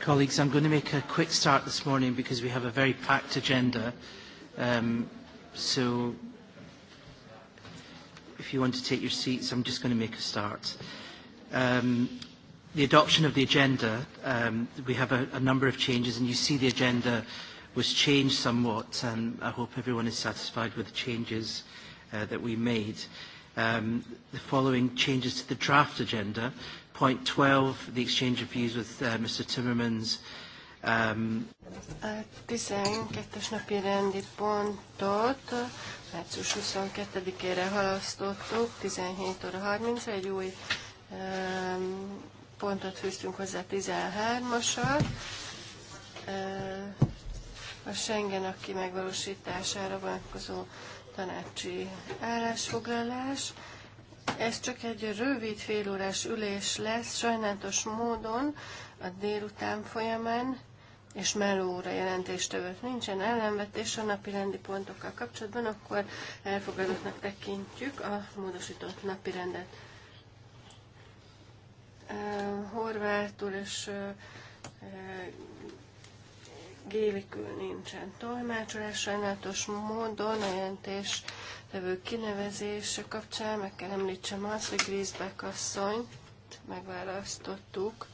Colleagues, I'm going to make a quick start this morning because we have a very packed agenda. Um, so if you want to take your seats, I'm just going to make a start. Um, the adoption of the agenda, um, we have a, a number of changes, and you see the agenda was changed somewhat, and I hope everyone is satisfied with the changes uh, that we made. Um, the following changes to the draft agenda. Uh, Point 12, the exchange of views with uh, Mr. Timmermans. Um, a 12-es napi rendi pontot március 22-ére halasztottuk, 17 óra 30 egy új um, pontot fűztünk hozzá 13-asat. Uh, a Schengen a kimegvalósítására vonatkozó tanácsi állásfoglalás. Uh, ez csak egy rövid félórás ülés lesz, sajnálatos módon a délután folyamán, és melóra jelentéstevőt nincsen ellenvetés a napi rendi pontokkal kapcsolatban, akkor elfogadottnak tekintjük a módosított napi rendet. Horvátul és Gélikül nincsen tolmácsolás, sajnálatos módon a jelentés levő kinevezése kapcsán meg kell említsem azt, hogy Grisbeck asszonyt megválasztottuk,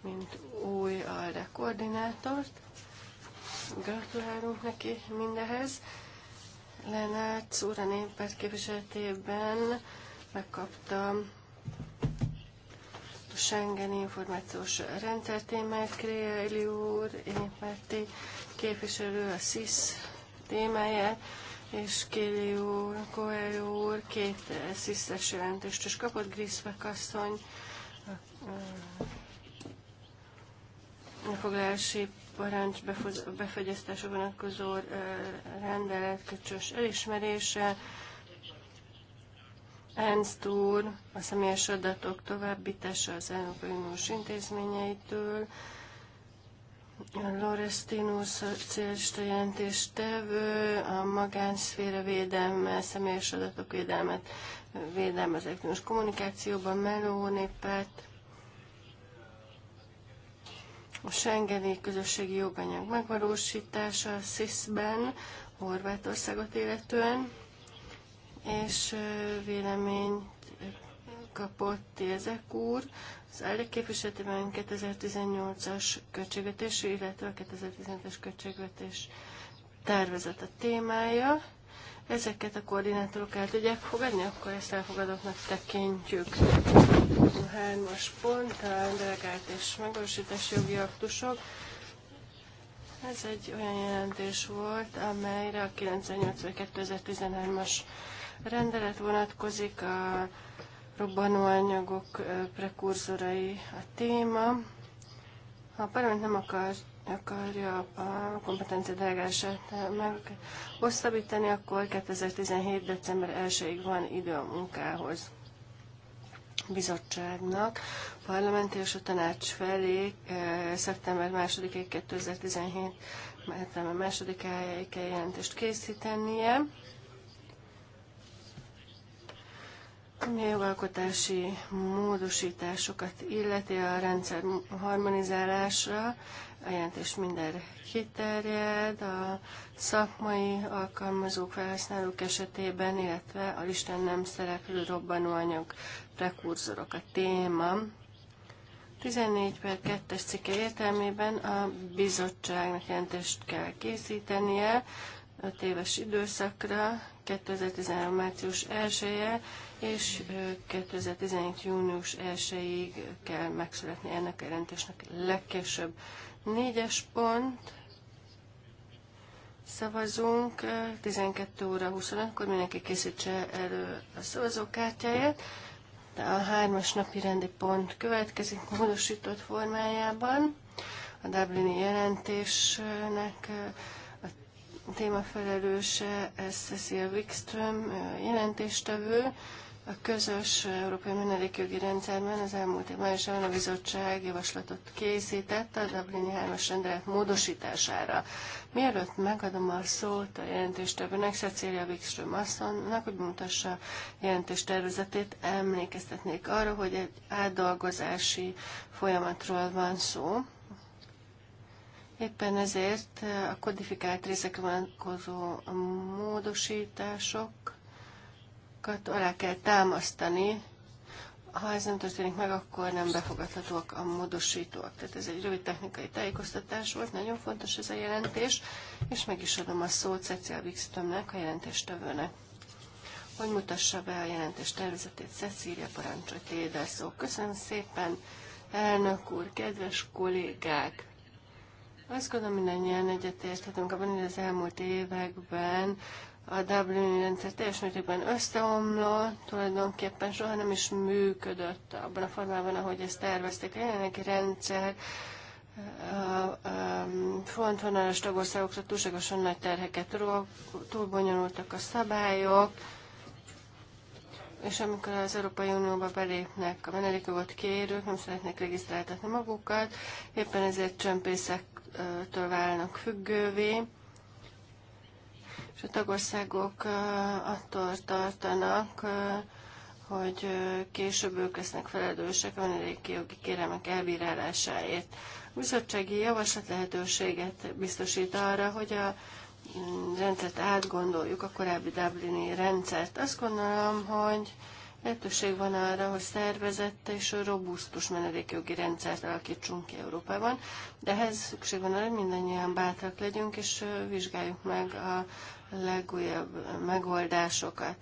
mint új ALDE koordinátort. Gratulálunk neki mindehez. Lenárc úr a képviseletében megkaptam Schengen információs rendszer témáját Kréli úr, Éperti képviselő a sis témája, és Kéli úr, Koelő úr két eh, sis es jelentést is kapott, Griszbek asszony, a eh, foglalási parancs befagyasztása vonatkozó eh, rendelet köcsös elismerése, Ernst úr, a személyes adatok továbbítása az Európai Uniós intézményeitől, lorestinus szocialista jelentéstevő, a magánszféra védelme, személyes adatok védelmet, védelme az elektronikus kommunikációban, Meló népet, a Schengeni közösségi joganyag megvalósítása a sis ben Horvátországot illetően, és véleményt kapott Ézek úr az ELDE képviseletében 2018-as költségvetésű, illetve a 2015 es költségvetés tervezet a témája. Ezeket a koordinátorok el tudják fogadni, akkor ezt elfogadottnak tekintjük. A hármas pont, a delegált és megvalósítási jogi aktusok. Ez egy olyan jelentés volt, amelyre a 98 2013-as rendelet vonatkozik, a robbanóanyagok prekurzorai a téma. Ha a parlament nem akar, akarja a kompetencia delegását meghosszabbítani, akkor 2017. december 1-ig van idő a munkához bizottságnak, parlament és a tanács felé szeptember 2-ig 2017 mert 2-áig kell jelentést készítenie. Ami a jogalkotási módosításokat illeti a rendszer harmonizálásra, a jelentés minden kiterjed, a szakmai alkalmazók, felhasználók esetében, illetve a listán nem szereplő robbanóanyag prekurzorok a téma. 14 per 2-es cikke értelmében a bizottságnak jelentést kell készítenie 5 éves időszakra, 2013. március 1 -e és 2017. június 1-ig kell megszületni ennek a jelentésnek legkésőbb. Négyes pont, szavazunk 12 óra 25-kor, mindenki készítse elő a szavazókártyáját. De a hármas napi rendi pont következik módosított formájában. A Dublini jelentésnek témafelelőse, eh, ez Cecil Wikström, eh, jelentéstevő. A közös eh, európai menedékjogi rendszerben az elmúlt év májusában a bizottság javaslatot készített a Dublini 3-as rendelet módosítására. Mielőtt megadom a szót a jelentéstevőnek, Cecilia Wikström asszonynak, hogy mutassa jelentés tervezetét, emlékeztetnék arra, hogy egy átdolgozási folyamatról van szó Éppen ezért a kodifikált részekre vonatkozó módosításokat alá kell támasztani. Ha ez nem történik meg, akkor nem befogadhatóak a módosítók. Tehát ez egy rövid technikai tájékoztatás volt, nagyon fontos ez a jelentés, és meg is adom a szót Cecil Wikströmnek, a jelentéstevőnek hogy mutassa be a jelentés tervezetét Cecília parancsolt édeszó. Köszönöm szépen, elnök úr, kedves kollégák! Azt gondolom, mindannyian egyetérthetünk abban, hogy az elmúlt években a Dublini rendszer teljes mértékben összeomlott, tulajdonképpen soha nem is működött abban a formában, ahogy ezt tervezték. A jelenlegi rendszer frontvonalas tagországokra túlságosan nagy terheket ró, túl bonyolultak a szabályok, és amikor az Európai Unióba belépnek a menedékjogot kérők, nem szeretnek regisztráltatni magukat, éppen ezért csempészek től válnak függővé, és a tagországok attól tartanak, hogy később ők lesznek felelősek a menedéki jogi kéremek elbírálásáért. A bizottsági javaslat lehetőséget biztosít arra, hogy a mm, rendszert átgondoljuk, a korábbi Dublini rendszert. Azt gondolom, hogy Lehetőség van arra, hogy szervezette és robusztus menedékjogi rendszert alakítsunk ki Európában, de ehhez szükség van arra, hogy mindannyian bátrak legyünk, és vizsgáljuk meg a legújabb megoldásokat.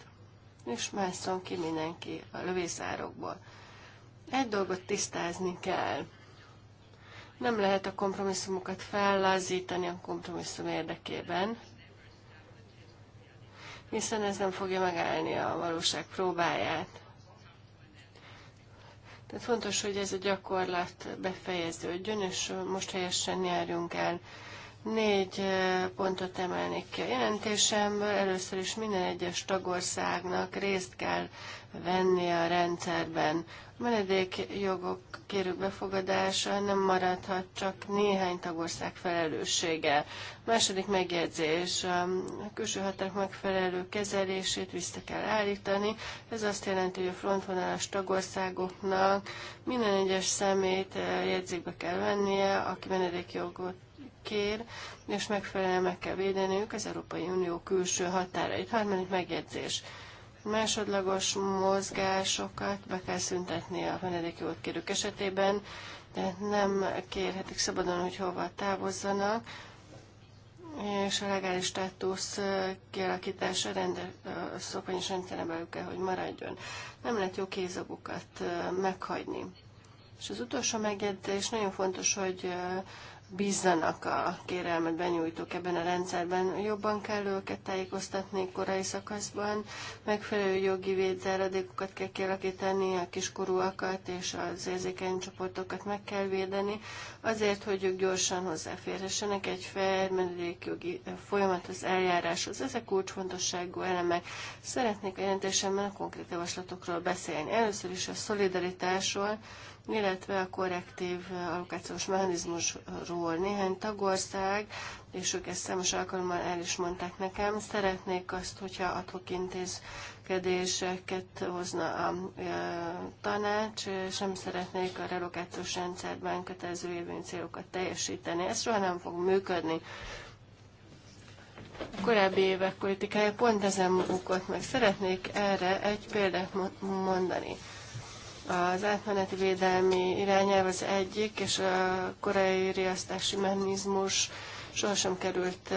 És másszon ki mindenki a lövészárokból. Egy dolgot tisztázni kell. Nem lehet a kompromisszumokat fellazítani a kompromisszum érdekében hiszen ez nem fogja megállni a valóság próbáját. Tehát fontos, hogy ez a gyakorlat befejeződjön, és most helyesen járjunk el. Négy eh, pontot emelnék ki a jelentésemből. Először is minden egyes tagországnak részt kell venni a rendszerben menedékjogok kérők befogadása nem maradhat csak néhány tagország felelőssége. Második megjegyzés, a külső határok megfelelő kezelését vissza kell állítani. Ez azt jelenti, hogy a frontvonalas tagországoknak minden egyes szemét eh, jegyzékbe kell vennie, aki menedékjogot kér, és megfelelően meg kell védeniük az Európai Unió külső határait. Harmadik megjegyzés másodlagos mozgásokat be kell szüntetni a menedékjogot kérők esetében, de nem kérhetik szabadon, hogy hova távozzanak, és a legális státusz kialakítása rende, szokványos rendszerben kell, hogy maradjon. Nem lehet jó kézagukat meghagyni. És az utolsó megjegyzés nagyon fontos, hogy bízzanak a kérelmet benyújtók ebben a rendszerben. Jobban kell őket tájékoztatni korai szakaszban, megfelelő jogi védzáradékokat kell kialakítani, a kiskorúakat és az érzékeny csoportokat meg kell védeni, azért, hogy ők gyorsan hozzáférhessenek egy jogi folyamathoz, eljáráshoz. Ezek kulcsfontosságú elemek. Szeretnék a jelentésemben a konkrét javaslatokról beszélni. Először is a szolidaritásról, illetve a korrektív allokációs mechanizmusról néhány tagország, és ők ezt számos alkalommal el is mondták nekem, szeretnék azt, hogyha adhok intézkedéseket hozna a e, tanács, sem szeretnék a relokációs rendszerben kötelező érvényű célokat teljesíteni. Ez soha nem fog működni. A korábbi évek politikája pont ezen bukott meg. Szeretnék erre egy példát mondani. Az átmeneti védelmi irányelv az egyik, és a korai riasztási mechanizmus sohasem került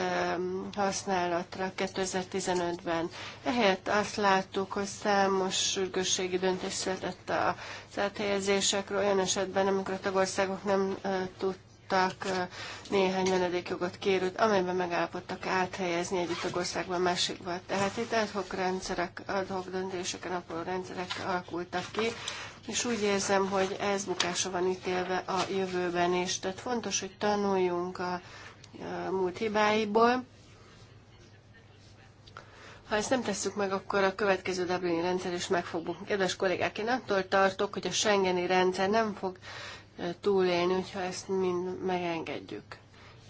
használatra 2015-ben. Ehelyett azt láttuk, hogy számos sürgősségi döntés született az áthelyezésekről olyan esetben, amikor a tagországok nem tudtak néhány menedékjogot kérőt, amelyben megállapodtak áthelyezni egyik tagországban másikba. Tehát itt adhok rendszerek, adhok döntéseken apoló rendszerek alakultak ki, és úgy érzem, hogy ez bukása van ítélve a jövőben is. Tehát fontos, hogy tanuljunk a múlt hibáiból. Ha ezt nem tesszük meg, akkor a következő Dublini rendszer is meg fog bukni. Kedves kollégák, én attól tartok, hogy a Schengeni rendszer nem fog túlélni, hogyha ezt mind megengedjük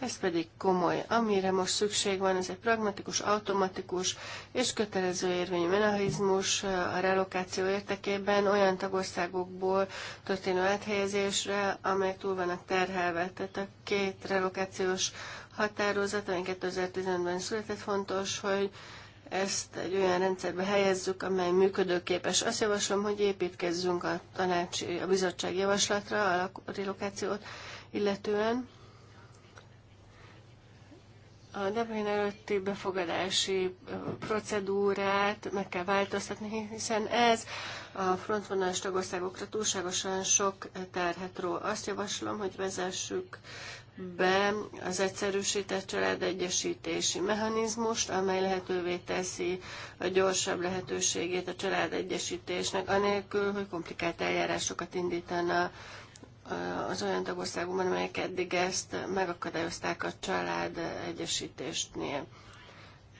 ez pedig komoly. Amire most szükség van, ez egy pragmatikus, automatikus és kötelező érvényű mechanizmus eh, a relokáció értekében olyan tagországokból történő áthelyezésre, amelyek túl vannak terhelve. Tehát a két relokációs határozat, amely 2015-ben született, fontos, hogy ezt egy olyan rendszerbe helyezzük, amely működőképes. Azt javaslom, hogy építkezzünk a tanácsi, a bizottság javaslatra a relokációt illetően a Dublin előtti befogadási procedúrát meg kell változtatni, hiszen ez a frontvonalas tagországokra túlságosan sok terhet ró. Azt javaslom, hogy vezessük be az egyszerűsített családegyesítési mechanizmust, amely lehetővé teszi a gyorsabb lehetőségét a családegyesítésnek, anélkül, hogy komplikált eljárásokat indítana az olyan tagországokban, amelyek eddig ezt megakadályozták a család egyesítésnél.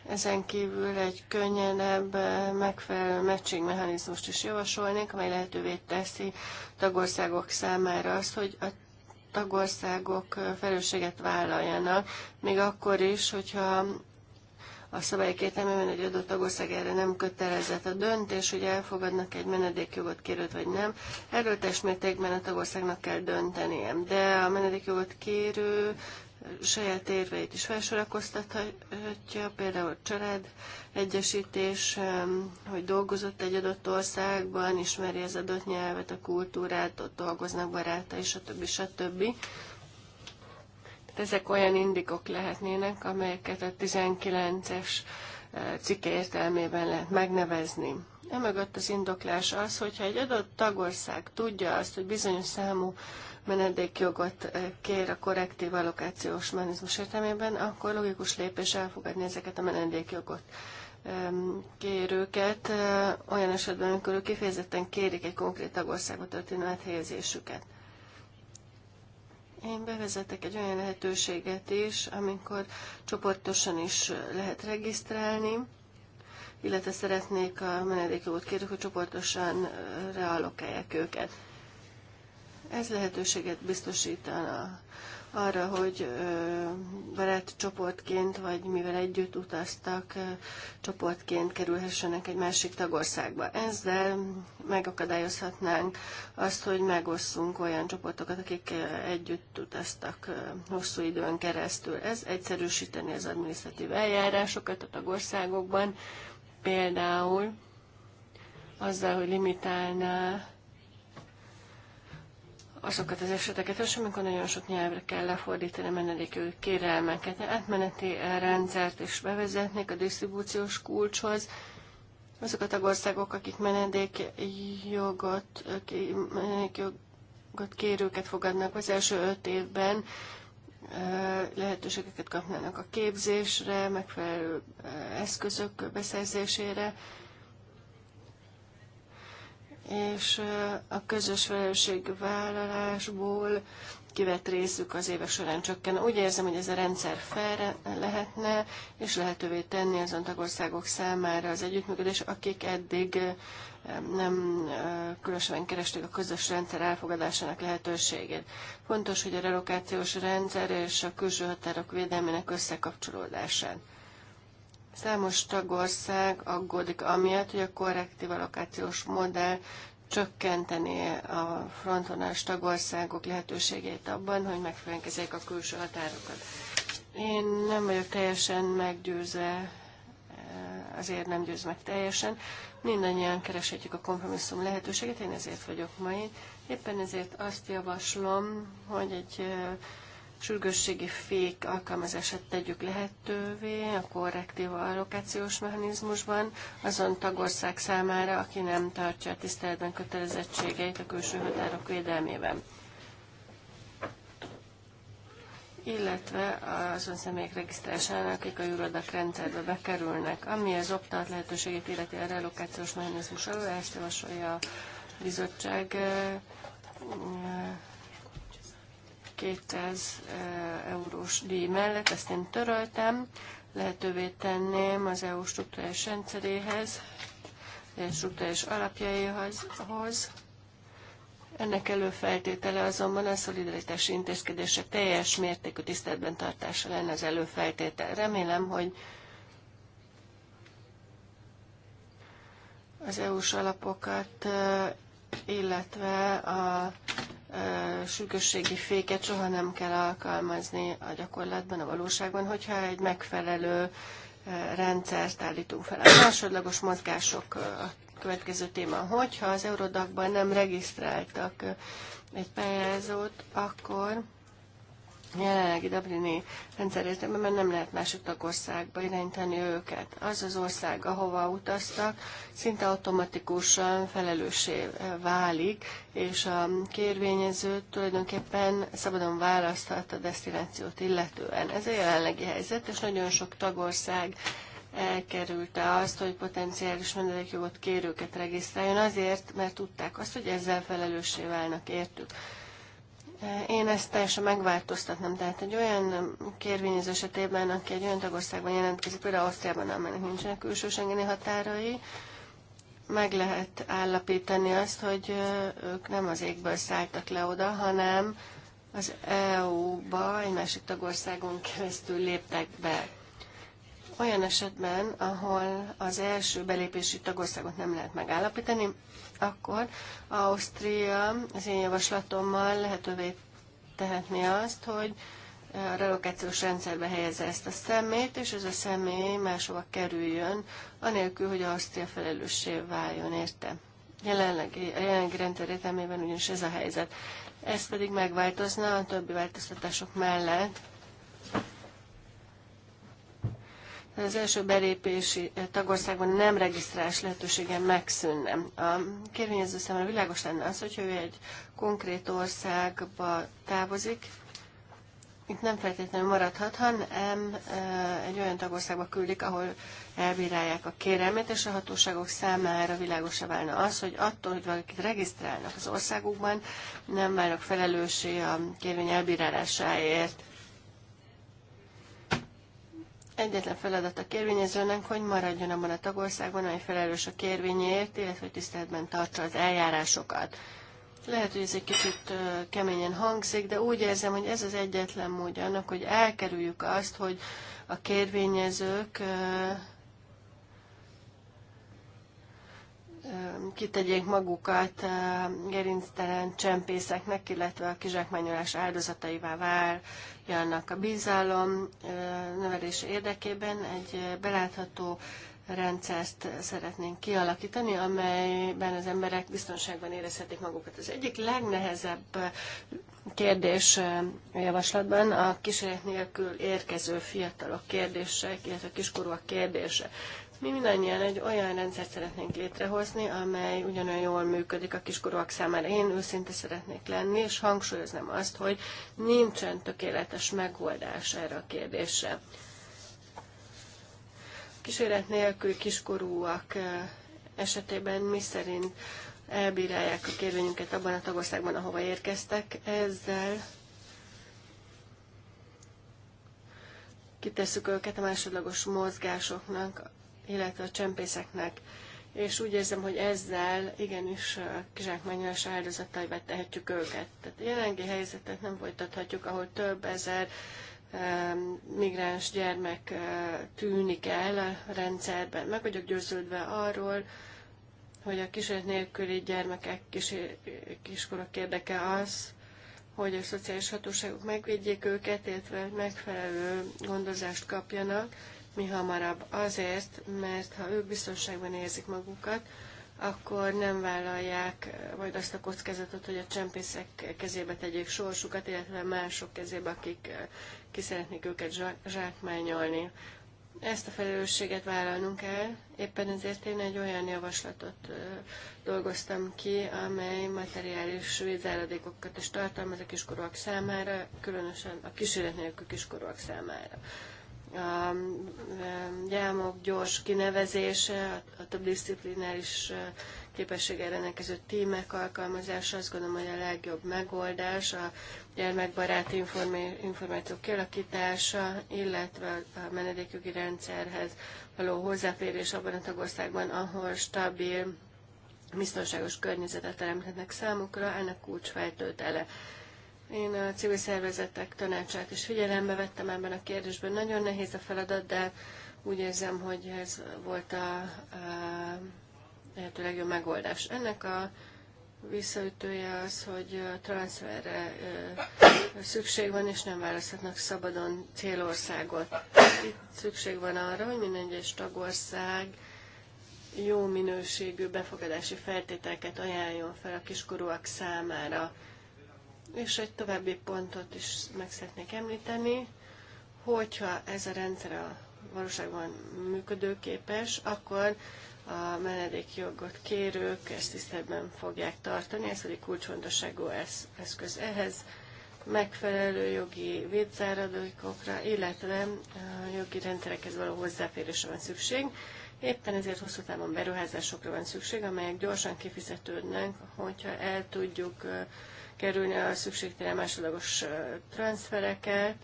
Ezen kívül egy könnyenebb megfelelő matching mechanizmust is javasolnék, amely lehetővé teszi tagországok számára azt, hogy a tagországok felelősséget vállaljanak, még akkor is, hogyha a szabályok értelmében egy adott tagország erre nem kötelezett a döntés, hogy elfogadnak egy menedékjogot kérőt vagy nem. Erről testmértékben a tagországnak kell döntenie. De a menedékjogot kérő saját érveit is felsorakoztathatja, például család egyesítés, hogy dolgozott egy adott országban, ismeri az adott nyelvet, a kultúrát, ott dolgoznak barátai, stb. stb. stb. Ezek olyan indikok lehetnének, amelyeket a 19-es cikke értelmében lehet megnevezni. Emögött az indoklás az, hogyha egy adott tagország tudja azt, hogy bizonyos számú menedékjogot kér a korrektív allokációs mechanizmus értelmében, akkor logikus lépés elfogadni ezeket a menedékjogot kérőket, olyan esetben, amikor ők kifejezetten kérik egy konkrét tagországba történő áthelyezésüket. Én bevezetek egy olyan lehetőséget is, amikor csoportosan is lehet regisztrálni, illetve szeretnék a menedékjogot kérni, hogy csoportosan reallokálják őket. Ez lehetőséget biztosítana arra, hogy barátcsoportként vagy mivel együtt utaztak, csoportként kerülhessenek egy másik tagországba. Ezzel megakadályozhatnánk azt, hogy megosszunk olyan csoportokat, akik együtt utaztak hosszú időn keresztül. Ez egyszerűsíteni az adminisztratív eljárásokat a tagországokban, például azzal, hogy limitálná azokat az eseteket és amikor nagyon sok nyelvre kell lefordítani a menedékjogi kérelmeket. Átmeneti rendszert is bevezetnék a disztribúciós kulcshoz. azokat a országok, akik menedékjogot, menedékjogot kérőket fogadnak az első öt évben, lehetőségeket kapnának a képzésre, megfelelő eszközök beszerzésére, és a közös felelősségvállalásból kivett részük az évek során csökken. Úgy érzem, hogy ez a rendszer fel lehetne, és lehetővé tenni azon tagországok számára az együttműködés, akik eddig nem különösen keresték a közös rendszer elfogadásának lehetőségét. Fontos, hogy a relokációs rendszer és a külső határok védelmének összekapcsolódásán. Számos tagország aggódik amiatt, hogy a korrektív allokációs modell csökkentené a frontonás tagországok lehetőségét abban, hogy megfelelkezzék a külső határokat. Én nem vagyok teljesen meggyőzve, eh, azért nem győz meg teljesen. Mindannyian kereshetjük a kompromisszum lehetőséget, én ezért vagyok ma Éppen ezért azt javaslom, hogy egy eh, sürgősségi fék alkalmazását tegyük lehetővé a korrektív allokációs mechanizmusban azon tagország számára, aki nem tartja a tiszteletben kötelezettségeit a külső határok védelmében illetve azon személyek regisztrálásának, akik a jurodak rendszerbe bekerülnek. Ami az optált lehetőségét illeti a relokációs mechanizmus elől, ezt javasolja a bizottság eh, 200 eurós díj mellett, ezt én töröltem, lehetővé tenném az EU struktúrás rendszeréhez, e struktúrás alapjaihoz. Ennek előfeltétele azonban a szolidaritási intézkedések teljes mértékű tiszteletben tartása lenne az előfeltétel. Remélem, hogy az EU-s alapokat, illetve a sűkösségi féket soha nem kell alkalmazni a gyakorlatban, a valóságban, hogyha egy megfelelő rendszert állítunk fel. A másodlagos mozgások a következő téma. Hogyha az Eurodagban nem regisztráltak egy pályázót, akkor jelenlegi Dublini rendszer mert nem lehet másik tagországba irányítani őket. Az az ország, ahova utaztak, szinte automatikusan felelőssé válik, és a kérvényező tulajdonképpen szabadon választhat a destinációt illetően. Ez a jelenlegi helyzet, és nagyon sok tagország elkerülte azt, hogy potenciális menedékjogot kérőket regisztráljon, azért, mert tudták azt, hogy ezzel felelőssé válnak értük. Én ezt teljesen megváltoztatnám. Tehát egy olyan kérvényező esetében, aki egy olyan tagországban jelentkezik, például Ausztriában, amelynek nincsenek külső Schengeni határai, meg lehet állapítani azt, hogy ők nem az égből szálltak le oda, hanem az EU-ba egy másik tagországon keresztül léptek be. Olyan esetben, ahol az első belépési tagországot nem lehet megállapítani, akkor Ausztria az én javaslatommal lehetővé tehetné azt, hogy a relokációs rendszerbe helyezze ezt a szemét, és ez a személy máshova kerüljön, anélkül, hogy Ausztria felelőssé váljon érte. Jelenlegi, a jelenlegi rendszer értelmében ugyanis ez a helyzet. Ez pedig megváltozna a többi változtatások mellett, az első belépési tagországban nem regisztrálás lehetősége megszűnne. A kérvényező számára világos lenne az, hogyha ő egy konkrét országba távozik, itt nem feltétlenül maradhat, hanem egy olyan tagországba küldik, ahol elbírálják a kérelmet, és a hatóságok számára világosra válna az, hogy attól, hogy valakit regisztrálnak az országukban, nem válnak felelőssé a kérvény elbírálásáért. Egyetlen feladat a kérvényezőnek, hogy maradjon abban a tagországban, amely felelős a kérvényért, illetve hogy tiszteletben tartsa az eljárásokat. Lehet, hogy ez egy kicsit keményen hangzik, de úgy érzem, hogy ez az egyetlen módja annak, hogy elkerüljük azt, hogy a kérvényezők kitegyék magukat gerinctelen csempészeknek, illetve a kizsákmányolás áldozataivá váljanak a bizalom növelése érdekében. Egy belátható rendszert szeretnénk kialakítani, amelyben az emberek biztonságban érezhetik magukat. Az egyik legnehezebb kérdés a javaslatban a kísérlet nélkül érkező fiatalok kérdése, illetve kiskorúak kérdése. Mi mindannyian egy olyan rendszert szeretnénk létrehozni, amely ugyanolyan jól működik a kiskorúak számára. Én őszinte szeretnék lenni, és hangsúlyoznám azt, hogy nincsen tökéletes megoldás erre a kérdésre. Kísérlet nélkül kiskorúak esetében mi szerint elbírálják a kérvényünket abban a tagországban, ahova érkeztek, ezzel kitesszük őket a másodlagos mozgásoknak illetve a csempészeknek. És úgy érzem, hogy ezzel igenis kizsákmányolás áldozataiba tehetjük őket. Tehát a jelenlegi helyzetet nem folytathatjuk, ahol több ezer migráns gyermek tűnik el a rendszerben. Meg vagyok győződve arról, hogy a kísérlet nélküli gyermekek kis, kiskorok érdeke az, hogy a szociális hatóságok megvédjék őket, illetve megfelelő gondozást kapjanak, mi hamarabb. Azért, mert ha ők biztonságban érzik magukat, akkor nem vállalják eh, majd azt a kockázatot, hogy a csempészek kezébe tegyék sorsukat, illetve mások kezébe, akik eh, ki szeretnék őket zsákmányolni. Ezt a felelősséget vállalnunk kell, éppen ezért én egy olyan javaslatot eh, dolgoztam ki, amely materiális védzáradékokat is tartalmaz a kiskorúak számára, különösen a kísérlet nélkül kiskorúak számára a gyámok gyors kinevezése, a több disziplináris képességgel rendelkező tímek alkalmazása, azt gondolom, hogy a legjobb megoldás a gyermekbarát információ kialakítása, illetve a menedékjogi rendszerhez való hozzáférés abban a tagországban, ahol stabil, biztonságos környezetet teremthetnek számukra, ennek kulcsfeltöltele. Én a civil szervezetek tanácsát is figyelembe vettem ebben a kérdésben. Nagyon nehéz a feladat, de úgy érzem, hogy ez volt a, a lehető legjobb megoldás. Ennek a visszaütője az, hogy transferre szükség van, és nem választhatnak szabadon célországot. Itt szükség van arra, hogy minden egyes tagország jó minőségű befogadási feltételeket ajánljon fel a kiskorúak számára. És egy további pontot is meg szeretnék említeni, hogyha ez a rendszer a valóságban működőképes, akkor a menedékjogot kérők ezt tisztelben fogják tartani, ez pedig kulcsfontosságú eszköz ehhez, megfelelő jogi védzáradókokra, illetve jogi rendszerekhez való hozzáférésre van szükség. Éppen ezért hosszú távon beruházásokra van szükség, amelyek gyorsan kifizetődnek, hogyha el tudjuk kerülni a szükségtelen másodlagos transfereket,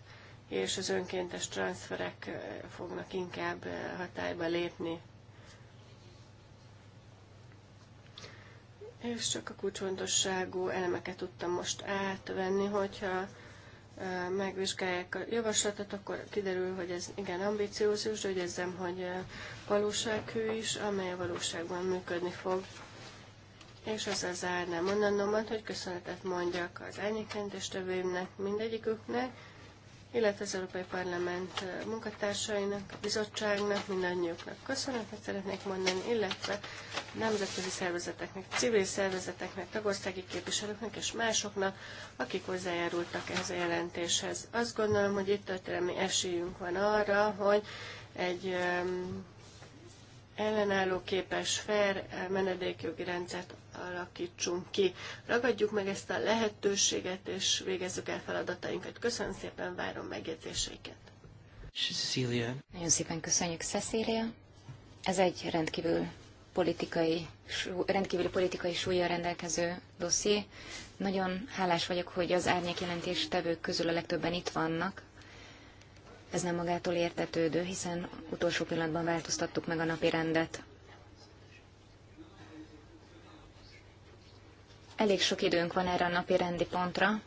és az önkéntes transferek fognak inkább hatályba lépni. És csak a kulcsfontosságú elemeket tudtam most átvenni, hogyha megvizsgálják a javaslatot, akkor kiderül, hogy ez igen ambiciózus, de hogy érzem, hogy valósághű is, amely a valóságban működni fog és ezzel zárnám mondanomat, hogy köszönetet mondjak az tövőimnek, mindegyiküknek, illetve az Európai Parlament munkatársainak, a bizottságnak, mindannyiuknak köszönetet szeretnék mondani, illetve nemzetközi szervezeteknek, civil szervezeteknek, tagországi képviselőknek és másoknak, akik hozzájárultak ehhez a jelentéshez. Azt gondolom, hogy itt történelmi esélyünk van arra, hogy egy ellenálló képes, fair menedékjogi rendszert alakítsunk ki. Ragadjuk meg ezt a lehetőséget, és végezzük el feladatainkat. Köszönöm szépen, várom megjegyzéseiket. Cecilia. Nagyon szépen köszönjük, Cecilia. Ez egy rendkívül politikai, rendkívül politikai súlya rendelkező dosszié. Nagyon hálás vagyok, hogy az árnyék jelentés tevők közül a legtöbben itt vannak. Ez nem magától értetődő, hiszen utolsó pillanatban változtattuk meg a napi rendet. Elég sok időnk van erre a napi rendi pontra.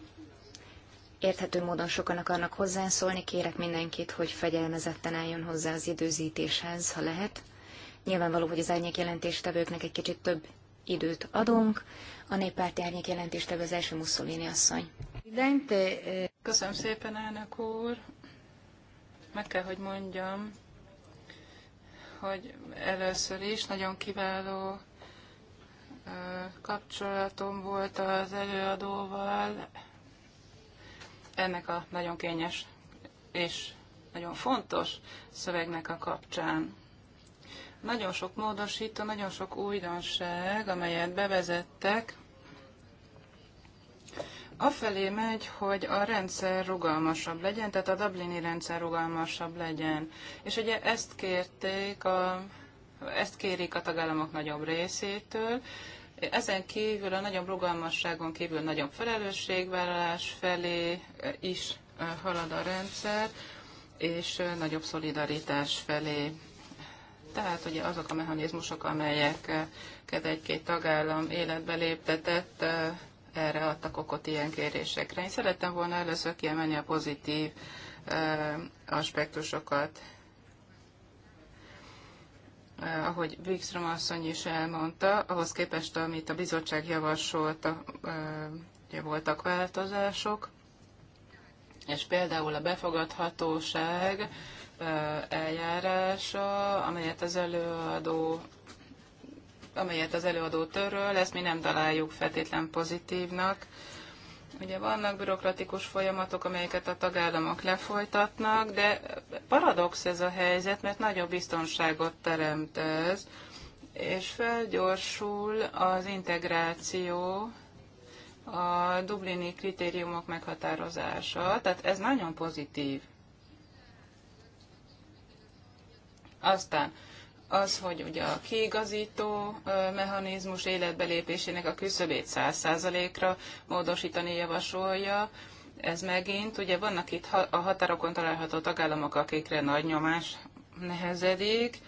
Érthető módon sokan akarnak hozzászólni, kérek mindenkit, hogy fegyelmezetten álljon hozzá az időzítéshez, ha lehet. Nyilvánvaló, hogy az árnyék jelentéstevőknek egy kicsit több időt adunk. A néppárti árnyék jelentéstevő az első Mussolini asszony. Eh, Köszönöm szépen, elnök úr. Meg kell, hogy mondjam, hogy először is nagyon kiváló kapcsolatom volt az előadóval. Ennek a nagyon kényes és nagyon fontos szövegnek a kapcsán. Nagyon sok módosító, nagyon sok újdonság, amelyet bevezettek, afelé megy, hogy a rendszer rugalmasabb legyen, tehát a Dublini rendszer rugalmasabb legyen. És ugye ezt kérték a ezt kérik a tagállamok nagyobb részétől, ezen kívül a nagyobb rugalmasságon kívül nagyobb felelősségvállalás felé e, is e, halad a rendszer, és e, nagyobb szolidaritás felé. Tehát ugye azok a mechanizmusok, amelyeket egy-két tagállam életbe léptetett, erre adtak okot ilyen kérésekre. Én szerettem volna először kiemelni a pozitív aspektusokat. Eh, ahogy Wikström asszony is elmondta, ahhoz képest, amit a bizottság javasolta, eh, ugye voltak változások, és például a befogadhatóság eh, eljárása, amelyet az előadó amelyet az előadó töröl, ezt mi nem találjuk feltétlen pozitívnak, Ugye vannak bürokratikus folyamatok, amelyeket a tagállamok lefolytatnak, de paradox ez a helyzet, mert nagyobb biztonságot teremt ez, és felgyorsul az integráció, a dublini kritériumok meghatározása, tehát ez nagyon pozitív. Aztán az, hogy ugye a kiigazító mechanizmus életbelépésének a küszöbét 100%-ra módosítani javasolja. Ez megint, ugye vannak itt a határokon található tagállamok, akikre nagy nyomás nehezedik,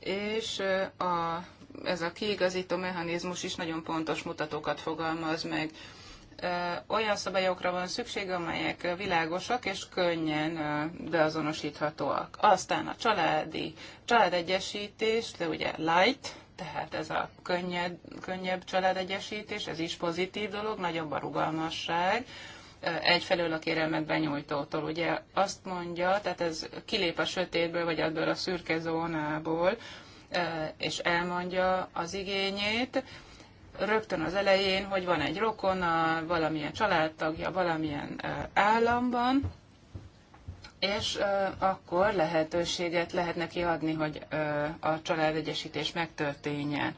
és a, ez a kiigazító mechanizmus is nagyon pontos mutatókat fogalmaz meg olyan szabályokra van szükség, amelyek világosak és könnyen beazonosíthatóak. Aztán a családi, családegyesítés, de ugye light, tehát ez a könnyed, könnyebb családegyesítés, ez is pozitív dolog, nagyobb a rugalmasság, egyfelől a kérelmet benyújtótól. Ugye azt mondja, tehát ez kilép a sötétből, vagy ebből a szürke zónából, és elmondja az igényét, rögtön az elején, hogy van egy rokona, valamilyen családtagja, valamilyen államban, és akkor lehetőséget lehet neki adni, hogy a családegyesítés megtörténjen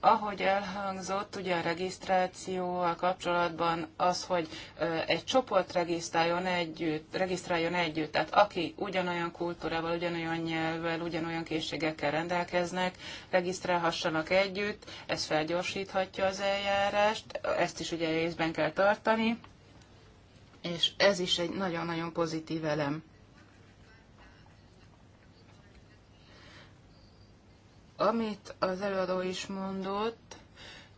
ahogy elhangzott, ugye a regisztrációval kapcsolatban az, hogy egy csoport regisztráljon együtt, regisztráljon együtt, tehát aki ugyanolyan kultúrával, ugyanolyan nyelvvel, ugyanolyan készségekkel rendelkeznek, regisztrálhassanak együtt, ez felgyorsíthatja az eljárást, ezt is ugye részben kell tartani, és ez is egy nagyon-nagyon pozitív elem. Amit az előadó is mondott,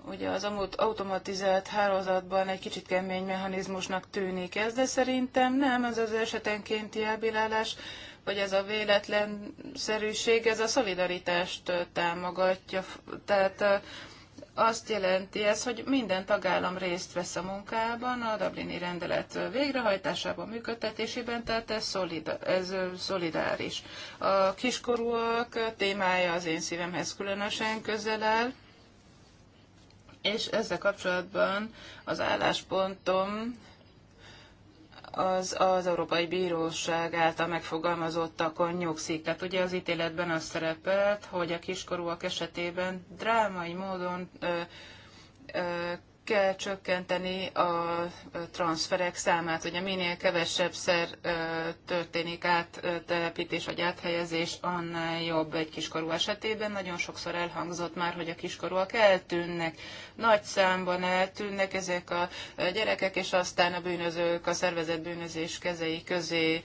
ugye az automatizált hálózatban egy kicsit kemény mechanizmusnak tűnik ez, de szerintem nem, ez az esetenkénti elbírálás, vagy ez a véletlenszerűség, ez a szolidaritást támogatja. Tehát azt jelenti ez, hogy minden tagállam részt vesz a munkában, a Dublini rendelet végrehajtásában, működtetésében, tehát ez, szolida, ez szolidáris. A kiskorúak témája az én szívemhez különösen közel áll, és ezzel kapcsolatban az álláspontom az az Európai Bíróság által megfogalmazottakon nyugszik. Tehát ugye az ítéletben az szerepelt, hogy a kiskorúak esetében drámai módon ö, ö, kell csökkenteni a transferek számát, hogy a minél kevesebb szer történik áttelepítés vagy áthelyezés, annál jobb egy kiskorú esetében. Nagyon sokszor elhangzott már, hogy a kiskorúak eltűnnek, nagy számban eltűnnek ezek a gyerekek, és aztán a bűnözők a szervezett bűnözés kezei közé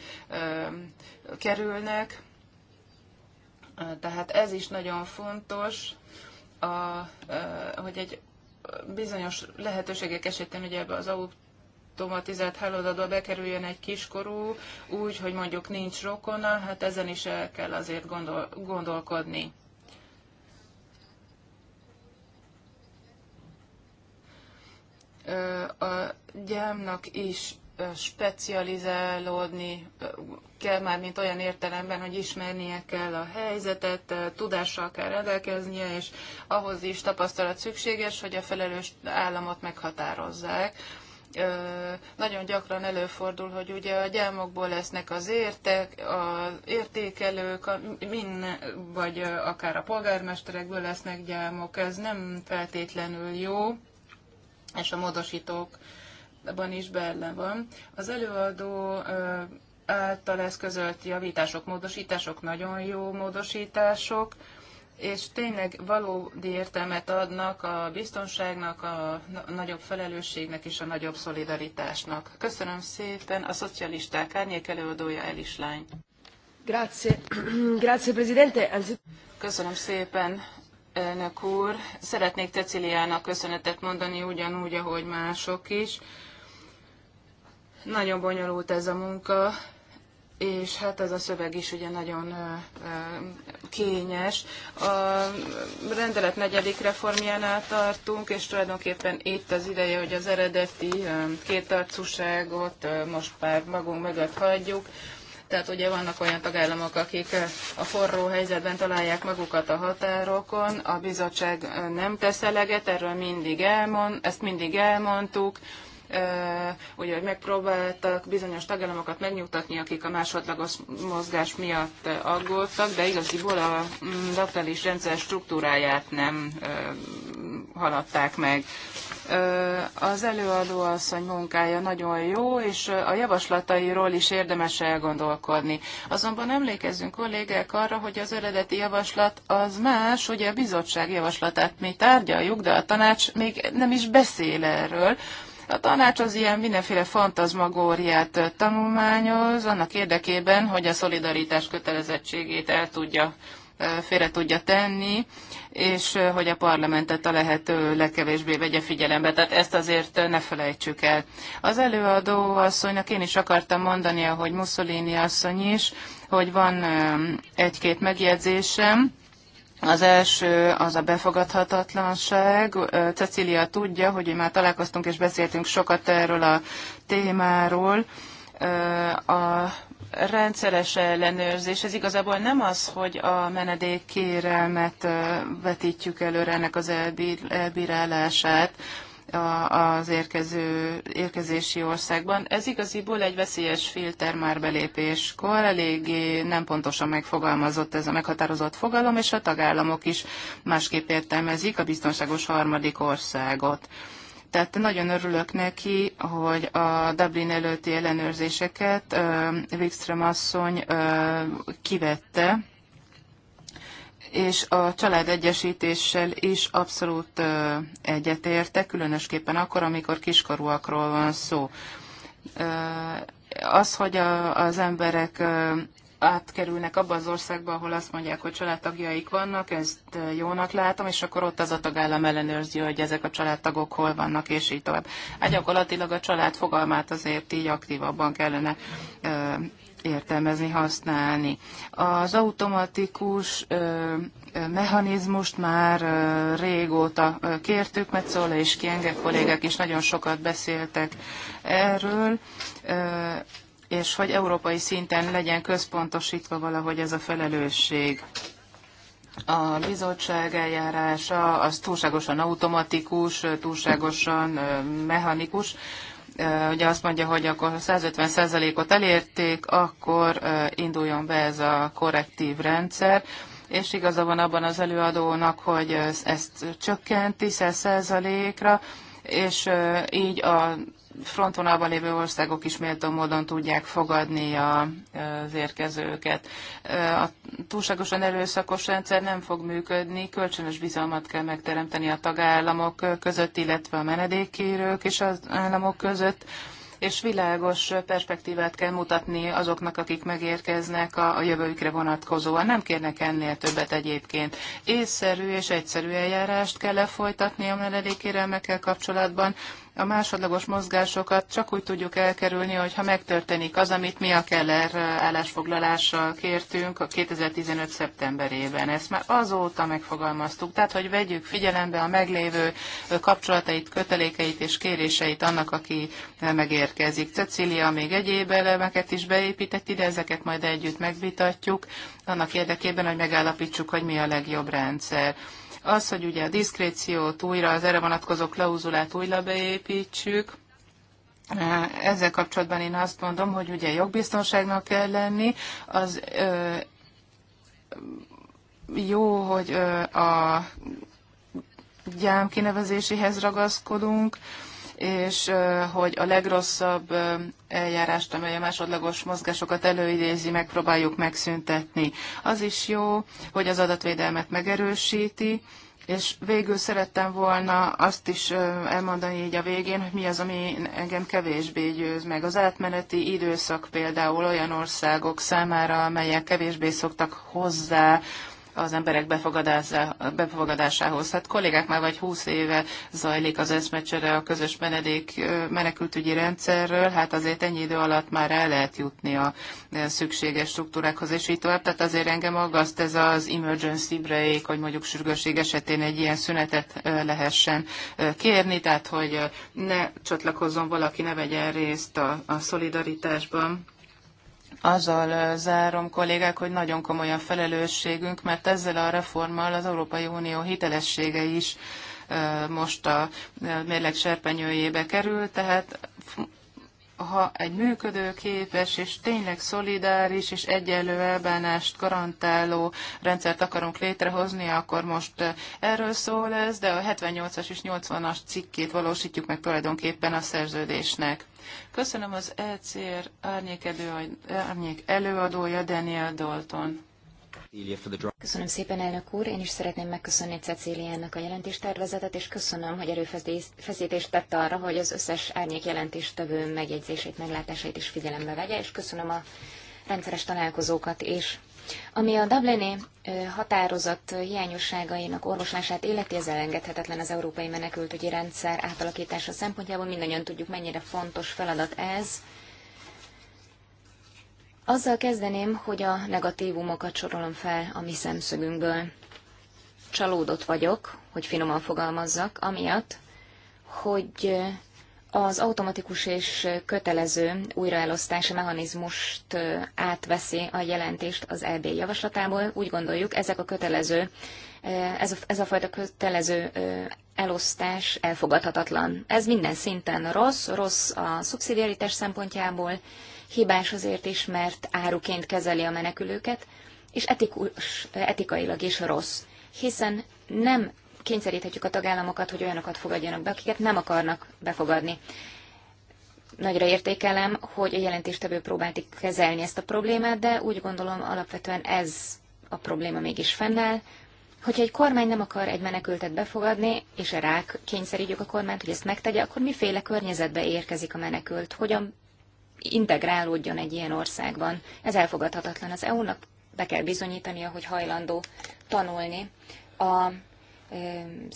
kerülnek. Tehát ez is nagyon fontos, a, hogy egy bizonyos lehetőségek esetén ugye ebbe az automatizált hálózatba bekerüljön egy kiskorú, úgy, hogy mondjuk nincs rokona, hát ezen is el kell azért gondol, gondolkodni. A gyámnak is specializálódni kell már, mint olyan értelemben, hogy ismernie kell a helyzetet, tudással kell rendelkeznie, és ahhoz is tapasztalat szükséges, hogy a felelős államot meghatározzák. Nagyon gyakran előfordul, hogy ugye a gyámokból lesznek az értek, az értékelők, min, vagy akár a polgármesterekből lesznek gyámok, ez nem feltétlenül jó, és a módosítók ban is benne van. Az előadó által eszközölt javítások, módosítások nagyon jó módosítások, és tényleg valódi értelmet adnak a biztonságnak, a nagyobb felelősségnek és a nagyobb szolidaritásnak. Köszönöm szépen a szocialisták árnyék előadója Elislány. Grazie. Grazie, Presidente. Köszönöm szépen, elnök úr. Szeretnék Ceciliának köszönetet mondani ugyanúgy, ahogy mások is. Nagyon bonyolult ez a munka, és hát ez a szöveg is ugye nagyon kényes. A rendelet negyedik reformjánál tartunk, és tulajdonképpen itt az ideje, hogy az eredeti kétarcúságot most már magunk mögött hagyjuk. Tehát ugye vannak olyan tagállamok, akik a forró helyzetben találják magukat a határokon, a bizottság nem tesz eleget, erről mindig elmond, ezt mindig elmondtuk, ugye, hogy megpróbáltak bizonyos tagállamokat megnyugtatni, akik a másodlagos mozgás miatt aggódtak, de igaziból a daktális mm, rendszer struktúráját nem haladták meg. Az előadó asszony munkája nagyon jó, és a javaslatairól is érdemes elgondolkodni. Azonban emlékezzünk kollégák arra, hogy az eredeti javaslat az más, ugye a bizottság javaslatát mi tárgyaljuk, de a tanács még nem is beszél erről. A tanács az ilyen mindenféle fantazmagóriát tanulmányoz annak érdekében, hogy a szolidaritás kötelezettségét el tudja félre tudja tenni, és hogy a parlamentet a lehető legkevésbé vegye figyelembe. Tehát ezt azért ne felejtsük el. Az előadó asszonynak én is akartam mondania, hogy Mussolini asszony is, hogy van egy-két megjegyzésem, az első az a befogadhatatlanság. Cecília tudja, hogy már találkoztunk és beszéltünk sokat erről a témáról. A rendszeres ellenőrzés, ez igazából nem az, hogy a menedék kérelmet vetítjük előre ennek az elbírálását, az érkező, érkezési országban. Ez igaziból egy veszélyes filter már belépéskor, eléggé nem pontosan megfogalmazott ez a meghatározott fogalom, és a tagállamok is másképp értelmezik a biztonságos harmadik országot. Tehát nagyon örülök neki, hogy a Dublin előtti ellenőrzéseket Wikström asszony kivette és a családegyesítéssel is abszolút egyetértek, különösképpen akkor, amikor kiskorúakról van szó. Az, hogy a, az emberek átkerülnek abba az országba, ahol azt mondják, hogy családtagjaik vannak, ezt jónak látom, és akkor ott az a tagállam ellenőrzi, hogy ezek a családtagok hol vannak, és így tovább. Hát gyakorlatilag a család fogalmát azért így aktívabban kellene értelmezni, használni. Az automatikus mechanizmust már régóta kértük, mert Szóla és Kienge kollégák is nagyon sokat beszéltek erről, és hogy európai szinten legyen központosítva valahogy ez a felelősség a bizottság eljárása az túlságosan automatikus, túlságosan mechanikus, ugye azt mondja, hogy akkor 150%-ot elérték, akkor induljon be ez a korrektív rendszer, és igaza van abban az előadónak, hogy ezt csökkenti 100%-ra, és így a frontvonalban lévő országok is méltó módon tudják fogadni a, az érkezőket. A túlságosan erőszakos rendszer nem fog működni, kölcsönös bizalmat kell megteremteni a tagállamok között, illetve a menedékkérők és az államok között és világos perspektívát kell mutatni azoknak, akik megérkeznek a, a jövőjükre vonatkozóan. Nem kérnek ennél többet egyébként. Észszerű és egyszerű eljárást kell lefolytatni a menedékérelmekkel kapcsolatban, a másodlagos mozgásokat csak úgy tudjuk elkerülni, hogyha megtörténik az, amit mi a Keller állásfoglalással kértünk a 2015. szeptemberében. Ezt már azóta megfogalmaztuk, tehát hogy vegyük figyelembe a meglévő kapcsolatait, kötelékeit és kéréseit annak, aki megérkezik. Cecília még egyéb elemeket is beépített ide, ezeket majd együtt megvitatjuk, annak érdekében, hogy megállapítsuk, hogy mi a legjobb rendszer. Az, hogy ugye a diszkréciót újra, az erre vonatkozó klauzulát újra beépítsük, eh, ezzel kapcsolatban én azt mondom, hogy ugye jogbiztonságnak kell lenni, az ö, jó, hogy ö, a gyámkinevezéséhez ragaszkodunk, ö, és hogy a legrosszabb eljárást, amely a másodlagos mozgásokat előidézi, megpróbáljuk megszüntetni. Az is jó, hogy az adatvédelmet megerősíti, és végül szerettem volna azt is elmondani így a végén, hogy mi az, ami engem kevésbé győz meg. Az átmeneti időszak például olyan országok számára, amelyek kevésbé szoktak hozzá az emberek befogadásához. Hát kollégák már vagy húsz éve zajlik az eszmecsere a közös menedék menekültügyi rendszerről, hát azért ennyi idő alatt már el lehet jutni a szükséges struktúrákhoz, és így tovább. Tehát azért engem aggaszt ez az emergency break, hogy mondjuk sürgősség esetén egy ilyen szünetet lehessen kérni, tehát hogy ne csatlakozzon valaki, ne vegyen részt a, a szolidaritásban azzal zárom, kollégák, hogy nagyon komoly a felelősségünk, mert ezzel a reformmal az Európai Unió hitelessége is most a mérleg serpenyőjébe kerül, tehát ha egy működőképes és tényleg szolidáris és egyenlő elbánást garantáló rendszert akarunk létrehozni, akkor most eh, erről szól ez, de a 78-as és 80-as cikkét valósítjuk meg tulajdonképpen a szerződésnek. Köszönöm az ECR árnyék, elő, árnyék előadója Daniel Dalton. Köszönöm szépen, elnök úr. Én is szeretném megköszönni Cecíliának a jelentéstervezetet, és köszönöm, hogy erőfeszítést tett arra, hogy az összes árnyék jelentéstevő megjegyzését, meglátásait is figyelembe vegye, és köszönöm a rendszeres találkozókat is. Ami a Dublini határozat hiányosságainak orvoslását illeti, ez elengedhetetlen az európai menekültügyi rendszer átalakítása szempontjából. Mindannyian tudjuk, mennyire fontos feladat ez azzal kezdeném, hogy a negatívumokat sorolom fel a mi szemszögünkből. Csalódott vagyok, hogy finoman fogalmazzak, amiatt, hogy az automatikus és kötelező újraelosztási mechanizmust átveszi a jelentést az EB javaslatából. Úgy gondoljuk, ezek a kötelező, ez a, ez a fajta kötelező elosztás elfogadhatatlan. Ez minden szinten rossz, rossz a szubszidiaritás szempontjából, hibás azért is, mert áruként kezeli a menekülőket, és etikus, etikailag is rossz, hiszen nem kényszeríthetjük a tagállamokat, hogy olyanokat fogadjanak be, akiket nem akarnak befogadni. Nagyra értékelem, hogy a jelentéstevő próbált kezelni ezt a problémát, de úgy gondolom alapvetően ez a probléma mégis fennáll, Hogyha egy kormány nem akar egy menekültet befogadni, és rák kényszerítjük a kormányt, hogy ezt megtegye, akkor miféle környezetbe érkezik a menekült, hogyan integrálódjon egy ilyen országban. Ez elfogadhatatlan. Az EU-nak be kell bizonyítania, hogy hajlandó tanulni a, az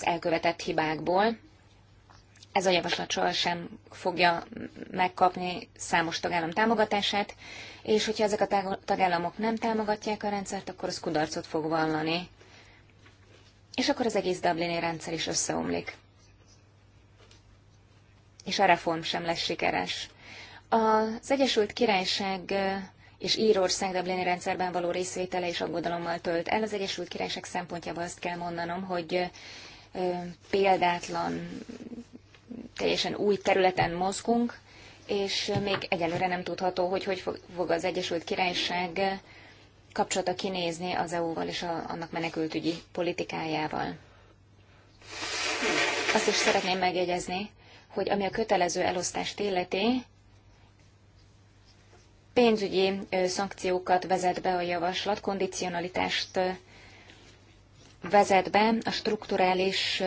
elkövetett hibákból. Ez a javaslat sohasem fogja megkapni számos tagállam támogatását, és hogyha ezek a tagállamok nem támogatják a rendszert, akkor az kudarcot fog vallani. És akkor az egész Dublini rendszer is összeomlik. És a reform sem lesz sikeres. Az Egyesült Királyság és Írország Dublini rendszerben való részvétele és aggodalommal tölt el. Az Egyesült Királyság szempontjából azt kell mondanom, hogy példátlan, teljesen új területen mozgunk, és még egyelőre nem tudható, hogy hogy fog az Egyesült Királyság kapcsolata kinézni az EU-val és a, annak menekültügyi politikájával. Azt is szeretném megjegyezni, hogy ami a kötelező elosztást illeti, pénzügyi szankciókat vezet be a javaslat, kondicionalitást vezet be a strukturális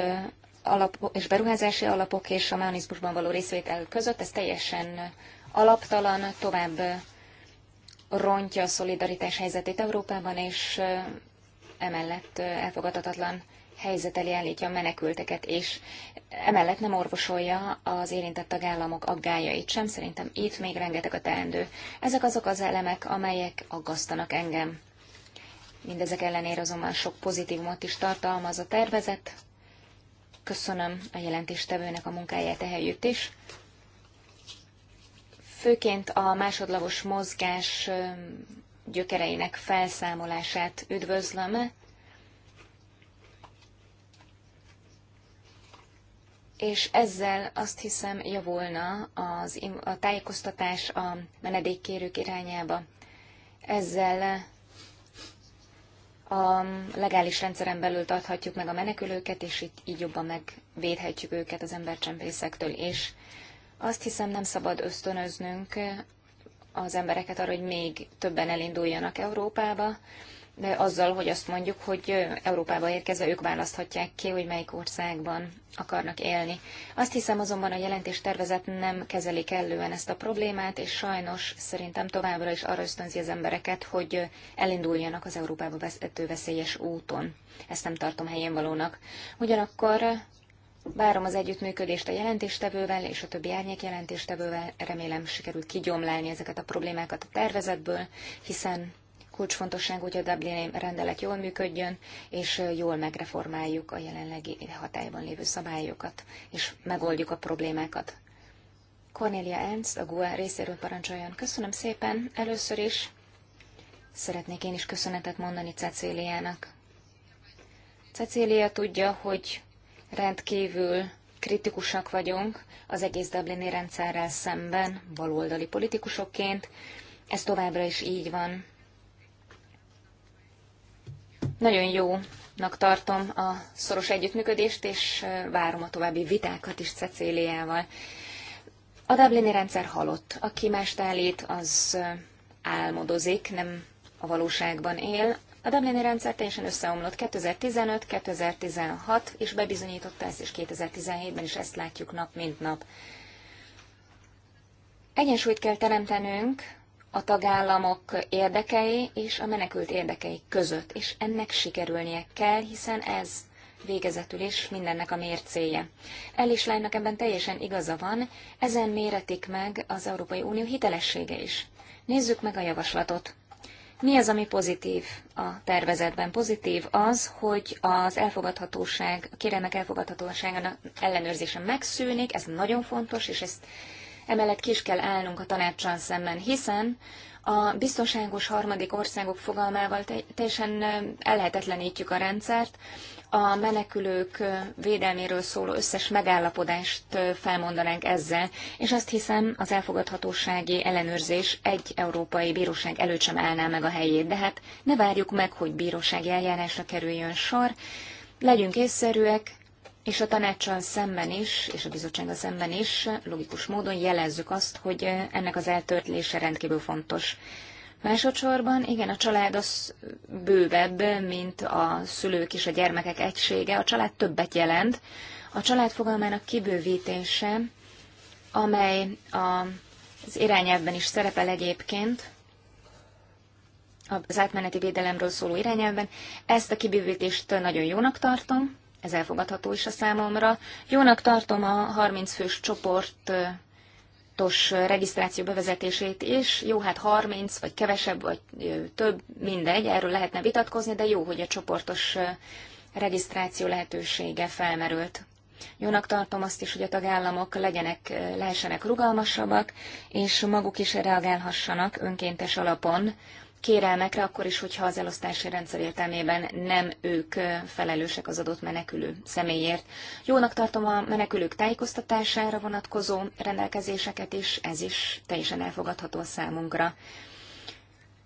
alap és beruházási alapok és a mechanizmusban való részvétel között. Ez teljesen alaptalan, tovább rontja a szolidaritás helyzetét Európában, és emellett elfogadhatatlan helyzet elé állítja a menekülteket, és emellett nem orvosolja az érintett tagállamok aggájait sem. Szerintem itt még rengeteg a teendő. Ezek azok az elemek, amelyek aggasztanak engem. Mindezek ellenére azonban sok pozitívumot is tartalmaz a tervezet. Köszönöm a jelentéstevőnek a munkáját ehelyütt is. Főként a másodlagos mozgás gyökereinek felszámolását üdvözlöm, és ezzel azt hiszem javulna az, a tájékoztatás a menedékkérők irányába. Ezzel a legális rendszeren belül tarthatjuk meg a menekülőket, és itt így jobban megvédhetjük őket az embercsempészektől és Azt hiszem nem szabad ösztönöznünk az embereket arra, hogy még többen elinduljanak Európába de azzal, hogy azt mondjuk, hogy Európába érkezve ők választhatják ki, hogy melyik országban akarnak élni. Azt hiszem azonban a jelentés tervezet nem kezeli kellően ezt a problémát, és sajnos szerintem továbbra is arra ösztönzi az embereket, hogy elinduljanak az Európába vezető veszélyes úton. Ezt nem tartom helyén valónak. Ugyanakkor Várom az együttműködést a jelentéstevővel és a többi árnyék jelentéstevővel. Remélem sikerül kigyomlálni ezeket a problémákat a tervezetből, hiszen Kulcsfontosságú, hogy a Dublin rendelet jól működjön, és jól megreformáljuk a jelenlegi hatályban lévő szabályokat, és megoldjuk a problémákat. Cornelia Ernst, a GUA részéről parancsoljon. Köszönöm szépen először is. Szeretnék én is köszönetet mondani Cecéliának. Cecília tudja, hogy rendkívül kritikusak vagyunk az egész Dublini rendszerrel szemben, baloldali politikusokként. Ez továbbra is így van. Nagyon jónak tartom a szoros együttműködést, és várom a további vitákat is Cecéliával. A Dublini rendszer halott. Aki mást állít, az álmodozik, nem a valóságban él. A Dublini rendszer teljesen összeomlott 2015, 2016, és bebizonyította ezt, és 2017-ben is ezt látjuk nap, mint nap. Egyensúlyt kell teremtenünk a tagállamok érdekei és a menekült érdekei között, és ennek sikerülnie kell, hiszen ez végezetül is mindennek a mércéje. Ellis lánynak ebben teljesen igaza van, ezen méretik meg az Európai Unió hitelessége is. Nézzük meg a javaslatot. Mi az, ami pozitív a tervezetben? Pozitív az, hogy az elfogadhatóság, a kérelmek elfogadhatóságának ellenőrzése megszűnik, ez nagyon fontos, és ezt emellett ki is kell állnunk a tanácssal szemben, hiszen a biztonságos harmadik országok fogalmával teljesen ellehetetlenítjük a rendszert, a menekülők védelméről szóló összes megállapodást felmondanánk ezzel, és azt hiszem az elfogadhatósági ellenőrzés egy európai bíróság előtt sem állná meg a helyét, de hát ne várjuk meg, hogy bírósági eljárásra kerüljön sor, legyünk észszerűek, és a tanácssal szemben is, és a bizottsággal szemben is logikus módon jelezzük azt, hogy ennek az eltörtlése rendkívül fontos. Másodszorban, igen, a család az bővebb, mint a szülők és a gyermekek egysége. A család többet jelent. A család fogalmának kibővítése, amely a, az irányelvben is szerepel egyébként, az átmeneti védelemről szóló irányelvben, ezt a kibővítést nagyon jónak tartom, ez elfogadható is a számomra. Jónak tartom a 30 fős csoportos regisztráció bevezetését is. Jó, hát 30, vagy kevesebb, vagy több, mindegy, erről lehetne vitatkozni, de jó, hogy a csoportos regisztráció lehetősége felmerült. Jónak tartom azt is, hogy a tagállamok legyenek, lehessenek rugalmasabbak, és maguk is reagálhassanak önkéntes alapon kérelmekre, akkor is, hogyha az elosztási rendszer értelmében nem ők felelősek az adott menekülő személyért. Jónak tartom a menekülők tájékoztatására vonatkozó rendelkezéseket is, ez is teljesen elfogadható a számunkra.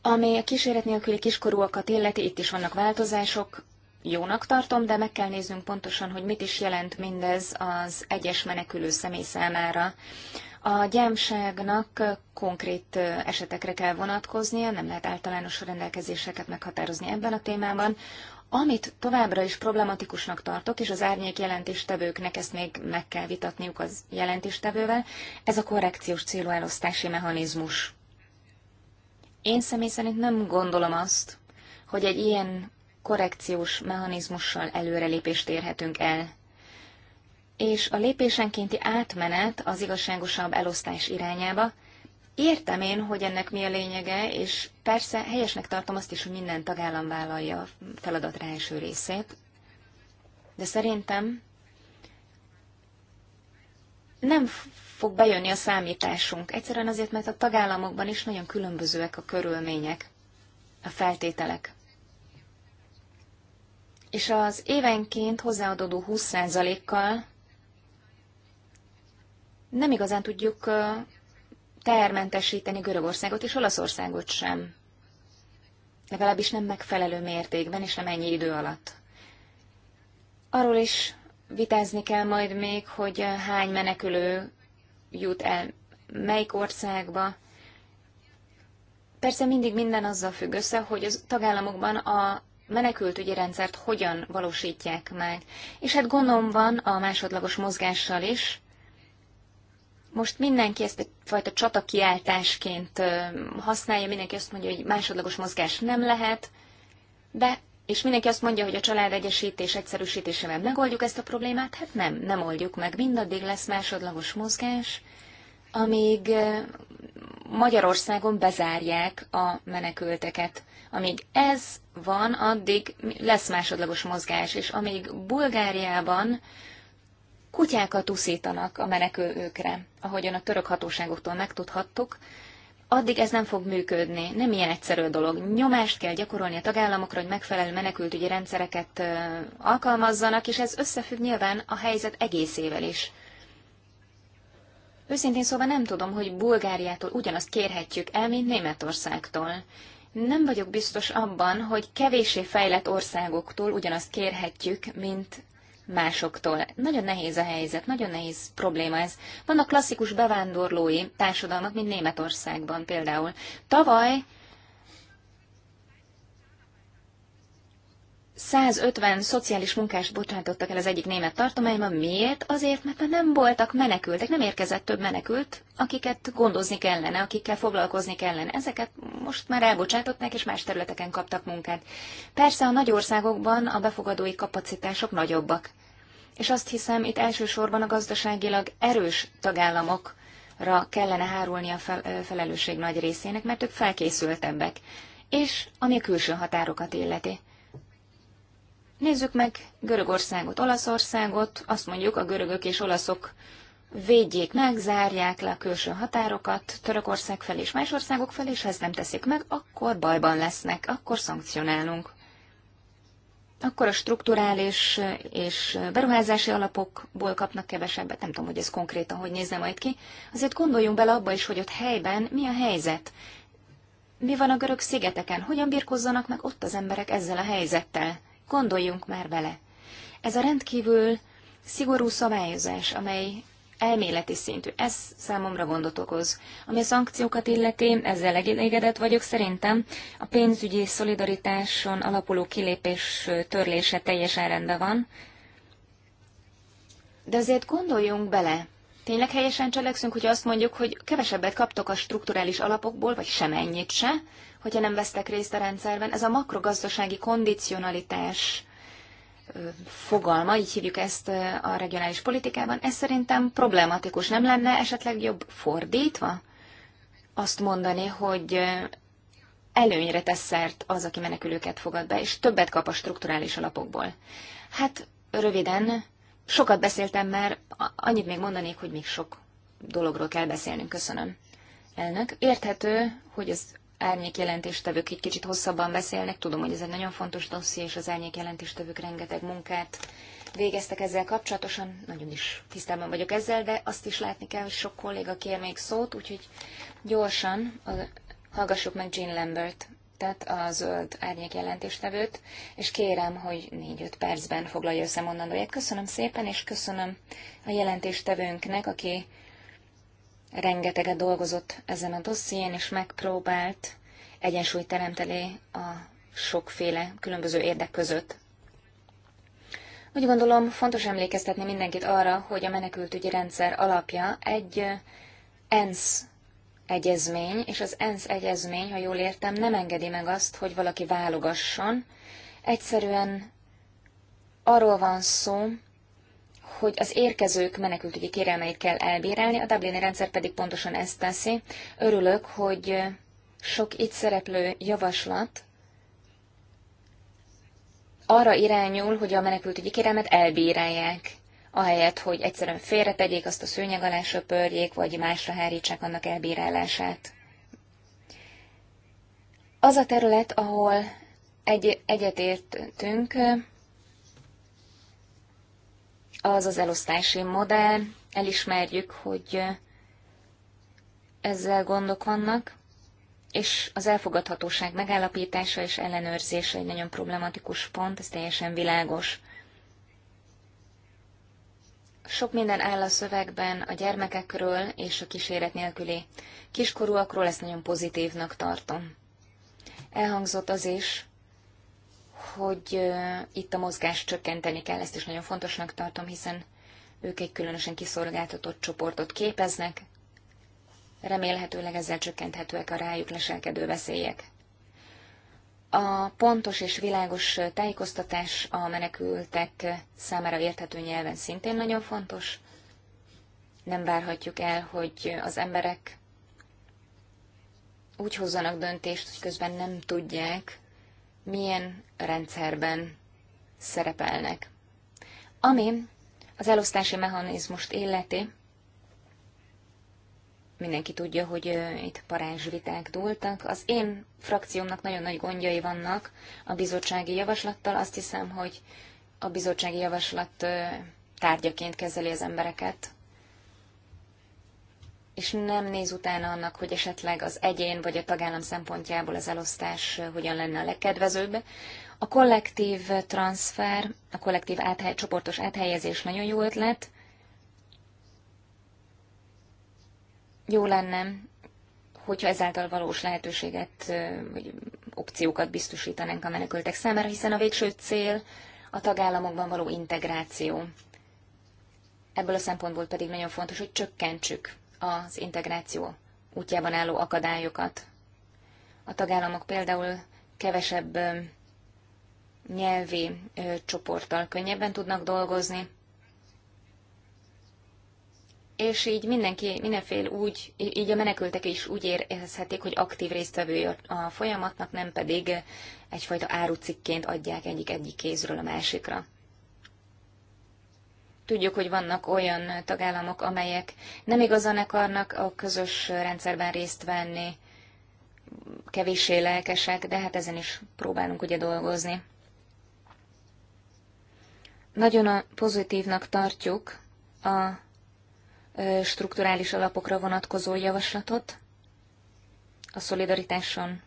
Ami a kíséret nélküli kiskorúakat illeti, itt is vannak változások, jónak tartom, de meg kell néznünk pontosan, hogy mit is jelent mindez az egyes menekülő személy számára. A gyámságnak konkrét esetekre kell vonatkoznia, nem lehet általános rendelkezéseket meghatározni ebben a témában. Amit továbbra is problematikusnak tartok, és az árnyék jelentéstevőknek ezt még meg kell vitatniuk az jelentéstevővel, ez a korrekciós célú elosztási mechanizmus. Én személy szerint nem gondolom azt, hogy egy ilyen korrekciós mechanizmussal előrelépést érhetünk el és a lépésenkénti átmenet az igazságosabb elosztás irányába. Értem én, hogy ennek mi a lényege, és persze helyesnek tartom azt is, hogy minden tagállam vállalja a feladat első részét, de szerintem nem fog bejönni a számításunk. Egyszerűen azért, mert a tagállamokban is nagyon különbözőek a körülmények, a feltételek. És az évenként hozzáadódó 20%-kal nem igazán tudjuk termentesíteni Görögországot és Olaszországot sem. Legalábbis nem megfelelő mértékben, és nem ennyi idő alatt. Arról is vitázni kell majd még, hogy hány menekülő jut el melyik országba. Persze mindig minden azzal függ össze, hogy az tagállamokban a menekültügyi rendszert hogyan valósítják meg. És hát gondom van a másodlagos mozgással is, most mindenki ezt egyfajta csatakiáltásként használja, mindenki azt mondja, hogy másodlagos mozgás nem lehet, de és mindenki azt mondja, hogy a család egyesítés egyszerűsítésével megoldjuk ezt a problémát, hát nem, nem oldjuk meg. Mindaddig lesz másodlagos mozgás, amíg Magyarországon bezárják a menekülteket. Amíg ez van, addig lesz másodlagos mozgás, és amíg Bulgáriában kutyákat uszítanak a menekülőkre, ahogyan a török hatóságoktól megtudhattuk, addig ez nem fog működni. Nem ilyen egyszerű a dolog. Nyomást kell gyakorolni a tagállamokra, hogy megfelelő menekültügyi rendszereket alkalmazzanak, és ez összefügg nyilván a helyzet egészével is. Őszintén szóval nem tudom, hogy Bulgáriától ugyanazt kérhetjük el, mint Németországtól. Nem vagyok biztos abban, hogy kevésé fejlett országoktól ugyanazt kérhetjük, mint másoktól. Nagyon nehéz a helyzet, nagyon nehéz probléma ez. Vannak klasszikus bevándorlói társadalmak, mint Németországban például. Tavaly 150 szociális munkást bocsátottak el az egyik német tartományban. Miért? Azért, mert már nem voltak menekültek, nem érkezett több menekült, akiket gondozni kellene, akikkel foglalkozni kellene. Ezeket most már elbocsátották, és más területeken kaptak munkát. Persze a nagy országokban a befogadói kapacitások nagyobbak. És azt hiszem, itt elsősorban a gazdaságilag erős tagállamokra kellene hárulni a felelősség nagy részének, mert ők felkészültebbek. És ami a külső határokat illeti. Nézzük meg Görögországot, Olaszországot, azt mondjuk a görögök és olaszok védjék meg, zárják le a külső határokat Törökország felé és más országok felé, és ha ezt nem teszik meg, akkor bajban lesznek, akkor szankcionálunk. Akkor a strukturális és beruházási alapokból kapnak kevesebbet, nem tudom, hogy ez konkrétan hogy nézne majd ki. Azért gondoljunk bele abba is, hogy ott helyben mi a helyzet. Mi van a görög szigeteken? Hogyan birkozzanak meg ott az emberek ezzel a helyzettel? Gondoljunk már bele. Ez a rendkívül szigorú szabályozás, amely elméleti szintű. Ez számomra gondot okoz. Ami a szankciókat illeti, ezzel elégedett vagyok szerintem. A pénzügyi szolidaritáson alapuló kilépés törlése teljesen rendben van. De azért gondoljunk bele, Tényleg helyesen cselekszünk, hogy azt mondjuk, hogy kevesebbet kaptok a strukturális alapokból, vagy sem ennyit se, hogyha nem vesztek részt a rendszerben. Ez a makrogazdasági kondicionalitás fogalma, így hívjuk ezt a regionális politikában, ez szerintem problematikus. Nem lenne esetleg jobb fordítva azt mondani, hogy előnyre tesz szert az, aki menekülőket fogad be, és többet kap a strukturális alapokból. Hát röviden, Sokat beszéltem már, annyit még mondanék, hogy még sok dologról kell beszélnünk. Köszönöm. Elnök, érthető, hogy az árnyék jelentéstevők egy kicsit hosszabban beszélnek. Tudom, hogy ez egy nagyon fontos dosszi, és az árnyék jelentéstevők rengeteg munkát végeztek ezzel kapcsolatosan. Nagyon is tisztában vagyok ezzel, de azt is látni kell, hogy sok kolléga kér még szót, úgyhogy gyorsan hallgassuk meg Jean Lambert tett a zöld árnyék jelentéstevőt, és kérem, hogy 4-5 percben foglalja össze mondandóját. Köszönöm szépen, és köszönöm a jelentéstevőnknek, aki rengeteget dolgozott ezen a dosszién, és megpróbált egyensúlyt teremteni a sokféle különböző érdek között. Úgy gondolom, fontos emlékeztetni mindenkit arra, hogy a menekültügyi rendszer alapja egy ENSZ egyezmény, és az ENSZ egyezmény, ha jól értem, nem engedi meg azt, hogy valaki válogasson. Egyszerűen arról van szó, hogy az érkezők menekültügyi kérelmeit kell elbírálni, a Dublini rendszer pedig pontosan ezt teszi. Örülök, hogy sok itt szereplő javaslat arra irányul, hogy a menekültügyi kérelmet elbírálják ahelyett, hogy egyszerűen félretegyék, azt a szőnyeg alá söpörjék, vagy másra hárítsák annak elbírálását. Az a terület, ahol egy, egyetértünk, az az elosztási modell, elismerjük, hogy ezzel gondok vannak, és az elfogadhatóság megállapítása és ellenőrzése egy nagyon problematikus pont, ez teljesen világos. Sok minden áll a szövegben a gyermekekről és a kíséret nélküli kiskorúakról, ezt nagyon pozitívnak tartom. Elhangzott az is, hogy itt a mozgást csökkenteni kell, ezt is nagyon fontosnak tartom, hiszen ők egy különösen kiszolgáltatott csoportot képeznek, remélhetőleg ezzel csökkenthetőek a rájuk leselkedő veszélyek. A pontos és világos tájékoztatás a menekültek számára érthető nyelven szintén nagyon fontos. Nem várhatjuk el, hogy az emberek úgy hozzanak döntést, hogy közben nem tudják, milyen rendszerben szerepelnek. Ami az elosztási mechanizmust illeti, Mindenki tudja, hogy itt parázsviták dúltak. Az én frakciómnak nagyon nagy gondjai vannak a bizottsági javaslattal. Azt hiszem, hogy a bizottsági javaslat tárgyaként kezeli az embereket, és nem néz utána annak, hogy esetleg az egyén vagy a tagállam szempontjából az elosztás hogyan lenne a legkedvezőbb. A kollektív transfer, a kollektív áthely, csoportos áthelyezés nagyon jó ötlet, jó lenne, hogyha ezáltal valós lehetőséget vagy opciókat biztosítanánk a menekültek számára, hiszen a végső cél a tagállamokban való integráció. Ebből a szempontból pedig nagyon fontos, hogy csökkentsük az integráció útjában álló akadályokat. A tagállamok például kevesebb nyelvi csoporttal könnyebben tudnak dolgozni, és így mindenki, mindenféle úgy, így a menekültek is úgy érezhetik, hogy aktív résztvevői a folyamatnak, nem pedig egyfajta árucikként adják egyik-egyik kézről a másikra. Tudjuk, hogy vannak olyan tagállamok, amelyek nem igazán akarnak a közös rendszerben részt venni, kevéssé lelkesek, de hát ezen is próbálunk ugye dolgozni. Nagyon a pozitívnak tartjuk a strukturális alapokra vonatkozó javaslatot, a szolidaritáson,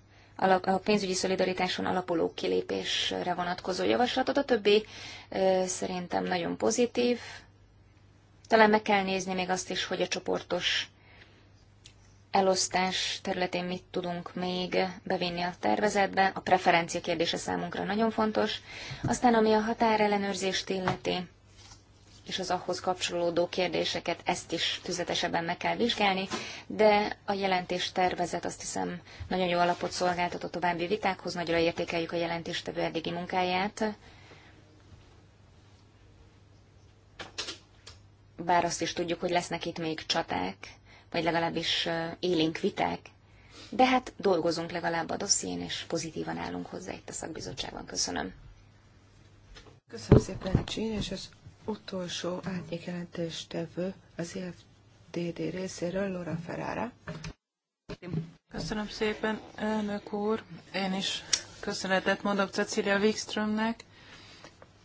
a pénzügyi szolidaritáson alapuló kilépésre vonatkozó javaslatot, a többi szerintem nagyon pozitív. Talán meg kell nézni még azt is, hogy a csoportos elosztás területén mit tudunk még bevinni a tervezetbe. A preferencia kérdése számunkra nagyon fontos. Aztán, ami a határellenőrzést illeti, és az ahhoz kapcsolódó kérdéseket, ezt is tüzetesebben meg kell vizsgálni, de a jelentés tervezet azt hiszem nagyon jó alapot szolgáltat a további vitákhoz, nagyon értékeljük a jelentéstevő eddigi munkáját. Bár azt is tudjuk, hogy lesznek itt még csaták, vagy legalábbis élénk viták, de hát dolgozunk legalább a dosszién, és pozitívan állunk hozzá itt a szakbizottságban. Köszönöm. Köszönöm szépen, Csín, és az utolsó árnyékjelentéstevő az EFDD részéről, Laura Ferrara. Köszönöm szépen, elnök úr. Én is köszönetet mondok Cecilia Wikströmnek,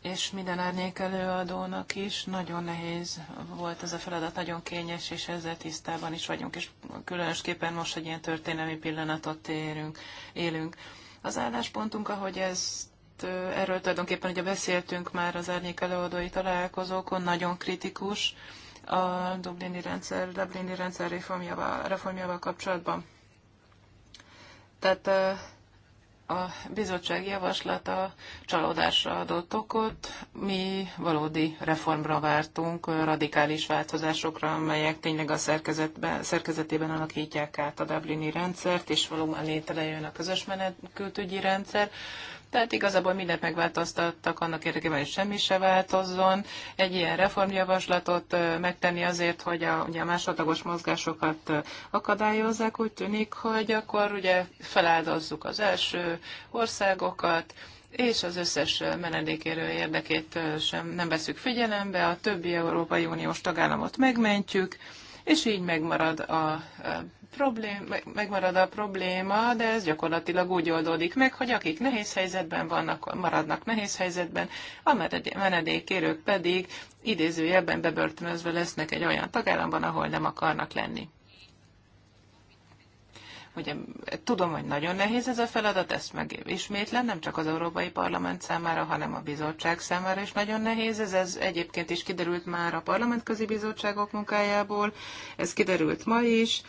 és minden árnyék előadónak is. Nagyon nehéz volt ez a feladat, nagyon kényes, és ezzel tisztában is vagyunk, és különösképpen most, egy ilyen történelmi pillanatot érünk, élünk. Az álláspontunk, ahogy ezt Hát, erről tulajdonképpen ugye beszéltünk már az árnyék előadói találkozókon, nagyon kritikus a Dublini rendszer, Dublini rendszer reformjával, reformjával kapcsolatban. Tehát a bizottság javaslata csalódásra adott okot. Mi valódi reformra vártunk, radikális változásokra, amelyek tényleg a szerkezetben, szerkezetében alakítják át a Dublini rendszert, és valóban létrejön a közös menekültügyi rendszer. Tehát igazából mindent megváltoztattak annak érdekében, hogy semmi se változzon. Egy ilyen reformjavaslatot megtenni azért, hogy a, ugye a másodlagos mozgásokat akadályozzák, úgy tűnik, hogy akkor ugye feláldozzuk az első országokat, és az összes menedékérő érdekét sem nem veszük figyelembe, a többi Európai Uniós tagállamot megmentjük, és így megmarad a problém, megmarad a probléma, de ez gyakorlatilag úgy oldódik meg, hogy akik nehéz helyzetben vannak, maradnak nehéz helyzetben, a menedékkérők pedig idézőjelben bebörtönözve lesznek egy olyan tagállamban, ahol nem akarnak lenni. Ugye tudom, hogy nagyon nehéz ez a feladat, ezt meg ismétlen, nem csak az Európai Parlament számára, hanem a bizottság számára is nagyon nehéz. Ez, ez egyébként is kiderült már a parlamentközi bizottságok munkájából, ez kiderült ma is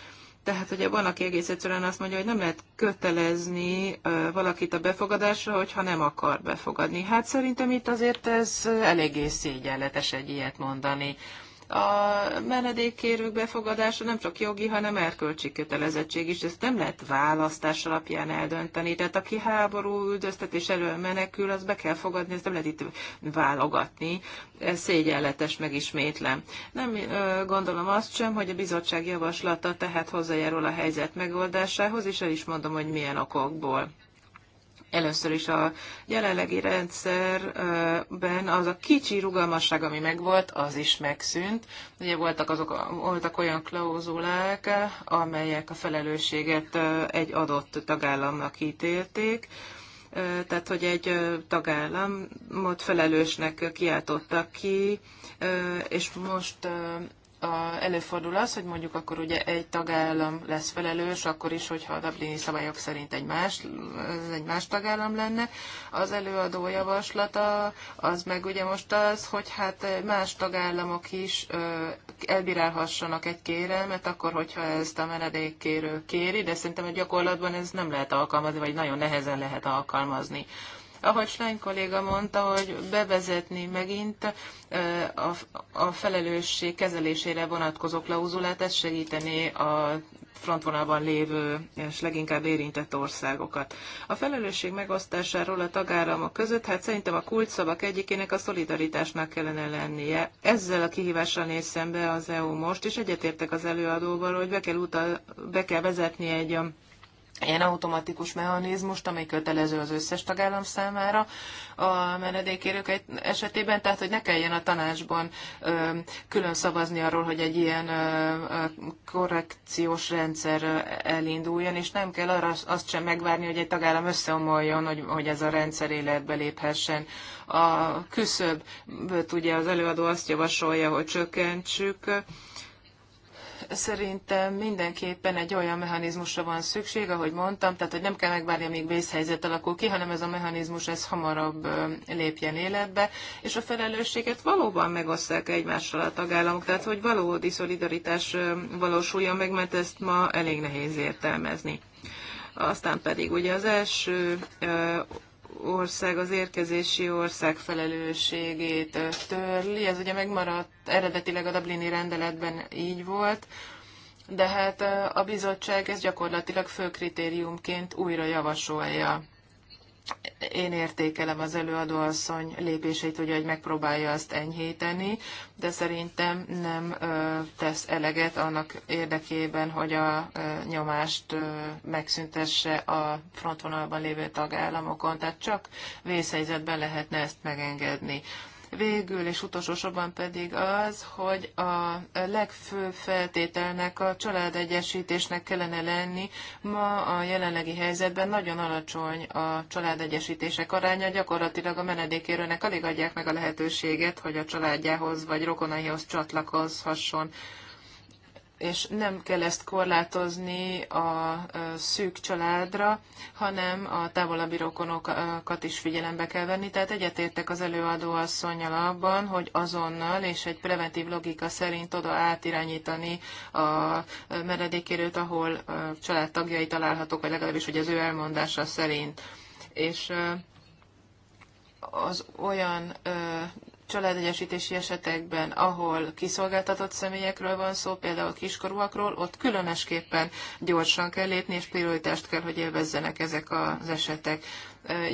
tehát ugye van, aki egész egyszerűen azt mondja, hogy nem lehet kötelezni valakit a befogadásra, hogyha nem akar befogadni. Hát szerintem itt azért ez eléggé szégyenletes egy ilyet mondani a menedékkérők befogadása nem csak jogi, hanem erkölcsi kötelezettség is. Ezt nem lehet választás alapján eldönteni. Tehát aki háború üldöztetés elől menekül, az be kell fogadni, ezt nem lehet itt válogatni. Ez szégyenletes, megismétlem. Nem gondolom azt sem, hogy a bizottság javaslata tehát hozzájárul a helyzet megoldásához, és el is mondom, hogy milyen okokból. Először is a jelenlegi rendszerben az a kicsi rugalmasság, ami megvolt, az is megszűnt. Ugye voltak, azok, voltak olyan klauzulák, amelyek a felelősséget egy adott tagállamnak ítélték, tehát hogy egy tagállamot felelősnek kiáltottak ki, és most a, előfordul az, hogy mondjuk akkor ugye egy tagállam lesz felelős, akkor is, hogyha a Dublini szabályok szerint egy más, ez egy más tagállam lenne. Az előadó javaslata az meg ugye most az, hogy hát más tagállamok is elbírálhassanak egy kérelmet, akkor hogyha ezt a menedékkérő kéri, de szerintem a gyakorlatban ez nem lehet alkalmazni, vagy nagyon nehezen lehet alkalmazni. Ahogy Schlein kolléga mondta, hogy bevezetni megint a felelősség kezelésére vonatkozó klauzulát, ez segítené a frontvonalban lévő és leginkább érintett országokat. A felelősség megosztásáról a tagállamok között, hát szerintem a kulcsszavak egyikének a szolidaritásnak kellene lennie. Ezzel a kihívással néz szembe az EU most, és egyetértek az előadóval, hogy be kell, utal, be kell vezetni egy ilyen automatikus mechanizmust, amely kötelező az összes tagállam számára a menedékérők esetében, tehát hogy ne kelljen a tanácsban külön szavazni arról, hogy egy ilyen korrekciós rendszer elinduljon, és nem kell arra azt sem megvárni, hogy egy tagállam összeomoljon, hogy, hogy ez a rendszer életbe léphessen. A küszöb, ugye az előadó azt javasolja, hogy csökkentsük, szerintem mindenképpen egy olyan mechanizmusra van szükség, ahogy mondtam, tehát hogy nem kell megvárni, amíg vészhelyzet alakul ki, hanem ez a mechanizmus ez hamarabb lépjen életbe, és a felelősséget valóban megosztják egymással a tagállamok, tehát hogy valódi szolidaritás valósuljon meg, mert ezt ma elég nehéz értelmezni aztán pedig ugye az első ország az érkezési ország felelősségét törli. Ez ugye megmaradt, eredetileg a Dublini rendeletben így volt, de hát a bizottság ezt gyakorlatilag fő kritériumként újra javasolja én értékelem az előadóasszony lépéseit, ugye, hogy megpróbálja azt enyhíteni, de szerintem nem ö, tesz eleget annak érdekében, hogy a ö, nyomást ö, megszüntesse a frontvonalban lévő tagállamokon. Tehát csak vészhelyzetben lehetne ezt megengedni végül és utolsó sorban pedig az, hogy a legfőbb feltételnek a családegyesítésnek kellene lenni. Ma a jelenlegi helyzetben nagyon alacsony a családegyesítések aránya, gyakorlatilag a menedékérőnek alig adják meg a lehetőséget, hogy a családjához vagy rokonaihoz csatlakozhasson és nem kell ezt korlátozni a szűk családra, hanem a távolabbi rokonokat is figyelembe kell venni. Tehát egyetértek az előadó asszonyal abban, hogy azonnal és egy preventív logika szerint oda átirányítani a meredékérőt, ahol családtagjai találhatók, vagy legalábbis hogy az ő elmondása szerint. És az olyan családegyesítési esetekben, ahol kiszolgáltatott személyekről van szó, például kiskorúakról, ott különösképpen gyorsan kell lépni, és prioritást kell, hogy élvezzenek ezek az esetek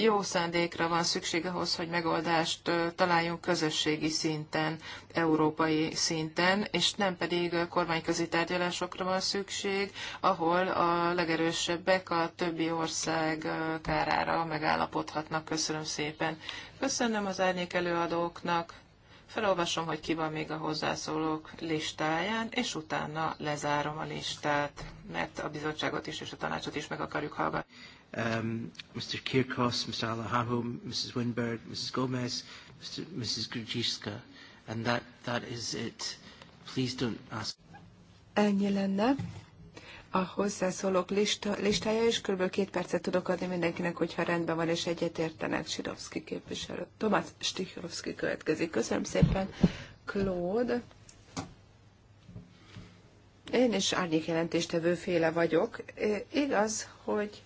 jó szándékra van szükség ahhoz, hogy megoldást találjunk közösségi szinten, európai szinten, és nem pedig kormányközi tárgyalásokra van szükség, ahol a legerősebbek a többi ország kárára megállapodhatnak. Köszönöm szépen. Köszönöm az árnyék előadóknak. Felolvasom, hogy ki van még a hozzászólók listáján, és utána lezárom a listát, mert a bizottságot is és a tanácsot is meg akarjuk hallgatni um, Mr. Kirkos, Mr. Alahaho, Mrs. Winberg, Mrs. Gomez, Mr. Mrs. Grudziska, and that, that is it. Please don't ask. Ennyi lenne a hozzászólók lista, listája, és kb. két percet tudok adni mindenkinek, hogyha rendben van, és egyetértenek Sirovszki képviselő. Tomasz Stichrovszki következik. Köszönöm szépen, Claude. Én is árnyékjelentéstevő féle vagyok. Igaz, hogy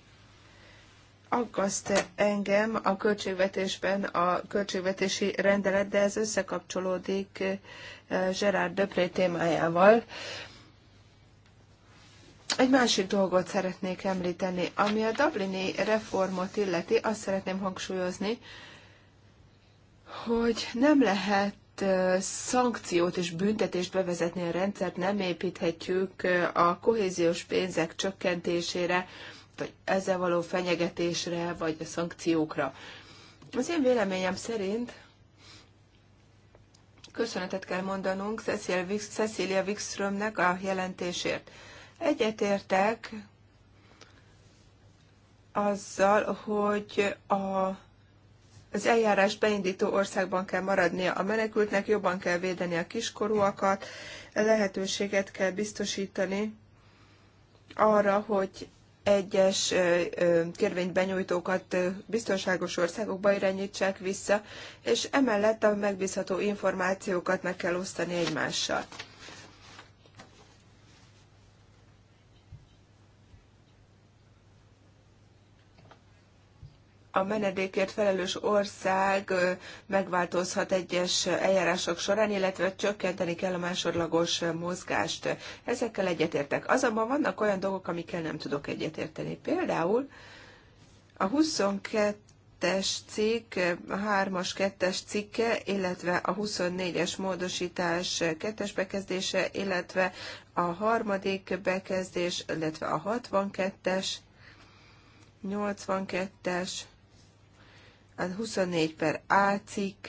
aggaszt engem a költségvetésben a költségvetési rendelet, de ez összekapcsolódik eh, Gerard Döpré témájával. Egy másik dolgot szeretnék említeni, ami a Dublini reformot illeti, azt szeretném hangsúlyozni, hogy nem lehet eh, szankciót és büntetést bevezetni a rendszert, nem építhetjük eh, a kohéziós pénzek csökkentésére, vagy ezzel való fenyegetésre, vagy a szankciókra. Az én véleményem szerint köszönetet kell mondanunk Cecilia Wikströmnek a jelentésért. Egyetértek azzal, hogy a az eljárás beindító országban kell maradnia a menekültnek, jobban kell védeni a kiskorúakat, lehetőséget kell biztosítani arra, hogy egyes benyújtókat biztonságos országokba irányítsák vissza, és emellett a megbízható információkat meg kell osztani egymással. a menedékért felelős ország megváltozhat egyes eljárások során, illetve csökkenteni kell a másodlagos mozgást. Ezekkel egyetértek. Azonban vannak olyan dolgok, amikkel nem tudok egyetérteni. Például a 22 es cikk, a 3-as 2-es cikke, illetve a 24-es módosítás 2-es bekezdése, illetve a harmadik bekezdés, illetve a 62-es, 82-es, az 24 per A cikk.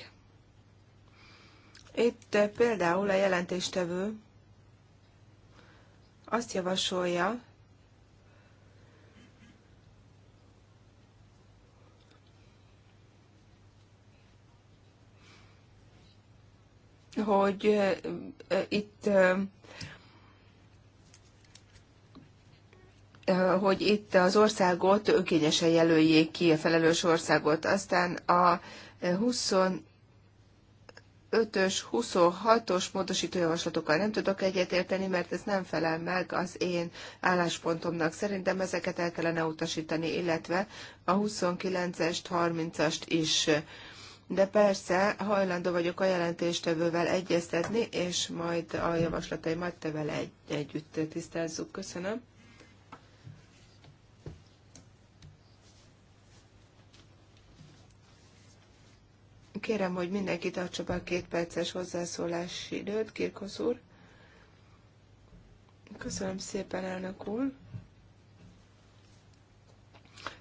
Itt eh, például a jelentéstevő azt javasolja, hogy eh, eh, itt Eh, hogy itt az országot önkényesen jelöljék ki, a felelős országot. Aztán a 25-ös, eh, 26-os módosítójavaslatokkal nem tudok egyetérteni, mert ez nem felel meg az én álláspontomnak. Szerintem ezeket el kellene utasítani, illetve a 29-est, 30-ast is. De persze hajlandó vagyok a jelentéstevővel egyeztetni, és majd a javaslataimat tevel egy- együtt tisztázzuk. Köszönöm. Kérem, hogy mindenki tartsa be a két perces hozzászólási időt, Kirkosz úr. Köszönöm szépen, elnök úr.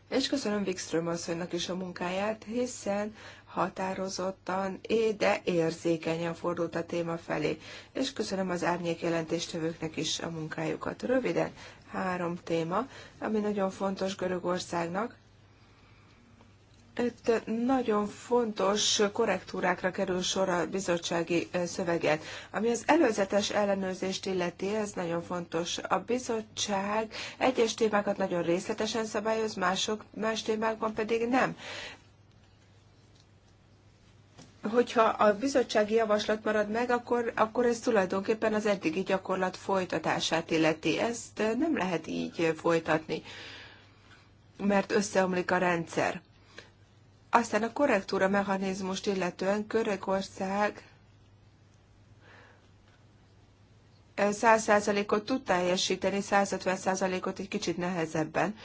És köszönöm Wikström asszonynak is a munkáját, hiszen határozottan, de érzékenyen fordult a téma felé. És köszönöm az árnyék jelentéstevőknek is a munkájukat. Röviden három téma, ami nagyon fontos Görögországnak, itt nagyon fontos korrektúrákra kerül sor a bizottsági szöveget. Ami az előzetes ellenőrzést illeti, ez nagyon fontos. A bizottság egyes témákat nagyon részletesen szabályoz, mások, más témákban pedig nem hogyha a bizottsági javaslat marad meg, akkor, akkor ez tulajdonképpen az eddigi gyakorlat folytatását illeti. Ezt nem lehet így folytatni, mert összeomlik a rendszer. Aztán a korrektúra mechanizmust illetően Görögország 100%-ot tud teljesíteni, 150%-ot egy kicsit nehezebben.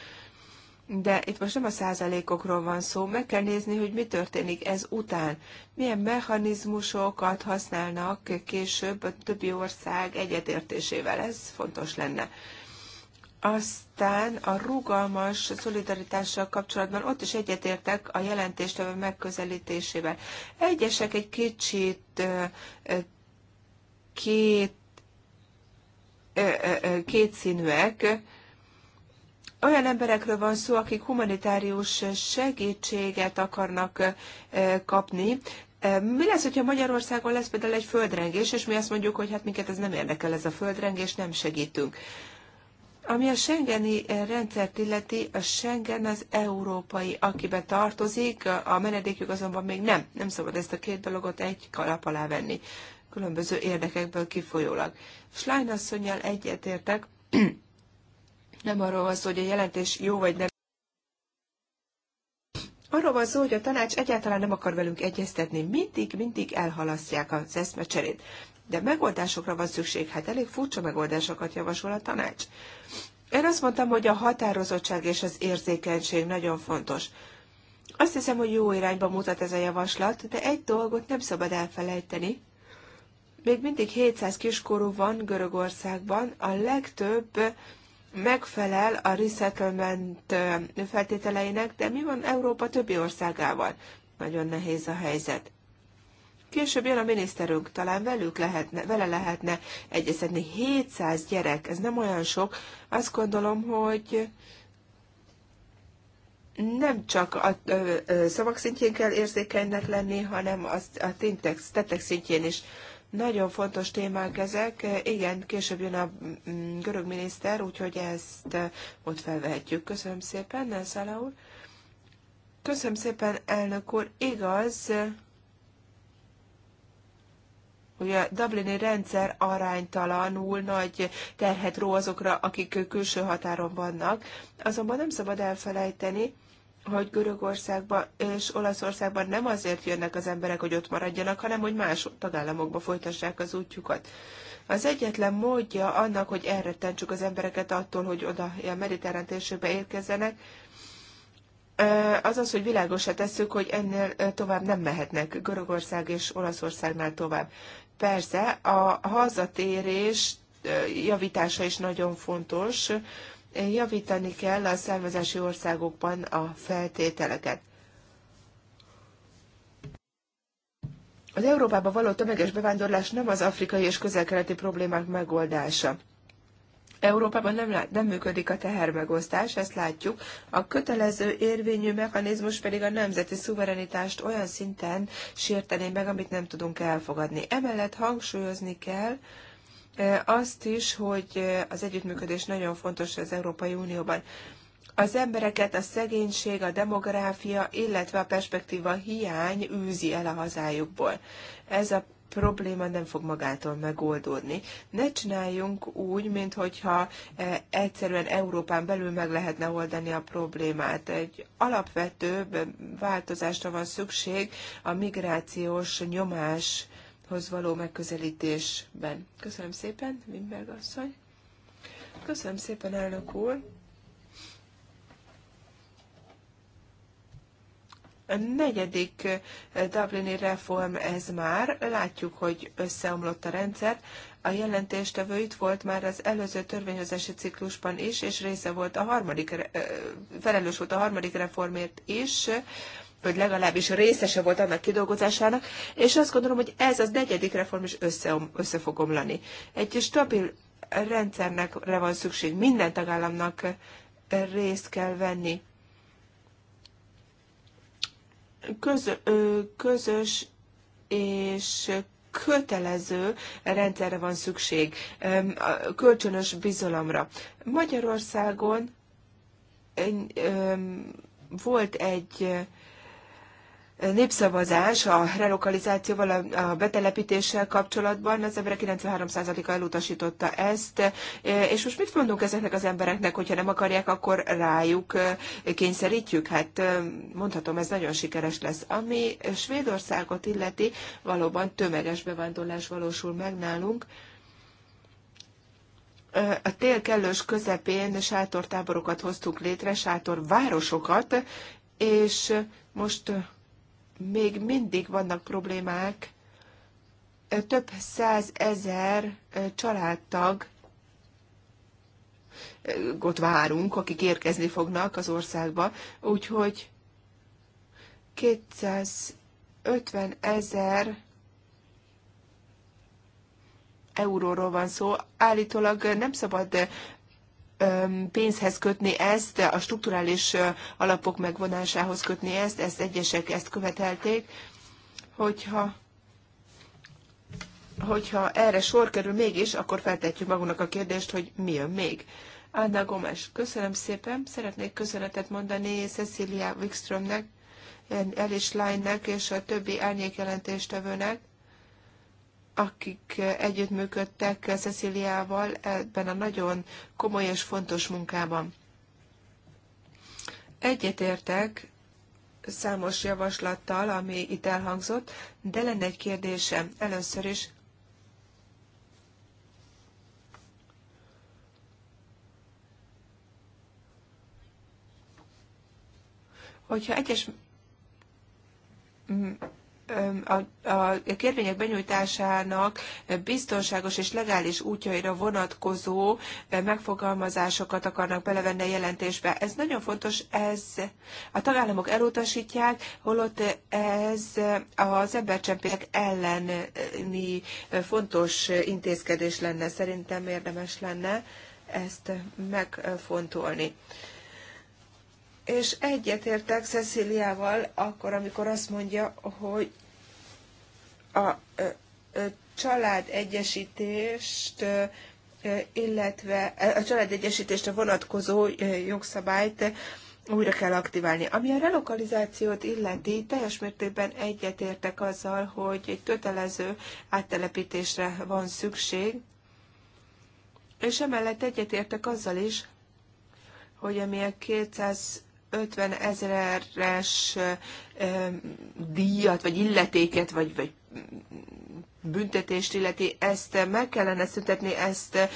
De itt most nem a százalékokról van szó, meg kell nézni, hogy mi történik ez után. Milyen mechanizmusokat használnak később a többi ország egyetértésével, ez fontos lenne. Aztán a rugalmas szolidaritással kapcsolatban ott is egyetértek a jelentéstevő megközelítésével. Egyesek egy kicsit két kétszínűek, olyan emberekről van szó, akik humanitárius segítséget akarnak kapni. Mi lesz, hogyha Magyarországon lesz például egy földrengés, és mi azt mondjuk, hogy hát minket ez nem érdekel, ez a földrengés, nem segítünk. Ami a Schengeni eh, rendszert illeti, a Schengen az európai, akibe tartozik, a menedékjog azonban még nem. Nem szabad ezt a két dologot egy kalap alá venni, különböző érdekekből kifolyólag. Schlein asszonyjal egyetértek, nem arról van szó, hogy a jelentés jó vagy nem. Arról van szó, hogy a tanács egyáltalán nem akar velünk egyeztetni. Mindig, mindig elhalasztják az eszmecserét de megoldásokra van szükség. Hát elég furcsa megoldásokat javasol a tanács. Én azt mondtam, hogy a határozottság és az érzékenység nagyon fontos. Azt hiszem, hogy jó irányba mutat ez a javaslat, de egy dolgot nem szabad elfelejteni. Még mindig 700 kiskorú van Görögországban, a legtöbb megfelel a resettlement feltételeinek, de mi van Európa többi országával? Nagyon nehéz a helyzet. Később jön a miniszterünk, talán velük lehetne, vele lehetne egyeztetni. 700 gyerek, ez nem olyan sok. Azt gondolom, hogy nem csak a szavak szintjén kell érzékenynek lenni, hanem a tintek, tettek szintjén is. Nagyon fontos témák ezek. Igen, később jön a mm, görög miniszter, úgyhogy ezt ott felvehetjük. Köszönöm szépen, Nelszala úr. Köszönöm szépen, elnök úr. Igaz, hogy a Dublini rendszer aránytalanul nagy terhet ró azokra, akik külső határon vannak. Azonban nem szabad elfelejteni, hogy Görögországban és Olaszországban nem azért jönnek az emberek, hogy ott maradjanak, hanem hogy más tagállamokba folytassák az útjukat. Az egyetlen módja annak, hogy elrettentsük az embereket attól, hogy oda a mediterrán térségbe érkezzenek, az az, hogy világosra tesszük, hogy ennél tovább nem mehetnek Görögország és Olaszországnál tovább. Persze, a hazatérés javítása is nagyon fontos. Javítani kell a származási országokban a feltételeket. Az Európába való tömeges bevándorlás nem az afrikai és közelkeleti problémák megoldása. Európában nem, nem működik a tehermegosztás, ezt látjuk. A kötelező érvényű mechanizmus pedig a nemzeti szuverenitást olyan szinten sértené meg, amit nem tudunk elfogadni. Emellett hangsúlyozni kell, e, azt is, hogy az együttműködés nagyon fontos az Európai Unióban. Az embereket a szegénység, a demográfia, illetve a perspektíva hiány űzi el a hazájukból. Ez a probléma nem fog magától megoldódni. Ne csináljunk úgy, hogyha e, egyszerűen Európán belül meg lehetne oldani a problémát. Egy alapvetőbb változásra van szükség a migrációs nyomáshoz való megközelítésben. Köszönöm szépen, Wimberg asszony. Köszönöm szépen, elnök úr. A negyedik eh, Dublini reform ez már, látjuk, hogy összeomlott a rendszer. A jelentéstevő itt volt már az előző törvényhozási ciklusban is, és része volt a harmadik, eh, felelős volt a harmadik reformért is, vagy legalábbis részese volt annak kidolgozásának, és azt gondolom, hogy ez az negyedik reform is össze, össze fog omlani. Egy stabil rendszernek van szükség, minden tagállamnak eh, részt kell venni közö, közös és kötelező rendszerre van szükség, kölcsönös bizalomra. Magyarországon volt egy népszavazás a relokalizációval, a betelepítéssel kapcsolatban, az emberek 93%-a elutasította ezt, e, és most mit mondunk ezeknek az embereknek, hogyha nem akarják, akkor rájuk e, kényszerítjük? Hát e, mondhatom, ez nagyon sikeres lesz. Ami Svédországot illeti, valóban tömeges bevándorlás valósul meg nálunk, a tél kellős közepén sátortáborokat hoztuk létre, sátorvárosokat, és most még mindig vannak problémák, több százezer családtag ott várunk, akik érkezni fognak az országba, úgyhogy 250 ezer euróról van szó. Állítólag nem szabad pénzhez kötni ezt, a strukturális alapok megvonásához kötni ezt, ezt egyesek ezt követelték, hogyha hogyha erre sor kerül mégis, akkor feltetjük magunknak a kérdést, hogy mi jön még. Anna Gomes, köszönöm szépen, szeretnék köszönetet mondani Cecilia Wikströmnek, Elis Lánynek és a többi árnyékjelentéstevőnek akik együttműködtek Ceciliával ebben a nagyon komoly és fontos munkában. Egyetértek számos javaslattal, ami itt elhangzott, de lenne egy kérdésem. Először is hogyha egyes a, a kérvények benyújtásának biztonságos és legális útjaira vonatkozó megfogalmazásokat akarnak belevenni a jelentésbe. Ez nagyon fontos, ez a tagállamok elutasítják, holott ez az embercsempének elleni fontos intézkedés lenne. Szerintem érdemes lenne ezt megfontolni és egyetértek Ceciliával akkor, amikor azt mondja, hogy a család egyesítést, illetve a család egyesítésre vonatkozó jogszabályt újra kell aktiválni. Ami a relokalizációt illeti, teljes mértékben egyetértek azzal, hogy egy kötelező áttelepítésre van szükség, és emellett egyetértek azzal is, hogy ami a 200 50 ezeres díjat, vagy illetéket, vagy, vagy büntetést illeti, ezt meg kellene szüntetni, ezt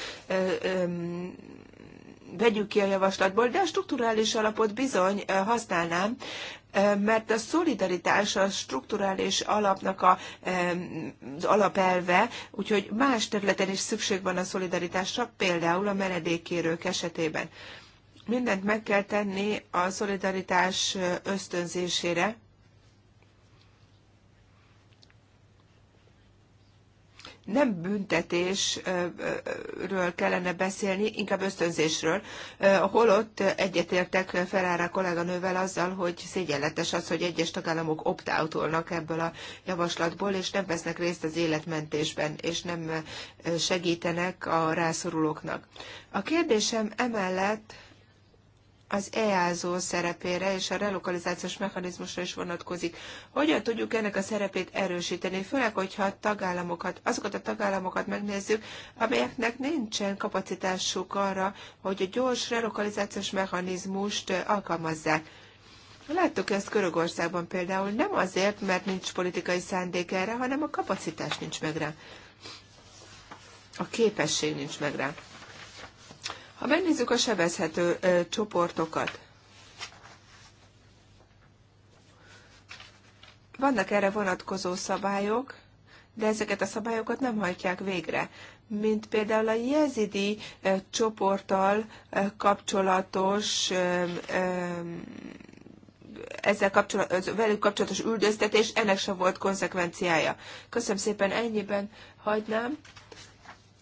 vegyük ki a javaslatból, de a strukturális alapot bizony használnám, mert a szolidaritás a strukturális alapnak a, az alapelve, úgyhogy más területen is szükség van a szolidaritásra, például a menedékkérők esetében. Mindent meg kell tenni a szolidaritás ösztönzésére, nem büntetésről kellene beszélni, inkább ösztönzésről, eh, holott egyetértek Ferrara kolléganővel azzal, hogy szégyenletes az, hogy egyes tagállamok opt-outolnak ebből a javaslatból, és nem vesznek részt az életmentésben, és nem eh, segítenek a rászorulóknak. A kérdésem emellett az EASO szerepére és a relokalizációs mechanizmusra is vonatkozik. Hogyan tudjuk ennek a szerepét erősíteni, főleg, hogyha a tagállamokat, azokat a tagállamokat megnézzük, amelyeknek nincsen kapacitásuk arra, hogy a gyors relokalizációs mechanizmust alkalmazzák. Láttuk ezt Körögországban például, nem azért, mert nincs politikai szándék erre, hanem a kapacitás nincs meg rá. A képesség nincs meg rá. Ha megnézzük a sebezhető csoportokat, vannak erre vonatkozó szabályok, de ezeket a szabályokat nem hajtják végre. Mint például a jezidi csoporttal kapcsolatos ezzel kapcsolatos, velük kapcsolatos üldöztetés, ennek sem volt konzekvenciája. Köszönöm szépen, ennyiben hagynám.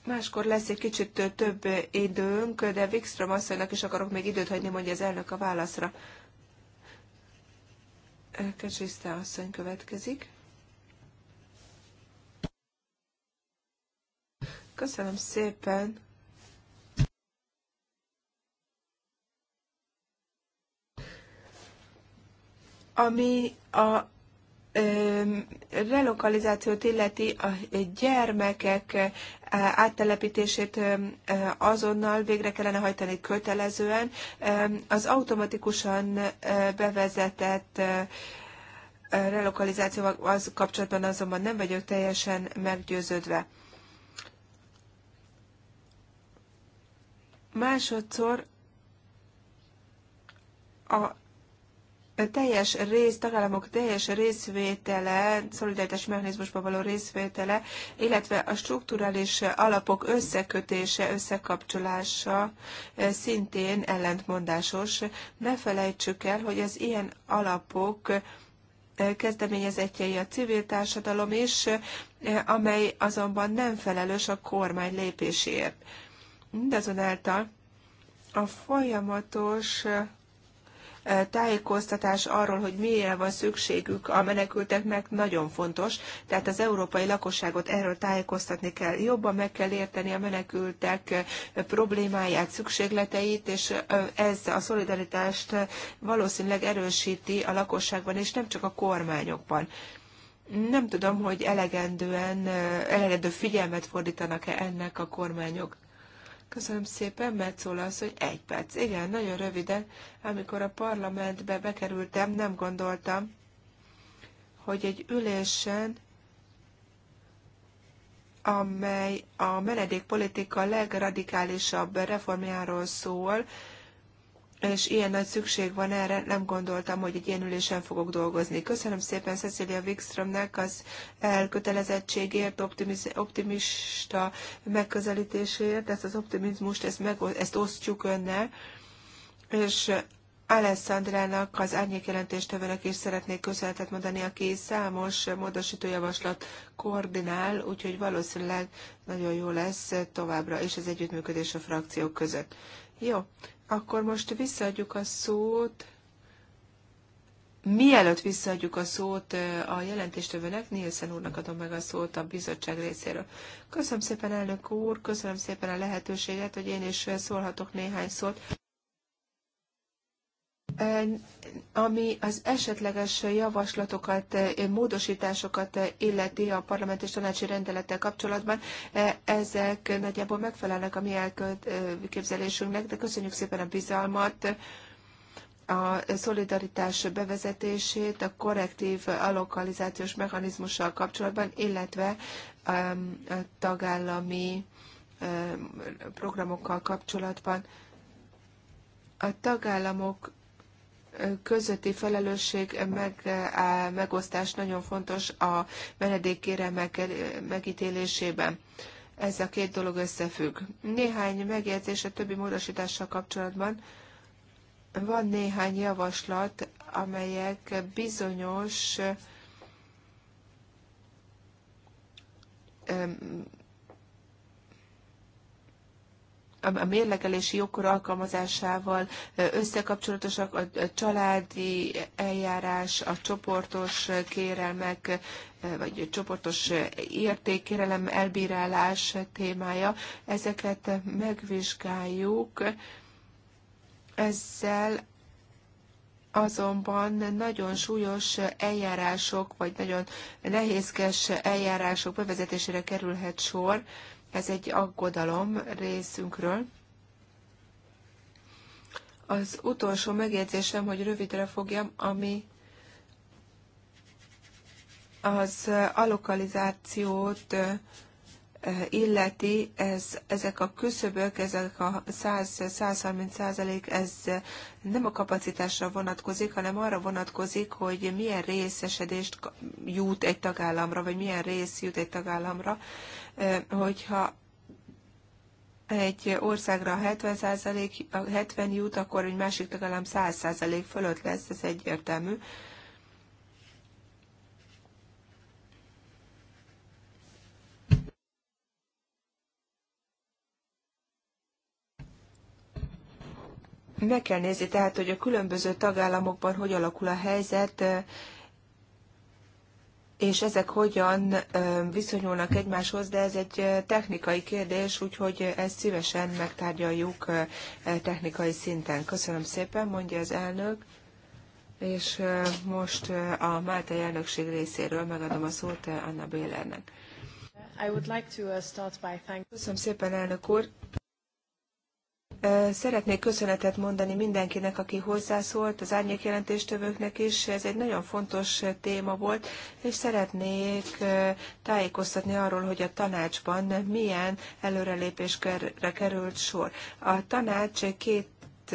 Máskor lesz egy kicsit több időnk, de Wikström asszonynak is akarok még időt hagyni, mondja az elnök a válaszra. Kecsiszte asszony következik. Köszönöm szépen. Ami a relokalizációt illeti a gyermekek áttelepítését azonnal végre kellene hajtani kötelezően. Az automatikusan bevezetett relokalizációval az kapcsolatban azonban nem vagyok teljesen meggyőződve. Másodszor a teljes rész, tagállamok teljes részvétele, szolidaritás mechanizmusban való részvétele, illetve a strukturális alapok összekötése, összekapcsolása eh, szintén ellentmondásos. Ne felejtsük el, hogy az ilyen alapok eh, kezdeményezetjei a civil társadalom is, eh, amely azonban nem felelős a kormány lépéséért. Mindazonáltal a folyamatos tájékoztatás arról, hogy mire van szükségük a menekülteknek, nagyon fontos. Tehát az európai lakosságot erről tájékoztatni kell. Jobban meg kell érteni a menekültek problémáját, szükségleteit, és ez a szolidaritást valószínűleg erősíti a lakosságban, és nem csak a kormányokban. Nem tudom, hogy elegendően, elegendő figyelmet fordítanak-e ennek a kormányok. Köszönöm szépen, Metzola az, hogy egy perc. Igen, nagyon röviden. Amikor a parlamentbe bekerültem, nem gondoltam, hogy egy ülésen, amely a menedékpolitika legradikálisabb reformjáról szól, és ilyen nagy szükség van erre, nem gondoltam, hogy egy ilyen ülésen fogok dolgozni. Köszönöm szépen Cecilia Wikströmnek az elkötelezettségért, optimiz, optimista megközelítésért, ezt az optimizmust, ezt, meg, ezt osztjuk önnel, és Alessandrának, az árnyékjelentéstevőnek is szeretnék köszönetet mondani, aki számos módosítójavaslat koordinál, úgyhogy valószínűleg nagyon jó lesz továbbra és az együttműködés a frakciók között. Jó, akkor most visszaadjuk a szót. Mielőtt visszaadjuk a szót a jelentéstövőnek, Nielsen úrnak adom meg a szót a bizottság részéről. Köszönöm szépen, elnök úr, köszönöm szépen a lehetőséget, hogy én is szólhatok néhány szót. Ami az esetleges javaslatokat, módosításokat illeti a parlament és tanácsi rendelettel kapcsolatban, ezek nagyjából megfelelnek a mi elképzelésünknek, de köszönjük szépen a bizalmat, a szolidaritás bevezetését, a korrektív alokalizációs mechanizmussal kapcsolatban, illetve a tagállami programokkal kapcsolatban. A tagállamok közötti felelősség meg, megosztás nagyon fontos a menedékkéremek megítélésében. Ez a két dolog összefügg. Néhány megjegyzés a többi módosítással kapcsolatban. Van néhány javaslat, amelyek bizonyos a mérlegelési jogkor alkalmazásával összekapcsolatosak a családi eljárás, a csoportos kérelmek, vagy csoportos értékkérelem elbírálás témája. Ezeket megvizsgáljuk. Ezzel azonban nagyon súlyos eljárások, vagy nagyon nehézkes eljárások bevezetésére kerülhet sor ez egy aggodalom részünkről. Az utolsó megjegyzésem, hogy rövidre fogjam, ami az alokalizációt illeti, ez, ezek a küszöbök, ezek a 130 százalék, ez nem a kapacitásra vonatkozik, hanem arra vonatkozik, hogy milyen részesedést jut egy tagállamra, vagy milyen rész jut egy tagállamra hogyha egy országra 70%, 70 jut, akkor egy másik legalább 100% fölött lesz, ez egyértelmű. Meg kell nézni tehát, hogy a különböző tagállamokban hogy alakul a helyzet, és ezek hogyan viszonyulnak egymáshoz, de ez egy technikai kérdés, úgyhogy ezt szívesen megtárgyaljuk technikai szinten. Köszönöm szépen, mondja az elnök, és most a Máltai elnökség részéről megadom a szót Anna Bélernek. Uh, Köszönöm szépen, elnök úr! Szeretnék köszönetet mondani mindenkinek, aki hozzászólt, az árnyékjelentéstövőknek is. Ez egy nagyon fontos téma volt, és szeretnék tájékoztatni arról, hogy a tanácsban milyen előrelépésre került sor. A tanács két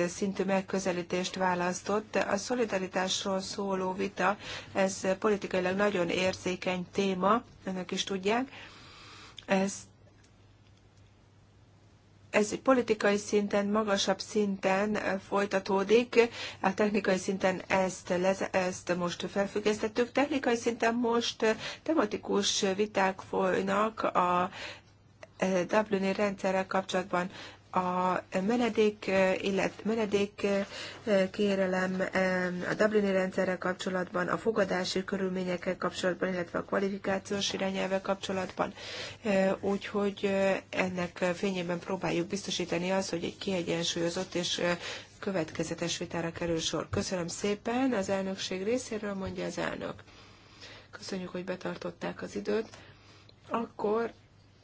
szintű megközelítést választott. A szolidaritásról szóló vita, ez politikailag nagyon érzékeny téma, önök is tudják. Ezt ez egy politikai szinten, magasabb szinten eh, folytatódik. A technikai szinten ezt, lez, ezt most felfüggesztettük. Technikai szinten most eh, tematikus viták folynak a eh, Dublini rendszerrel kapcsolatban a menedék, illetve menedék eh, kérelem eh, a Dublini rendszerrel kapcsolatban, a fogadási körülményekkel kapcsolatban, illetve a kvalifikációs irányelve kapcsolatban. Eh, úgyhogy ennek fényében próbáljuk biztosítani azt, hogy egy kiegyensúlyozott és következetes vitára kerül sor. Köszönöm szépen az elnökség részéről, mondja az elnök. Köszönjük, hogy betartották az időt. Akkor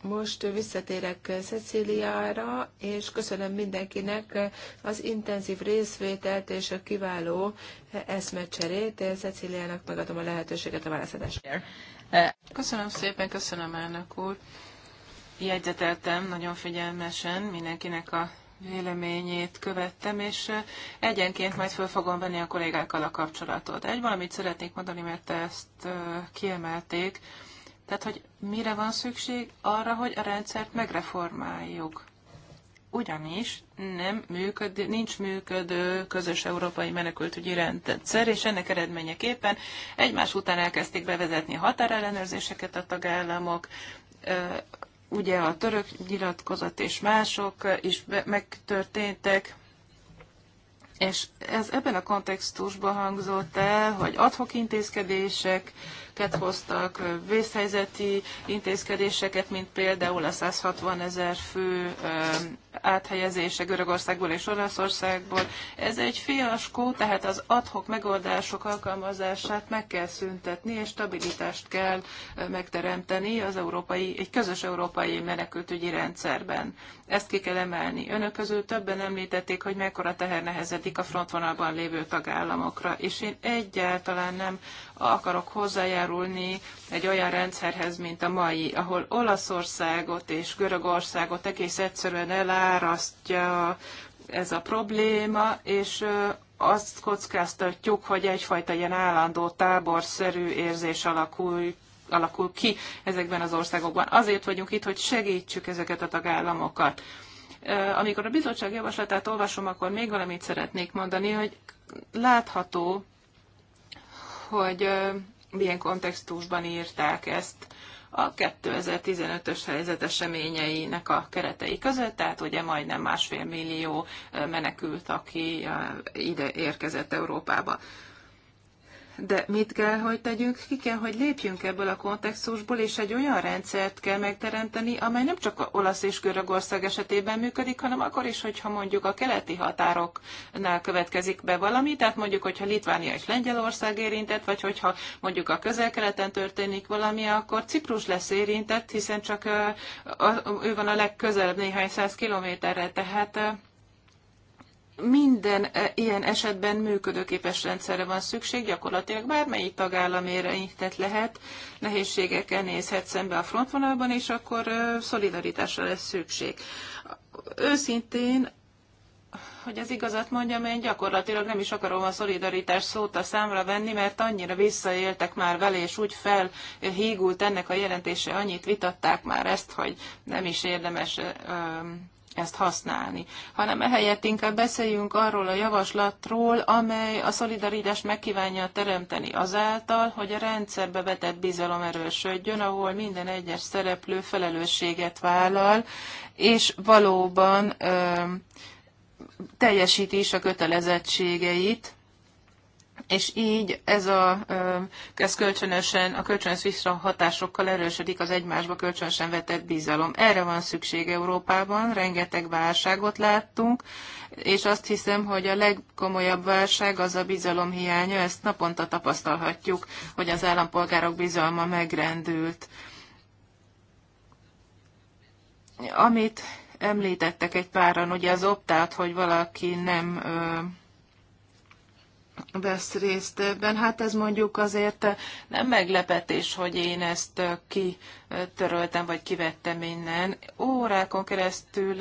most visszatérek Ceciliára, és köszönöm mindenkinek az intenzív részvételt és a kiváló eszmecserét. Ceciliának megadom a lehetőséget a válaszadásra. Köszönöm szépen, köszönöm elnök úr. Jegyzeteltem nagyon figyelmesen mindenkinek a véleményét követtem, és egyenként majd föl fogom venni a kollégákkal a kapcsolatot. Egy valamit szeretnék mondani, mert ezt kiemelték tehát, hogy mire van szükség? Arra, hogy a rendszert megreformáljuk. Ugyanis nem működ, nincs működő közös európai menekültügyi rendszer, és ennek eredményeképpen egymás után elkezdték bevezetni határellenőrzéseket a tagállamok, ugye a török nyilatkozat és mások is megtörténtek, és ez ebben a kontextusban hangzott el, hogy adhok intézkedéseket hoztak, vészhelyzeti intézkedéseket, mint például a 160 ezer fő áthelyezése Görögországból és Olaszországból. Ez egy fiaskó, tehát az adhok megoldások alkalmazását meg kell szüntetni, és stabilitást kell megteremteni az európai, egy közös európai menekültügyi rendszerben. Ezt ki kell emelni. Önök közül többen említették, hogy mekkora teher nehezedik vonatkozik a frontvonalban lévő tagállamokra, és én egyáltalán nem akarok hozzájárulni egy olyan rendszerhez, mint a mai, ahol Olaszországot és Görögországot egész egyszerűen elárasztja ez a probléma, és azt kockáztatjuk, hogy egyfajta ilyen állandó táborszerű érzés alakul alakul ki ezekben az országokban. Azért vagyunk itt, hogy segítsük ezeket a tagállamokat amikor a bizottság javaslatát olvasom, akkor még valamit szeretnék mondani, hogy látható, hogy milyen kontextusban írták ezt a 2015-ös helyzet eseményeinek a keretei között, tehát ugye majdnem másfél millió menekült, aki ide érkezett Európába de mit kell, hogy tegyünk? Ki kell, hogy lépjünk ebből a kontextusból, és egy olyan rendszert kell megteremteni, amely nem csak a olasz és Görögország esetében működik, hanem akkor is, hogyha mondjuk a keleti határoknál következik be valami, tehát mondjuk, hogyha Litvánia és Lengyelország érintett, vagy hogyha mondjuk a közel-keleten történik valami, akkor Ciprus lesz érintett, hiszen csak ő van a legközelebb néhány száz kilométerre, tehát minden e, ilyen esetben működőképes rendszerre van szükség, gyakorlatilag bármelyik tagállam érintett lehet, nehézségekkel nézhet szembe a frontvonalban, és akkor e, szolidaritásra lesz szükség. Őszintén hogy az igazat mondjam, én gyakorlatilag nem is akarom a szolidaritás szót a számra venni, mert annyira visszaéltek már vele, és úgy felhígult ennek a jelentése, annyit vitatták már ezt, hogy nem is érdemes e, ezt használni, hanem ehelyett inkább beszéljünk arról a javaslatról, amely a szolidaritás megkívánja teremteni azáltal, hogy a rendszerbe vetett bizalom erősödjön, ahol minden egyes szereplő felelősséget vállal, és valóban ö, teljesíti is a kötelezettségeit, és így ez, a, ez kölcsönösen, a kölcsönös visszahatásokkal erősödik az egymásba kölcsönösen vetett bizalom. Erre van szükség Európában, rengeteg válságot láttunk, és azt hiszem, hogy a legkomolyabb válság az a bizalom hiánya, ezt naponta tapasztalhatjuk, hogy az állampolgárok bizalma megrendült. Amit említettek egy páran, ugye az optát, hogy valaki nem vesz részt ebben. Hát ez mondjuk azért nem meglepetés, hogy én ezt kitöröltem, vagy kivettem innen. Órákon keresztül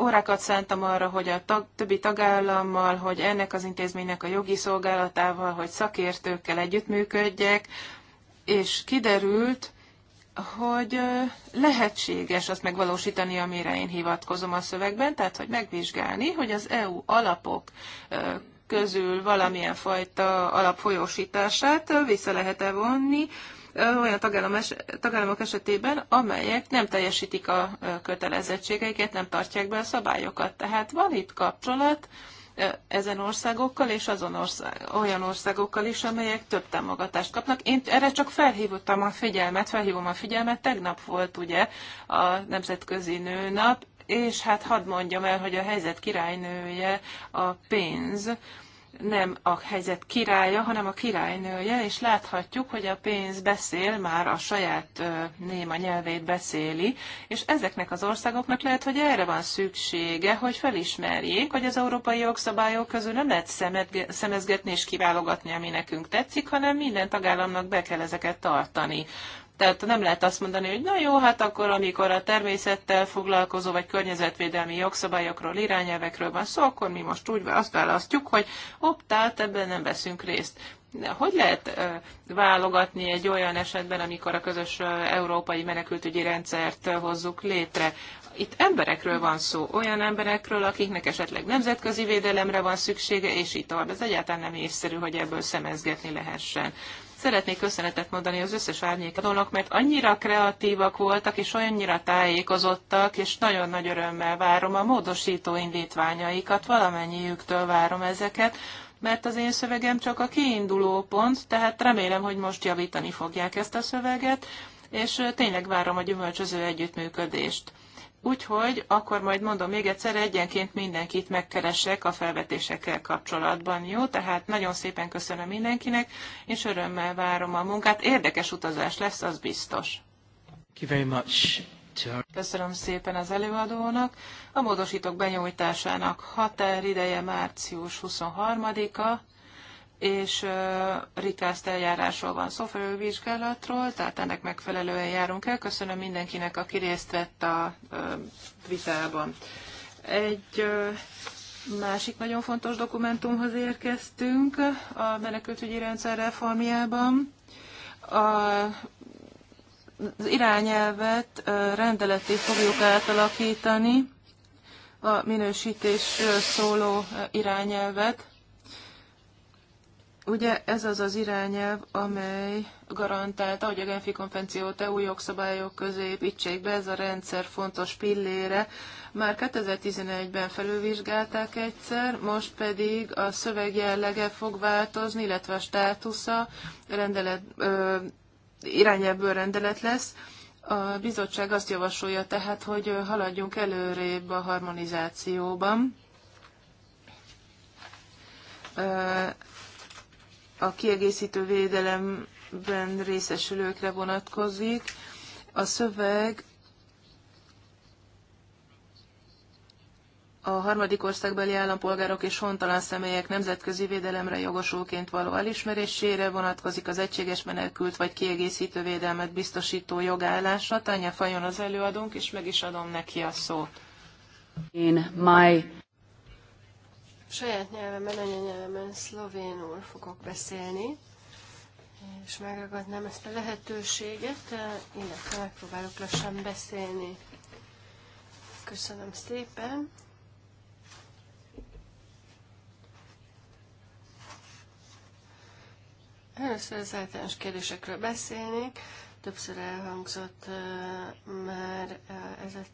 órákat szántam arra, hogy a tag, többi tagállammal, hogy ennek az intézménynek a jogi szolgálatával, hogy szakértőkkel együttműködjek, és kiderült, hogy lehetséges azt megvalósítani, amire én hivatkozom a szövegben, tehát hogy megvizsgálni, hogy az EU alapok közül valamilyen fajta alapfolyósítását vissza lehet-e vonni olyan tagállamok esetében, amelyek nem teljesítik a kötelezettségeiket, nem tartják be a szabályokat. Tehát van itt kapcsolat, ezen országokkal és azon ország, olyan országokkal is, amelyek több támogatást kapnak. Én erre csak felhívottam a figyelmet, felhívom a figyelmet. Tegnap volt ugye a Nemzetközi Nőnap, és hát hadd mondjam el, hogy a helyzet királynője a pénz, nem a helyzet királya, hanem a királynője, és láthatjuk, hogy a pénz beszél, már a saját néma nyelvét beszéli, és ezeknek az országoknak lehet, hogy erre van szüksége, hogy felismerjék, hogy az európai jogszabályok közül nem lehet szemezgetni és kiválogatni, ami nekünk tetszik, hanem minden tagállamnak be kell ezeket tartani. Tehát nem lehet azt mondani, hogy na jó, hát akkor amikor a természettel foglalkozó vagy környezetvédelmi jogszabályokról, irányelvekről van szó, akkor mi most úgy azt választjuk, hogy optált, ebben nem veszünk részt. Hogy lehet válogatni egy olyan esetben, amikor a közös európai menekültügyi rendszert hozzuk létre? Itt emberekről van szó, olyan emberekről, akiknek esetleg nemzetközi védelemre van szüksége, és így tovább. Ez egyáltalán nem észszerű, hogy ebből szemezgetni lehessen. Szeretnék köszönetet mondani az összes árnyékadónak, mert annyira kreatívak voltak, és olyannyira tájékozottak, és nagyon nagy örömmel várom a módosító indítványaikat, valamennyiüktől várom ezeket, mert az én szövegem csak a kiinduló pont, tehát remélem, hogy most javítani fogják ezt a szöveget, és tényleg várom a gyümölcsöző együttműködést. Úgyhogy akkor majd mondom még egyszer, egyenként mindenkit megkeresek a felvetésekkel kapcsolatban, jó? Tehát nagyon szépen köszönöm mindenkinek, és örömmel várom a munkát. Érdekes utazás lesz, az biztos. Köszönöm szépen az előadónak. A módosítók benyújtásának határideje március 23-a és rikászt eljárásról van szó, felülvizsgálatról, tehát ennek megfelelően járunk el. Köszönöm mindenkinek, aki részt vett a vitában. Egy másik nagyon fontos dokumentumhoz érkeztünk a menekültügyi rendszer reformjában. A, az irányelvet rendeletét fogjuk átalakítani, a minősítés szóló irányelvet, Ugye ez az az irányelv, amely garantálta, hogy a Genfi konvenciót EU jogszabályok közé építsék be, ez a rendszer fontos pillére. Már 2011-ben felülvizsgálták egyszer, most pedig a szöveg jellege fog változni, illetve a státusza rendelet, ö, irányelvből rendelet lesz. A bizottság azt javasolja tehát, hogy haladjunk előrébb a harmonizációban a kiegészítő védelemben részesülőkre vonatkozik. A szöveg a harmadik országbeli állampolgárok és hontalan személyek nemzetközi védelemre jogosulként való elismerésére vonatkozik az egységes menekült vagy kiegészítő védelmet biztosító jogállásra. Tanya Fajon az előadónk, és meg is adom neki a szót. In my Saját nyelvemen, anyanyelvemen, szlovénul fogok beszélni, és megragadnám ezt a lehetőséget, eh, illetve megpróbálok lassan beszélni. Köszönöm szépen! Először az általános kérdésekről beszélnék. Többször elhangzott eh, már eh, ez a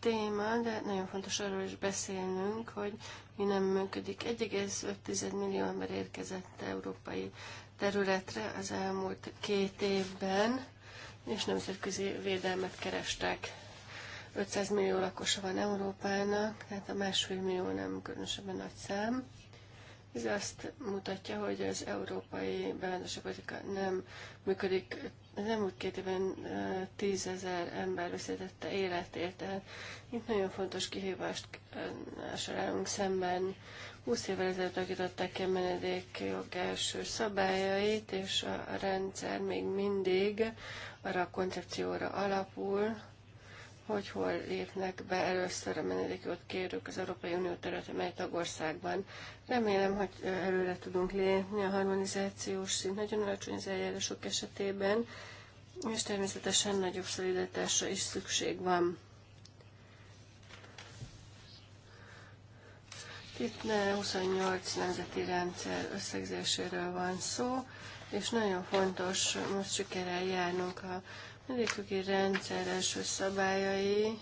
téma, de nagyon fontos arról is beszélnünk, hogy mi nem működik. 1,5 millió ember érkezett európai területre az elmúlt két évben, és nemzetközi védelmet kerestek. 500 millió lakosa van Európának, tehát a másfél millió nem különösebben nagy szám. Ez azt mutatja, hogy az európai bevándorlási politika nem működik az elmúlt két évben tízezer ember veszítette életét, tehát itt nagyon fontos kihívást sorálunk szemben. 20 évvel ezelőtt alakították ki a menedékjog első szabályait, és a rendszer még mindig arra a koncepcióra alapul, hogy hol lépnek be először a menedékjogot kérők az Európai Unió területe, mely tagországban. Remélem, hogy előre tudunk lépni a harmonizációs szint nagyon alacsony az eljárások esetében, és természetesen nagyobb szolidatásra is szükség van. Itt 28 nemzeti rendszer összegzéséről van szó, és nagyon fontos most sikerrel járnunk a Edékjogi rendszer első szabályai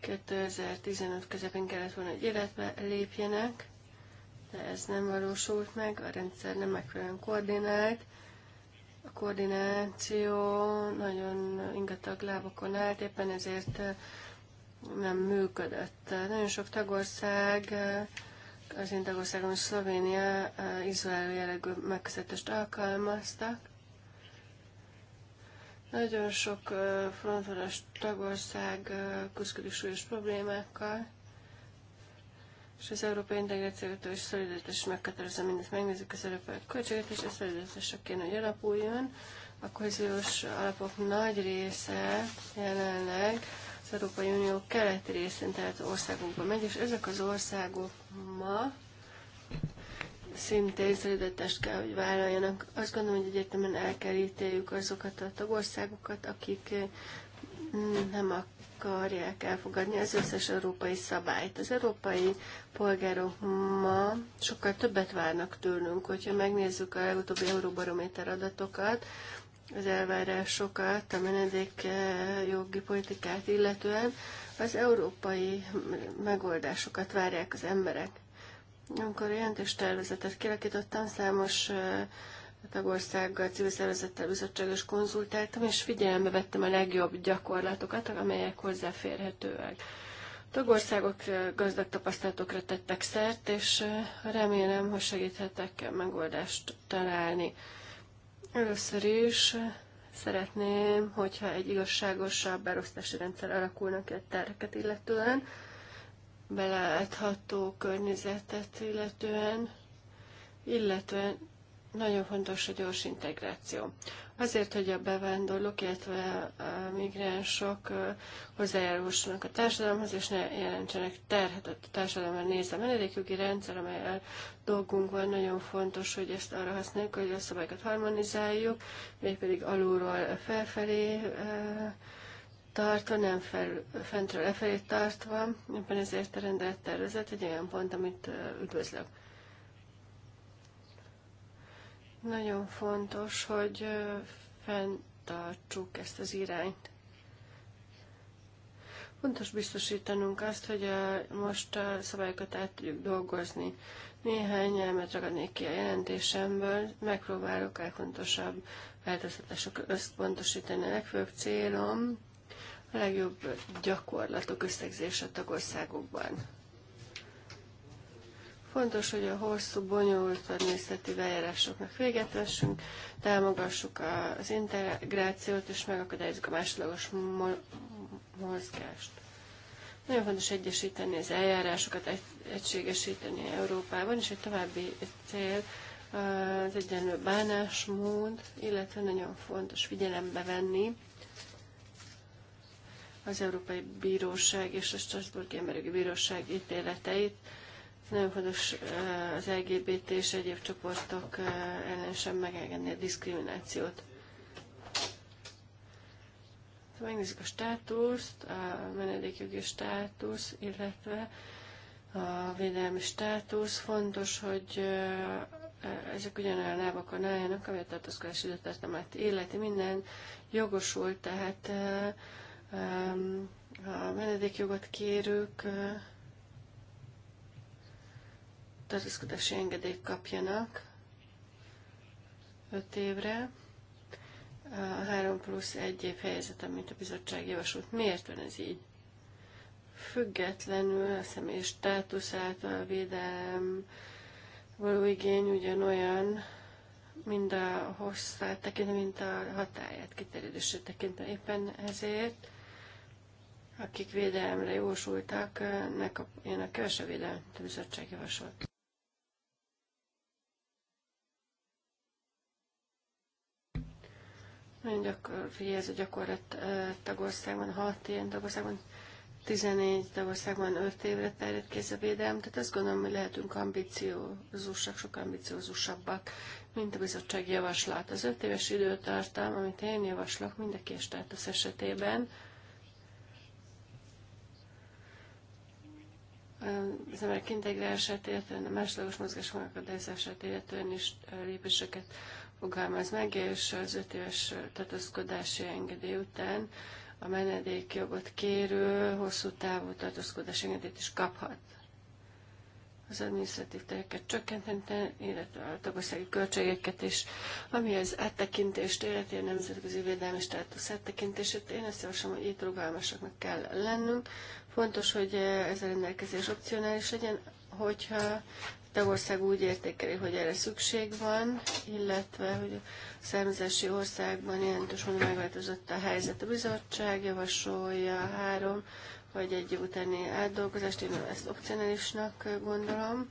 2015 közepén kellett volna, hogy életbe lépjenek, de ez nem valósult meg, a rendszer nem megfelelően koordinált. A koordináció nagyon ingatag lábakon állt, éppen ezért nem működött. Nagyon sok tagország, az én tagországom Szlovénia izoláló jellegű megközelítést alkalmaztak, nagyon sok frontvonalas tagország küzdik súlyos problémákkal, és az európai integrációtól is szolidaritás meghatározza mindent, megnézzük az európai költséget, és a szolidaritásra kéne, hogy alapuljon. A kohéziós alapok nagy része jelenleg az Európai Unió keleti részén, tehát országokban megy, és ezek az országok ma szinte szolidatást kell, hogy vállaljanak. Azt gondolom, hogy egyértelműen el kell ítéljük azokat a tagországokat, akik nem akarják elfogadni az összes európai szabályt. Az európai polgárok ma sokkal többet várnak tőlünk, hogyha megnézzük a legutóbbi euróbarométer adatokat, az elvárásokat, a menedék jogi politikát illetően, az európai megoldásokat várják az emberek. Amikor jelentős tervezetet kialakítottam, számos tagországgal, civil szervezettel, bizottságos konzultáltam, és figyelembe vettem a legjobb gyakorlatokat, amelyek hozzáférhetőek. A tagországok gazdag tapasztalatokra tettek szert, és remélem, hogy segíthetek megoldást találni. Először is szeretném, hogyha egy igazságosabb elosztási rendszer alakulnak ki a terheket illetően, belátható környezetet illetően, illetve nagyon fontos a gyors integráció. Azért, hogy a bevándorlók, illetve a migránsok hozzájárulsanak a társadalomhoz, és ne jelentsenek terhet a társadalomra nézve. A menedékjogi rendszer, amelyel dolgunk van, nagyon fontos, hogy ezt arra használjuk, hogy a szabályokat harmonizáljuk, mégpedig alulról felfelé tartva, nem fel, fentről lefelé tartva, éppen ezért a rendelet tervezet egy olyan pont, amit üdvözlök. Nagyon fontos, hogy fenntartsuk ezt az irányt. Fontos biztosítanunk azt, hogy a, most a szabályokat át tudjuk dolgozni. Néhány elmet ragadnék ki a jelentésemből, megpróbálok el fontosabb változtatásokat összpontosítani. A legfőbb célom a legjobb gyakorlatok összegzése tagországokban. Fontos, hogy a hosszú, bonyolult természeti eljárásoknak véget vessünk, támogassuk az integrációt és megakadályozzuk a másodlagos mo- mozgást. Nagyon fontos egyesíteni az eljárásokat, egységesíteni Európában, és egy további cél az egyenlő bánásmód, illetve nagyon fontos figyelembe venni az Európai Bíróság és a Strasburgi Emberi Bíróság ítéleteit. Nagyon fontos az LGBT és egyéb csoportok ellen sem megengedni a diszkriminációt. Ha szóval megnézzük a státuszt, a menedékjogi státusz, illetve a védelmi státusz, fontos, hogy ezek ugyanolyan lábakon álljanak, ami a tartózkodási időtartamát illeti minden jogosult, tehát a menedékjogot kérők tartózkodási engedélyt kapjanak 5 évre. A 3 plusz 1 év helyzet, amit a bizottság javasolt. Miért van ez így? Függetlenül a személy státuszától a védelem való igény ugyanolyan, mind a hosszát tekintve, mint a hatáját kiterjedését tekintve. Éppen ezért akik védelemre jósultak, a, én a kevesebb védelmet, bizottság javasolt. Nagyon gyakor, figyelj, ez a gyakorlat tagországban, 6 ilyen tagországban, 14 tagországban 5 évre terjedt ki a védelem, tehát azt gondolom, hogy lehetünk ambiciózusak, sokkal ambiciózusabbak, mint a bizottság javaslat. Az 5 éves időtartam, amit én javaslok, mindenki a státusz esetében, az emberek integrálását illetően, a másodlagos mozgás megakadályozását illetően is lépéseket fogalmaz meg, és az öt éves tartózkodási engedély után a menedékjogot kérő hosszú távú tartózkodási engedélyt is kaphat. Az adminisztratív tereket csökkenteni, illetve a tagországi költségeket is, ami az áttekintést illeti, a nemzetközi védelmi státusz áttekintését. Én azt javaslom, hogy itt rugalmasaknak kell lennünk, Fontos, hogy ez a rendelkezés opcionális legyen, hogyha tagország úgy értékeli, hogy erre szükség van, illetve hogy a származási országban jelentős módon megváltozott a helyzet. A bizottság javasolja három vagy egy év utáni átdolgozást, én ezt opcionálisnak gondolom,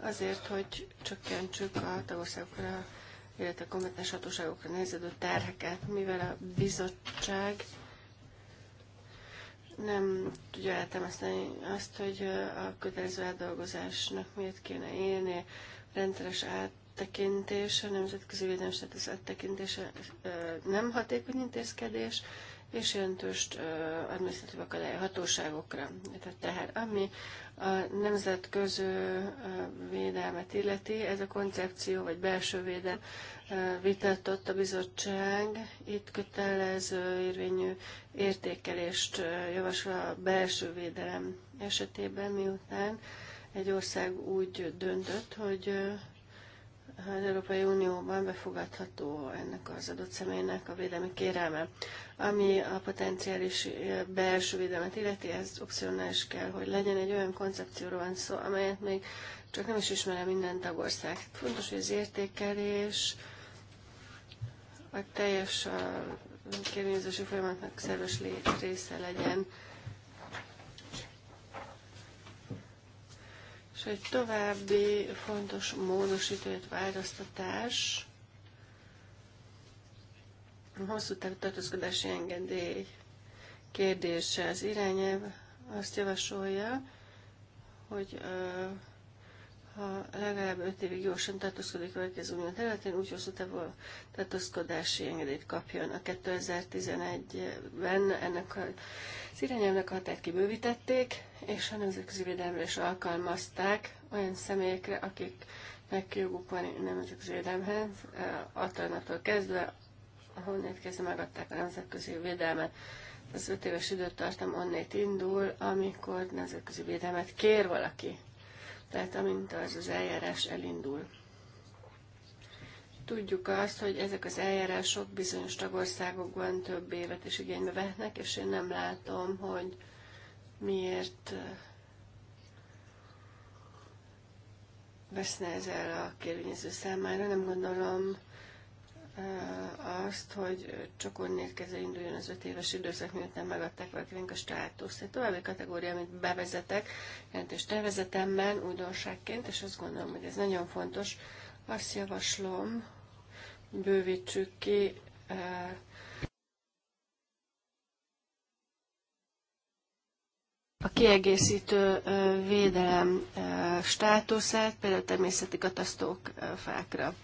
azért, hogy csökkentsük a tagországokra, illetve kompetens hatóságokra nehezedő terheket, mivel a bizottság nem tudja eltemeszteni azt, hogy a kötelező átdolgozásnak miért kéne élni, rendszeres áttekintés, a nemzetközi védelmi státusz áttekintése nem hatékony intézkedés, és jelentős adminisztratív akadály hatóságokra. Tehát ami a nemzetközi védelmet illeti, ez a koncepció vagy belső védelem ott a bizottság, itt kötelező érvényű értékelést javasol a belső védelem esetében, miután egy ország úgy döntött, hogy az Európai Unióban befogadható ennek az adott személynek a védelmi kérelme. Ami a potenciális belső védelmet illeti, ez opcionális kell, hogy legyen egy olyan koncepcióról van szó, amelyet még csak nem is ismerem minden tagország. Fontos, hogy az értékelés a teljes kérdőzési folyamatnak szerves része legyen. És egy további fontos módosítóját választatás, a hosszú távú tartózkodási engedély kérdése az irányelv azt javasolja, hogy ha legalább 5 évig gyorsan tartózkodik a következő unió területén, úgy hosszú távú tartózkodási engedélyt kapjon. A 2011-ben ennek a irányelvnek a határt kibővítették, és a nemzetközi védelmre is alkalmazták olyan személyekre, akiknek joguk van nemzetközi védelmhez, Atalnatól kezdve, ahonnét kezdve megadták a nemzetközi védelmet. Az öt éves időtartam onnét indul, amikor nemzetközi védelmet kér valaki tehát amint az az eljárás elindul. Tudjuk azt, hogy ezek az eljárások bizonyos tagországokban több évet is igénybe vehetnek, és én nem látom, hogy miért veszne ezzel a kérvényező számára. Nem gondolom, azt, hogy csak onnél kezdve induljon az öt éves időszak, miután megadták valakinek a státuszt. Egy további kategória, amit bevezetek, jelentős tervezetemben újdonságként, és azt gondolom, hogy ez nagyon fontos. Azt javaslom, bővítsük ki a kiegészítő védelem státuszát, például természeti katasztrófákra.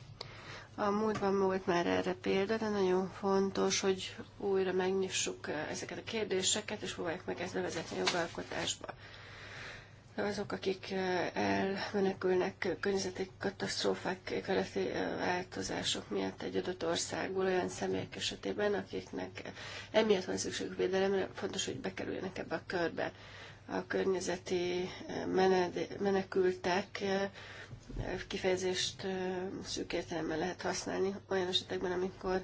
A múltban volt már erre példa, de nagyon fontos, hogy újra megnyissuk eh, ezeket a kérdéseket, és próbáljuk meg ezt bevezetni a jogalkotásba. De azok, akik eh, elmenekülnek környezeti katasztrófák, keleti eh, változások miatt egy adott országból, olyan személyek esetében, akiknek emiatt van szükségük védelemre, fontos, hogy bekerüljenek ebbe a körbe. A környezeti menekültek kifejezést szűk értelemben lehet használni olyan esetekben, amikor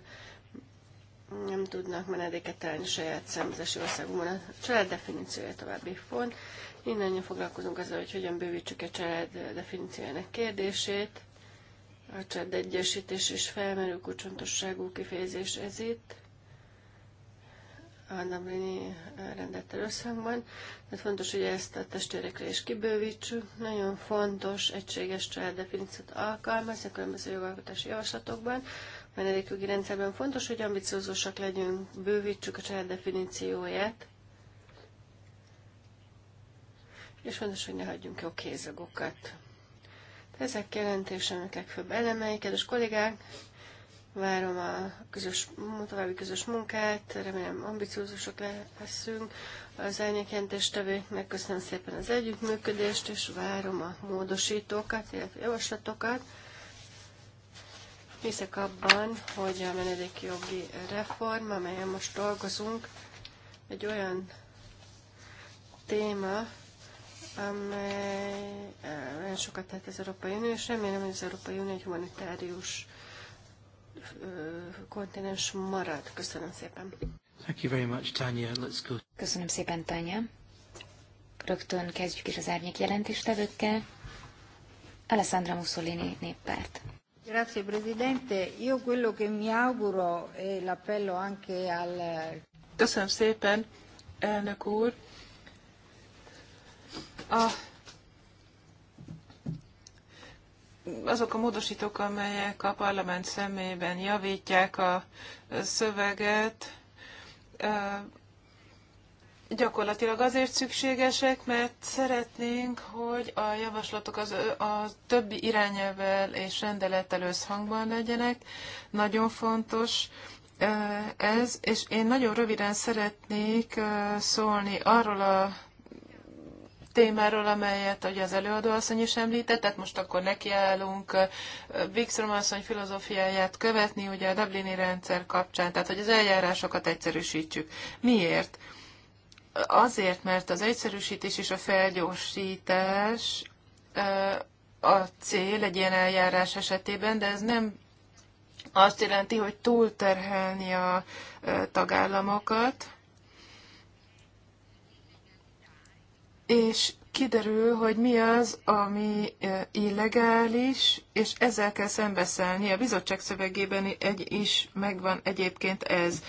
nem tudnak menedéket állni saját származási országunkban. A család definíciója további font. innen foglalkozunk azzal, hogy hogyan bővítsük a család definíciójának kérdését. A család egyesítés és felmerül kulcsontosságú kifejezés ez itt a Dublini rendettel összhangban. Tehát fontos, hogy ezt a testvérekre is kibővítsük. Nagyon fontos egységes család definíciót alkalmazni a különböző jogalkotási javaslatokban. A menedékjogi rendszerben fontos, hogy ambiciózusak legyünk, bővítsük a család definícióját, és fontos, hogy ne hagyjunk jó kézagokat. Ezek jelentésemnek legfőbb elemei, kedves kollégák, várom a közös, további közös munkát, remélem ambiciózusok leszünk az tevőknek, Köszönöm szépen az együttműködést, és várom a módosítókat, illetve javaslatokat. Hiszek abban, hogy a menedékjogi reform, amelyen most dolgozunk, egy olyan téma, amely nagyon eh, sokat tett az Európai Unió, és remélem, hogy az Európai Unió egy humanitárius kontinens marad. Köszönöm szépen. Thank you very much, Tanya. Let's go. Köszönöm szépen, Tanya. Rögtön kezdjük is az árnyék jelentéstevőkkel. Alessandra Mussolini néppárt. Grazie Presidente. Io quello che mi auguro e l'appello anche al... Köszönöm szépen, elnök úr. A azok a módosítók, amelyek a parlament szemében javítják a szöveget, gyakorlatilag azért szükségesek, mert szeretnénk, hogy a javaslatok az, a többi irányelvel és rendelettel összhangban legyenek. Nagyon fontos ez, és én nagyon röviden szeretnék szólni arról a témáról, amelyet ugye az előadó asszony is említett, tehát most akkor nekiállunk Wikström asszony filozófiáját követni, ugye a Dublini rendszer kapcsán, tehát hogy az eljárásokat egyszerűsítsük. Miért? Azért, mert az egyszerűsítés és a felgyorsítás a cél egy ilyen eljárás esetében, de ez nem azt jelenti, hogy túlterhelni a tagállamokat, és kiderül, hogy mi az, ami e, illegális, és ezzel kell szembeszállni. A bizottság szövegében egy is megvan egyébként ez.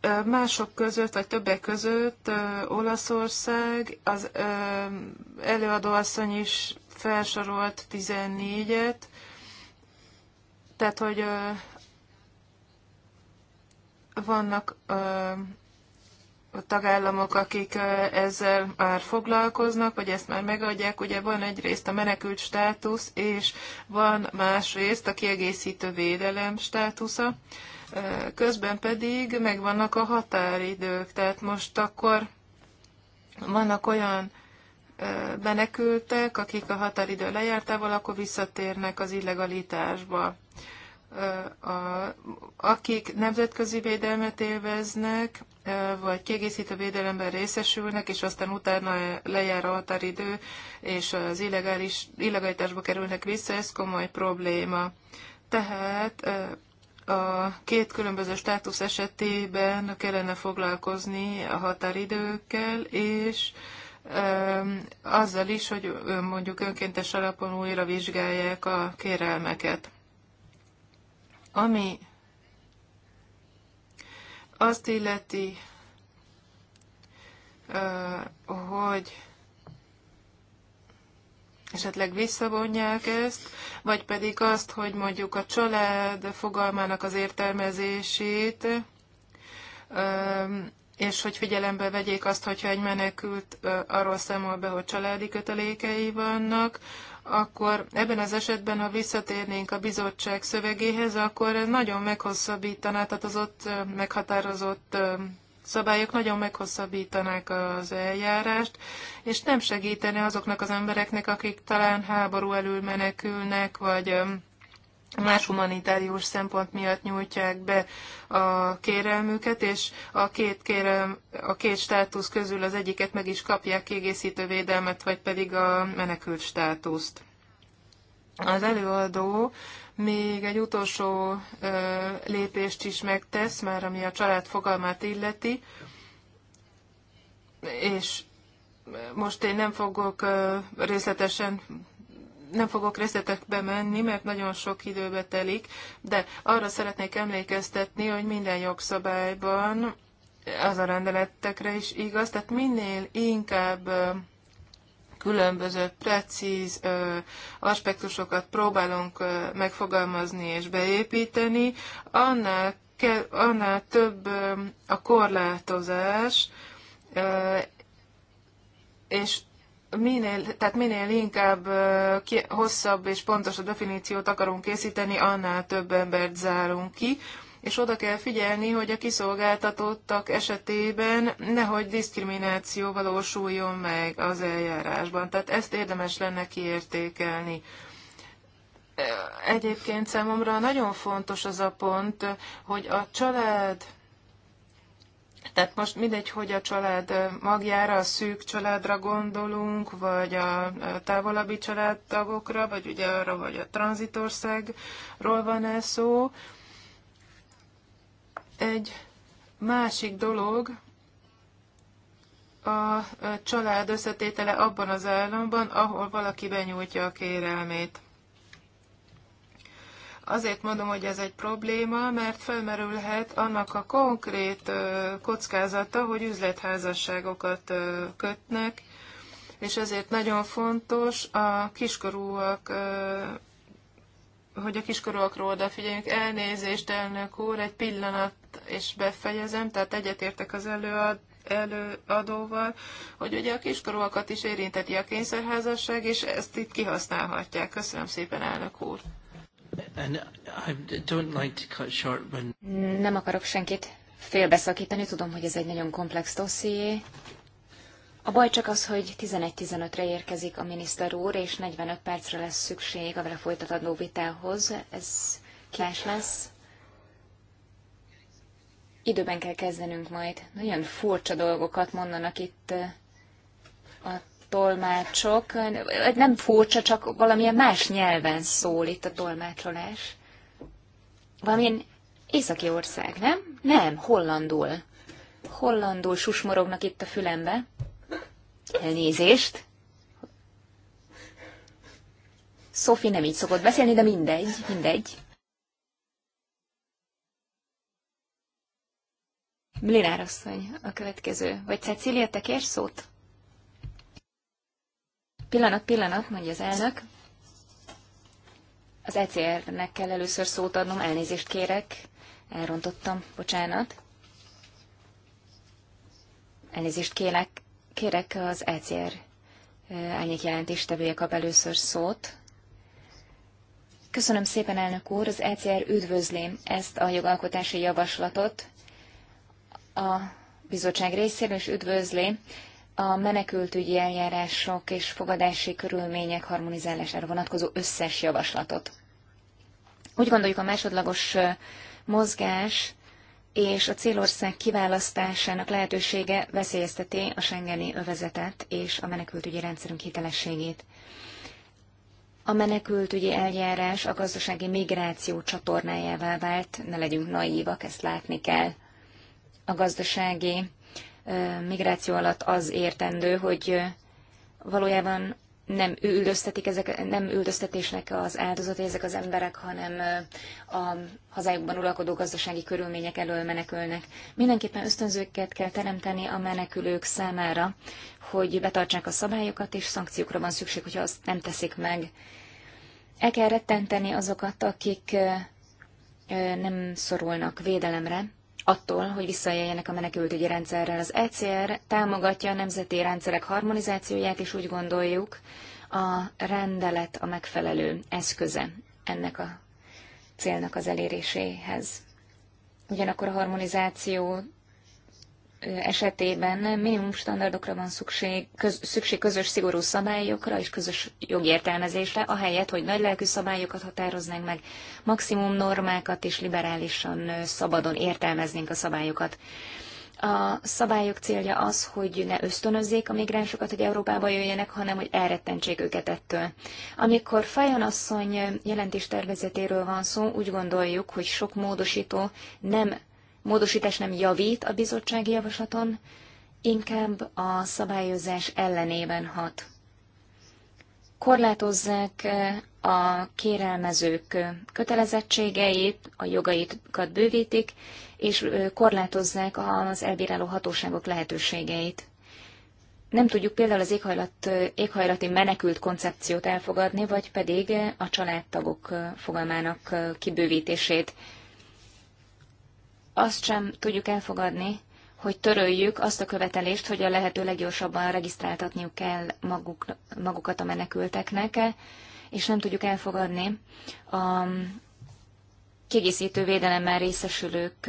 E, mások között, vagy többek között e, Olaszország, az előadóasszony is felsorolt 14-et, tehát hogy vannak a tagállamok, akik ezzel már foglalkoznak, vagy ezt már megadják, ugye van egyrészt a menekült státusz, és van másrészt a kiegészítő védelem státusza, közben pedig megvannak a határidők, tehát most akkor vannak olyan menekültek, akik a határidő lejártával, akkor visszatérnek az illegalitásba a, akik nemzetközi védelmet élveznek, vagy kiegészítő védelemben részesülnek, és aztán utána lejár a határidő, és az illegális, illegalitásba kerülnek vissza, ez komoly probléma. Tehát a két különböző státusz esetében kellene foglalkozni a határidőkkel, és azzal is, hogy mondjuk önkéntes alapon újra vizsgálják a kérelmeket. Ami azt illeti, hogy esetleg visszavonják ezt, vagy pedig azt, hogy mondjuk a család fogalmának az értelmezését, és hogy figyelembe vegyék azt, hogyha egy menekült arról számol be, hogy családi kötelékei vannak, akkor ebben az esetben, ha visszatérnénk a bizottság szövegéhez, akkor ez nagyon meghosszabbítaná, tehát az ott meghatározott szabályok nagyon meghosszabbítanák az eljárást, és nem segítene azoknak az embereknek, akik talán háború elől menekülnek, vagy más humanitárius szempont miatt nyújtják be a kérelmüket, és a két, kérelm, a két státusz közül az egyiket meg is kapják kiegészítő védelmet, vagy pedig a menekült státuszt. Az előadó még egy utolsó ö, lépést is megtesz, már ami a család fogalmát illeti, és most én nem fogok részletesen nem fogok részletekbe menni, mert nagyon sok időbe telik, de arra szeretnék emlékeztetni, hogy minden jogszabályban az a rendeletekre is igaz, tehát minél inkább különböző precíz ö, aspektusokat próbálunk ö, megfogalmazni és beépíteni, annál, ke, annál több ö, a korlátozás, ö, és minél, tehát minél inkább ki, hosszabb és pontosabb definíciót akarunk készíteni, annál több embert zárunk ki, és oda kell figyelni, hogy a kiszolgáltatottak esetében nehogy diszkrimináció valósuljon meg az eljárásban. Tehát ezt érdemes lenne kiértékelni. Egyébként számomra nagyon fontos az a pont, hogy a család tehát most mindegy, hogy a család magjára, a szűk családra gondolunk, vagy a távolabbi családtagokra, vagy ugye arra, vagy a tranzitországról van ez szó. Egy másik dolog, a család összetétele abban az államban, ahol valaki benyújtja a kérelmét. Azért mondom, hogy ez egy probléma, mert felmerülhet annak a konkrét kockázata, hogy üzletházasságokat kötnek, és ezért nagyon fontos a kiskorúak hogy a kiskorúakról odafigyeljünk. Elnézést, elnök úr, egy pillanat, és befejezem, tehát egyetértek az előad, előadóval, hogy ugye a kiskorúakat is érinteti a kényszerházasság, és ezt itt kihasználhatják. Köszönöm szépen, elnök úr. Nem akarok senkit félbeszakítani, tudom, hogy ez egy nagyon komplex dosszié. A baj csak az, hogy 1115 re érkezik a miniszter úr, és 45 percre lesz szükség a vele folytatandó vitához. Ez kés lesz. Időben kell kezdenünk majd. Nagyon furcsa dolgokat mondanak itt tolmácsok. Nem furcsa, csak valamilyen más nyelven szól itt a tolmácsolás. Valamilyen északi ország, nem? Nem, hollandul. Hollandul susmorognak itt a fülembe. Elnézést. Sophie nem így szokott beszélni, de mindegy, mindegy. Blinár asszony, a következő. Vagy Cecília, te kérsz szót? Pillanat, pillanat, mondja az elnök. Az ECR-nek kell először szót adnom, elnézést kérek. Elrontottam, bocsánat. Elnézést kérek, kérek az ECR elnyék jelentéstevője kap először szót. Köszönöm szépen, elnök úr, az ECR üdvözli ezt a jogalkotási javaslatot a bizottság részéről, és üdvözli a menekültügyi eljárások és fogadási körülmények harmonizálására vonatkozó összes javaslatot. Úgy gondoljuk, a másodlagos mozgás és a célország kiválasztásának lehetősége veszélyezteti a Schengeni övezetet és a menekültügyi rendszerünk hitelességét. A menekültügyi eljárás a gazdasági migráció csatornájává vált, ne legyünk naívak, ezt látni kell. A gazdasági migráció alatt az értendő, hogy valójában nem üldöztetik ezek, nem üldöztetésnek az áldozatai ezek az emberek, hanem a hazájukban uralkodó gazdasági körülmények elől menekülnek. Mindenképpen ösztönzőket kell teremteni a menekülők számára, hogy betartsák a szabályokat, és szankciókra van szükség, hogyha azt nem teszik meg. El kell rettenteni azokat, akik nem szorulnak védelemre, attól, hogy visszaéljenek a menekültügyi rendszerrel. Az ECR támogatja a nemzeti rendszerek harmonizációját, és úgy gondoljuk, a rendelet a megfelelő eszköze ennek a célnak az eléréséhez. Ugyanakkor a harmonizáció esetében minimum standardokra van szükség, köz, szükség közös szigorú szabályokra és közös jogértelmezésre, ahelyett, hogy nagylelkű szabályokat határoznánk meg, maximum normákat és liberálisan szabadon értelmeznénk a szabályokat. A szabályok célja az, hogy ne ösztönözzék a migránsokat, hogy Európába jöjjenek, hanem hogy elrettentsék őket ettől. Amikor Fajon asszony jelentés tervezetéről van szó, úgy gondoljuk, hogy sok módosító nem módosítás nem javít a bizottsági javaslaton, inkább a szabályozás ellenében hat. Korlátozzák eh, a kérelmezők eh, kötelezettségeit, a jogaikat bővítik, és eh, korlátozzák az elbíráló hatóságok lehetőségeit. Nem tudjuk például az éghajlat, éghajlati menekült koncepciót elfogadni, vagy pedig a családtagok fogalmának kibővítését azt sem tudjuk elfogadni, hogy töröljük azt a követelést, hogy a lehető leggyorsabban regisztráltatniuk kell maguk, magukat a menekülteknek, és nem tudjuk elfogadni a kiegészítő védelemmel részesülők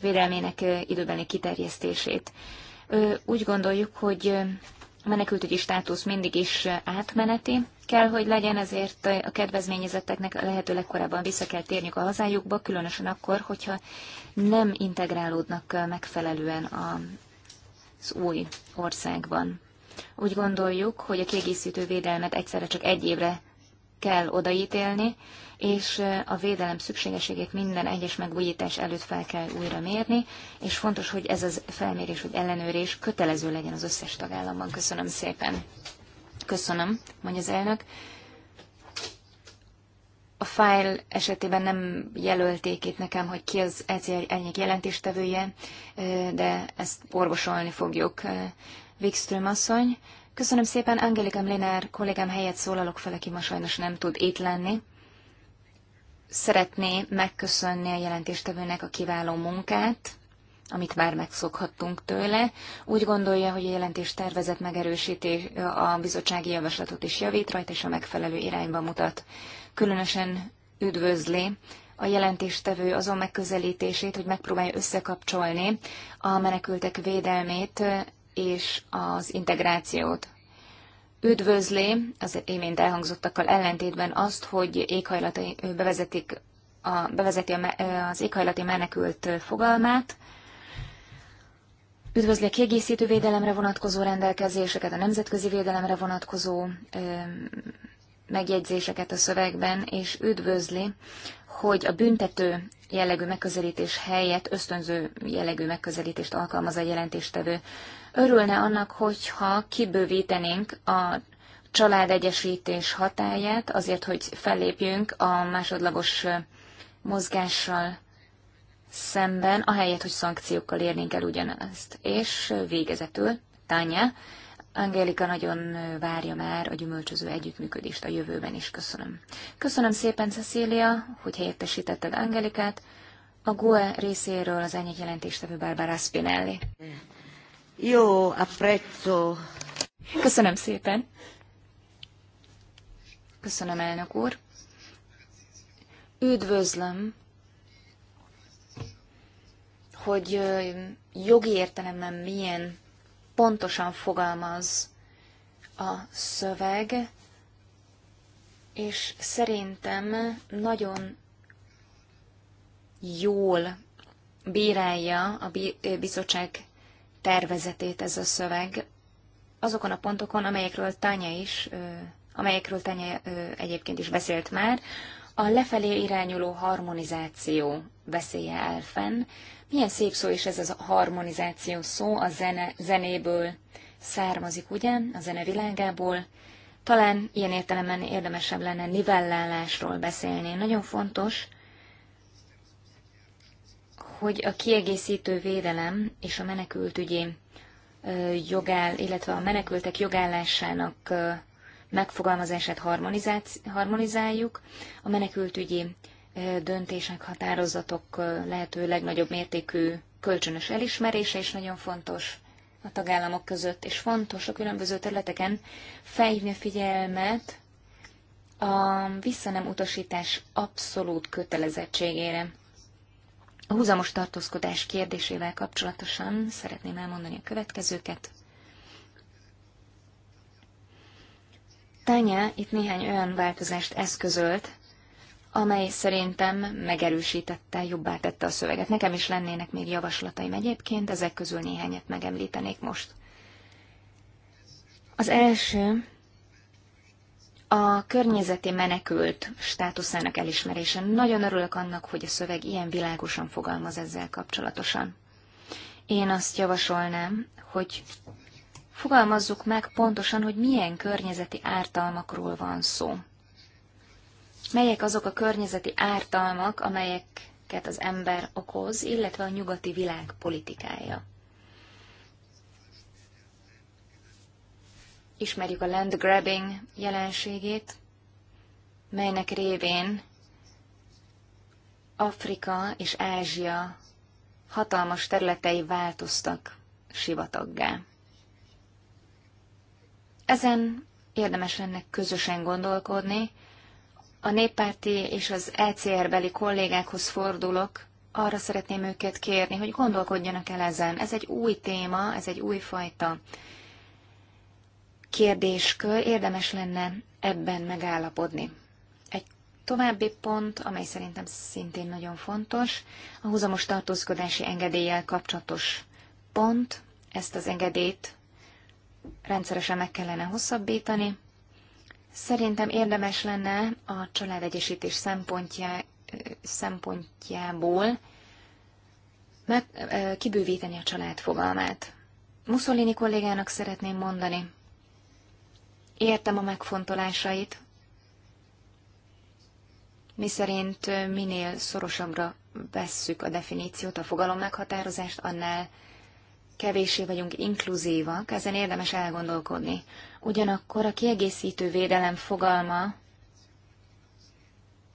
védelmének időbeni kiterjesztését. Úgy gondoljuk, hogy a menekültügyi státusz mindig is átmeneti, kell, hogy legyen, ezért a kedvezményezetteknek lehetőleg korábban vissza kell térniük a hazájukba, különösen akkor, hogyha nem integrálódnak megfelelően az új országban. Úgy gondoljuk, hogy a kiegészítő védelmet egyszerre csak egy évre kell odaítélni, és a védelem szükségességét minden egyes megújítás előtt fel kell újra mérni, és fontos, hogy ez az felmérés vagy ellenőrés kötelező legyen az összes tagállamban. Köszönöm szépen! Köszönöm, mondja az elnök. A fájl esetében nem jelölték itt nekem, hogy ki az ECR elnyek jelentéstevője, de ezt orvosolni fogjuk. Wikström asszony. Köszönöm szépen, Angelika Mlinár kollégám helyett szólalok fel, aki ma sajnos nem tud itt lenni. Szeretné megköszönni a jelentéstevőnek a kiváló munkát, amit már megszokhattunk tőle. Úgy gondolja, hogy a jelentés tervezett megerősíti a bizottsági javaslatot is javít rajta, és a megfelelő irányba mutat. Különösen üdvözli a jelentéstevő azon megközelítését, hogy megpróbálja összekapcsolni a menekültek védelmét és az integrációt. Üdvözli az imént elhangzottakkal ellentétben azt, hogy éghajlati, bevezetik a, bevezeti az éghajlati menekült fogalmát, Üdvözli a kiegészítő védelemre vonatkozó rendelkezéseket, a nemzetközi védelemre vonatkozó megjegyzéseket a szövegben, és üdvözli, hogy a büntető jellegű megközelítés helyett ösztönző jellegű megközelítést alkalmaz a jelentéstevő. Örülne annak, hogyha kibővítenénk a családegyesítés hatáját, azért, hogy fellépjünk a másodlagos mozgással szemben, ahelyett, hogy szankciókkal érnénk el ugyanazt. És végezetül, Tánya, Angélika nagyon várja már a gyümölcsöző együttműködést a jövőben is. Köszönöm. Köszönöm szépen, Cecília, hogy helyettesítetted Angélikát. A GUE részéről az ennyi jelentéstevő Barbara Spinelli. Jó, apprezzo. Köszönöm szépen. Köszönöm, elnök úr. Üdvözlöm hogy jogi értelemben milyen pontosan fogalmaz a szöveg, és szerintem nagyon jól bírálja a bizottság tervezetét ez a szöveg azokon a pontokon, amelyekről Tanya is, amelyekről Tanya egyébként is beszélt már, a lefelé irányuló harmonizáció veszélye el fenn, milyen szép szó is ez az harmonizáció szó, a zene, zenéből származik, ugye, a zene világából. Talán ilyen értelemben érdemesebb lenne nivellálásról beszélni. Nagyon fontos, hogy a kiegészítő védelem és a menekültügyi jogál, illetve a menekültek jogállásának megfogalmazását harmonizáljuk, a menekültügyi döntések, határozatok lehető legnagyobb mértékű kölcsönös elismerése is nagyon fontos a tagállamok között, és fontos a különböző területeken felhívni a figyelmet a visszanem utasítás abszolút kötelezettségére. A húzamos tartózkodás kérdésével kapcsolatosan szeretném elmondani a következőket. Tanya itt néhány olyan változást eszközölt, amely szerintem megerősítette, jobbá tette a szöveget. Nekem is lennének még javaslataim egyébként, ezek közül néhányat megemlítenék most. Az első a környezeti menekült státuszának elismerése. Nagyon örülök annak, hogy a szöveg ilyen világosan fogalmaz ezzel kapcsolatosan. Én azt javasolnám, hogy fogalmazzuk meg pontosan, hogy milyen környezeti ártalmakról van szó melyek azok a környezeti ártalmak, amelyeket az ember okoz, illetve a nyugati világ politikája. Ismerjük a land grabbing jelenségét, melynek révén Afrika és Ázsia hatalmas területei változtak sivataggá. Ezen érdemes lenne közösen gondolkodni, a néppárti és az ECR-beli kollégákhoz fordulok, arra szeretném őket kérni, hogy gondolkodjanak el ezen. Ez egy új téma, ez egy újfajta kérdéskör, érdemes lenne ebben megállapodni. Egy további pont, amely szerintem szintén nagyon fontos, a húzamos tartózkodási engedéllyel kapcsolatos pont, ezt az engedélyt rendszeresen meg kellene hosszabbítani, Szerintem érdemes lenne a családegyesítés szempontjá, szempontjából meg, kibővíteni a család fogalmát. Mussolini kollégának szeretném mondani. Értem a megfontolásait, szerint minél szorosabbra vesszük a definíciót, a fogalom meghatározást, annál kevésé vagyunk inkluzívak, ezen érdemes elgondolkodni. Ugyanakkor a kiegészítő védelem fogalma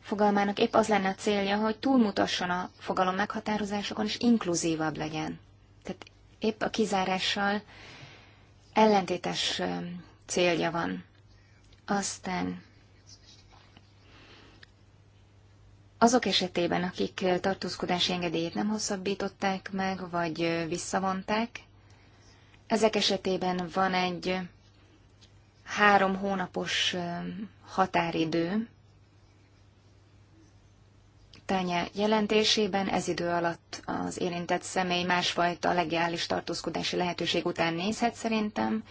fogalmának épp az lenne a célja, hogy túlmutasson a fogalom meghatározásokon, és inkluzívabb legyen. Tehát épp a kizárással ellentétes célja van. Aztán Azok esetében, akik tartózkodási engedélyét nem hosszabbították meg, vagy visszavonták, ezek esetében van egy három hónapos határidő. Tánya jelentésében ez idő alatt az érintett személy másfajta legális tartózkodási lehetőség után nézhet szerintem.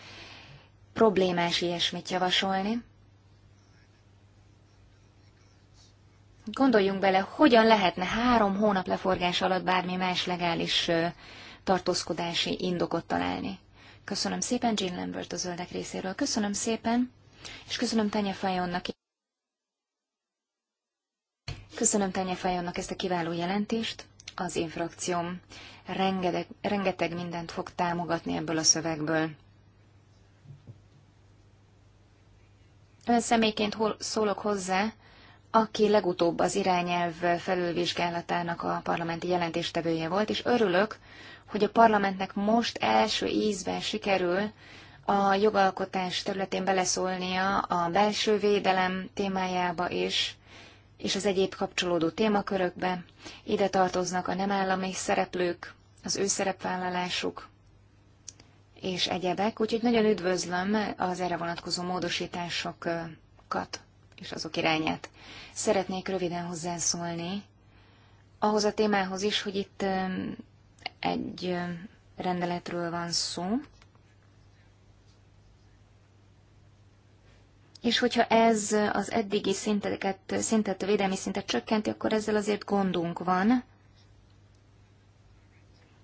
Problémás ilyesmit javasolni. Gondoljunk bele, hogyan lehetne három hónap leforgás alatt bármi más legális tartózkodási indokot találni. Köszönöm szépen Jean Lambert a zöldek részéről. Köszönöm szépen, és köszönöm Tanya Fajonnak. Köszönöm Tanya Fajonnak ezt a kiváló jelentést. Az én frakcióm rengeteg, rengeteg mindent fog támogatni ebből a szövegből. Ön személyként hol szólok hozzá, aki legutóbb az irányelv felülvizsgálatának a parlamenti jelentéstevője volt, és örülök, hogy a parlamentnek most első ízben sikerül a jogalkotás területén beleszólnia a belső védelem témájába is, és az egyéb kapcsolódó témakörökbe. Ide tartoznak a nem állami szereplők, az ő szerepvállalásuk és egyebek, úgyhogy nagyon üdvözlöm az erre vonatkozó módosításokat és azok irányát. Szeretnék röviden hozzászólni ahhoz a témához is, hogy itt um, egy um, rendeletről van szó, És hogyha ez az eddigi szinteket, szintet, a védelmi szintet csökkenti, akkor ezzel azért gondunk van.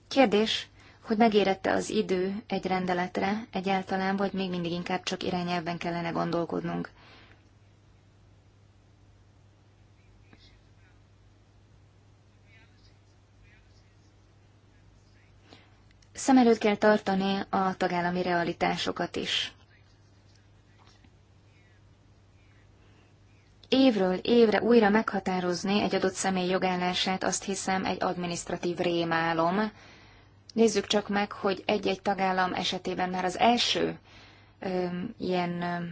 Kérdés, hogy megérette az idő egy rendeletre egyáltalán, vagy még mindig inkább csak irányelven kellene gondolkodnunk. Szem előtt kell tartani a tagállami realitásokat is. Évről évre újra meghatározni egy adott személy jogállását azt hiszem egy administratív rémálom. Nézzük csak meg, hogy egy-egy tagállam esetében már az első ö, ilyen ö,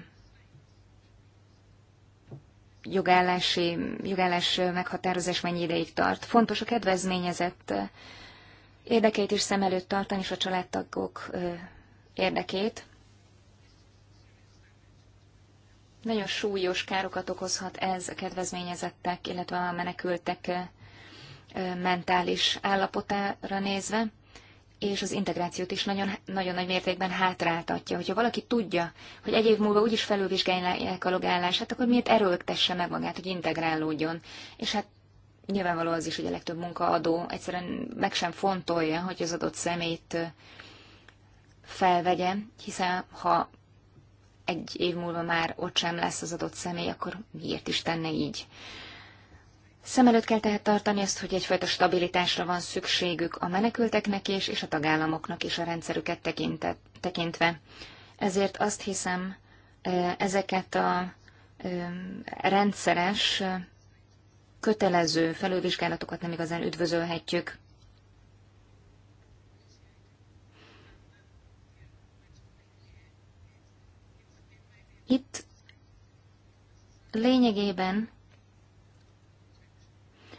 jogállási, jogállás meghatározás mennyi ideig tart. Fontos a kedvezményezett érdekeit is szem előtt tartani, és a családtagok érdekét. Nagyon súlyos károkat okozhat ez a kedvezményezettek, illetve a menekültek mentális állapotára nézve, és az integrációt is nagyon, nagyon nagy mértékben hátráltatja. Hogyha valaki tudja, hogy egy év múlva úgyis felülvizsgálják a logállását, akkor miért erőltesse meg magát, hogy integrálódjon. És hát nyilvánvaló az is, hogy a legtöbb munkaadó egyszerűen meg sem fontolja, hogy az adott szemét felvegye, hiszen ha egy év múlva már ott sem lesz az adott személy, akkor miért is tenne így? Szem előtt kell tehát tartani azt, hogy egyfajta stabilitásra van szükségük a menekülteknek is, és a tagállamoknak is a rendszerüket tekintve. Ezért azt hiszem, ezeket a rendszeres kötelező felülvizsgálatokat nem igazán üdvözölhetjük. Itt lényegében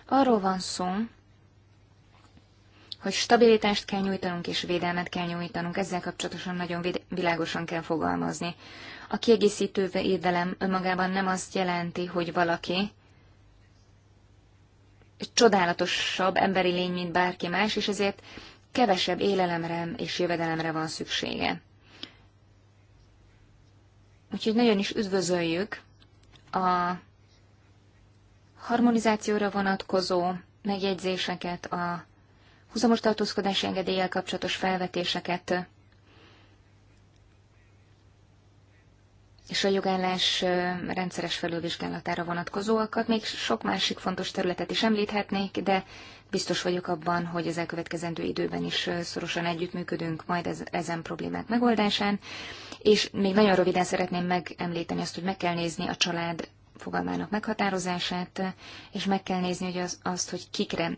arról van szó, hogy stabilitást kell nyújtanunk és védelmet kell nyújtanunk, ezzel kapcsolatosan nagyon világosan kell fogalmazni. A kiegészítő védelem önmagában nem azt jelenti, hogy valaki egy csodálatosabb emberi lény, mint bárki más, és ezért kevesebb élelemre és jövedelemre van szüksége. Úgyhogy nagyon is üdvözöljük a harmonizációra vonatkozó megjegyzéseket, a huzamos tartózkodási engedéllyel kapcsolatos felvetéseket, és a jogállás rendszeres felülvizsgálatára vonatkozóakat. Még sok másik fontos területet is említhetnék, de biztos vagyok abban, hogy az elkövetkezendő időben is szorosan együttműködünk majd ez, ezen problémák megoldásán. És még nagyon röviden szeretném megemlíteni azt, hogy meg kell nézni a család fogalmának meghatározását, és meg kell nézni hogy az, azt, hogy kikre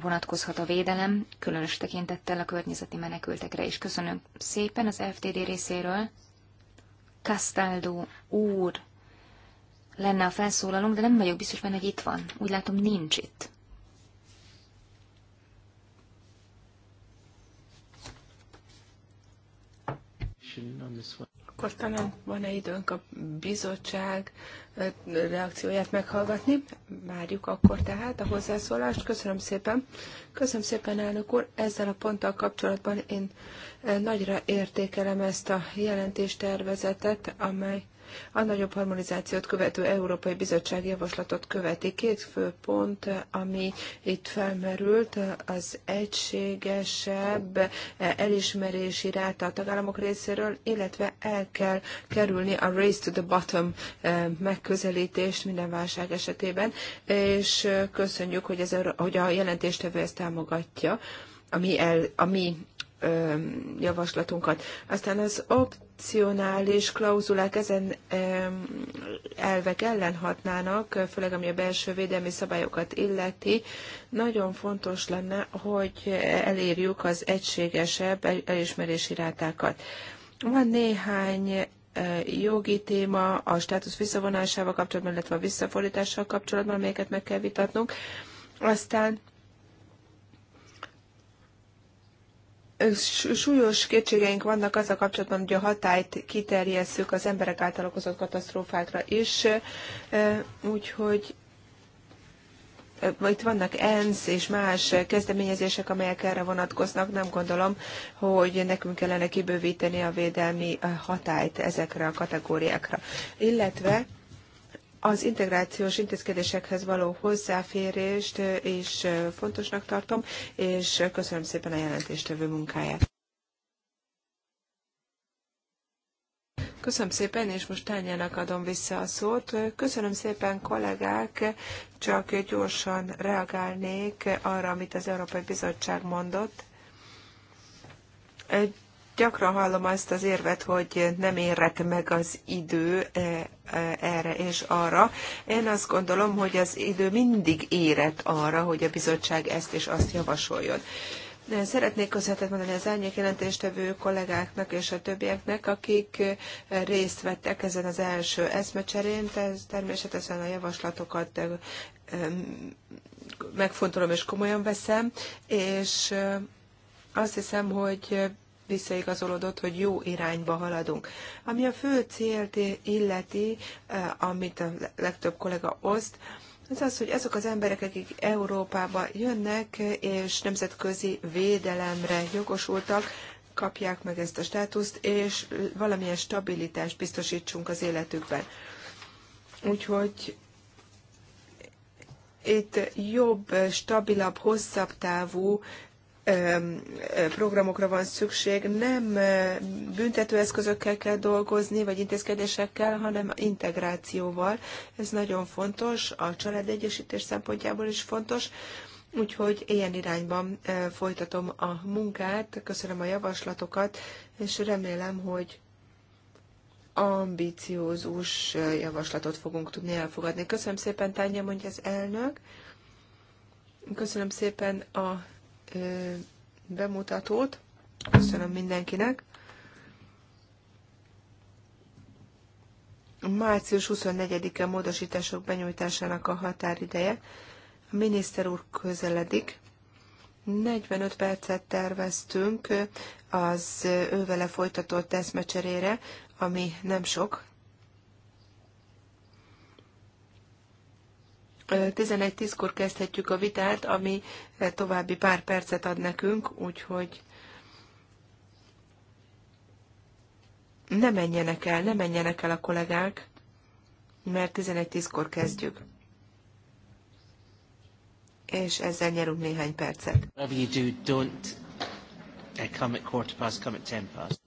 vonatkozhat a védelem, különös tekintettel a környezeti menekültekre is. Köszönöm szépen az FTD részéről, Castaldo úr lenne a felszólalónk, de nem vagyok biztos benne, hogy itt van. Úgy látom, nincs itt akkor talán van-e időnk a bizottság reakcióját meghallgatni. Várjuk akkor tehát a hozzászólást. Köszönöm szépen. Köszönöm szépen, elnök úr. Ezzel a ponttal kapcsolatban én nagyra értékelem ezt a jelentéstervezetet, amely a nagyobb harmonizációt követő Európai Bizottság javaslatot követi. Két fő pont, ami itt felmerült, az egységesebb eh, elismerési ráta a tagállamok részéről, illetve el kell kerülni a race to the bottom eh, megközelítést minden válság esetében, és eh, köszönjük, hogy, ez, hogy a jelentéstevő ezt támogatja, ami, el, ami javaslatunkat. Aztán az opt opcionális klauzulák ezen elvek ellen hatnának, főleg ami a belső védelmi szabályokat illeti, nagyon fontos lenne, hogy elérjük az egységesebb elismerési rátákat. Van néhány e, jogi téma a státusz visszavonásával kapcsolatban, illetve a visszafordítással kapcsolatban, amelyeket meg kell vitatnunk. Aztán súlyos kétségeink vannak azzal kapcsolatban, hogy a hatályt kiterjesszük az emberek által okozott katasztrófákra is, úgyhogy itt vannak ENSZ és más kezdeményezések, amelyek erre vonatkoznak. Nem gondolom, hogy nekünk kellene kibővíteni a védelmi hatályt ezekre a kategóriákra. Illetve az integrációs intézkedésekhez való hozzáférést is fontosnak tartom, és köszönöm szépen a jelentéstevő munkáját. Köszönöm szépen, és most Tányának adom vissza a szót. Köszönöm szépen, kollégák, csak gyorsan reagálnék arra, amit az Európai Bizottság mondott. Egy Gyakran hallom azt az érvet, hogy nem érett meg az idő eh, eh, erre és arra. Én azt gondolom, hogy az idő mindig érett arra, hogy a bizottság ezt és azt javasoljon. Szeretnék köszönetet mondani az árnyék jelentéstevő kollégáknak és a többieknek, akik eh, részt vettek ezen az első eszmecserén. Ez természetesen a javaslatokat megfontolom és komolyan veszem, és azt hiszem, hogy visszaigazolódott, hogy jó irányba haladunk. Ami a fő célt illeti, eh, amit a legtöbb kollega oszt, az az, hogy azok az emberek, akik Európába jönnek, eh, és nemzetközi védelemre jogosultak, kapják meg ezt a státuszt, és valamilyen stabilitást biztosítsunk az életükben. Úgyhogy itt jobb, stabilabb, hosszabb távú programokra van szükség, nem büntetőeszközökkel kell dolgozni, vagy intézkedésekkel, hanem integrációval. Ez nagyon fontos, a családegyesítés szempontjából is fontos. Úgyhogy ilyen irányban folytatom a munkát, köszönöm a javaslatokat, és remélem, hogy ambiciózus javaslatot fogunk tudni elfogadni. Köszönöm szépen, Tánja, mondja az elnök. Köszönöm szépen a bemutatót. Köszönöm mindenkinek. Március 24-e módosítások benyújtásának a határideje. A miniszter úr közeledik. 45 percet terveztünk az ővele folytatott eszmecserére, ami nem sok, 11.10-kor kezdhetjük a vitát, ami további pár percet ad nekünk, úgyhogy ne menjenek el, ne menjenek el a kollégák, mert 11.10-kor kezdjük. És ezzel nyerünk néhány percet. Whatever you do, don't eh, come at quarter past, come at ten past.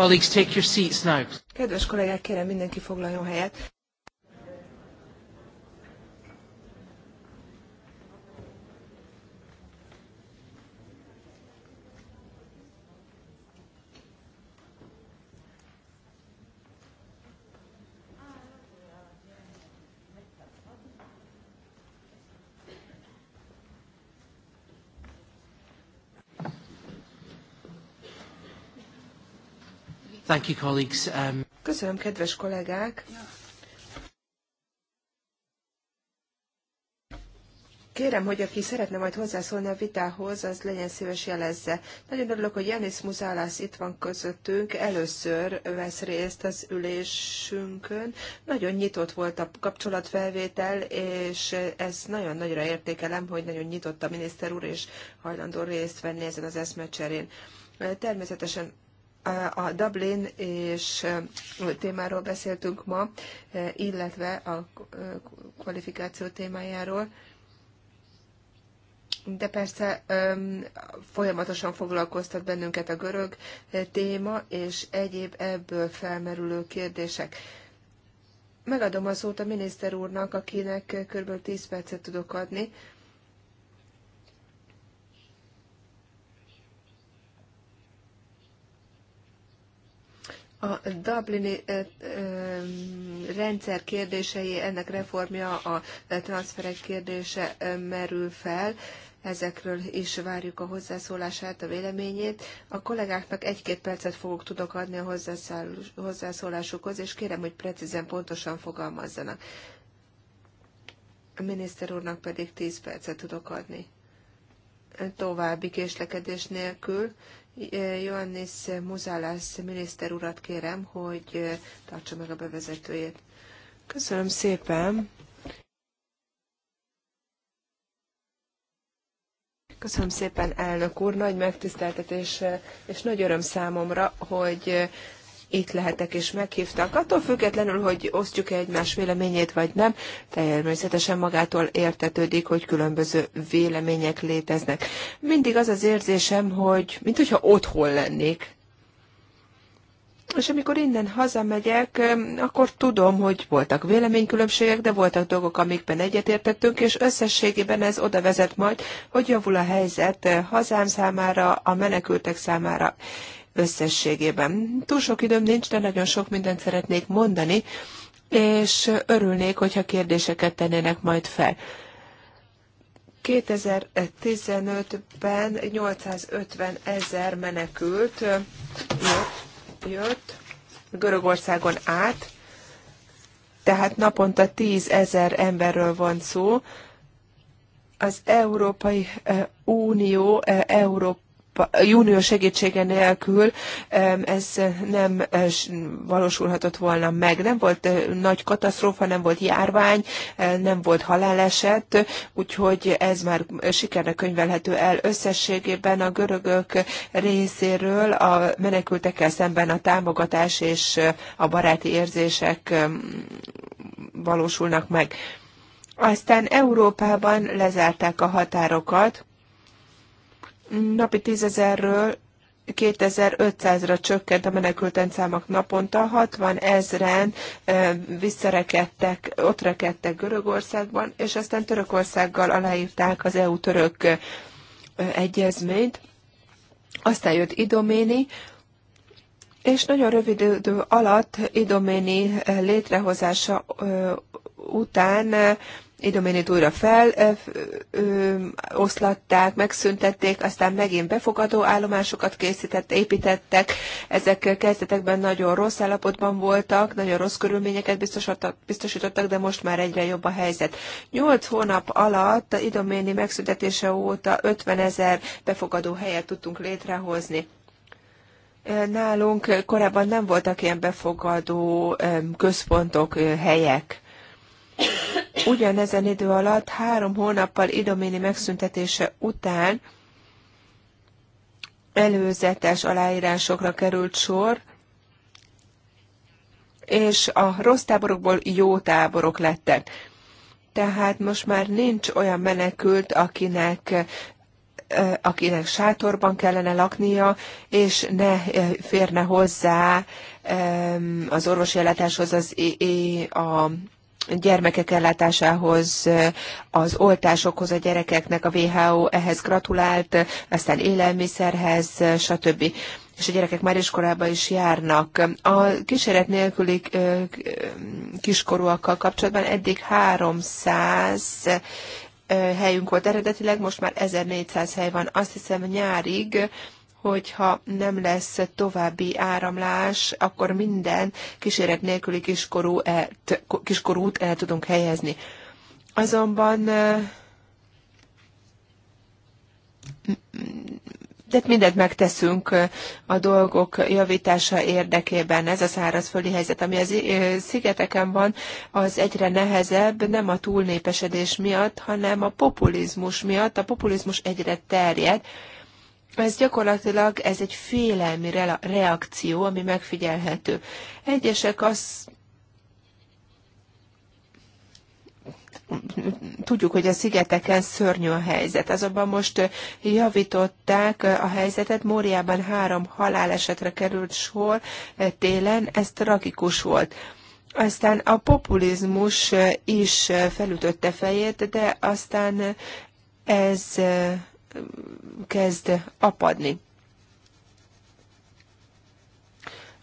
Colleagues, take your seats now. Kedves kollégák, kérem mindenki foglaljon helyet. Thank you, colleagues. Um... Köszönöm, kedves kollégák. Kérem, hogy aki szeretne majd hozzászólni a vitához, az legyen szíves jelezze. Nagyon örülök, hogy Janis Muzálász itt van közöttünk, először vesz részt az ülésünkön. Nagyon nyitott volt a kapcsolatfelvétel, és ez nagyon nagyra értékelem, hogy nagyon nyitott a miniszter úr, és hajlandó részt venni ezen az eszmecserén. Természetesen a Dublin és témáról beszéltünk ma, illetve a kvalifikáció témájáról. De persze folyamatosan foglalkoztat bennünket a görög téma és egyéb ebből felmerülő kérdések. Megadom a szót a miniszter úrnak, akinek kb. 10 percet tudok adni a Dublini rendszer kérdései, ennek reformja, a transferek kérdése merül fel. Ezekről is várjuk a hozzászólását, a véleményét. A kollégáknak egy-két percet fogok tudok adni a hozzászólásukhoz, és kérem, hogy precízen, pontosan fogalmazzanak. A miniszter úrnak pedig 10 percet tudok adni. További késlekedés nélkül Ioannis Muzálász miniszter urat kérem, hogy tartsa meg a bevezetőjét. Köszönöm szépen! Köszönöm szépen, elnök úr, nagy megtiszteltetés és nagy öröm számomra, hogy itt lehetek és meghívtak. Attól függetlenül, hogy osztjuk-e egymás véleményét vagy nem, természetesen magától értetődik, hogy különböző vélemények léteznek. Mindig az az érzésem, hogy mint hogyha otthon lennék, és amikor innen hazamegyek, akkor tudom, hogy voltak véleménykülönbségek, de voltak dolgok, amikben egyetértettünk, és összességében ez oda vezet majd, hogy javul a helyzet eh, hazám számára, a menekültek számára összességében. Túl sok időm nincs, de nagyon sok mindent szeretnék mondani, és örülnék, hogyha kérdéseket tennének majd fel. 2015-ben 850 ezer menekült jött, jött Görögországon át, tehát naponta 10 ezer emberről van szó. Az Európai eh, Unió eh, Európa Unió segítsége nélkül ez nem eh, valósulhatott volna meg. Nem volt eh, nagy katasztrófa, nem volt járvány, eh, nem volt haláleset, úgyhogy ez már sikernek könyvelhető el összességében a görögök részéről a menekültekkel szemben a támogatás és a baráti érzések valósulnak meg. Aztán Európában lezárták a határokat, napi tízezerről 2500-ra csökkent a menekülten számok naponta, 60 ezeren visszarekedtek, ott rekedtek Görögországban, és aztán Törökországgal aláírták az EU-török egyezményt. Aztán jött Idoméni, és nagyon rövid idő alatt Idoméni létrehozása után Idoménit újra feloszlatták, megszüntették, aztán megint befogadó állomásokat készített, építettek. Ezek kezdetekben nagyon rossz állapotban voltak, nagyon rossz körülményeket biztosítottak, de most már egyre jobb a helyzet. Nyolc hónap alatt Idoméni megszüntetése óta 50 ezer befogadó helyet tudtunk létrehozni. Nálunk korábban nem voltak ilyen befogadó központok, helyek Ugyanezen idő alatt három hónappal idoméni megszüntetése után előzetes aláírásokra került sor, és a rossz táborokból jó táborok lettek. Tehát most már nincs olyan menekült, akinek akinek sátorban kellene laknia, és ne férne hozzá az orvosi ellátáshoz az, a gyermekek ellátásához, az oltásokhoz a gyerekeknek a WHO ehhez gratulált, aztán élelmiszerhez, stb. És a gyerekek már iskolába is járnak. A kísérlet nélküli kiskorúakkal kapcsolatban eddig 300 helyünk volt eredetileg, most már 1400 hely van. Azt hiszem nyárig hogyha nem lesz további áramlás, akkor minden kíséret nélküli kiskorú el, kiskorút el tudunk helyezni. Azonban e, de mindent megteszünk a dolgok javítása érdekében. Ez a szárazföldi helyzet, ami az e, szigeteken van, az egyre nehezebb, nem a túlnépesedés miatt, hanem a populizmus miatt. A populizmus egyre terjed, ez gyakorlatilag ez egy félelmi reakció, ami megfigyelhető. Egyesek azt tudjuk, hogy a szigeteken szörnyű a helyzet. Azonban most javították a helyzetet. Móriában három halálesetre került sor télen, ez tragikus volt. Aztán a populizmus is felütötte fejét, de aztán ez kezd apadni.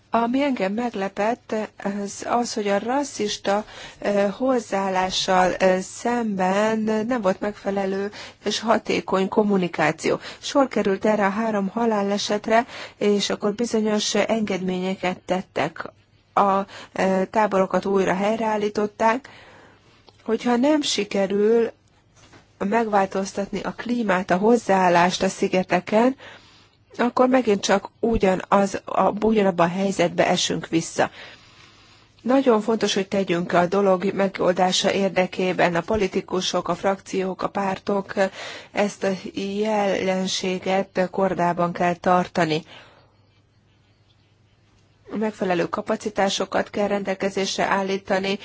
Ami engem meglepett, az az, hogy a rasszista eh, hozzáállással eh, szemben nem volt megfelelő és hatékony kommunikáció. Sor került erre a három halálesetre, és akkor bizonyos engedményeket tettek. A eh, táborokat újra helyreállították. Hogyha nem sikerül megváltoztatni a klímát, a hozzáállást a szigeteken, akkor megint csak ugyanaz, a, ugyanabban a helyzetbe esünk vissza. Nagyon fontos, hogy tegyünk a dolog megoldása érdekében a politikusok, a frakciók, a pártok ezt a jelenséget kordában kell tartani. Megfelelő kapacitásokat kell rendelkezésre állítani,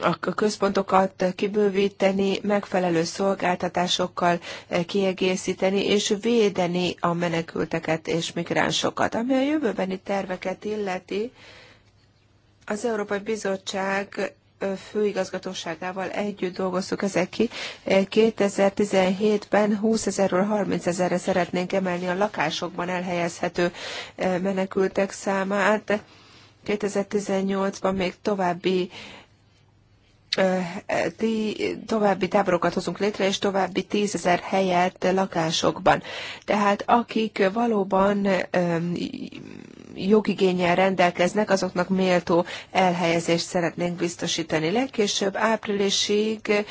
a központokat kibővíteni, megfelelő szolgáltatásokkal eh, kiegészíteni és védeni a menekülteket és migránsokat. Ami a jövőbeni terveket illeti, az Európai Bizottság eh, főigazgatóságával együtt dolgoztuk ezek ki. 2017-ben 20 ezerről 30 ezerre szeretnénk emelni a lakásokban elhelyezhető eh, menekültek számát. 2018-ban még további további táborokat hozunk létre, és további tízezer helyet lakásokban. Tehát akik valóban jogigényel rendelkeznek, azoknak méltó elhelyezést szeretnénk biztosítani. Legkésőbb áprilisig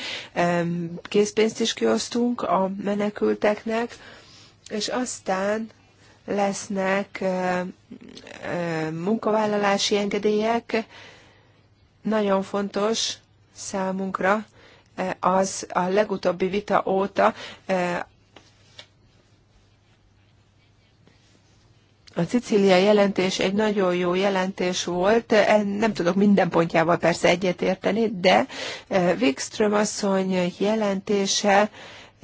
készpénzt is kiosztunk a menekülteknek, és aztán lesznek munkavállalási engedélyek. Nagyon fontos, számunkra e, az a legutóbbi vita óta e, A Cicília jelentés egy nagyon jó jelentés volt, e, nem tudok minden pontjával persze egyetérteni, de Wikström asszony jelentése,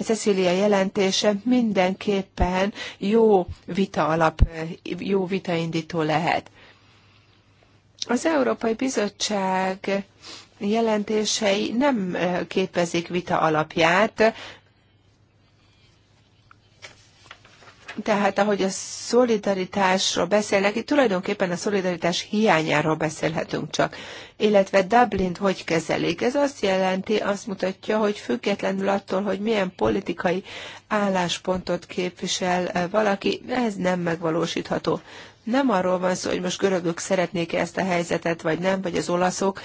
Cecília jelentése mindenképpen jó vita alap, jó vitaindító lehet. Az Európai Bizottság jelentései nem képezik vita alapját, tehát ahogy a szolidaritásról beszélnek, itt tulajdonképpen a szolidaritás hiányáról beszélhetünk csak, illetve Dublin, hogy kezelik. Ez azt jelenti, azt mutatja, hogy függetlenül attól, hogy milyen politikai álláspontot képvisel valaki, ez nem megvalósítható. Nem arról van szó, hogy most görögök szeretnék -e ezt a helyzetet, vagy nem, vagy az olaszok,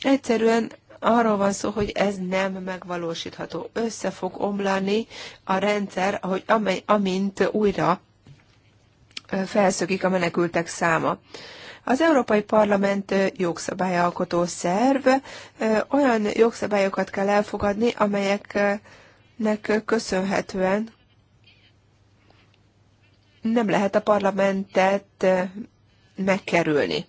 Egyszerűen arról van szó, hogy ez nem megvalósítható. Össze fog omlani a rendszer, ahogy amely, amint újra felszökik a menekültek száma. Az Európai Parlament jogszabályalkotó szerv olyan jogszabályokat kell elfogadni, amelyeknek köszönhetően nem lehet a parlamentet megkerülni.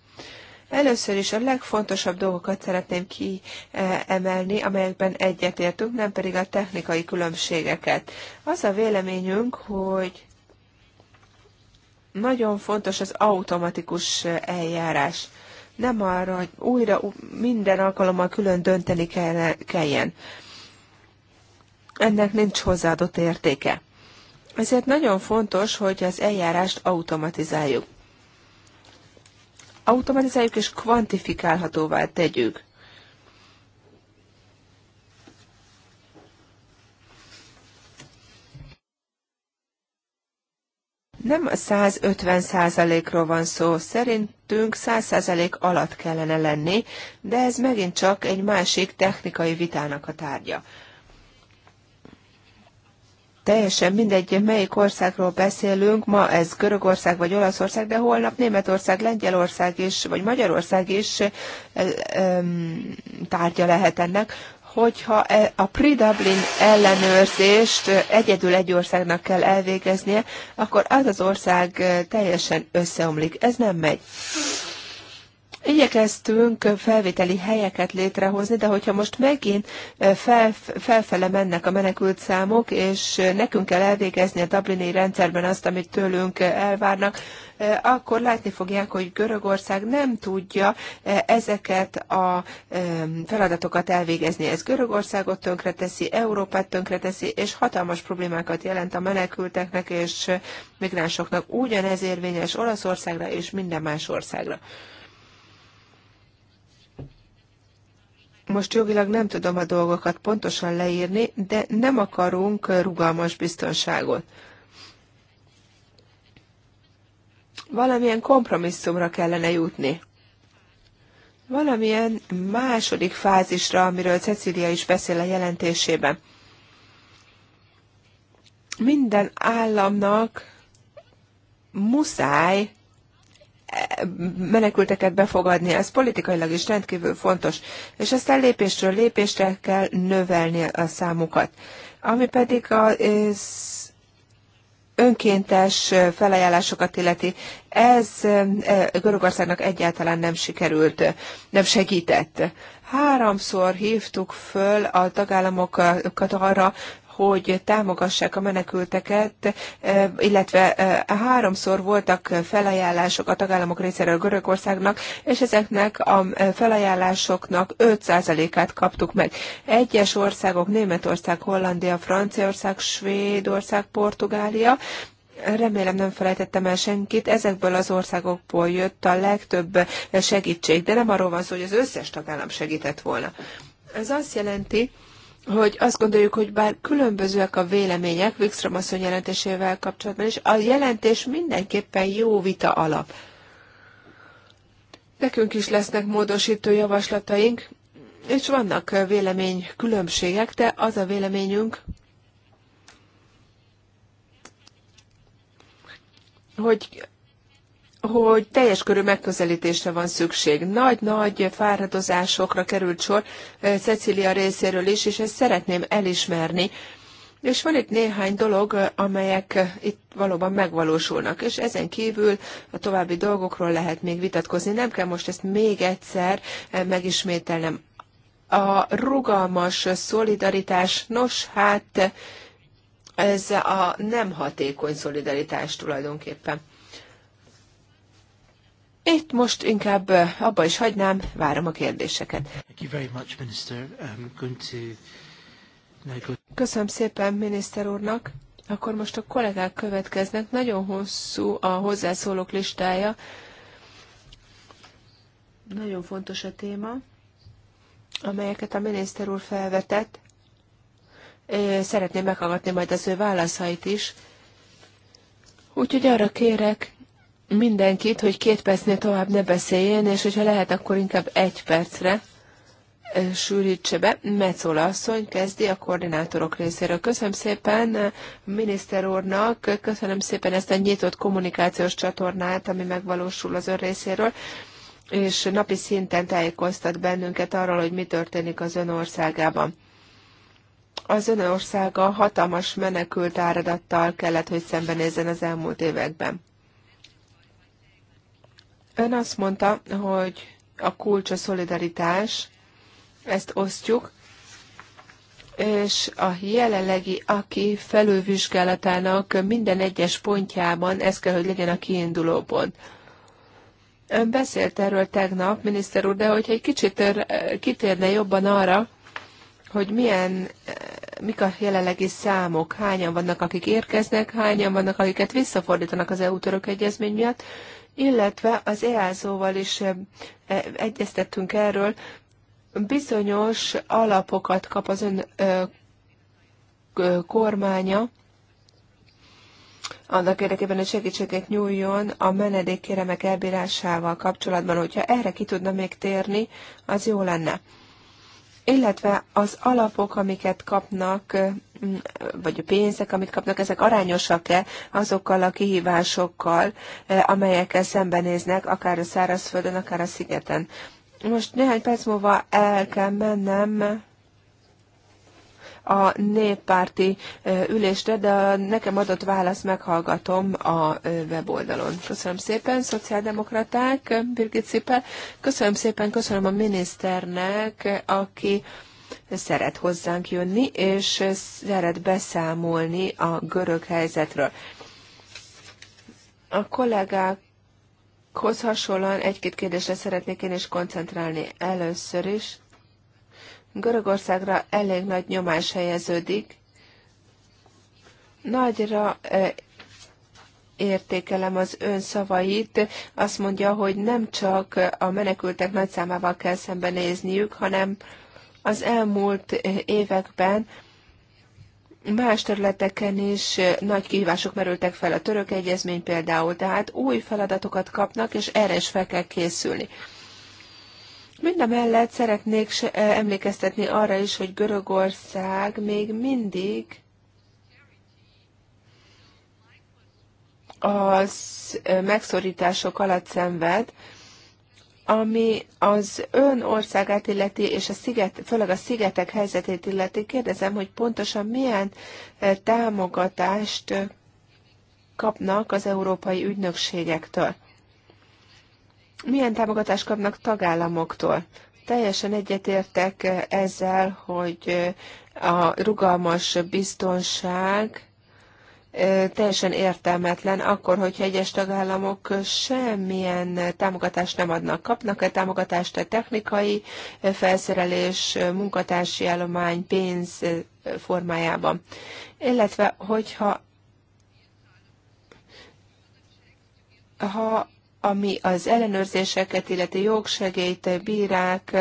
Először is a legfontosabb dolgokat szeretném kiemelni, amelyekben egyetértünk, nem pedig a technikai különbségeket. Az a véleményünk, hogy nagyon fontos az automatikus eljárás. Nem arra, hogy újra minden alkalommal külön dönteni kelljen. Ennek nincs hozzáadott értéke. Ezért nagyon fontos, hogy az eljárást automatizáljuk automatizáljuk és kvantifikálhatóvá tegyük. Nem 150 százalékról van szó, szerintünk 100 százalék alatt kellene lenni, de ez megint csak egy másik technikai vitának a tárgya. Teljesen mindegy, melyik országról beszélünk, ma ez Görögország vagy Olaszország, de holnap Németország, Lengyelország is, vagy Magyarország is tárgya lehet ennek, hogyha e, a pre-Dublin ellenőrzést egyedül egy országnak kell elvégeznie, akkor az az ország teljesen összeomlik. Ez nem megy. Igyekeztünk felvételi helyeket létrehozni, de hogyha most megint fel, felfele mennek a menekült számok, és nekünk kell elvégezni a Dublini rendszerben azt, amit tőlünk elvárnak, akkor látni fogják, hogy Görögország nem tudja ezeket a feladatokat elvégezni. Ez Görögországot tönkreteszi, Európát tönkreteszi, és hatalmas problémákat jelent a menekülteknek és migránsoknak. Ugyanez érvényes Olaszországra és minden más országra. most jogilag nem tudom a dolgokat pontosan leírni, de nem akarunk rugalmas biztonságot. Valamilyen kompromisszumra kellene jutni. Valamilyen második fázisra, amiről Cecília is beszél a jelentésében. Minden államnak muszáj menekülteket befogadni, ez politikailag is rendkívül fontos, és aztán lépésről lépésre kell növelni a számukat. Ami pedig az önkéntes felajánlásokat illeti, ez e, Görögországnak egyáltalán nem sikerült, nem segített. Háromszor hívtuk föl a tagállamokat arra, hogy támogassák a menekülteket, e, illetve e, háromszor voltak felajánlások a tagállamok részéről Görögországnak, és ezeknek a e, felajánlásoknak 5%-át kaptuk meg. Egyes országok, Németország, Hollandia, Franciaország, Svédország, Portugália, Remélem nem felejtettem el senkit, ezekből az országokból jött a legtöbb segítség, de nem arról van szó, hogy az összes tagállam segített volna. Ez azt jelenti, hogy azt gondoljuk, hogy bár különbözőek a vélemények Wikström asszony jelentésével kapcsolatban és a jelentés mindenképpen jó vita alap. Nekünk is lesznek módosító javaslataink, és vannak vélemény különbségek, de az a véleményünk, hogy hogy teljes körű megközelítésre van szükség. Nagy-nagy fáradozásokra került sor eh, Cecília részéről is, és ezt szeretném elismerni. És van itt néhány dolog, eh, amelyek eh, itt valóban megvalósulnak, és ezen kívül a további dolgokról lehet még vitatkozni. Nem kell most ezt még egyszer megismételnem. A rugalmas szolidaritás, nos hát, ez a nem hatékony szolidaritás tulajdonképpen. Itt most inkább abba is hagynám, várom a kérdéseket. Um, Köszönöm szépen miniszter úrnak. Akkor most a kollégák következnek. Nagyon hosszú a hozzászólók listája. Nagyon fontos a téma, amelyeket a miniszter úr felvetett. Szeretném meghallgatni majd az ő válaszait is. Úgyhogy arra kérek, mindenkit, hogy két percnél tovább ne beszéljen, és hogyha lehet, akkor inkább egy percre sűrítse be. Metzola asszony kezdi a koordinátorok részéről. Köszönöm szépen miniszter úrnak, köszönöm szépen ezt a nyitott kommunikációs csatornát, ami megvalósul az ön részéről és napi szinten tájékoztat bennünket arról, hogy mi történik az ön országában. Az ön országa hatalmas menekült áradattal kellett, hogy szembenézzen az elmúlt években. Ön azt mondta, hogy a kulcs a szolidaritás, ezt osztjuk, és a jelenlegi aki felülvizsgálatának minden egyes pontjában ez kell, hogy legyen a kiinduló pont. Ön beszélt erről tegnap, miniszter úr, de hogyha egy kicsit kitérne jobban arra, hogy milyen, mik a jelenlegi számok, hányan vannak, akik érkeznek, hányan vannak, akiket visszafordítanak az EU-török egyezmény miatt, illetve az EASO-val is eh, egyeztettünk erről, bizonyos alapokat kap az ön eh, eh, kormánya, annak érdekében, hogy segítséget nyúljon a menedékkéremek elbírásával kapcsolatban. Hogyha erre ki tudna még térni, az jó lenne. Illetve az alapok, amiket kapnak vagy a pénzek, amit kapnak, ezek arányosak-e azokkal a kihívásokkal, eh, amelyekkel szembenéznek, akár a szárazföldön, akár a szigeten. Most néhány perc múlva el kell mennem a néppárti eh, ülésre, de a nekem adott választ meghallgatom a eh, weboldalon. Köszönöm szépen, szociáldemokraták, Birgit Szipel. Köszönöm szépen, köszönöm a miniszternek, aki szeret hozzánk jönni, és szeret beszámolni a görög helyzetről. A kollégákhoz hasonlóan egy-két kérdésre szeretnék én is koncentrálni először is. Görögországra elég nagy nyomás helyeződik. Nagyra eh, értékelem az ön szavait. Azt mondja, hogy nem csak a menekültek nagy számával kell szembenézniük, hanem az elmúlt eh, években más területeken is eh, nagy kihívások merültek fel a török egyezmény például, tehát új feladatokat kapnak, és erre is fel kell készülni. Mind a mellett szeretnék eh, emlékeztetni arra is, hogy Görögország még mindig az megszorítások alatt szenved, ami az ön országát illeti, és a sziget, főleg a szigetek helyzetét illeti, kérdezem, hogy pontosan milyen eh, támogatást eh, kapnak az európai ügynökségektől? Milyen támogatást kapnak tagállamoktól? Teljesen egyetértek eh, ezzel, hogy a rugalmas biztonság teljesen értelmetlen, akkor, hogyha egyes tagállamok semmilyen támogatást nem adnak. Kapnak-e támogatást a technikai felszerelés, munkatársi állomány, pénz formájában? Illetve, hogyha ha ami az ellenőrzéseket, illeti jogsegélyt, bírák,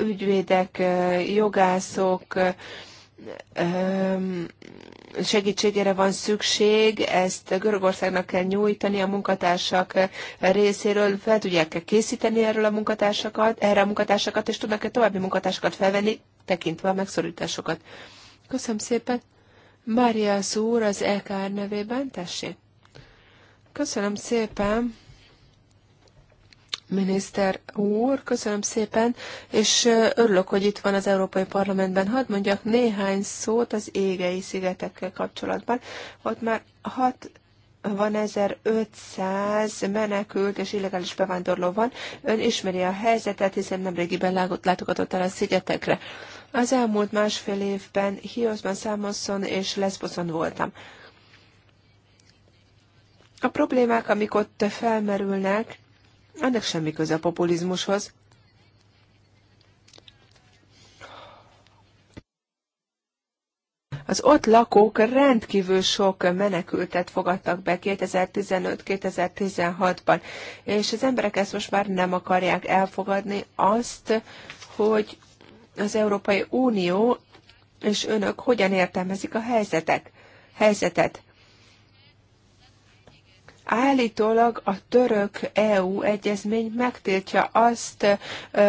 ügyvédek, jogászok, segítségére van szükség, ezt Görögországnak kell nyújtani a munkatársak részéről, fel tudják-e készíteni erről a munkatársakat, erre a munkatársakat, és tudnak-e további munkatársakat felvenni, tekintve a megszorításokat. Köszönöm szépen. Mária Szúr az EKR nevében, tessék. Köszönöm szépen miniszter úr, köszönöm szépen, és örülök, hogy itt van az Európai Parlamentben. Hadd mondjak néhány szót az égei szigetekkel kapcsolatban. Ott már 6 van 1500 menekült és illegális bevándorló van. Ön ismeri a helyzetet, hiszen nemrégiben látogatott el a szigetekre. Az elmúlt másfél évben Hiosban, Számoszon és Leszboszon voltam. A problémák, amik ott felmerülnek, ennek semmi köze a populizmushoz. Az ott lakók rendkívül sok menekültet fogadtak be 2015-2016-ban, és az emberek ezt most már nem akarják elfogadni azt, hogy az Európai Unió és önök hogyan értelmezik a helyzetek, helyzetet. Állítólag a török EU egyezmény megtiltja azt,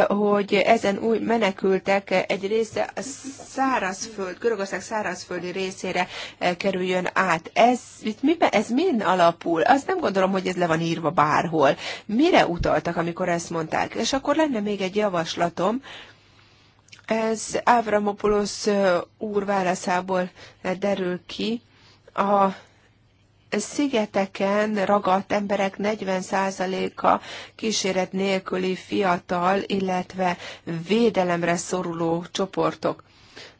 hogy ezen új menekültek egy része a szárazföld, Görögország szárazföldi részére kerüljön át. Ez, itt mi, ez min alapul? Azt nem gondolom, hogy ez le van írva bárhol. Mire utaltak, amikor ezt mondták? És akkor lenne még egy javaslatom, ez Avramopoulos úr válaszából derül ki. A szigeteken ragadt emberek 40%-a kíséret nélküli fiatal, illetve védelemre szoruló csoportok.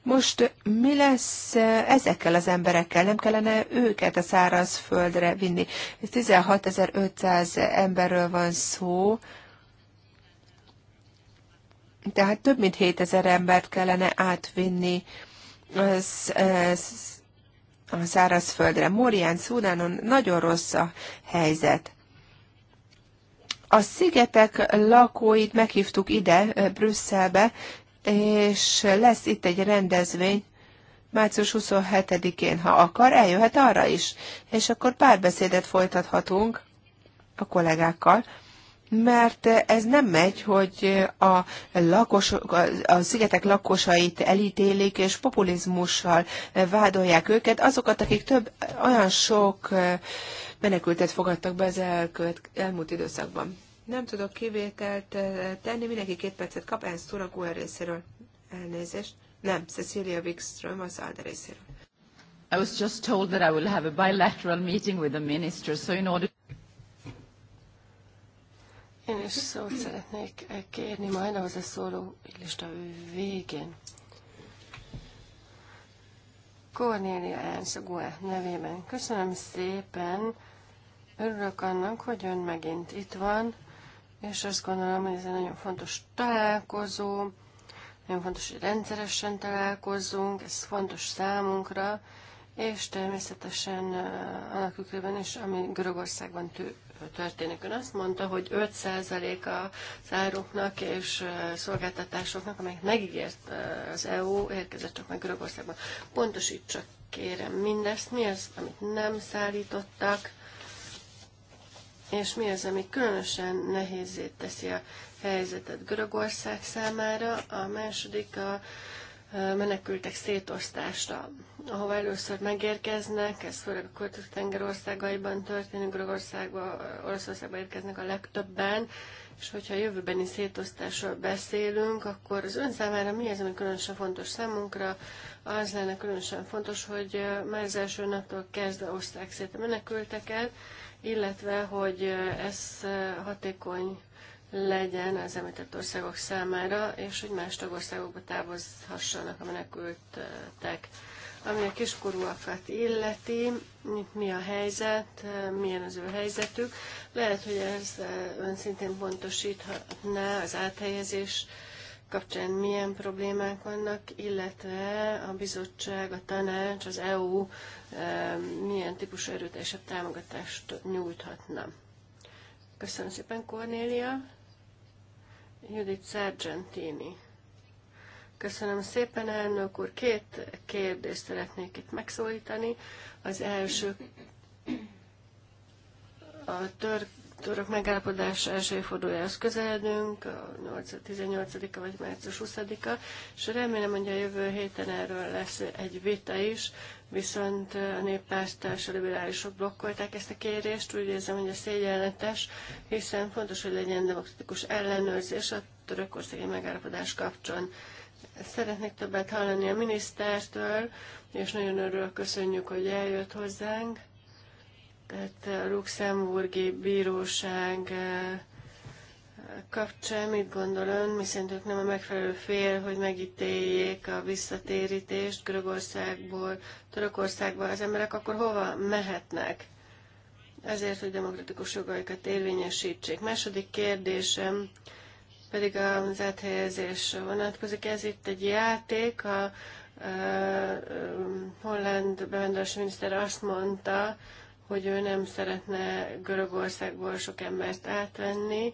Most mi lesz eh, ezekkel az emberekkel? Nem kellene őket a száraz földre vinni. 16.500 emberről van szó, tehát több mint 7000 embert kellene átvinni. az, az eh, a szárazföldre. Morián, Szudánon nagyon rossz a helyzet. A szigetek lakóit meghívtuk ide, Brüsszelbe, és lesz itt egy rendezvény, március 27-én, ha akar, eljöhet arra is, és akkor párbeszédet folytathatunk a kollégákkal, mert ez nem megy, hogy a, lakos, a szigetek lakosait elítélik, és populizmussal vádolják őket. Azokat, akik több olyan sok menekültet fogadtak be az elkövet, elmúlt időszakban. Nem tudok kivételt tenni, mindenki két percet kap, Ernst Tura a GUR részéről. Elnézést. Nem, Cecilia Wikström az ALDE részéről. I was just told that I will have a bilateral meeting with the minister, so in order én is szót szeretnék kérni majd a szóló lista végén. Kornélia Ernst nevében. Köszönöm szépen. Örülök annak, hogy ön megint itt van, és azt gondolom, hogy ez egy nagyon fontos találkozó, nagyon fontos, hogy rendszeresen találkozzunk, ez fontos számunkra, és természetesen eh, annak tükrében is, ami Görögországban történik. Ön azt mondta, hogy 5% a száruknak és szolgáltatásoknak, amelyek megígért az EU, érkezett csak meg Görögországban. Pontosítsa kérem mindezt, mi az, amit nem szállítottak, és mi az, ami különösen nehézét teszi a helyzetet Görögország számára. A második a menekültek szétosztásra, ahova először megérkeznek, ez főleg a költöző tenger országaiban történik, Görögországba, Oroszországba érkeznek a legtöbben, és hogyha a jövőbeni szétosztásról beszélünk, akkor az ön számára mi az, ami különösen fontos számunkra? Az lenne különösen fontos, hogy eh, már az első naptól kezdve oszták szét a menekülteket, illetve hogy eh, ez eh, hatékony legyen az említett országok számára, és hogy más tagországokba távozhassanak a menekültek. Ami a kiskorúakat illeti, mi a helyzet, milyen az ő helyzetük. Lehet, hogy ez eh, ön szintén pontosíthatná az áthelyezés kapcsán milyen problémák vannak, illetve a bizottság, a tanács, az EU eh, milyen típusú erőteljesebb támogatást nyújthatna. Köszönöm szépen, Kornélia. Judith Sargentini. Köszönöm szépen, elnök úr. Két kérdést szeretnék itt megszólítani. Az első a tör török megállapodás első fordulójához közeledünk, a 18-a vagy március 20-a, és remélem, hogy a jövő héten erről lesz egy vita is, viszont a néppárt a liberálisok blokkolták ezt a kérést, úgy érzem, hogy a szégyenletes, hiszen fontos, hogy legyen demokratikus ellenőrzés a törökországi megállapodás kapcsán. Szeretnék többet hallani a minisztertől, és nagyon örülök, köszönjük, hogy eljött hozzánk. Tehát a luxemburgi bíróság kapcsán mit gondol ön, miszerint ők nem a megfelelő fél, hogy megítéljék a visszatérítést Görögországból Törökországba az emberek, akkor hova mehetnek? Ezért, hogy demokratikus jogaikat érvényesítsék. Második kérdésem pedig az áthelyezés vonatkozik. Ez itt egy játék. A, holland bevándorlási miniszter azt mondta, hogy ő nem szeretne Görögországból sok embert átvenni,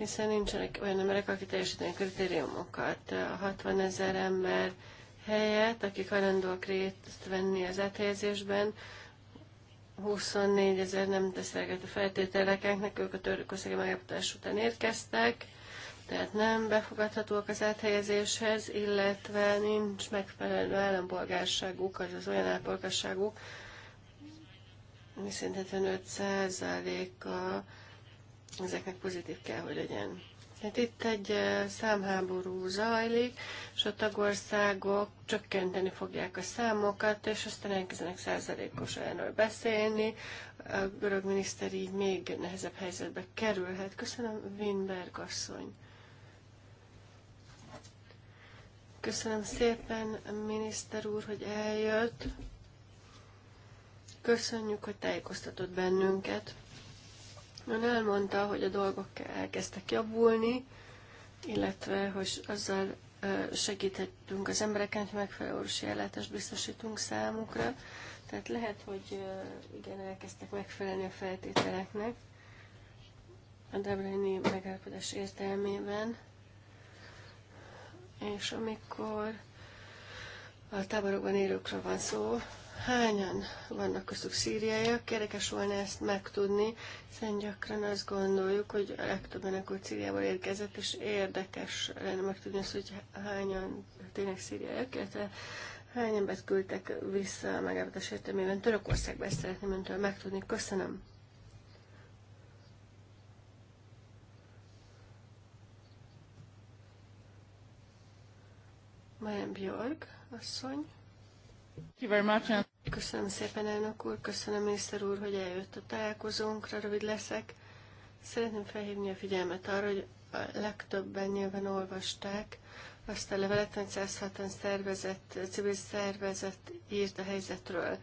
hiszen nincsenek olyan emberek, akik teljesítenek kritériumokat. A 60 ezer ember helyett, akik hajlandóak részt venni az áthelyezésben, 24 ezer nem teszelget a feltételeknek, ők a törökországi megállapodás után érkeztek, tehát nem befogadhatóak az áthelyezéshez, illetve nincs megfelelő állampolgárságuk, az az olyan állampolgárságuk, mi szerint 5 a ezeknek pozitív kell, hogy legyen. Hát itt egy számháború zajlik, és a tagországok csökkenteni fogják a számokat, és aztán elkezdenek százalékosan erről beszélni. A görög miniszter így még nehezebb helyzetbe kerülhet. Köszönöm, Winberg asszony. Köszönöm szépen, miniszter úr, hogy eljött. Köszönjük, hogy tájékoztatott bennünket. Ön elmondta, hogy a dolgok elkezdtek javulni, illetve hogy azzal segíthetünk az embereken, hogy megfelelő orvosi ellátást biztosítunk számukra. Tehát lehet, hogy igen, elkezdtek megfelelni a feltételeknek a Debreni megállapodás értelmében. És amikor a táborokban élőkről van szó, hányan vannak köztük szíriaiak. Érdekes volna ezt megtudni, hiszen gyakran azt gondoljuk, hogy a legtöbb menekült Szíriából érkezett, és érdekes lenne megtudni azt, hogy hányan tényleg szíriaiak, illetve hány embert küldtek vissza a megállapodás értelmében Törökországba, ezt szeretném öntől megtudni. Köszönöm. Majem Björg asszony. Köszönöm szépen, elnök úr, köszönöm miniszter úr, hogy eljött a találkozónkra, rövid leszek. Szeretném felhívni a figyelmet arra, hogy a legtöbben nyilván olvasták azt a levelet, amit 160 szervezet, civil szervezet írt a helyzetről.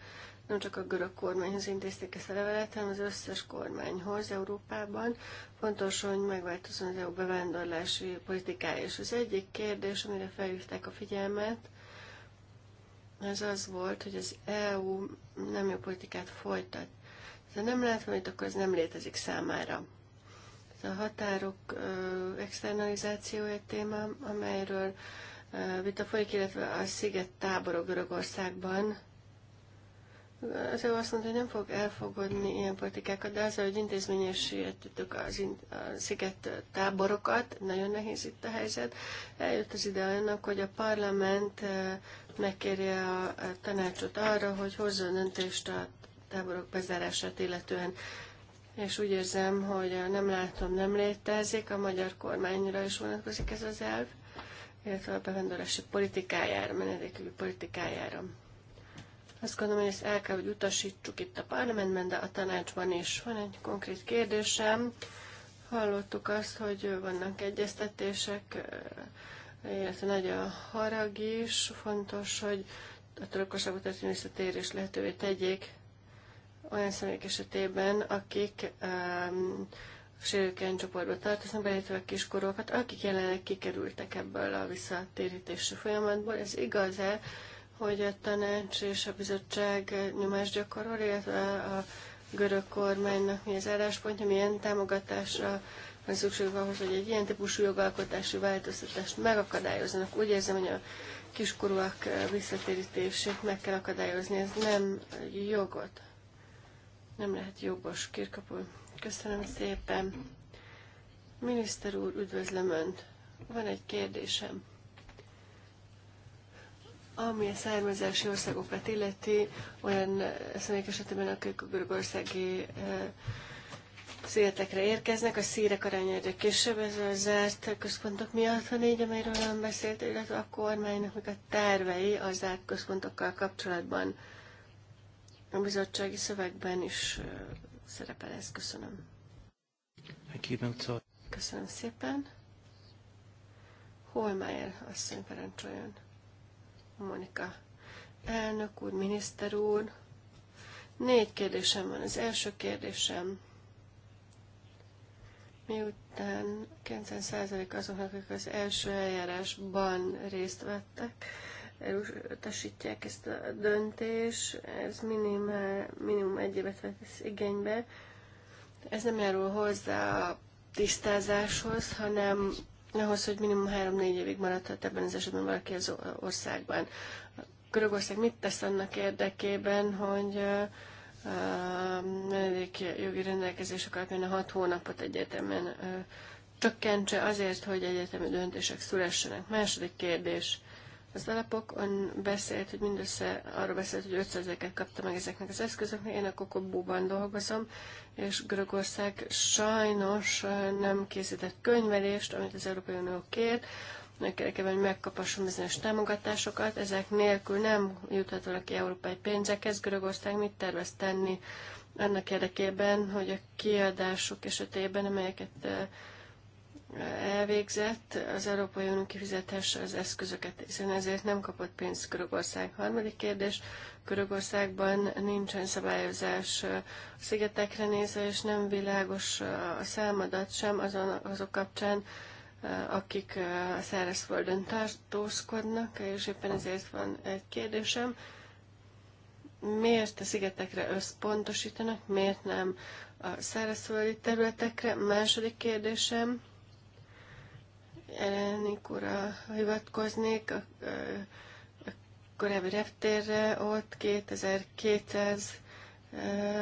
Nem csak a görög kormányhoz intézték ezt a levelet, hanem az összes kormányhoz Európában. Fontos, hogy megváltozzon az EU bevándorlási politikája. És az egyik kérdés, amire felhívták a figyelmet, az az volt, hogy az EU nem jó politikát folytat. Ha nem lát valamit, akkor ez nem létezik számára. Ez a határok ö, externalizációja téma, amelyről ö, vita folyik, illetve a sziget táborok Görögországban, az EU azt mondta, hogy nem fog elfogadni ilyen politikákat, de azzal, hogy intézményesítettük az in- a sziget táborokat, nagyon nehéz itt a helyzet. Eljött az ide annak, hogy a parlament eh, megkérje a tanácsot arra, hogy hozzon döntést a táborok bezárását illetően. És úgy érzem, hogy nem látom, nem létezik, a magyar kormányra is vonatkozik ez az elv, illetve a bevándorlási politikájára, menedékügyi politikájára. Azt gondolom, hogy ezt el kell, hogy utasítsuk itt a parlamentben, de a tanácsban is. Van egy konkrét kérdésem. Hallottuk azt, hogy vannak egyeztetések, illetve nagy a harag is. Fontos, hogy a törökországba történő visszatérés lehetővé tegyék olyan személyek esetében, akik um, sérülékeny csoportba tartoznak, beleértve a kiskorokat, akik jelenleg kikerültek ebből a visszatérítési folyamatból. Ez igaz-e? hogy a tanács és a bizottság nyomást gyakorol, illetve a görög kormánynak mi az álláspontja, milyen támogatásra van szükség ahhoz, hogy egy ilyen típusú jogalkotási változtatást megakadályozzanak. Úgy érzem, hogy a kiskorúak visszatérítését meg kell akadályozni, ez nem jogot. Nem lehet jogos, kirkapó. Köszönöm szépen. Miniszter úr, üdvözlöm Önt. Van egy kérdésem. Ami a származási országokat illeti, olyan személyek esetében, akik a görögországi eh, szigetekre érkeznek, a szírek aránya egyre kisebb, ez a zárt központok miatt van így, amelyről nem beszélt, illetve a kormánynak még a tervei a zárt központokkal kapcsolatban a bizottsági szövegben is eh, szerepel ez. Köszönöm. Köszönöm szépen. Holmeyer asszony parancsoljon. Monika elnök úr, miniszter úr. Négy kérdésem van. Az első kérdésem, miután 90% azoknak, akik az első eljárásban részt vettek, elutasítják ezt a döntés, ez minimál, minimum egy évet vesz igénybe. Ez nem járul hozzá a tisztázáshoz, hanem ahhoz, hogy minimum 3-4 évig maradhat ebben az esetben valaki az országban. Görögország mit tesz annak érdekében, hogy menedék jogi rendelkezések alapján a hat hónapot egyetemen csökkentse azért, hogy egyetemi döntések szülessenek. Második kérdés. Az alapokon beszélt, hogy mindössze arról beszélt, hogy 500 eket kapta meg ezeknek az eszközöknek. Én a Kokobóban dolgozom, és Görögország sajnos nem készített könyvelést, amit az Európai Unió kért, kell kell, hogy megkapassam bizonyos támogatásokat. Ezek nélkül nem juthat valaki európai pénzekhez. Görögország mit tervez tenni annak érdekében, hogy a kiadások esetében, amelyeket elvégzett, az Európai Unió kifizethesse az eszközöket, hiszen ezért nem kapott pénzt Görögország. Harmadik kérdés, Görögországban nincsen szabályozás a szigetekre nézve, és nem világos a számadat sem azon, azok kapcsán, akik a szárazföldön tartózkodnak, és éppen ezért van egy kérdésem. Miért a szigetekre összpontosítanak, miért nem a szárazföldi területekre? Második kérdésem, Elenik ura hivatkoznék, a, a korábbi reptérre ott 2200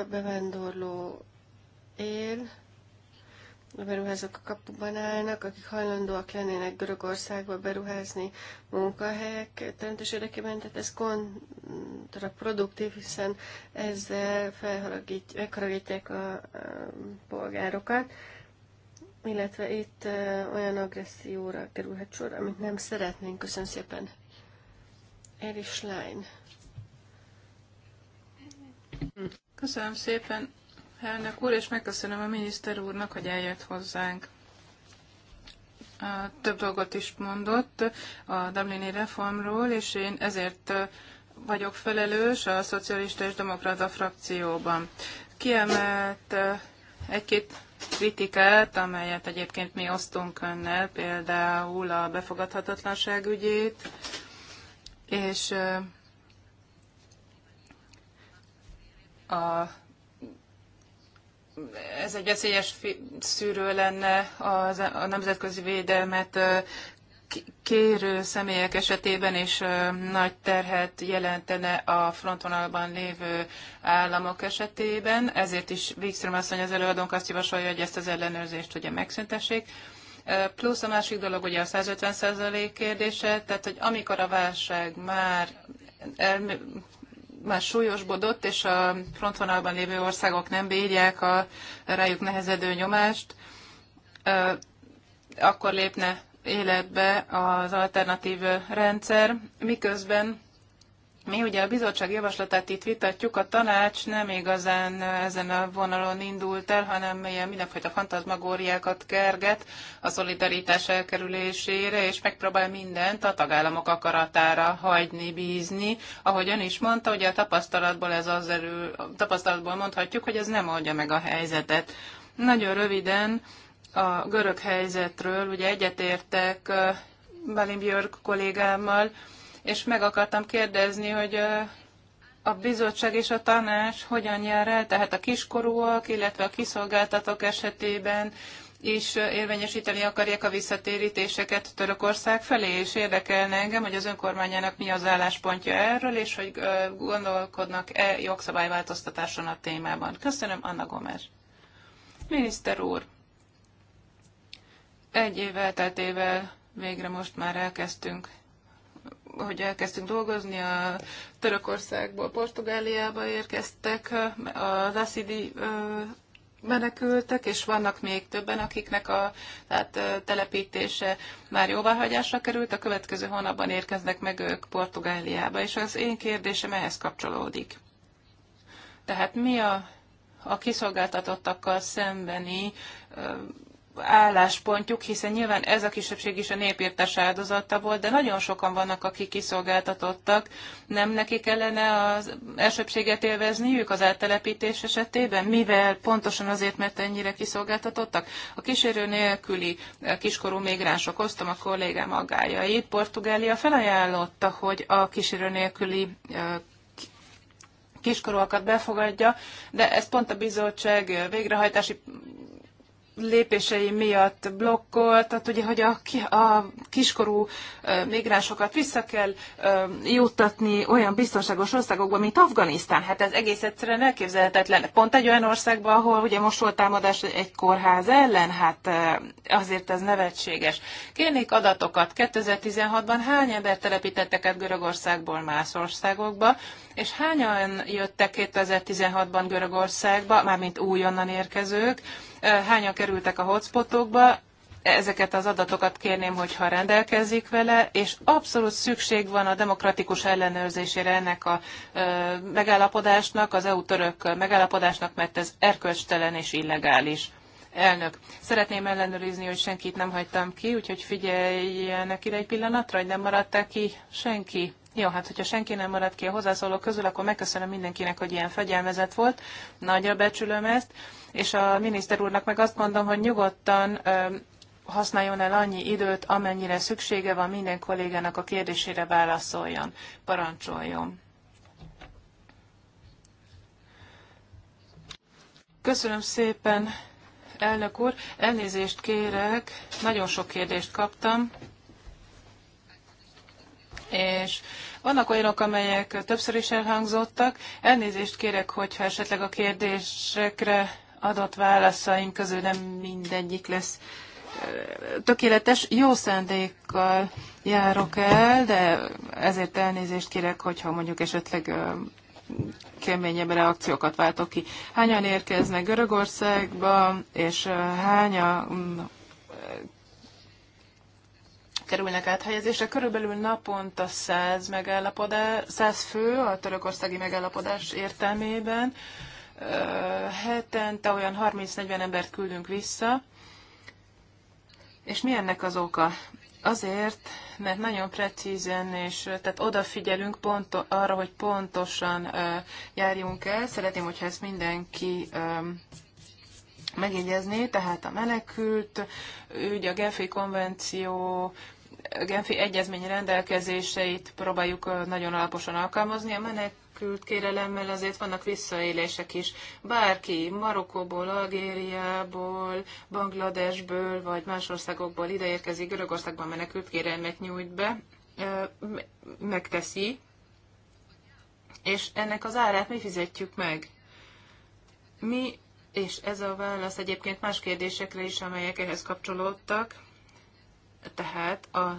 bevándorló él, a beruházók a kapuban állnak, akik hajlandóak lennének Görögországba beruházni munkahelyek teremtés érdekében, tehát ez kontraproduktív, hiszen ezzel felharagítják, a polgárokat illetve itt olyan agresszióra kerülhet sor, amit nem szeretnénk. Köszönöm szépen. Erich Lein. Köszönöm szépen, elnök úr, és megköszönöm a miniszter úrnak, hogy eljött hozzánk. Több dolgot is mondott a Dublini reformról, és én ezért vagyok felelős a Szocialista és Demokrata frakcióban. Kiemelt egy-két kritikát, amelyet egyébként mi osztunk önnel, például a befogadhatatlanság ügyét, és a ez egy veszélyes szűrő lenne az, a nemzetközi védelmet kérő személyek esetében is nagy terhet jelentene a frontvonalban lévő államok esetében, ezért is Wikström asszony az előadónk azt javasolja, hogy ezt az ellenőrzést ugye megszüntessék. Plusz a másik dolog ugye a 150 kérdése, tehát hogy amikor a válság már el, már súlyosbodott, és a frontvonalban lévő országok nem bírják a rájuk nehezedő nyomást, akkor lépne életbe az alternatív rendszer, miközben mi ugye a bizottság javaslatát itt vitatjuk, a tanács nem igazán ezen a vonalon indult el, hanem ilyen mindenfajta fantazmagóriákat kerget a szolidaritás elkerülésére, és megpróbál mindent a tagállamok akaratára hagyni, bízni. Ahogy ön is mondta, ugye a tapasztalatból, ez az erő, a tapasztalatból mondhatjuk, hogy ez nem oldja meg a helyzetet. Nagyon röviden, a görög helyzetről, ugye egyetértek Balin Björk kollégámmal, és meg akartam kérdezni, hogy a bizottság és a tanács hogyan jár el, tehát a kiskorúak, illetve a kiszolgáltatók esetében is érvényesíteni akarják a visszatérítéseket Törökország felé, és érdekelne engem, hogy az önkormányának mi az álláspontja erről, és hogy gondolkodnak-e jogszabályváltoztatáson a témában. Köszönöm, Anna Gomes. Miniszter úr, egy év elteltével végre most már elkezdtünk hogy elkezdtünk dolgozni, a Törökországból Portugáliába érkeztek az Asidi menekültek, és vannak még többen, akiknek a tehát, telepítése már jóváhagyásra került, a következő hónapban érkeznek meg ők Portugáliába, és az én kérdésem ehhez kapcsolódik. Tehát mi a, a kiszolgáltatottakkal szembeni álláspontjuk, hiszen nyilván ez a kisebbség is a népírtás áldozata volt, de nagyon sokan vannak, akik kiszolgáltatottak. Nem neki kellene az elsőbséget élvezniük az áttelepítés esetében, mivel pontosan azért, mert ennyire kiszolgáltatottak? A kísérő nélküli eh, kiskorú migránsok, osztom a kollégám aggájait, Portugália felajánlotta, hogy a kísérő nélküli eh, kiskorúakat befogadja, de ez pont a bizottság eh, végrehajtási lépései miatt blokkolt, tehát ugye, hogy a, a kiskorú migránsokat vissza kell juttatni olyan biztonságos országokba, mint Afganisztán. Hát ez egész egyszerűen elképzelhetetlen. Pont egy olyan országba, ahol ugye most volt támadás egy kórház ellen, hát azért ez nevetséges. Kérnék adatokat. 2016-ban hány ember telepítettek át Görögországból más országokba, és hányan jöttek 2016-ban Görögországba, mármint újonnan érkezők, hányan kerültek a hotspotokba, ezeket az adatokat kérném, hogyha rendelkezik vele, és abszolút szükség van a demokratikus ellenőrzésére ennek a megállapodásnak, az EU-török megállapodásnak, mert ez erkölcstelen és illegális. Elnök, szeretném ellenőrizni, hogy senkit nem hagytam ki, úgyhogy figyeljenek ide egy pillanatra, hogy nem maradt -e ki senki. Jó, hát hogyha senki nem maradt ki a hozzászólók közül, akkor megköszönöm mindenkinek, hogy ilyen fegyelmezett volt. Nagyra becsülöm ezt. És a miniszter úrnak meg azt mondom, hogy nyugodtan használjon el annyi időt, amennyire szüksége van minden kollégának a kérdésére válaszoljon, parancsoljon. Köszönöm szépen, elnök úr. Elnézést kérek, nagyon sok kérdést kaptam és vannak olyanok, amelyek többször is elhangzottak. Elnézést kérek, hogyha esetleg a kérdésekre adott válaszaim közül nem mindegyik lesz tökéletes, jó szándékkal járok el, de ezért elnézést kérek, hogyha mondjuk esetleg keményebb reakciókat váltok ki. Hányan érkeznek Görögországba, és hányan kerülnek áthelyezésre. Körülbelül naponta 100, megállapodás, 100 fő a törökországi megállapodás értelmében. Hetente olyan 30-40 embert küldünk vissza. És mi ennek az oka? Azért, mert nagyon precízen, és tehát odafigyelünk pont, arra, hogy pontosan járjunk el. Szeretném, hogyha ezt mindenki megjegyezné, tehát a menekült ügy, a Genfi konvenció Genfi egyezmény rendelkezéseit próbáljuk nagyon alaposan alkalmazni. A menekült kérelemmel azért vannak visszaélések is. Bárki Marokkóból, Algériából, Bangladesből vagy más országokból ideérkezik, Görögországban menekült kérelmet nyújt be, megteszi, és ennek az árát mi fizetjük meg? Mi, és ez a válasz egyébként más kérdésekre is, amelyek ehhez kapcsolódtak, tehát a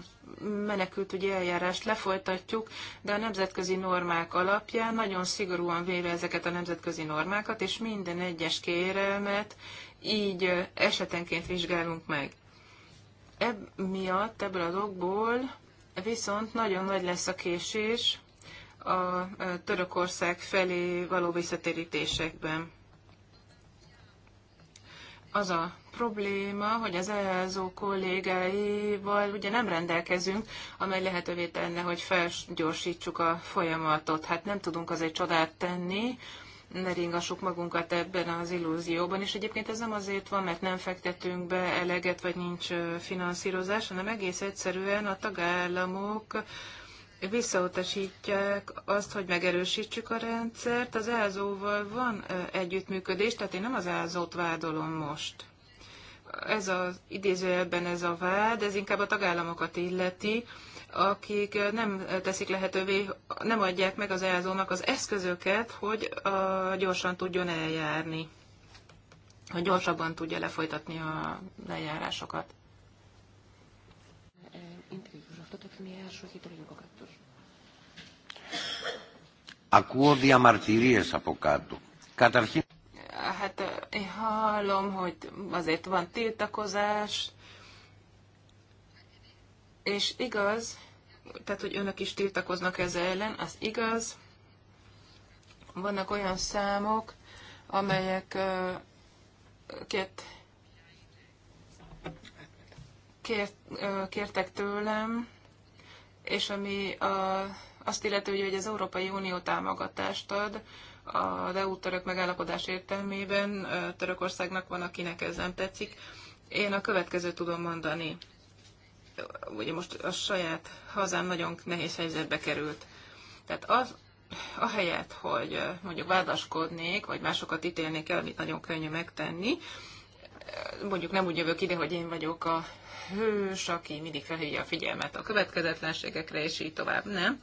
menekült ugye eljárást lefolytatjuk, de a nemzetközi normák alapján nagyon szigorúan véve ezeket a nemzetközi normákat, és minden egyes kérelmet így esetenként vizsgálunk meg. Ebb miatt, ebből az okból viszont nagyon nagy lesz a késés a Törökország felé való visszatérítésekben. Az a probléma, hogy az EASO kollégáival ugye nem rendelkezünk, amely lehetővé tenne, hogy felgyorsítsuk a folyamatot. Hát nem tudunk azért csodát tenni, ne ringassuk magunkat ebben az illúzióban, és egyébként ez nem azért van, mert nem fektetünk be eleget, vagy nincs finanszírozás, hanem egész egyszerűen a tagállamok visszautasítják azt, hogy megerősítsük a rendszert. Az elzóval van együttműködés, tehát én nem az elzót vádolom most ez az idézőjelben ez a vád, ez inkább a tagállamokat illeti, akik nem teszik lehetővé, nem adják meg az elzónak az eszközöket, hogy gyorsan tudjon eljárni, hogy gyorsabban tudja lefolytatni a lejárásokat. Ακούω διαμαρτυρίες από κάτω. Καταρχήν... Hát én hallom, hogy azért van tiltakozás, és igaz, tehát, hogy önök is tiltakoznak ez ellen, az igaz. Vannak olyan számok, amelyek két kért, kértek tőlem, és ami a, azt illető, hogy az Európai Unió támogatást ad, az EU-török megállapodás értelmében Törökországnak van, akinek ez nem tetszik. Én a következőt tudom mondani. Ugye most a saját hazám nagyon nehéz helyzetbe került. Tehát az, a helyet, hogy mondjuk vádaskodnék, vagy másokat ítélnék el, amit nagyon könnyű megtenni, mondjuk nem úgy jövök ide, hogy én vagyok a hős, aki mindig felhívja a figyelmet a következetlenségekre, és így tovább, nem,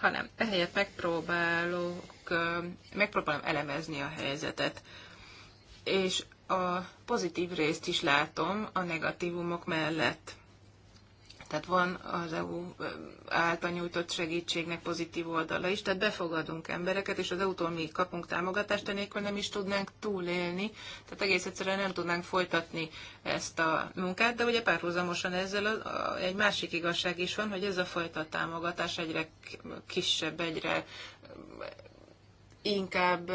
hanem ehelyett megpróbálok megpróbálom elemezni a helyzetet. És a pozitív részt is látom a negatívumok mellett. Tehát van az EU által nyújtott segítségnek pozitív oldala is, tehát befogadunk embereket, és az EU-tól mi kapunk támogatást, enélkül nem is tudnánk túlélni, tehát egész egyszerűen nem tudnánk folytatni ezt a munkát, de ugye párhuzamosan ezzel a, a, egy másik igazság is van, hogy ez a fajta támogatás egyre kisebb, egyre inkább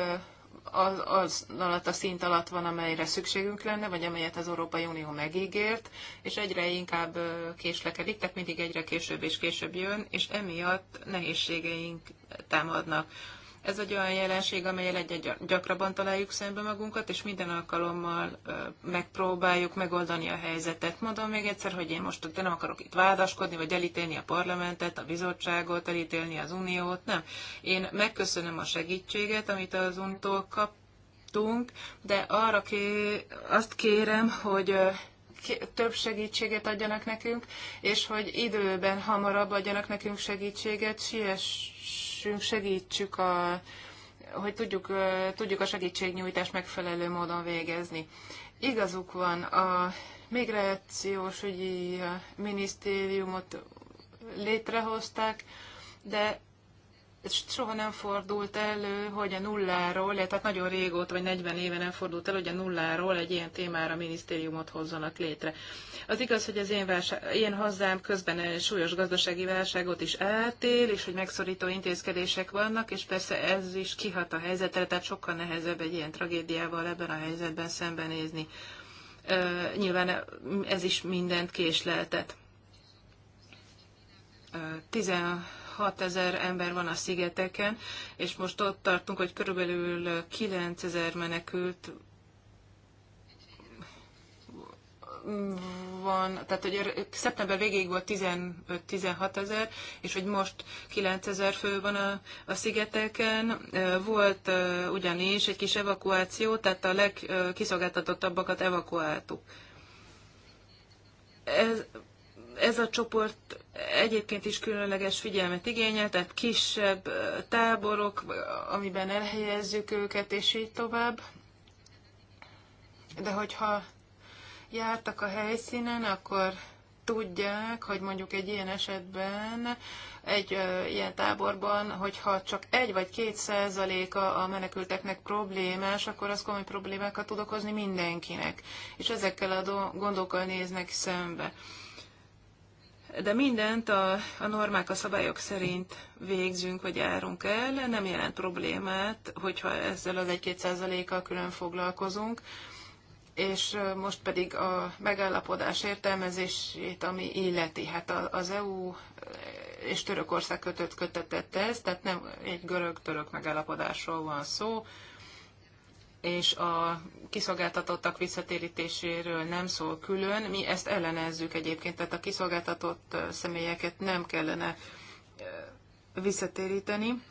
az, az alatt a szint alatt van, amelyre szükségünk lenne, vagy amelyet az Európai Unió megígért, és egyre inkább késlekedik, tehát mindig egyre később és később jön, és emiatt nehézségeink támadnak. Ez egy olyan jelenség, amelyel egy gyakrabban találjuk szembe magunkat, és minden alkalommal megpróbáljuk megoldani a helyzetet. Mondom még egyszer, hogy én most nem akarok itt vádaskodni, vagy elítélni a parlamentet, a bizottságot, elítélni az uniót, nem. Én megköszönöm a segítséget, amit az untól kaptunk, de arra ké- azt kérem, hogy több segítséget adjanak nekünk, és hogy időben hamarabb adjanak nekünk segítséget, siess segítsünk, segítsük a, hogy tudjuk, tudjuk a segítségnyújtást megfelelő módon végezni. Igazuk van, a migrációs ügyi minisztériumot létrehozták, de soha nem fordult elő, hogy a nulláról, tehát nagyon régóta, vagy 40 éve nem fordult elő, hogy a nulláról egy ilyen témára minisztériumot hozzanak létre. Az igaz, hogy az én, válság, én hazám közben súlyos gazdasági válságot is átél, és hogy megszorító intézkedések vannak, és persze ez is kihat a helyzetre, tehát sokkal nehezebb egy ilyen tragédiával ebben a helyzetben szembenézni. Nyilván ez is mindent késleltet. Tizen. 6000 ember van a szigeteken, és most ott tartunk, hogy körülbelül 9000 menekült van, tehát hogy szeptember végéig volt 15-16 ezer, és hogy most 9 ezer fő van a, a szigeteken. Volt ugyanis egy kis evakuáció, tehát a legkiszolgáltatottabbakat evakuáltuk. Ez, ez a csoport egyébként is különleges figyelmet igényel, tehát kisebb táborok, amiben elhelyezzük őket, és így tovább. De hogyha jártak a helyszínen, akkor tudják, hogy mondjuk egy ilyen esetben, egy ö, ilyen táborban, hogyha csak egy vagy két százaléka a menekülteknek problémás, akkor az komoly problémákat tud okozni mindenkinek. És ezekkel a do- gondokkal néznek szembe de mindent a, a normák, a szabályok szerint végzünk, vagy járunk el, nem jelent problémát, hogyha ezzel az 1-2%-kal külön foglalkozunk, és most pedig a megállapodás értelmezését, ami illeti. Hát az EU és Törökország kötött kötetett ez, tehát nem egy görög-török megállapodásról van szó, és a kiszolgáltatottak visszatérítéséről nem szól külön. Mi ezt ellenezzük egyébként, tehát a kiszolgáltatott személyeket nem kellene visszatéríteni,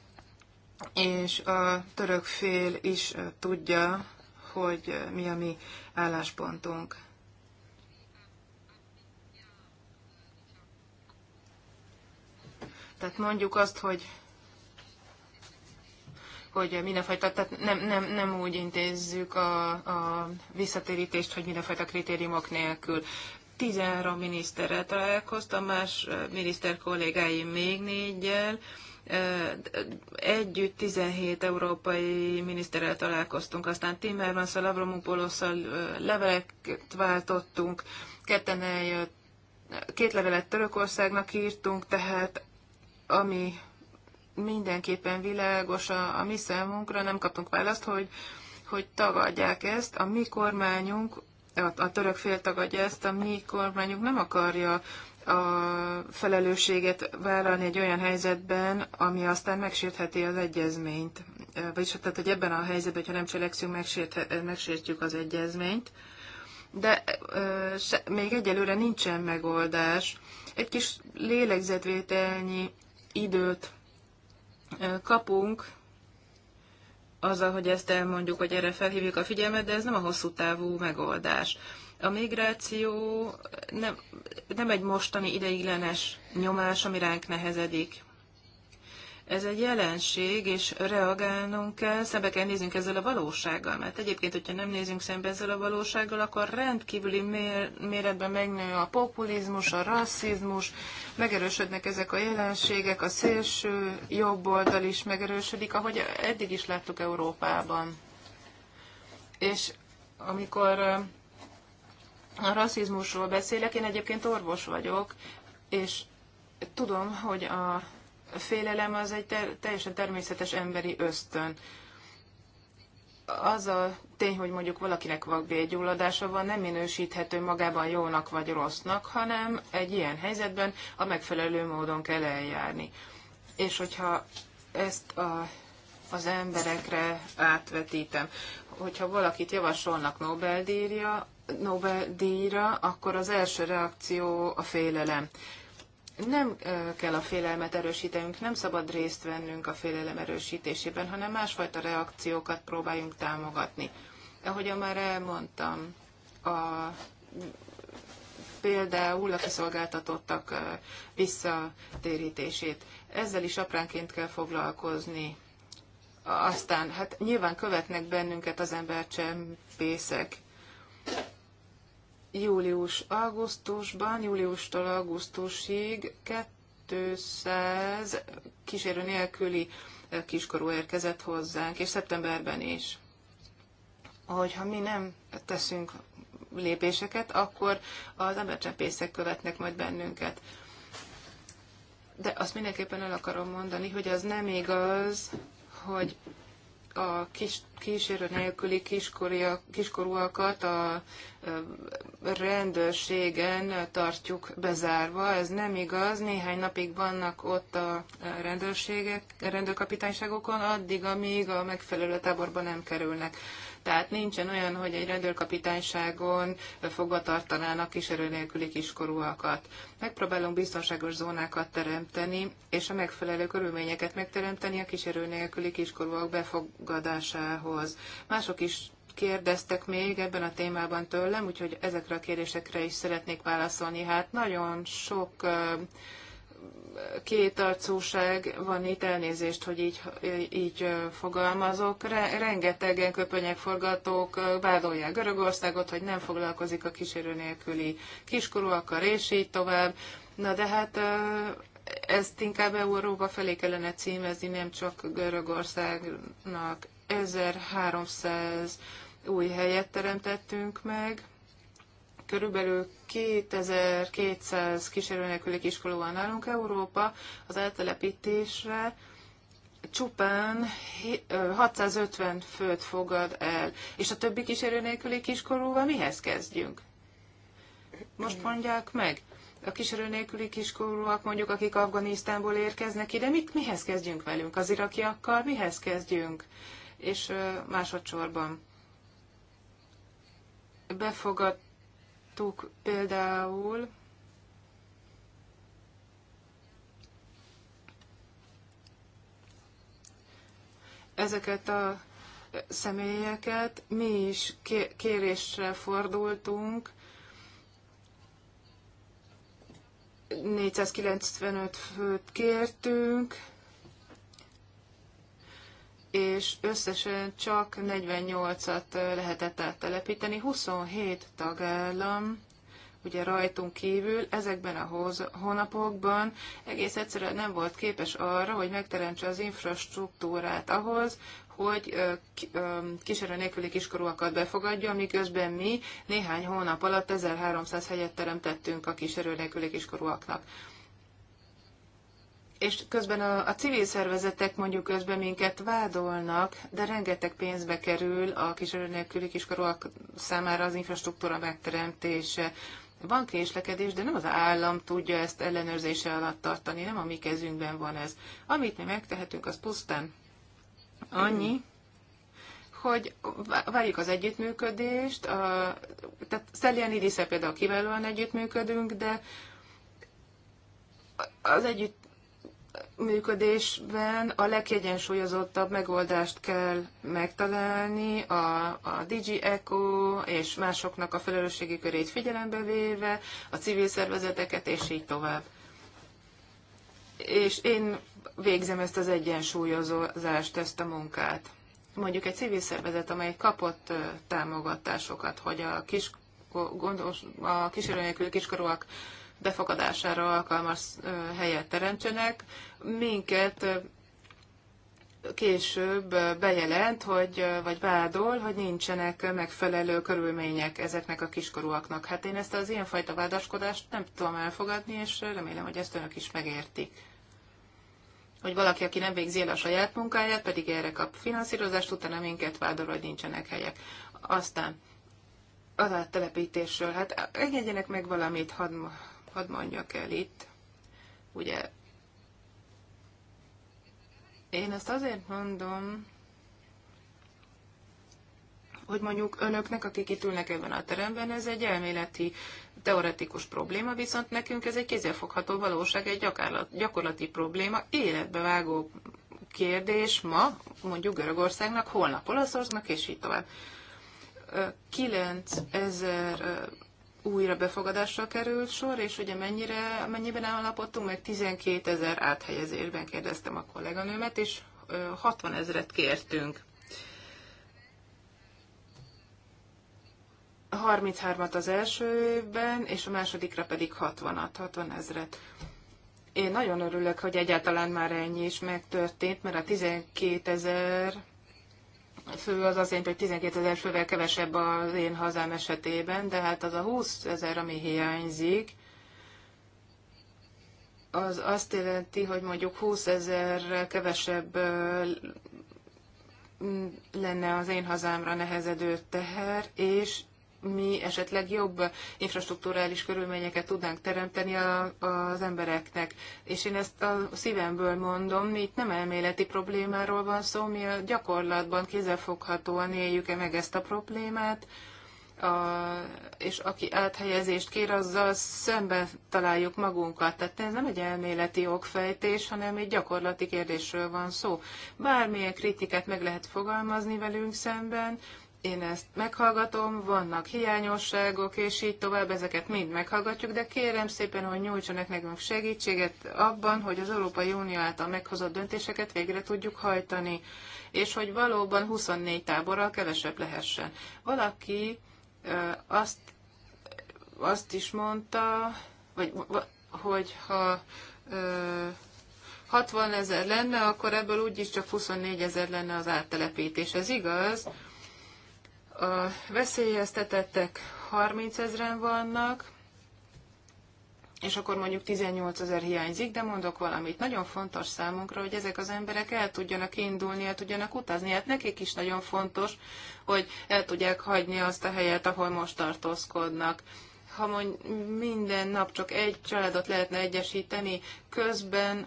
és a török fél is tudja, hogy mi a mi álláspontunk. Tehát mondjuk azt, hogy hogy mindenfajta, tehát nem, nem, nem úgy intézzük a, a visszatérítést, hogy mindenfajta kritériumok nélkül. 13 miniszterrel találkoztam, más miniszter kollégáim még négyel, Együtt 17 európai miniszterrel találkoztunk, aztán Timmermans, lavromopoulos szal leveleket váltottunk, ketten eljött, két levelet Törökországnak írtunk, tehát ami mindenképpen világos a, a mi számunkra, nem kaptunk választ, hogy, hogy tagadják ezt. A mi kormányunk, a, a török fél tagadja ezt, a mi kormányunk nem akarja a felelősséget vállalni egy olyan helyzetben, ami aztán megsértheti az egyezményt. Vagyis tehát, hogy ebben a helyzetben, ha nem cselekszünk, megsértjük az egyezményt. De se, még egyelőre nincsen megoldás. Egy kis lélegzetvételnyi időt kapunk azzal, hogy ezt elmondjuk, hogy erre felhívjuk a figyelmet, de ez nem a hosszú távú megoldás. A migráció nem, nem egy mostani ideiglenes nyomás, ami ránk nehezedik ez egy jelenség, és reagálnunk kell, szembe kell néznünk ezzel a valósággal, mert egyébként, hogyha nem nézünk szembe ezzel a valósággal, akkor rendkívüli méretben megnő a populizmus, a rasszizmus, megerősödnek ezek a jelenségek, a szélső jobb oldal is megerősödik, ahogy eddig is láttuk Európában. És amikor a rasszizmusról beszélek, én egyébként orvos vagyok, és tudom, hogy a félelem az egy ter- teljesen természetes emberi ösztön. Az a tény, hogy mondjuk valakinek vakbélgyulladása van, nem minősíthető magában jónak vagy rossznak, hanem egy ilyen helyzetben a megfelelő módon kell eljárni. És hogyha ezt a, az emberekre átvetítem, hogyha valakit javasolnak Nobel-díjra, Nobel-díjra, akkor az első reakció a félelem nem kell a félelmet erősítenünk, nem szabad részt vennünk a félelem erősítésében, hanem másfajta reakciókat próbáljunk támogatni. Ahogyan már elmondtam, a, például a kiszolgáltatottak visszatérítését. Ezzel is apránként kell foglalkozni. Aztán, hát nyilván követnek bennünket az embercsempészek, július-augusztusban, júliustól augusztusig 200 kísérő nélküli kiskorú érkezett hozzánk, és szeptemberben is. Hogyha mi nem teszünk lépéseket, akkor az embercsempészek követnek majd bennünket. De azt mindenképpen el akarom mondani, hogy az nem igaz, hogy a kis, kísérő nélküli kiskorúakat a rendőrségen tartjuk bezárva. Ez nem igaz. Néhány napig vannak ott a rendőrségek, rendőrkapitányságokon, addig, amíg a megfelelő táborba nem kerülnek. Tehát nincsen olyan, hogy egy rendőrkapitányságon fogva tartanának is erőnélküli kiskorúakat. Megpróbálunk biztonságos zónákat teremteni, és a megfelelő körülményeket megteremteni a kísérő nélküli kiskorúak befogadásához. Mások is kérdeztek még ebben a témában tőlem, úgyhogy ezekre a kérdésekre is szeretnék válaszolni. Hát nagyon sok kétarcúság van itt, elnézést, hogy így, így fogalmazok. Rengetegen köpönyegforgatók vádolják Görögországot, hogy nem foglalkozik a kísérő nélküli kiskorúakkal, és így tovább. Na de hát ezt inkább Európa felé kellene címezni, nem csak Görögországnak. 1300 új helyet teremtettünk meg, körülbelül 2200 kísérő nélküli kiskoló van nálunk Európa, az eltelepítésre csupán 650 főt fogad el, és a többi kísérő nélküli kiskorúval mihez kezdjünk? Most mondják meg, a kísérő nélküli kiskorúak, mondjuk akik Afganisztánból érkeznek ide, mit, mihez kezdjünk velünk? Az irakiakkal mihez kezdjünk? És másodszorban befogad láttuk például, ezeket a személyeket, mi is kérésre fordultunk, 495 főt kértünk, és összesen csak 48-at lehetett áttelepíteni, 27 tagállam, ugye rajtunk kívül, ezekben a hónapokban egész egyszerűen nem volt képes arra, hogy megteremtse az infrastruktúrát ahhoz, hogy kísérő nélküli kiskorúakat befogadja, miközben mi néhány hónap alatt 1300 helyet teremtettünk a kísérő nélküli kiskorúaknak és közben a, a civil szervezetek mondjuk közben minket vádolnak, de rengeteg pénzbe kerül a kisörönélküli kiskorúak számára az infrastruktúra megteremtése. Van késlekedés, de nem az állam tudja ezt ellenőrzése alatt tartani, nem a mi kezünkben van ez. Amit mi megtehetünk, az pusztán annyi, hogy várjuk az együttműködést, a, tehát Szelian Idisze például kiválóan együttműködünk, de az együtt működésben a legkiegyensúlyozottabb megoldást kell megtalálni, a, a Digi Eco és másoknak a felelősségi körét figyelembe véve, a civil szervezeteket és így tovább. És én végzem ezt az egyensúlyozást, ezt a munkát. Mondjuk egy civil szervezet, amely kapott támogatásokat, hogy a kis gondos, a kísérő nélkül kiskorúak befogadására alkalmas helyet teremtsenek. Minket később bejelent, hogy, vagy vádol, hogy nincsenek megfelelő körülmények ezeknek a kiskorúaknak. Hát én ezt az ilyenfajta vádaskodást nem tudom elfogadni, és remélem, hogy ezt önök is megértik. Hogy valaki, aki nem végzi el a saját munkáját, pedig erre kap finanszírozást, utána minket vádol, hogy nincsenek helyek. Aztán az áttelepítésről, hát engedjenek meg valamit, hadd hadd mondjak el itt, ugye én ezt azért mondom, hogy mondjuk önöknek, akik itt ülnek ebben a teremben, ez egy elméleti, teoretikus probléma, viszont nekünk ez egy kézzelfogható valóság, egy gyakorlati probléma, életbe vágó kérdés ma, mondjuk Görögországnak, holnap Olaszországnak, és így tovább. 9000 újra befogadásra kerül sor, és ugye mennyire, mennyiben állapodtunk, meg 12 ezer áthelyezésben kérdeztem a kolléganőmet, és 60 ezeret kértünk. 33-at az első évben, és a másodikra pedig 60-at, 60 ezeret. Én nagyon örülök, hogy egyáltalán már ennyi is megtörtént, mert a 12 ezer fő az jelenti, hogy 12 ezer fővel kevesebb az én hazám esetében, de hát az a 20 ezer, ami hiányzik, az azt jelenti, hogy mondjuk 20 ezer kevesebb lenne az én hazámra nehezedő teher, és mi esetleg jobb infrastruktúrális körülményeket tudnánk teremteni a, az embereknek. És én ezt a szívemből mondom, mi itt nem elméleti problémáról van szó, mi a gyakorlatban kézzelfoghatóan éljük-e meg ezt a problémát, a, és aki áthelyezést kér, azzal szemben találjuk magunkat. Tehát ez nem egy elméleti okfejtés, hanem egy gyakorlati kérdésről van szó. Bármilyen kritikát meg lehet fogalmazni velünk szemben, én ezt meghallgatom, vannak hiányosságok, és így tovább, ezeket mind meghallgatjuk, de kérem szépen, hogy nyújtsanak nekünk segítséget abban, hogy az Európai Unió által meghozott döntéseket végre tudjuk hajtani, és hogy valóban 24 táborral kevesebb lehessen. Valaki azt, azt is mondta, vagy, hogy ha 60 ezer lenne, akkor ebből úgyis csak 24 ezer lenne az áttelepítés. Ez igaz, a veszélyeztetettek 30 ezeren vannak, és akkor mondjuk 18 ezer hiányzik, de mondok valamit. Nagyon fontos számunkra, hogy ezek az emberek el tudjanak indulni, el tudjanak utazni. Hát nekik is nagyon fontos, hogy el tudják hagyni azt a helyet, ahol most tartózkodnak. Ha mondj, minden nap csak egy családot lehetne egyesíteni, közben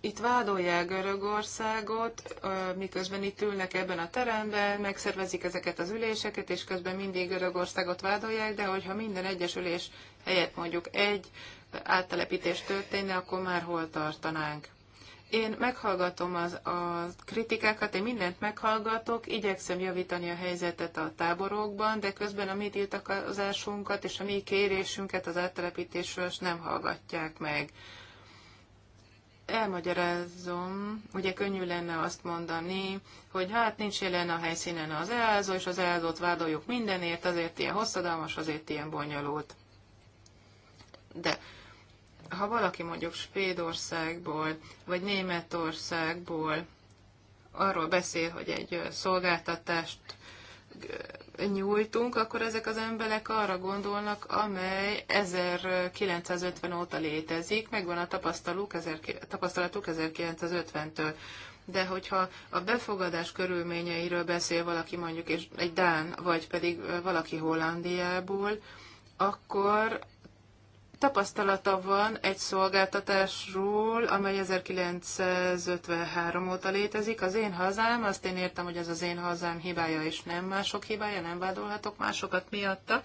itt vádolják Görögországot, miközben itt ülnek ebben a teremben, megszervezik ezeket az üléseket, és közben mindig Görögországot vádolják, de hogyha minden egyes ülés helyett mondjuk egy áttelepítés történne, akkor már hol tartanánk? Én meghallgatom az, a kritikákat, én mindent meghallgatok, igyekszem javítani a helyzetet a táborokban, de közben a mi tiltakozásunkat és a mi kérésünket az áttelepítésről nem hallgatják meg elmagyarázom, ugye könnyű lenne azt mondani, hogy hát nincs jelen a helyszínen az ELZO, és az elzo vádoljuk mindenért, azért ilyen hosszadalmas, azért ilyen bonyolult. De ha valaki mondjuk Svédországból, vagy Németországból arról beszél, hogy egy szolgáltatást nyújtunk, akkor ezek az emberek arra gondolnak, amely 1950 óta létezik, megvan a tapasztalatuk 1950-től. De hogyha a befogadás körülményeiről beszél valaki mondjuk és egy Dán, vagy pedig valaki Hollandiából, akkor tapasztalata van egy szolgáltatásról, amely 1953 óta létezik. Az én hazám, azt én értem, hogy ez az én hazám hibája, és nem mások hibája, nem vádolhatok másokat miatta,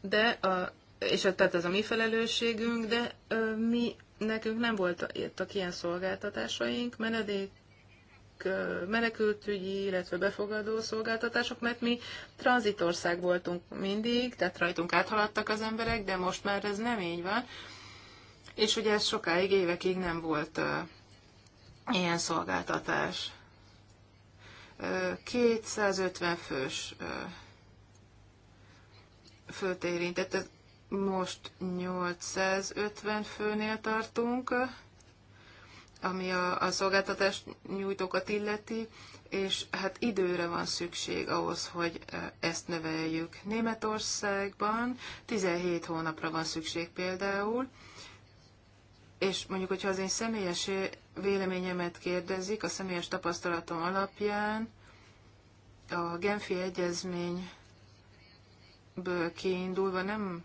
de a, és tehát ez a mi felelősségünk, de ö, mi nekünk nem voltak ilyen szolgáltatásaink, menedék menekültügyi, illetve befogadó szolgáltatások, mert mi tranzitország voltunk mindig, tehát rajtunk áthaladtak az emberek, de most már ez nem így van. És ugye ez sokáig, évekig nem volt ilyen szolgáltatás. 250 fős főt érintett, most 850 főnél tartunk ami a, a szolgáltatás nyújtókat illeti, és hát időre van szükség ahhoz, hogy e, ezt növeljük. Németországban 17 hónapra van szükség például, és mondjuk, hogyha az én személyes véleményemet kérdezik, a személyes tapasztalatom alapján a Genfi Egyezményből kiindulva nem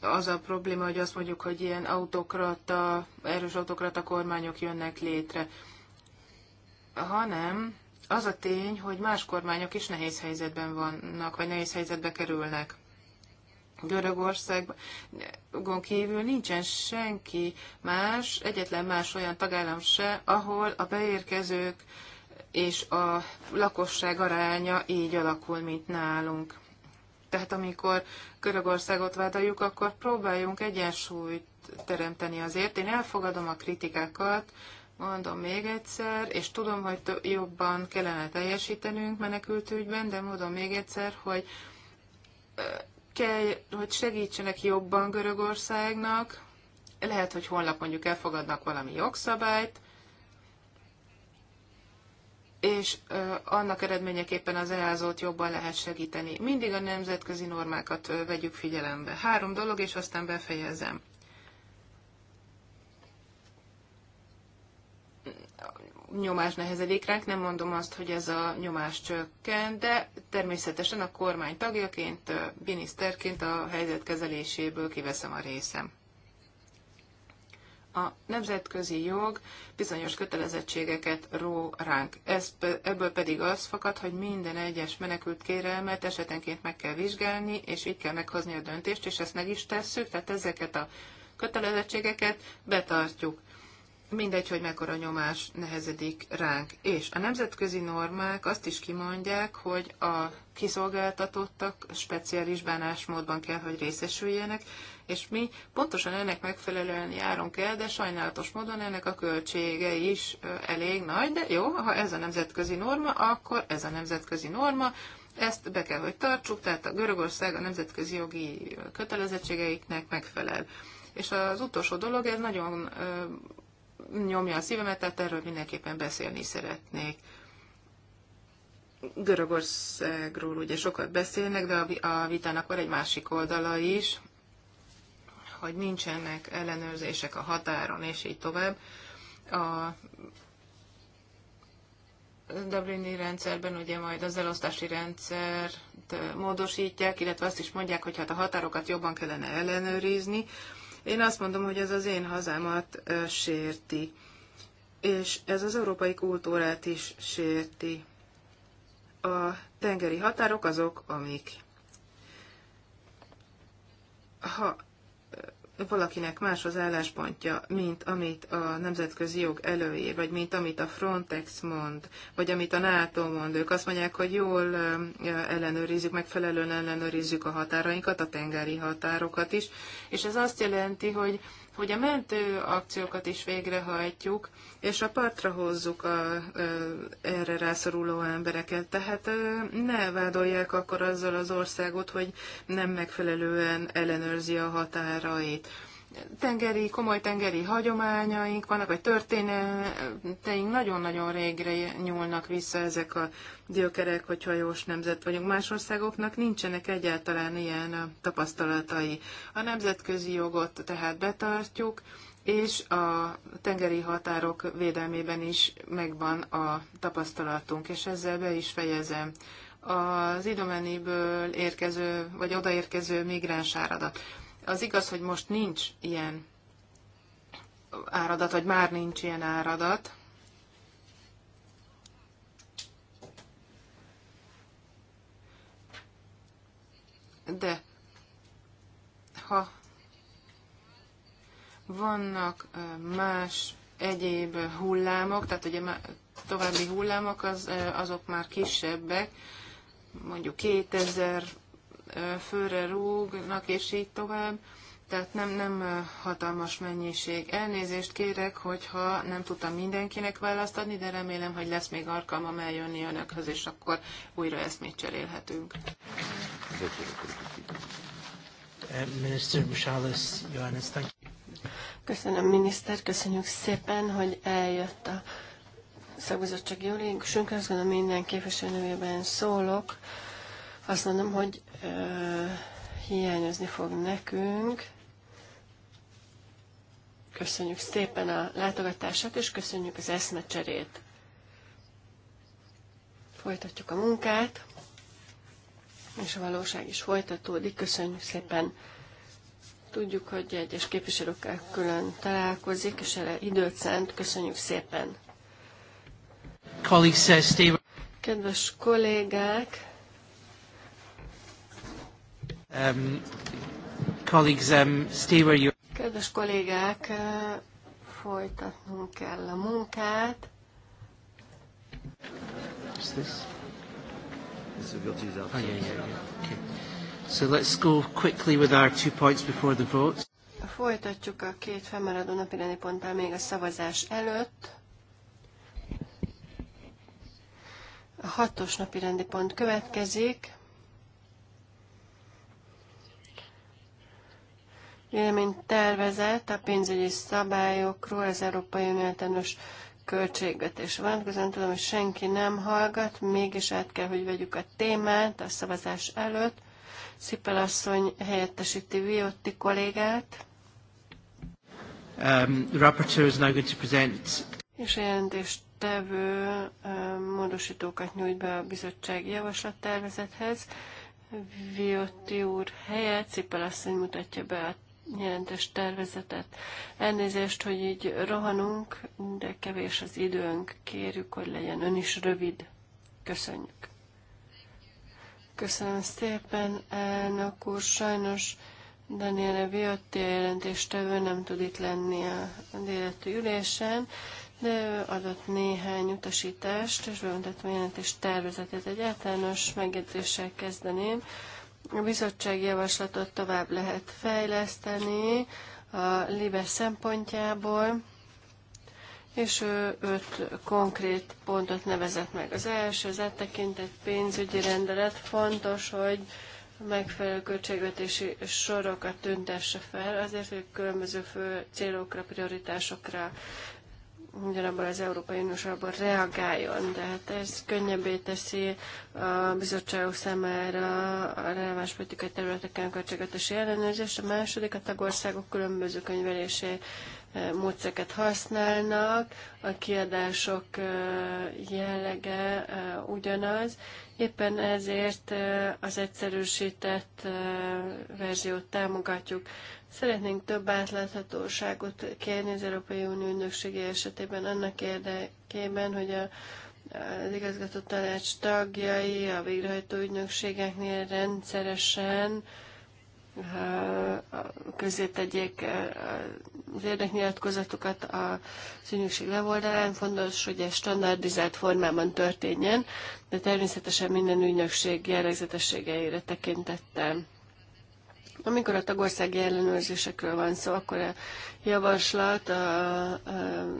az a probléma, hogy azt mondjuk, hogy ilyen autokrata, erős autokrata kormányok jönnek létre, hanem az a tény, hogy más kormányok is nehéz helyzetben vannak, vagy nehéz helyzetbe kerülnek. Görögországon kívül nincsen senki más, egyetlen más olyan tagállam se, ahol a beérkezők és a lakosság aránya így alakul, mint nálunk. Tehát amikor Görögországot vádoljuk, akkor próbáljunk egyensúlyt teremteni azért. Én elfogadom a kritikákat, mondom még egyszer, és tudom, hogy jobban kellene teljesítenünk menekültügyben, de mondom még egyszer, hogy kell, hogy segítsenek jobban Görögországnak. Lehet, hogy holnap mondjuk elfogadnak valami jogszabályt, és annak eredményeképpen az easo jobban lehet segíteni. Mindig a nemzetközi normákat vegyük figyelembe. Három dolog, és aztán befejezem. nyomás nehezedik ránk, nem mondom azt, hogy ez a nyomás csökken, de természetesen a kormány tagjaként, miniszterként a helyzet kezeléséből kiveszem a részem a nemzetközi jog bizonyos kötelezettségeket ró ránk. Ez, ebből pedig az fakad, hogy minden egyes menekült kérelmet esetenként meg kell vizsgálni, és így kell meghozni a döntést, és ezt meg is tesszük, tehát ezeket a kötelezettségeket betartjuk mindegy, hogy mekkora nyomás nehezedik ránk. És a nemzetközi normák azt is kimondják, hogy a kiszolgáltatottak speciális bánásmódban kell, hogy részesüljenek, és mi pontosan ennek megfelelően járunk el, de sajnálatos módon ennek a költsége is elég nagy, de jó, ha ez a nemzetközi norma, akkor ez a nemzetközi norma, ezt be kell, hogy tartsuk, tehát a Görögország a nemzetközi jogi kötelezettségeiknek megfelel. És az utolsó dolog, ez nagyon nyomja a szívemet, tehát erről mindenképpen beszélni szeretnék. Görögországról ugye sokat beszélnek, de a vitának van egy másik oldala is, hogy nincsenek ellenőrzések a határon, és így tovább. A Dublini rendszerben ugye majd az elosztási rendszert módosítják, illetve azt is mondják, hogy hát a határokat jobban kellene ellenőrizni, én azt mondom, hogy ez az én hazámat sérti, és ez az európai kultúrát is sérti. A tengeri határok azok, amik ha valakinek más az álláspontja, mint amit a nemzetközi jog előír, vagy mint amit a Frontex mond, vagy amit a NATO mond, ők azt mondják, hogy jól um, ellenőrizzük, megfelelően ellenőrizzük a határainkat, a tengeri határokat is, és ez azt jelenti, hogy hogy a mentő akciókat is végrehajtjuk, és a partra hozzuk a, a erre rászoruló embereket. Tehát ne vádolják akkor azzal az országot, hogy nem megfelelően ellenőrzi a határait tengeri, komoly tengeri hagyományaink vannak, vagy történeteink nagyon-nagyon régre nyúlnak vissza ezek a gyökerek, hogy hajós nemzet vagyunk. Más országoknak nincsenek egyáltalán ilyen tapasztalatai. A nemzetközi jogot tehát betartjuk, és a tengeri határok védelmében is megvan a tapasztalatunk, és ezzel be is fejezem az idomeniből érkező, vagy odaérkező migráns áradat. Az igaz, hogy most nincs ilyen áradat, vagy már nincs ilyen áradat. De ha vannak más egyéb hullámok, tehát ugye további hullámok, az, azok már kisebbek, mondjuk 2000 főre rúgnak, és így tovább. Tehát nem, nem hatalmas mennyiség. Elnézést kérek, hogyha nem tudtam mindenkinek választ adni, de remélem, hogy lesz még alkalmam eljönni önökhöz, és akkor újra ezt még cserélhetünk. Minister Johannes, Köszönöm, miniszter, köszönjük szépen, hogy eljött a szakbizottsági ülénk. Azt gondolom, minden képviselőjében szólok azt mondom, hogy ö, hiányozni fog nekünk. Köszönjük szépen a látogatását, és köszönjük az eszmecserét. Folytatjuk a munkát, és a valóság is folytatódik. Köszönjük szépen! Tudjuk, hogy egyes képviselőkkel külön találkozik, és erre időt szent Köszönjük szépen! Kedves kollégák, Um, colleagues, um, stay where you... Kedves kollégák, uh, folytatnunk kell a munkát. What's this? This is oh, yeah, yeah, yeah. Okay. So let's go quickly with our two points before the vote. Folytatjuk a két fennmaradó napirendi ponttal még a szavazás előtt. A hatos napirendi pont következik. Vélemény tervezett a pénzügyi szabályokról az Európai Unió általános költségvetés vonatkozóan. Tudom, hogy senki nem hallgat, mégis át kell, hogy vegyük a témát a szavazás előtt. Szipel asszony helyettesíti Viotti kollégát. Um, the rapporteur is now going to present... És a jelentéstevő um, módosítókat nyújt be a bizottság javaslattervezethez. Viotti úr helyett Szipel asszony mutatja be a jelentős tervezetet. Elnézést, hogy így rohanunk, de kevés az időnk. Kérjük, hogy legyen ön is rövid. Köszönjük. Köszönöm szépen, elnök úr. Sajnos Daniele Viotti a jelentéstevő nem tud itt lenni a délető ülésen, de ő adott néhány utasítást, és bemutatom a jelentés tervezetet. Egy általános megjegyzéssel kezdeném. A bizottság javaslatot tovább lehet fejleszteni a LIBE szempontjából, és ő öt konkrét pontot nevezett meg. Az első, az áttekintett pénzügyi rendelet fontos, hogy megfelelő költségvetési sorokat tüntesse fel, azért, hogy különböző fő célokra, prioritásokra ugyanabban az Európai Uniós reagáljon, de hát ez könnyebbé teszi a bizottságok számára a releváns politikai területeken kapcsolatos ellenőrzés. A második, a tagországok különböző könyvelési e, módszereket használnak, a kiadások e, jellege e, ugyanaz. Éppen ezért az egyszerűsített verziót támogatjuk. Szeretnénk több átláthatóságot kérni az Európai Unió ügynöksége esetében annak érdekében, hogy a, az igazgató tanács tagjai a végrehajtó ügynökségeknél rendszeresen közé tegyék az érdeknyilatkozatokat a ügynökség leoldalán. Fontos, hogy ez standardizált formában történjen, de természetesen minden ügynökség jellegzetességeire tekintettem. Amikor a tagországi ellenőrzésekről van szó, akkor a javaslat a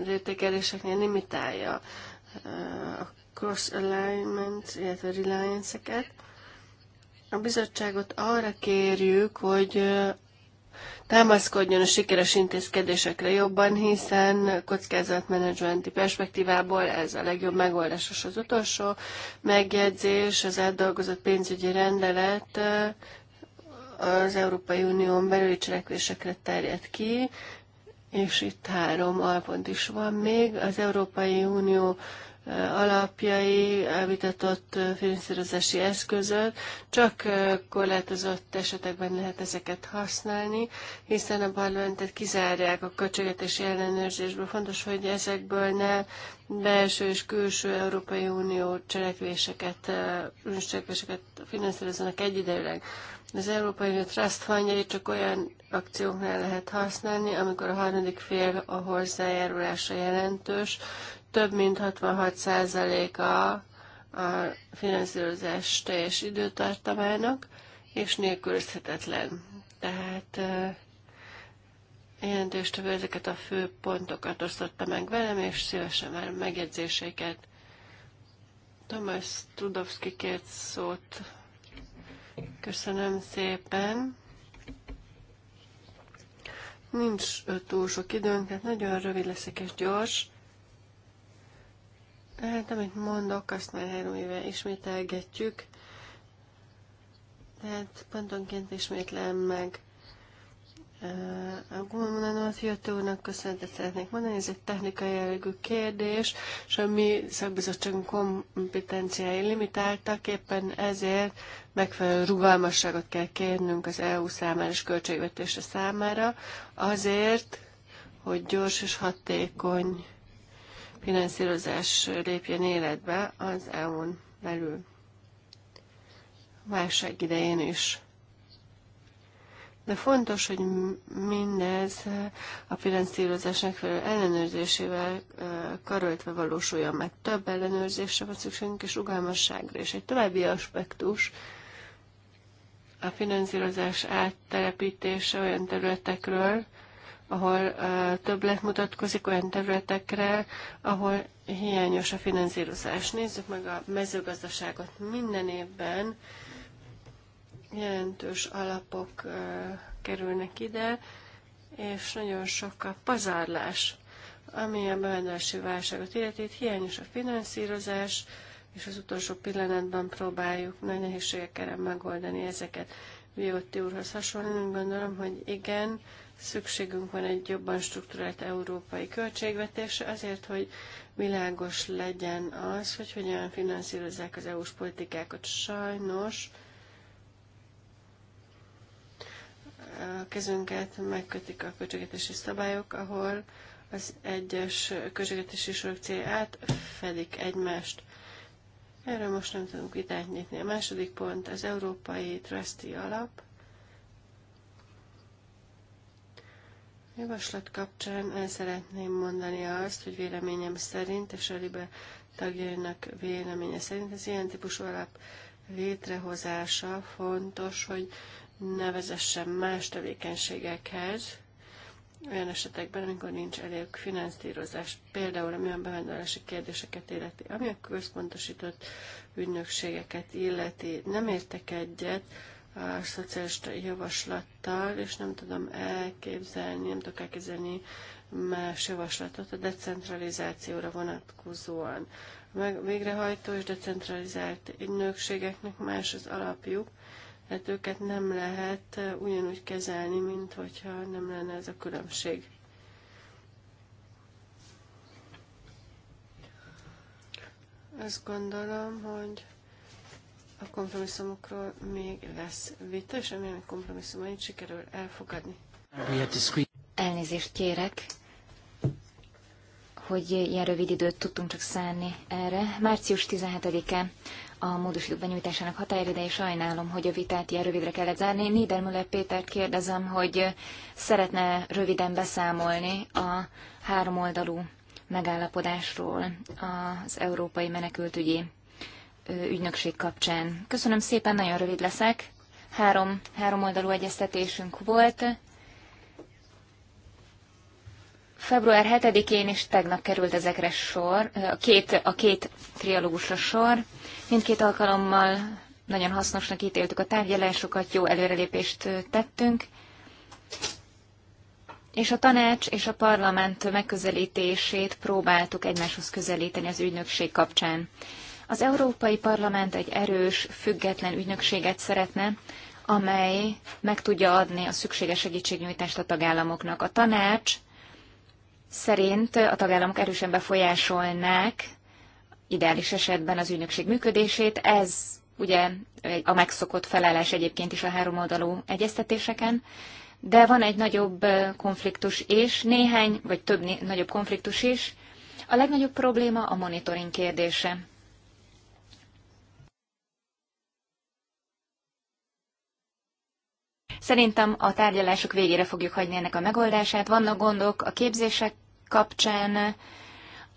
értékeléseknél limitálja a cross-alignment, illetve reliance-eket. A bizottságot arra kérjük, hogy támaszkodjon a sikeres intézkedésekre jobban, hiszen kockázatmenedzsmenti perspektívából ez a legjobb megoldás. És az utolsó megjegyzés, az átdolgozott pénzügyi rendelet az Európai Unión belüli cselekvésekre terjed ki, és itt három alpont is van még. Az Európai Unió alapjai, elvitatott finanszírozási eszközök, csak korlátozott esetekben lehet ezeket használni, hiszen a parlamentet kizárják a költségvetési ellenőrzésből. Fontos, hogy ezekből ne belső és külső Európai Unió cselekvéseket, cselekvéseket finanszírozzanak egyidejűleg. Az Európai Unió Trust fundjai csak olyan akcióknál lehet használni, amikor a harmadik fél a hozzájárulása jelentős, több mint 66%-a a finanszírozás teljes időtartamának, és nélkülözhetetlen. Tehát jelentéstevő ezeket a fő pontokat osztotta meg velem, és szívesen már megjegyzéseket. Tomasz Trudovski kért szót Köszönöm szépen. Nincs túl sok időnk, tehát nagyon rövid leszek és gyors. Hát, amit mondok, azt már három éve ismételgetjük. Tehát pontonként ismétlem meg. Aguma Munanoat Jotó úrnak köszönetet szeretnék mondani, ez egy technikai jellegű kérdés, és a mi szakbizottságunk kompetenciái limitáltak, éppen ezért megfelelő rugalmasságot kell kérnünk az EU számára és költségvetése számára, azért, hogy gyors és hatékony finanszírozás lépjen életbe az EU-n belül. Válság idején is de fontos, hogy mindez a finanszírozásnak ellenőrzésével karöltve valósuljon meg. Több ellenőrzésre van szükségünk, és rugalmasságra. És egy további aspektus, a finanszírozás áttelepítése olyan területekről, ahol uh, többlet mutatkozik olyan területekre, ahol hiányos a finanszírozás. Nézzük meg a mezőgazdaságot. Minden évben jelentős alapok kerülnek ide, és nagyon sok a pazarlás, ami a bevándorlási válságot illeti, hiányos a finanszírozás, és az utolsó pillanatban próbáljuk nagy nehézségekkel megoldani ezeket. Viotti úrhoz hasonlóan gondolom, hogy igen, szükségünk van egy jobban struktúrált európai költségvetésre, azért, hogy világos legyen az, hogy hogyan finanszírozzák az EU-s politikákat. Sajnos kezünket megkötik a költségetési szabályok, ahol az egyes költségetési sorok célját fedik egymást. Erről most nem tudunk vitát nyitni. A második pont az Európai Trusty Alap. javaslat kapcsán el szeretném mondani azt, hogy véleményem szerint, és a Libe tagjainak véleménye szerint az ilyen típusú alap létrehozása fontos, hogy ne vezessen más tevékenységekhez, olyan esetekben, amikor nincs elég finanszírozás, például ami a bevándorlási kérdéseket illeti, ami a központosított ügynökségeket illeti. Nem értek egyet a szocialista javaslattal, és nem tudom elképzelni, nem tudok elképzelni más javaslatot a decentralizációra vonatkozóan. A végrehajtó és decentralizált ügynökségeknek más az alapjuk, mert hát őket nem lehet eh, ugyanúgy kezelni, mint hogyha nem lenne ez a különbség. Azt gondolom, hogy a kompromisszumokról még lesz vita, és remélem, hogy kompromisszumait sikerül elfogadni. Elnézést kérek, hogy ilyen rövid időt tudtunk csak szánni erre. Március 17-e a módosítók benyújtásának határideje, sajnálom, hogy a vitát ilyen rövidre kellett zárni. Niedermüller Pétert kérdezem, hogy szeretne röviden beszámolni a háromoldalú megállapodásról az Európai Menekültügyi Ügynökség kapcsán. Köszönöm szépen, nagyon rövid leszek. Három, három oldalú egyeztetésünk volt, Február 7-én és tegnap került ezekre sor, a két, a két trialógusra sor. Mindkét alkalommal nagyon hasznosnak ítéltük a tárgyalásokat, jó előrelépést tettünk, és a tanács és a parlament megközelítését próbáltuk egymáshoz közelíteni az ügynökség kapcsán. Az Európai Parlament egy erős, független ügynökséget szeretne, amely meg tudja adni a szükséges segítségnyújtást a tagállamoknak. A tanács szerint a tagállamok erősen befolyásolnák ideális esetben az ügynökség működését. Ez ugye a megszokott felállás egyébként is a háromoldalú egyeztetéseken, de van egy nagyobb konfliktus is, néhány vagy több né- nagyobb konfliktus is. A legnagyobb probléma a monitoring kérdése. Szerintem a tárgyalások végére fogjuk hagyni ennek a megoldását. Vannak gondok a képzések kapcsán,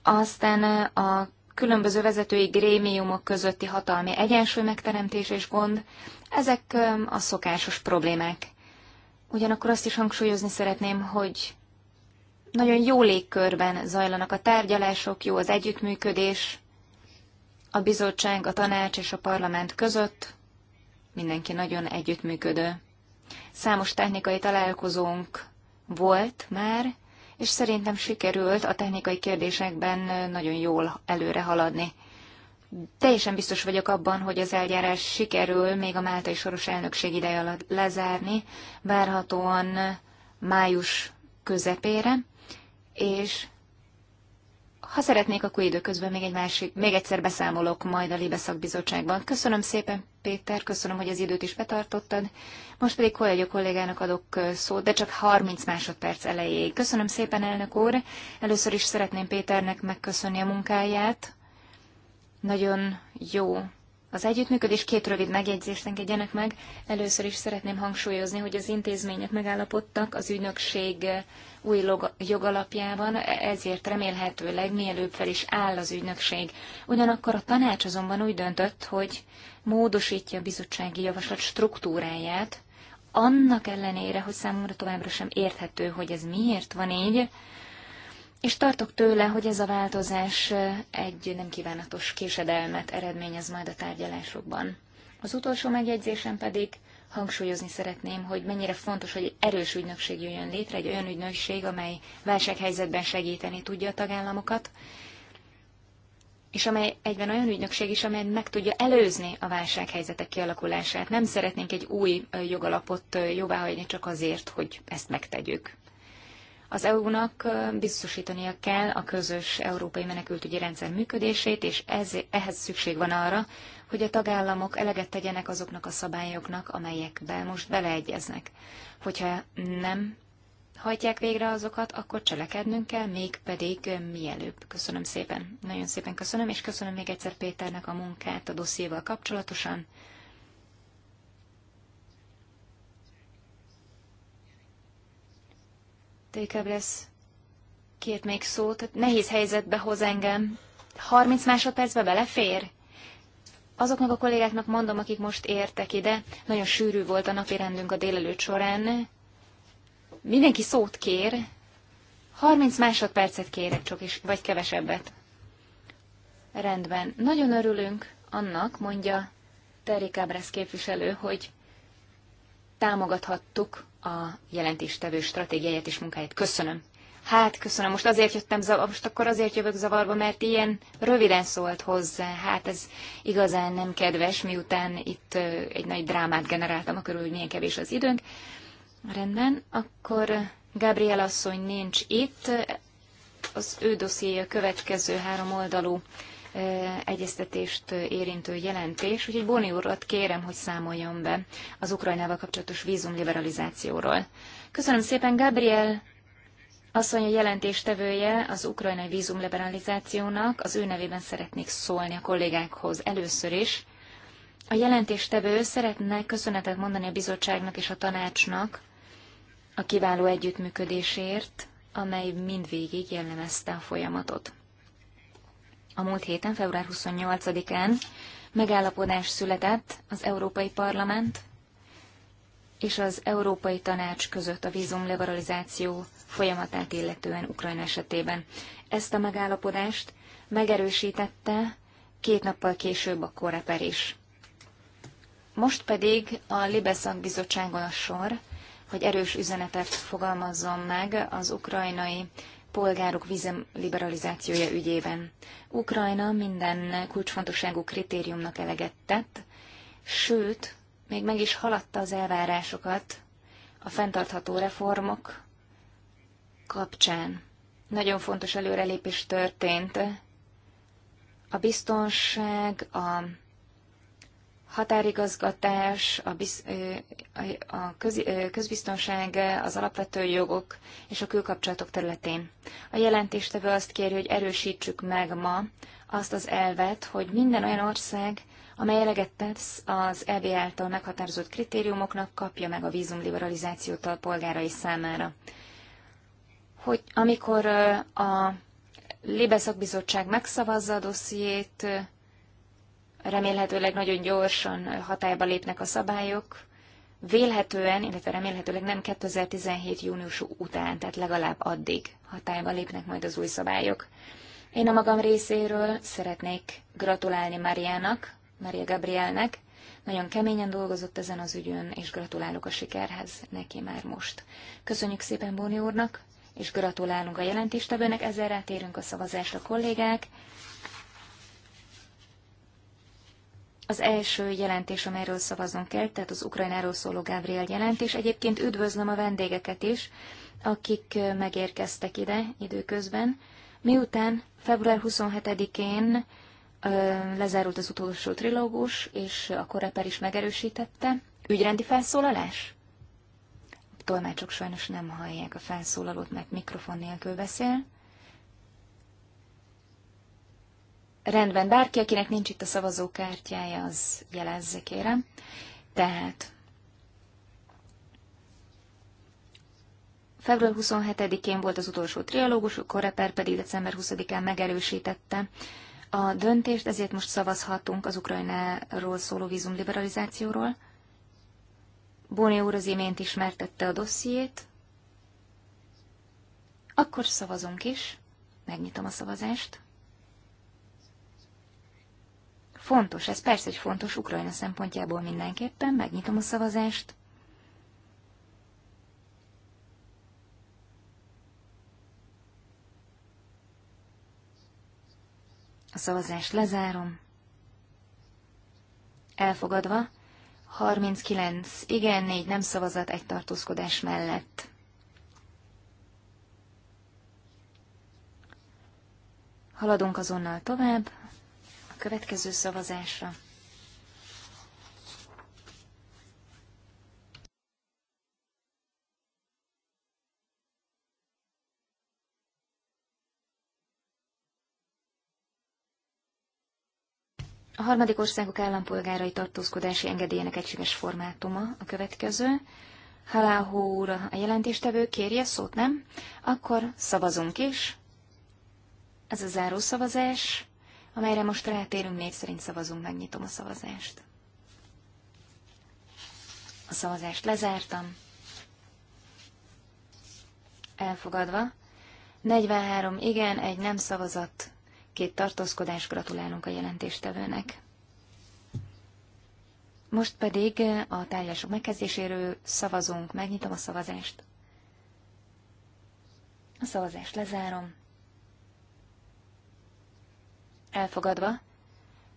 aztán a különböző vezetői grémiumok közötti hatalmi egyensúly megteremtése és gond. Ezek a szokásos problémák. Ugyanakkor azt is hangsúlyozni szeretném, hogy nagyon jó légkörben zajlanak a tárgyalások, jó az együttműködés a bizottság, a tanács és a parlament között. Mindenki nagyon együttműködő. Számos technikai találkozónk volt már, és szerintem sikerült a technikai kérdésekben nagyon jól előre haladni. Teljesen biztos vagyok abban, hogy az eljárás sikerül még a Máltai Soros elnökség ideje alatt lezárni, várhatóan május közepére, és ha szeretnék, akkor időközben még, egy másik, még egyszer beszámolok majd a Libe szakbizottságban. Köszönöm szépen, Péter, köszönöm, hogy az időt is betartottad. Most pedig a kollégának adok szót, de csak 30 másodperc elejéig. Köszönöm szépen, elnök úr. Először is szeretném Péternek megköszönni a munkáját. Nagyon jó az együttműködés. Két rövid megjegyzést engedjenek meg. Először is szeretném hangsúlyozni, hogy az intézmények megállapodtak az ügynökség eh, új jogalapjában, ezért remélhetőleg mielőbb fel is áll az ügynökség. Ugyanakkor a tanács azonban úgy döntött, hogy módosítja a bizottsági javaslat struktúráját, annak ellenére, hogy számomra továbbra sem érthető, hogy ez miért van így, és tartok tőle, hogy ez a változás egy nem kívánatos késedelmet eredményez majd a tárgyalásokban. Az utolsó megjegyzésem pedig hangsúlyozni szeretném, hogy mennyire fontos, hogy egy erős ügynökség jöjjön létre, egy olyan ügynökség, amely válsághelyzetben segíteni tudja a tagállamokat, és amely egyben olyan ügynökség is, amely meg tudja előzni a válsághelyzetek kialakulását. Nem szeretnénk egy új jogalapot jóváhagyni csak azért, hogy ezt megtegyük. Az EU-nak biztosítania kell a közös európai menekültügyi rendszer működését, és ez, ehhez szükség van arra, hogy a tagállamok eleget tegyenek azoknak a szabályoknak, amelyekbe most beleegyeznek. Hogyha nem hajtják végre azokat, akkor cselekednünk kell, mégpedig mielőbb. Köszönöm szépen. Nagyon szépen köszönöm, és köszönöm még egyszer Péternek a munkát a dossziéval kapcsolatosan. Tékebb lesz. Kért még szót. Nehéz helyzetbe hoz engem. 30 másodpercbe belefér? Azoknak a kollégáknak mondom, akik most értek ide, nagyon sűrű volt a napi rendünk a délelőtt során. Mindenki szót kér. 30 másodpercet kérek csak, is, vagy kevesebbet. Rendben. Nagyon örülünk annak, mondja Terry Cabres képviselő, hogy támogathattuk a jelentéstevő stratégiáját és munkáját. Köszönöm. Hát, köszönöm, most azért jöttem zavarba, most akkor azért jövök zavarba, mert ilyen röviden szólt hozzá. Hát ez igazán nem kedves, miután itt egy nagy drámát generáltam, akkor hogy milyen kevés az időnk. Rendben, akkor Gabriel asszony nincs itt, az ő dossziéja következő három oldalú egyeztetést érintő jelentés, úgyhogy Boni urat kérem, hogy számoljon be az Ukrajnával kapcsolatos vízumliberalizációról. Köszönöm szépen, Gabriel asszony a jelentéstevője az ukrajnai vízumliberalizációnak, az ő nevében szeretnék szólni a kollégákhoz először is. A jelentéstevő szeretne köszönetet mondani a bizottságnak és a tanácsnak a kiváló együttműködésért, amely mindvégig jellemezte a folyamatot a múlt héten, február 28-án megállapodás született az Európai Parlament és az Európai Tanács között a vízum liberalizáció folyamatát illetően Ukrajna esetében. Ezt a megállapodást megerősítette két nappal később a Koreper is. Most pedig a Libeszak bizottságon a sor, hogy erős üzenetet fogalmazzon meg az ukrajnai polgárok vízem liberalizációja ügyében. Ukrajna minden kulcsfontosságú kritériumnak eleget tett, sőt, még meg is haladta az elvárásokat a fenntartható reformok kapcsán. Nagyon fontos előrelépés történt. A biztonság, a határigazgatás, a, biz, a köz, közbiztonság, az alapvető jogok és a külkapcsolatok területén. A jelentéstevő azt kéri, hogy erősítsük meg ma azt az elvet, hogy minden olyan ország, amely eleget tesz az EB által meghatározott kritériumoknak, kapja meg a vízumliberalizációt a polgárai számára. Hogy amikor a Lébe szakbizottság megszavazza a dossziét, remélhetőleg nagyon gyorsan hatályba lépnek a szabályok, vélhetően, illetve remélhetőleg nem 2017. június után, tehát legalább addig hatályba lépnek majd az új szabályok. Én a magam részéről szeretnék gratulálni Mariának, Maria Gabrielnek, nagyon keményen dolgozott ezen az ügyön, és gratulálok a sikerhez neki már most. Köszönjük szépen Bóni úrnak, és gratulálunk a jelentéstevőnek, ezzel rátérünk a szavazásra, kollégák. Az első jelentés, amelyről szavazunk kell, tehát az Ukrajnáról szóló Gabriel jelentés. Egyébként üdvözlöm a vendégeket is, akik megérkeztek ide időközben. Miután február 27-én lezárult az utolsó trilógus, és a koreper is megerősítette. Ügyrendi felszólalás? A tolmácsok sajnos nem hallják a felszólalót, mert mikrofon nélkül beszél. Rendben, bárki, akinek nincs itt a szavazókártyája, az jelezze, kérem. Tehát Február 27-én volt az utolsó trialógus, a Koreper pedig december 20-án megerősítette a döntést, ezért most szavazhatunk az Ukrajnáról szóló vízumliberalizációról. Bóni úr az imént ismertette a dossziét. Akkor szavazunk is. Megnyitom a szavazást. Fontos, ez persze, hogy fontos Ukrajna szempontjából mindenképpen. Megnyitom a szavazást. A szavazást lezárom. Elfogadva, 39 igen, 4 nem szavazat egy tartózkodás mellett. Haladunk azonnal tovább következő szavazásra. A harmadik országok állampolgárai tartózkodási engedélyének egységes formátuma a következő. Haláhó úr, a jelentéstevő kérje szót, nem? Akkor szavazunk is. Ez a szavazás amelyre most rátérünk, név szerint szavazunk, megnyitom a szavazást. A szavazást lezártam. Elfogadva. 43 igen, egy nem szavazat, két tartózkodás, gratulálunk a jelentéstevőnek. Most pedig a tárgyalások megkezdéséről szavazunk, megnyitom a szavazást. A szavazást lezárom. Elfogadva.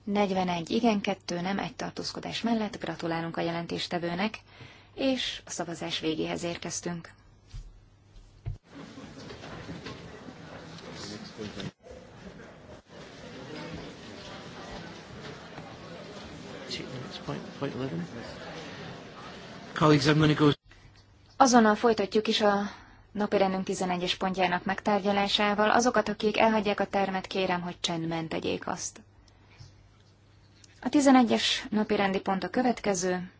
41 igen, 2 nem, egy tartózkodás mellett gratulálunk a jelentéstevőnek, és a szavazás végéhez érkeztünk. Azonnal folytatjuk is a napirendünk 11-es pontjának megtárgyalásával. Azokat, akik elhagyják a termet, kérem, hogy csendben tegyék azt. A 11-es napirendi pont a következő.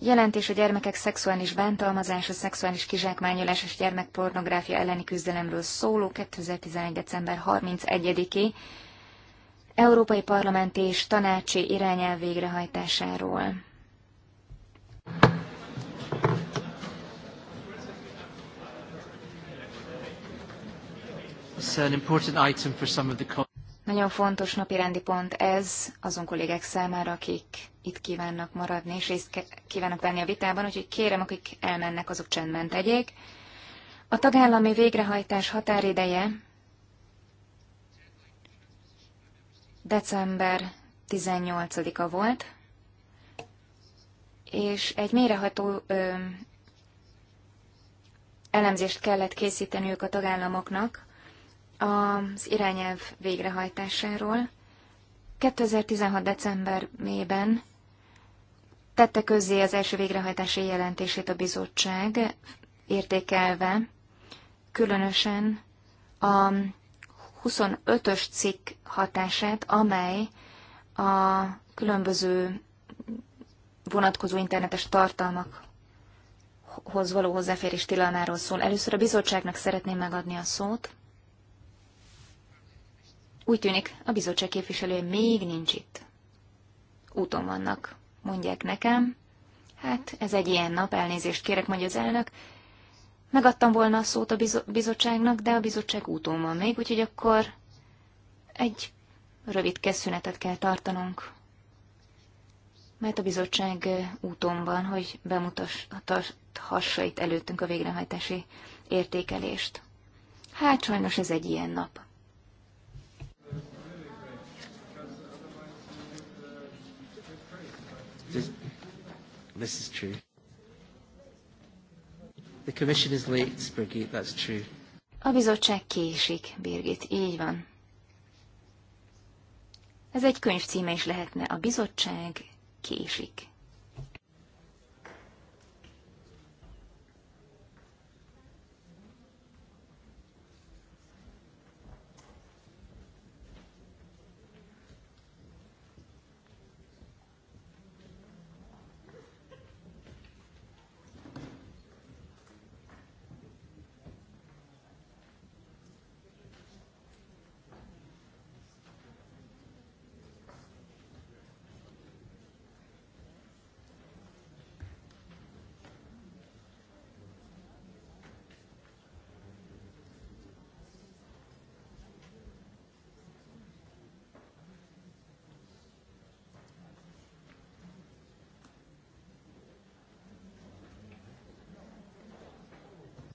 Jelentés a gyermekek szexuális bántalmazása, szexuális kizsákmányolás és gyermekpornográfia elleni küzdelemről szóló 2011. december 31-i Európai Parlamenti és Tanácsi irányelv végrehajtásáról. Nagyon fontos napirendi pont ez azon kollégek számára, akik itt kívánnak maradni, és részt kívánnak venni a vitában, úgyhogy kérem, akik elmennek, azok csendben tegyék. A tagállami végrehajtás határideje december 18-a volt, és egy mélyreható ö, elemzést kellett készíteniük a tagállamoknak az irányelv végrehajtásáról. 2016. decemberében tette közzé az első végrehajtási jelentését a bizottság, értékelve különösen a 25-ös cikk hatását, amely a különböző vonatkozó internetes tartalmakhoz való hozzáférés tilalmáról szól. Először a bizottságnak szeretném megadni a szót, úgy tűnik, a bizottság képviselője még nincs itt. Úton vannak, mondják nekem. Hát, ez egy ilyen nap, elnézést kérek, mondja az elnök. Megadtam volna a szót a bizottságnak, de a bizottság úton van még, úgyhogy akkor egy rövid szünetet kell tartanunk. Mert a bizottság úton van, hogy bemutathassa itt előttünk a végrehajtási értékelést. Hát sajnos ez egy ilyen nap. This, this is true. The commission is late, Birgit, that's true. A bizottság késik, Birgit, így van. Ez egy könyv címe is lehetne, a bizottság késik.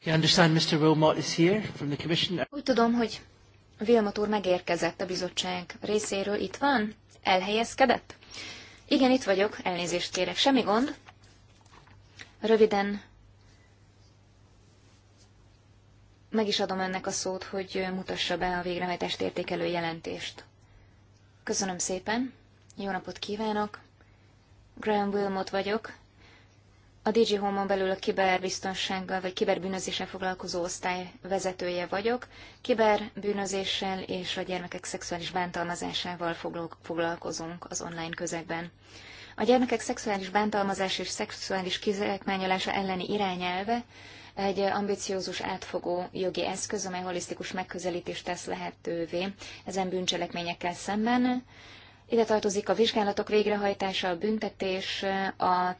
You understand Mr. Wilmot is here from the commission. Úgy tudom, hogy Wilmot úr megérkezett a bizottság részéről. Itt van? Elhelyezkedett? Igen, itt vagyok. Elnézést kérek. Semmi gond. Röviden meg is adom ennek a szót, hogy mutassa be a végrehajtást értékelő jelentést. Köszönöm szépen. Jó napot kívánok. Graham Wilmot vagyok a DG Home-on belül a kiberbiztonsággal vagy kiberbűnözéssel foglalkozó osztály vezetője vagyok. Kiberbűnözéssel és a gyermekek szexuális bántalmazásával foglalkozunk az online közegben. A gyermekek szexuális bántalmazás és szexuális kizsákmányolása elleni irányelve egy ambiciózus átfogó jogi eszköz, amely holisztikus megközelítést tesz lehetővé ezen bűncselekményekkel szemben. Ide tartozik a vizsgálatok végrehajtása, a büntetés, a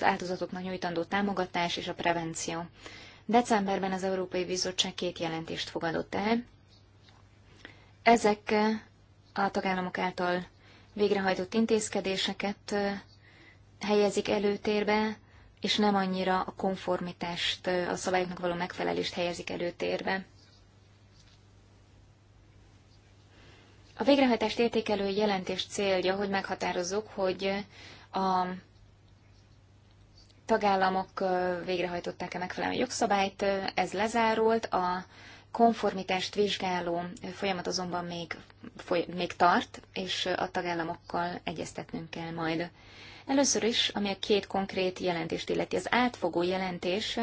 áldozatoknak nyújtandó támogatás és a prevenció. Decemberben az Európai Bizottság két jelentést fogadott el. Ezek a tagállamok által végrehajtott intézkedéseket helyezik előtérbe, és nem annyira a konformitást, a szabályoknak való megfelelést helyezik előtérbe. A végrehajtást értékelő jelentés célja, hogy meghatározzuk, hogy a tagállamok végrehajtották-e megfelelő jogszabályt, ez lezárult, a konformitást vizsgáló folyamat azonban még, foly, még tart, és a tagállamokkal egyeztetnünk kell majd. Először is, ami a két konkrét jelentést illeti, az átfogó jelentés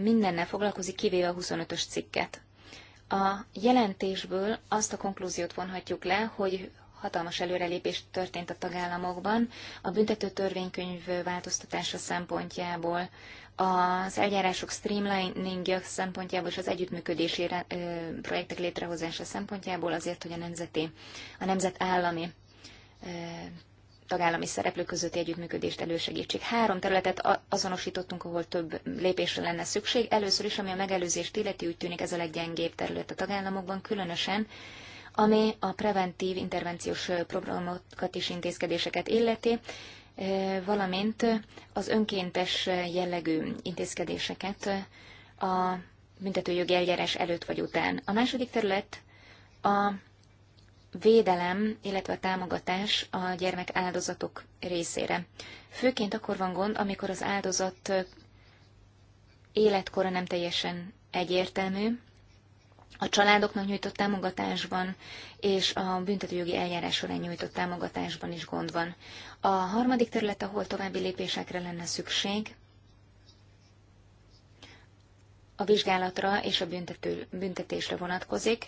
mindennel foglalkozik, kivéve a 25-ös cikket. A jelentésből azt a konklúziót vonhatjuk le, hogy hatalmas előrelépés történt a tagállamokban. A büntető törvénykönyv változtatása szempontjából, az eljárások streamlining szempontjából és az együttműködési projektek létrehozása szempontjából azért, hogy a nemzeti, a nemzetállami tagállami szereplők közötti együttműködést elősegítsék. Három területet azonosítottunk, ahol több lépésre lenne szükség. Először is, ami a megelőzést illeti, úgy tűnik ez a leggyengébb terület a tagállamokban, különösen ami a preventív intervenciós programokat és intézkedéseket illeti, valamint az önkéntes jellegű intézkedéseket a büntetőjogi eljárás előtt vagy után. A második terület a védelem, illetve a támogatás a gyermek áldozatok részére. Főként akkor van gond, amikor az áldozat életkora nem teljesen egyértelmű, a családoknak nyújtott támogatásban és a büntetőjogi eljárás során nyújtott támogatásban is gond van. A harmadik terület, ahol további lépésekre lenne szükség, a vizsgálatra és a büntető, büntetésre vonatkozik,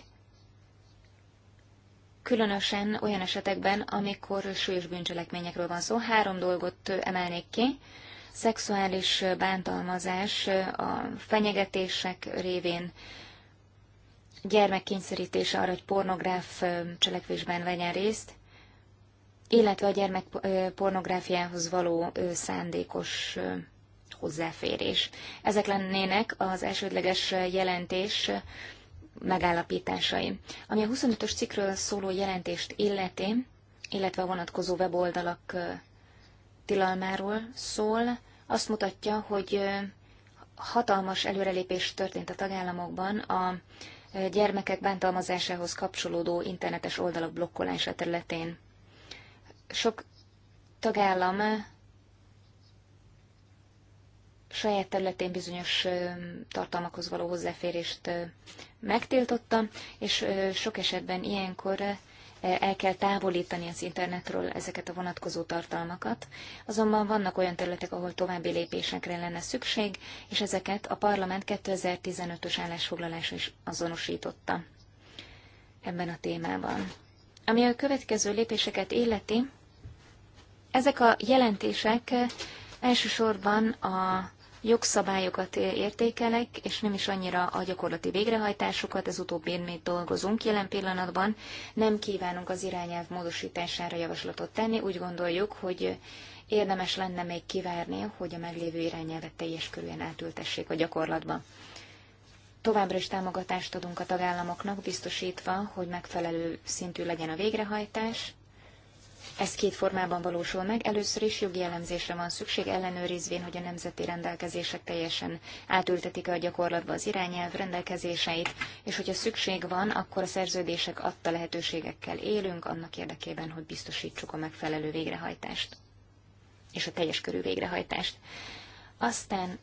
különösen olyan esetekben, amikor súlyos bűncselekményekről van szó. Három dolgot emelnék ki. Szexuális bántalmazás a fenyegetések révén, gyermek kényszerítése arra, hogy pornográf cselekvésben vegyen részt, illetve a gyermek pornográfiához való szándékos hozzáférés. Ezek lennének az elsődleges jelentés megállapításai. Ami a 25-ös cikkről szóló jelentést illeti, illetve a vonatkozó weboldalak tilalmáról szól, azt mutatja, hogy hatalmas előrelépés történt a tagállamokban a gyermekek bántalmazásához kapcsolódó internetes oldalak blokkolása területén. Sok tagállam saját területén bizonyos tartalmakhoz való hozzáférést megtiltotta, és sok esetben ilyenkor el kell távolítani az internetről ezeket a vonatkozó tartalmakat. Azonban vannak olyan területek, ahol további lépésekre lenne szükség, és ezeket a parlament 2015-ös állásfoglalása is azonosította ebben a témában. Ami a következő lépéseket illeti, ezek a jelentések elsősorban a jogszabályokat értékelek, és nem is annyira a gyakorlati végrehajtásokat, ez utóbbi érmét dolgozunk jelen pillanatban. Nem kívánunk az irányelv módosítására javaslatot tenni, úgy gondoljuk, hogy érdemes lenne még kivárni, hogy a meglévő irányelvet teljes körűen átültessék a gyakorlatba. Továbbra is támogatást adunk a tagállamoknak, biztosítva, hogy megfelelő szintű legyen a végrehajtás, ez két formában valósul meg. Először is jogi elemzésre van szükség, ellenőrizvén, hogy a nemzeti rendelkezések teljesen átültetik-e a gyakorlatba az irányelv rendelkezéseit, és hogyha szükség van, akkor a szerződések adta lehetőségekkel élünk annak érdekében, hogy biztosítsuk a megfelelő végrehajtást és a teljes körű végrehajtást. Aztán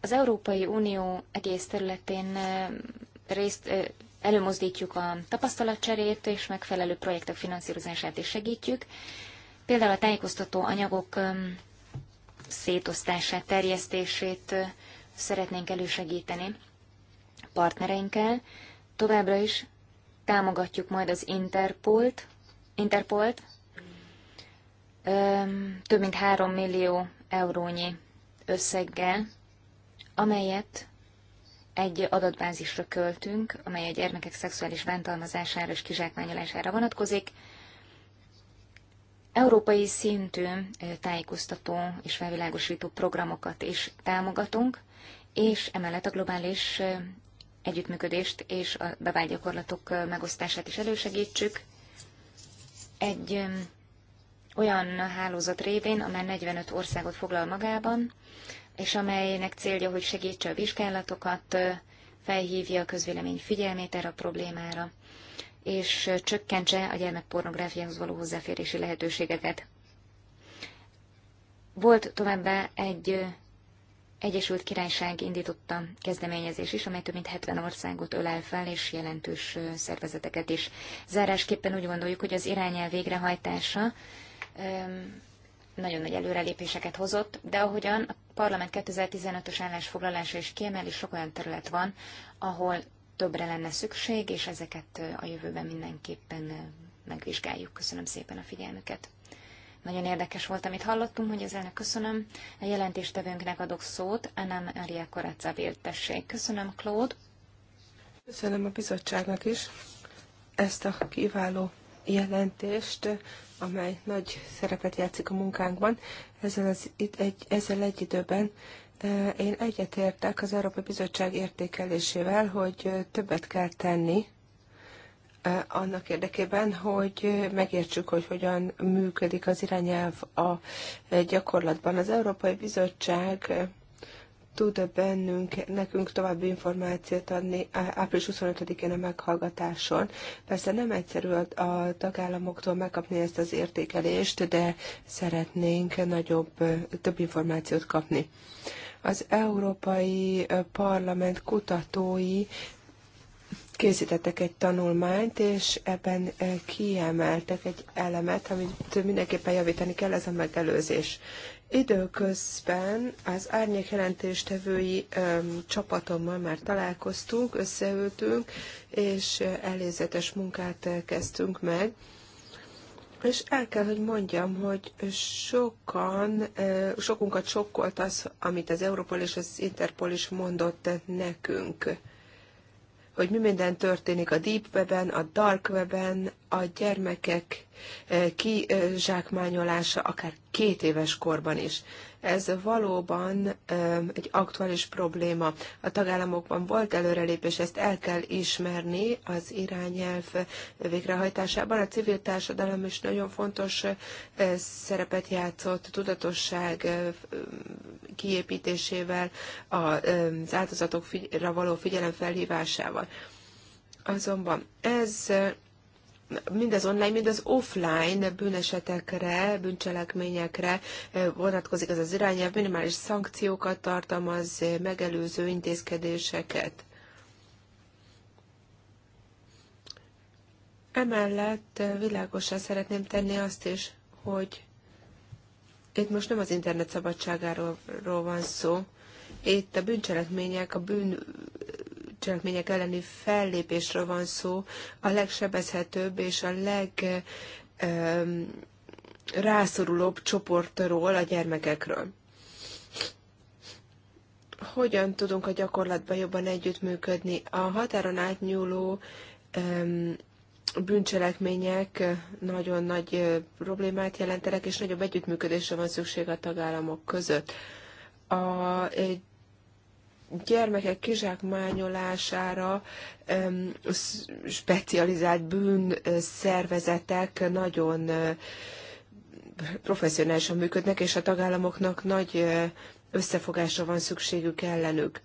az Európai Unió egész területén eh, részt eh, előmozdítjuk a tapasztalatcserét, és megfelelő projektek finanszírozását is segítjük. Például a tájékoztató anyagok szétosztását, terjesztését szeretnénk elősegíteni partnereinkkel. Továbbra is támogatjuk majd az Interpolt, Interpolt több mint 3 millió eurónyi összeggel, amelyet egy adatbázisra költünk, amely a gyermekek szexuális bántalmazására és kizsákmányolására vonatkozik. Európai szintű tájékoztató és felvilágosító programokat is támogatunk, és emellett a globális együttműködést és a bevált gyakorlatok megosztását is elősegítsük. Egy olyan hálózat révén, amely 45 országot foglal magában, és amelynek célja, hogy segítse a vizsgálatokat, felhívja a közvélemény figyelmét erre a problémára, és csökkentse a gyermekpornográfiához való hozzáférési lehetőségeket. Volt továbbá egy Egyesült Királyság indította kezdeményezés is, amely több mint 70 országot ölel fel, és jelentős szervezeteket is. Zárásképpen úgy gondoljuk, hogy az irányel végrehajtása nagyon nagy előrelépéseket hozott, de ahogyan a parlament 2015-ös állásfoglalása is kiemeli, sok olyan terület van, ahol többre lenne szükség, és ezeket a jövőben mindenképpen megvizsgáljuk. Köszönöm szépen a figyelmüket. Nagyon érdekes volt, amit hallottunk, hogy az elnök köszönöm. A jelentéstevőnknek adok szót, Anna Maria Korácsa tessék. Köszönöm, Claude. Köszönöm a bizottságnak is ezt a kiváló jelentést, amely nagy szerepet játszik a munkánkban. Ezzel, az, egy, ezzel egy időben én egyetértek az Európai Bizottság értékelésével, hogy többet kell tenni annak érdekében, hogy megértsük, hogy hogyan működik az irányelv a gyakorlatban. Az Európai Bizottság tud bennünk, nekünk további információt adni április 25-én a meghallgatáson. Persze nem egyszerű a, a tagállamoktól megkapni ezt az értékelést, de szeretnénk nagyobb, több információt kapni. Az Európai Parlament kutatói készítettek egy tanulmányt, és ebben kiemeltek egy elemet, amit mindenképpen javítani kell, ez a megelőzés. Időközben az árnyék jelentéstevői csapatommal már találkoztunk, összeültünk, és elézetes munkát kezdtünk meg. És el kell, hogy mondjam, hogy sokan, sokunkat sokkolt az, amit az Európol és az Interpol is mondott nekünk, hogy mi minden történik a Deep Web-en, a Dark Web-en, a gyermekek e, kizsákmányolása akár két éves korban is. Ez valóban e, egy aktuális probléma. A tagállamokban volt előrelépés, ezt el kell ismerni az irányelv végrehajtásában. A civil társadalom is nagyon fontos e, szerepet játszott tudatosság kiépítésével, az áldozatokra való figyelem felhívásával. Azonban ez mind az online, mind az offline bűnesetekre, bűncselekményekre vonatkozik az az irányelv, minimális szankciókat tartalmaz, megelőző intézkedéseket. Emellett világosan szeretném tenni azt is, hogy itt most nem az internet szabadságáról van szó, itt a bűncselekmények, a bűn bűncselekmények elleni fellépésről van szó, a legsebezhetőbb és a leg rászorulóbb csoportról, a gyermekekről. Hogyan tudunk a gyakorlatban jobban együttműködni? A határon átnyúló um, bűncselekmények nagyon nagy problémát jelentenek, és nagyobb együttműködésre van szükség a tagállamok között. A gyermekek kizsákmányolására specializált bűnszervezetek nagyon professzionálisan működnek, és a tagállamoknak nagy összefogásra van szükségük ellenük.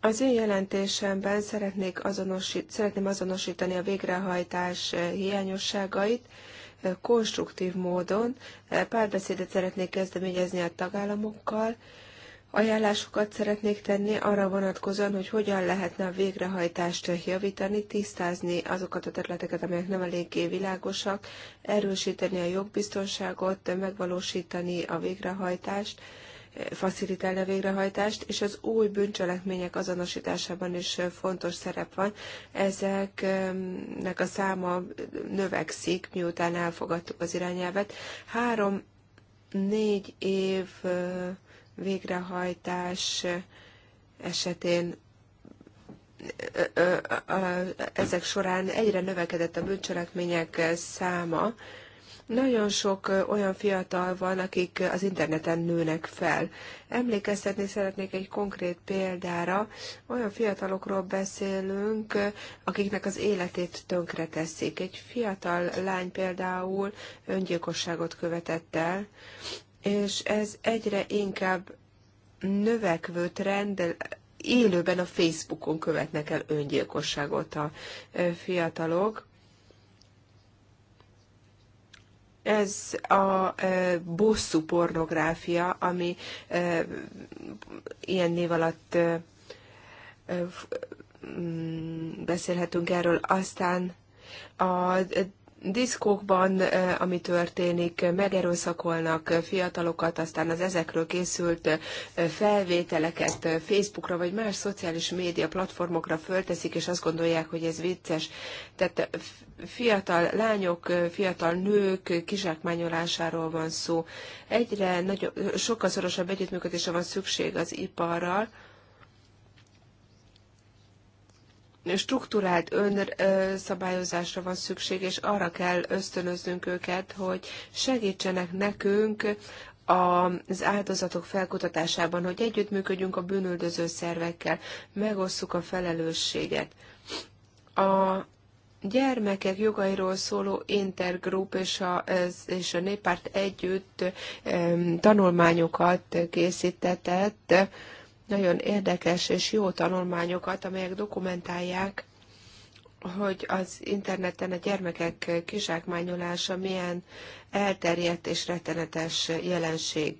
Az én jelentésemben szeretnék azonosít, szeretném azonosítani a végrehajtás hiányosságait, konstruktív módon párbeszédet szeretnék kezdeményezni a tagállamokkal, ajánlásokat szeretnék tenni arra vonatkozóan, hogy hogyan lehetne a végrehajtást javítani, tisztázni azokat a területeket, amelyek nem eléggé világosak, erősíteni a jogbiztonságot, megvalósítani a végrehajtást, facilitálja a végrehajtást, és az új bűncselekmények azonosításában is fontos szerep van. Ezeknek a száma növekszik, miután elfogadtuk az irányelvet. Három, négy év végrehajtás esetén ezek során egyre növekedett a bűncselekmények száma, nagyon sok olyan fiatal van, akik az interneten nőnek fel. Emlékeztetni szeretnék egy konkrét példára. Olyan fiatalokról beszélünk, akiknek az életét tönkre teszik. Egy fiatal lány például öngyilkosságot követett el, és ez egyre inkább növekvő trend, élőben a Facebookon követnek el öngyilkosságot a fiatalok Ez a e, bosszú pornográfia, ami e, ilyen név alatt e, mm, beszélhetünk erről. Aztán a diszkókban, ami történik, megerőszakolnak fiatalokat, aztán az ezekről készült felvételeket Facebookra vagy más szociális média platformokra fölteszik, és azt gondolják, hogy ez vicces. Tehát fiatal lányok, fiatal nők kizsákmányolásáról van szó. Egyre nagyobb, sokkal szorosabb együttműködésre van szükség az iparral, Struktúrált önszabályozásra van szükség, és arra kell ösztönöznünk őket, hogy segítsenek nekünk az áldozatok felkutatásában, hogy együttműködjünk a bűnöldöző szervekkel, megosszuk a felelősséget. A gyermekek jogairól szóló Intergroup és a, és a Néppárt együtt tanulmányokat készítetett, nagyon érdekes és jó tanulmányokat, amelyek dokumentálják, hogy az interneten a gyermekek kizsákmányolása milyen elterjedt és rettenetes jelenség.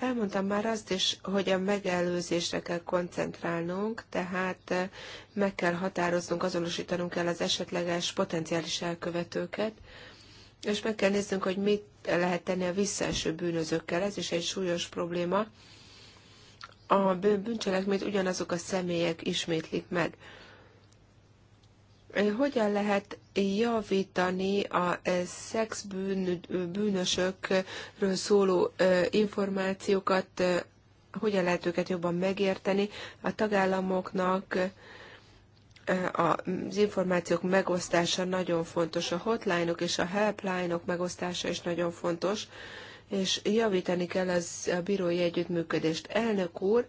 Elmondtam már azt is, hogy a megelőzésre kell koncentrálnunk, tehát eh, meg kell határoznunk, azonosítanunk kell az esetleges potenciális elkövetőket, és meg kell néznünk, hogy mit lehet tenni a visszaeső bűnözőkkel. Ez is egy súlyos probléma. A bűncselekményt ugyanazok a személyek ismétlik meg. Hogyan lehet javítani a eh, szexbűnösökről szóló eh, információkat, eh, hogyan lehet őket jobban megérteni a tagállamoknak, az információk megosztása nagyon fontos, a hotline-ok és a helpline -ok megosztása is nagyon fontos, és javítani kell az, a bírói együttműködést. Elnök úr,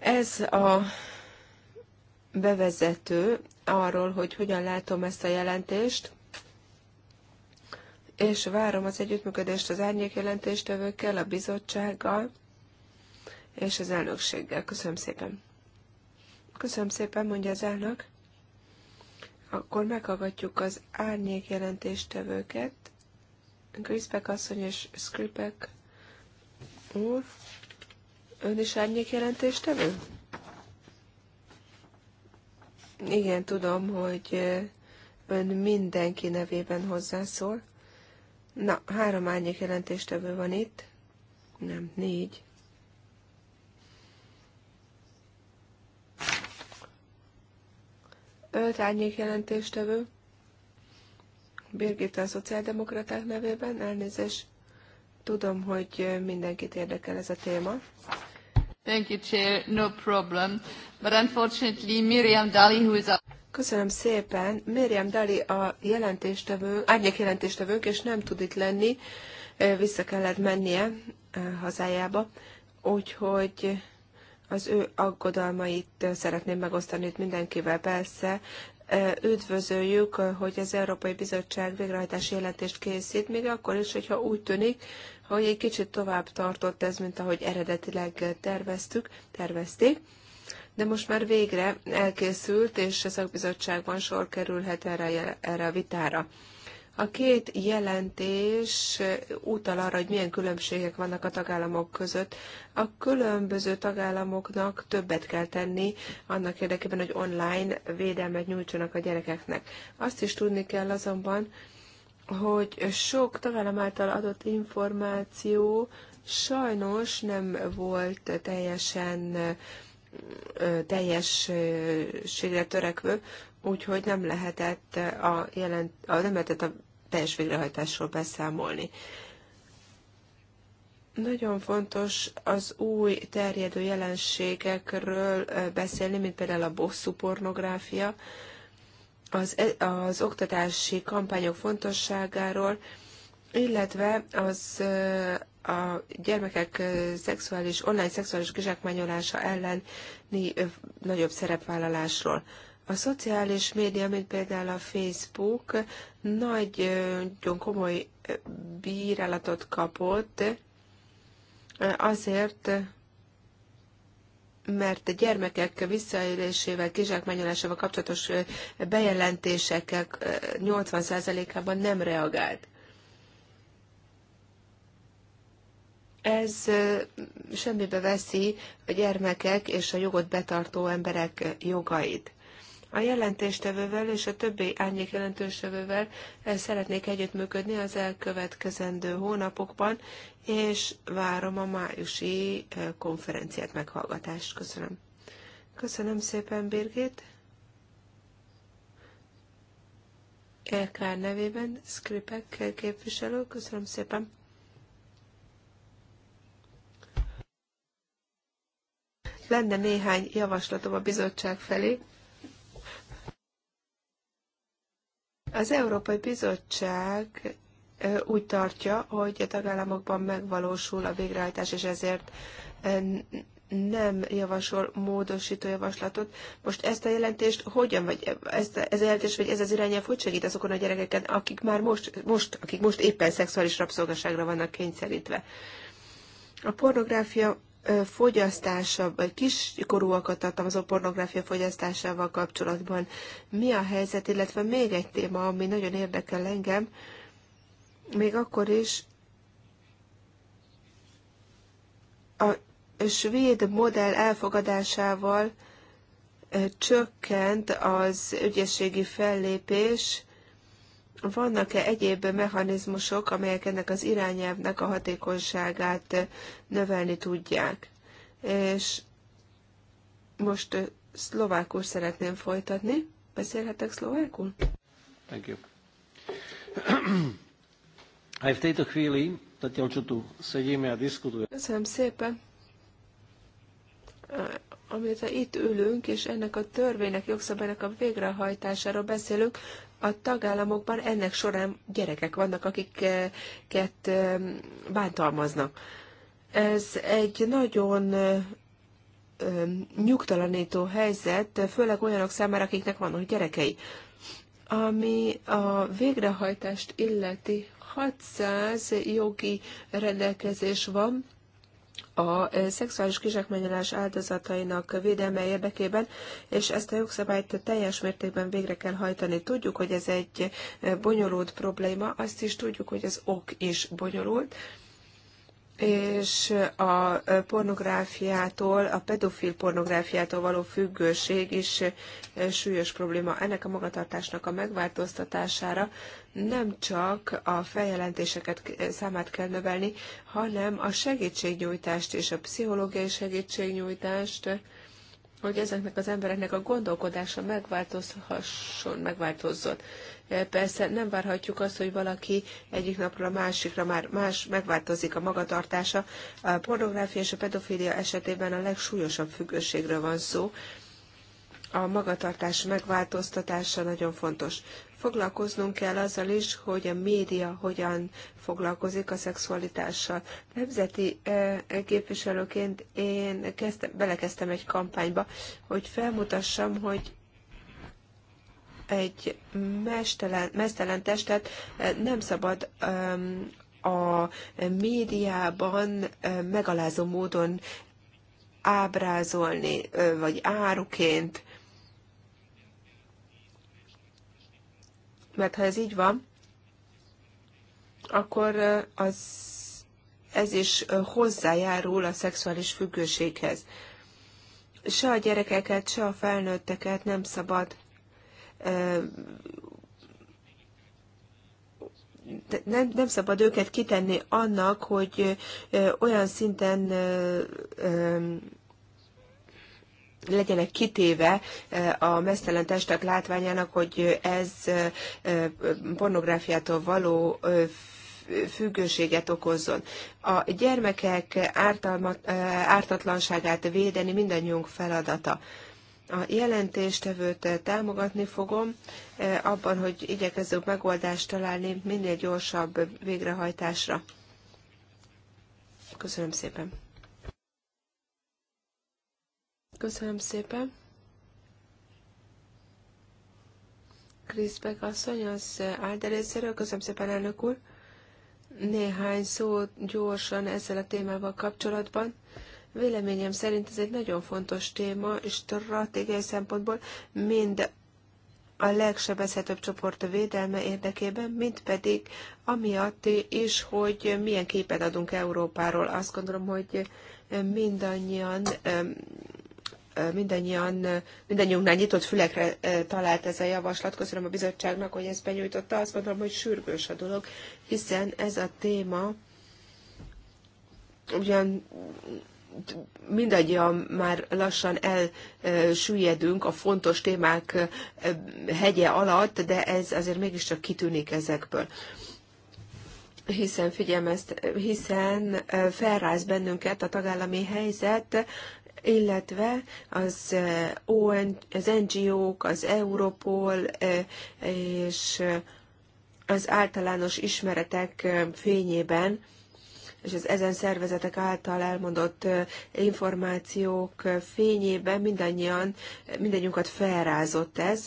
ez a bevezető, arról, hogy hogyan látom ezt a jelentést, és várom az együttműködést az árnyék jelentéstevőkkel, a bizottsággal és az elnökséggel. Köszönöm szépen. Köszönöm szépen, mondja az elnök. Akkor meghallgatjuk az árnyék jelentéstevőket. Griszbek asszony és Skripek úr. Ön is árnyék jelentéstevő? Igen, tudom, hogy ön mindenki nevében hozzászól. Na, három árnyék jelentéstevő van itt. Nem, négy. Öt árnyék jelentéstevő. Birgitta a szociáldemokraták nevében, elnézést. Tudom, hogy mindenkit érdekel ez a téma. Thank you, Chair. No problem. But unfortunately, Miriam Dali, who is a... Köszönöm szépen. Miriam Dali a jelentéstevő, árnyék jelentéstevőnk, és nem tud itt lenni. Vissza kellett mennie hazájába. Úgyhogy az ő aggodalmait szeretném megosztani itt mindenkivel. Persze üdvözöljük, hogy az Európai Bizottság végrehajtási jelentést készít, még akkor is, hogyha úgy tűnik, hogy egy kicsit tovább tartott ez, mint ahogy eredetileg terveztük, tervezték. De most már végre elkészült, és a szakbizottságban sor kerülhet erre, erre a vitára. A két jelentés utal arra, hogy milyen különbségek vannak a tagállamok között. A különböző tagállamoknak többet kell tenni annak érdekében, hogy online védelmet nyújtsanak a gyerekeknek. Azt is tudni kell azonban, hogy sok tagállam által adott információ sajnos nem volt teljesen teljességre törekvő, úgyhogy nem lehetett a, jelent, a, nem lehetett a teljes végrehajtásról beszámolni. Nagyon fontos az új terjedő jelenségekről beszélni, mint például a bosszú pornográfia, az, e, az oktatási kampányok fontosságáról, illetve az a gyermekek szexuális, online szexuális kizsákmányolása elleni nagyobb szerepvállalásról. A szociális média, mint például a Facebook, nagy, nagyon komoly bírálatot kapott azért, mert a gyermekek visszaélésével, kizsákmányolásával kapcsolatos bejelentésekkel 80%-ában nem reagált. Ez semmibe veszi a gyermekek és a jogot betartó emberek jogait. A jelentéstevővel és a többi árnyék jelentőstevővel eh, szeretnék együttműködni az elkövetkezendő hónapokban, és várom a májusi eh, konferenciát, meghallgatást. Köszönöm. Köszönöm szépen, Birgit. LKR nevében Skripek képviselő, köszönöm szépen. Lenne néhány javaslatom a bizottság felé. Az Európai Bizottság úgy tartja, hogy a tagállamokban megvalósul a végrehajtás, és ezért nem javasol módosító javaslatot. Most ezt a jelentést hogyan, vagy ezt, ez a jelentés, vagy ez az irányelv hogy segít azokon a gyerekeken, akik már most, most, akik most éppen szexuális rabszolgaságra vannak kényszerítve? A pornográfia fogyasztása, vagy kiskorúakat tartalmazó pornográfia fogyasztásával kapcsolatban mi a helyzet, illetve még egy téma, ami nagyon érdekel engem, még akkor is a svéd modell elfogadásával csökkent az ügyességi fellépés, vannak-e egyéb mechanizmusok, amelyek ennek az irányelvnek a hatékonyságát növelni tudják? És most szlovákul szeretném folytatni. Beszélhetek szlovákul? Thank you. Aj v tejto chvíli, zatiaľ čo tu sedíme a diskutujeme. Köszönöm szépen. Amit itt ülünk, és ennek a törvénynek, jogszabálynak a végrehajtásáról beszélünk, a tagállamokban ennek során gyerekek vannak, akiket bántalmaznak. Ez egy nagyon nyugtalanító helyzet, főleg olyanok számára, akiknek vannak gyerekei. Ami a végrehajtást illeti, 600 jogi rendelkezés van, a szexuális kizsákmányolás áldozatainak védelme érdekében, és ezt a jogszabályt teljes mértékben végre kell hajtani. Tudjuk, hogy ez egy bonyolult probléma, azt is tudjuk, hogy az ok is bonyolult, és a pornográfiától, a pedofil pornográfiától való függőség is súlyos probléma. Ennek a magatartásnak a megváltoztatására nem csak a feljelentéseket eh, számát kell növelni, hanem a segítségnyújtást és a pszichológiai segítségnyújtást, hogy ezeknek az embereknek a gondolkodása megváltozhasson, megváltozzon. Eh, persze nem várhatjuk azt, hogy valaki egyik napról a másikra már más megváltozik a magatartása. A pornográfia és a pedofília esetében a legsúlyosabb függőségről van szó. A magatartás megváltoztatása nagyon fontos. Foglalkoznunk kell azzal is, hogy a média hogyan foglalkozik a szexualitással. Nemzeti eh, képviselőként én kezdtem, belekezdtem egy kampányba, hogy felmutassam, hogy egy mestelen, mesztelen testet eh, nem szabad ehm, a médiában eh, megalázó módon ábrázolni, vagy áruként Mert ha ez így van, akkor az, ez is hozzájárul a szexuális függőséghez. Se a gyerekeket, se a felnőtteket nem szabad nem, nem szabad őket kitenni annak, hogy olyan szinten legyenek kitéve eh, a mesztelen testek látványának, hogy ez eh, pornográfiától való eh, függőséget okozzon. A gyermekek ártatlanságát védeni mindannyiunk feladata. A jelentéstevőt támogatni fogom abban, hogy igyekezzük megoldást találni minél gyorsabb végrehajtásra. Köszönöm szépen! Köszönöm szépen. Kriszbek asszony, az Álder Köszönöm szépen, elnök úr. Néhány szó gyorsan ezzel a témával kapcsolatban. Véleményem szerint ez egy nagyon fontos téma, és stratégiai szempontból mind a legsebezhetőbb csoport védelme érdekében, mint pedig amiatt is, hogy milyen képet adunk Európáról. Azt gondolom, hogy mindannyian mindannyian, mindannyiunknál nyitott fülekre e, talált ez a javaslat. Köszönöm a bizottságnak, hogy ezt benyújtotta. Azt mondom, hogy sürgős a dolog, hiszen ez a téma ugyan mindannyian már lassan elsüllyedünk a fontos témák e, hegye alatt, de ez azért mégiscsak kitűnik ezekből hiszen figyelmezt, hiszen e, felráz bennünket a tagállami helyzet, illetve az, eh, ON, az NGO-k, az Europol eh, és eh, az általános ismeretek fényében, és az ezen szervezetek által elmondott információk fényében mindannyian, mindannyiunkat felrázott ez,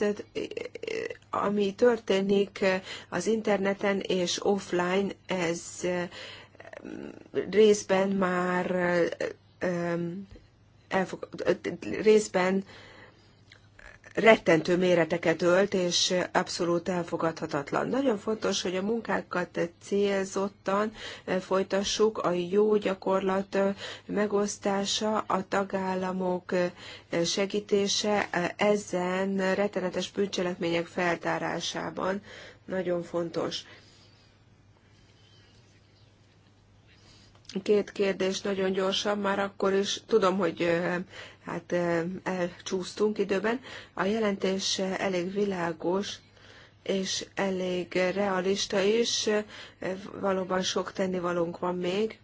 ami történik az interneten és offline, ez részben már elfog, részben rettentő méreteket ölt, és abszolút elfogadhatatlan. Nagyon fontos, hogy a munkákat célzottan folytassuk, a jó gyakorlat megosztása, a tagállamok segítése ezen rettenetes bűncselekmények feltárásában nagyon fontos. Két kérdés nagyon gyorsan, már akkor is tudom, hogy hát elcsúsztunk időben. A jelentés elég világos, és elég realista is. Valóban sok tennivalónk van még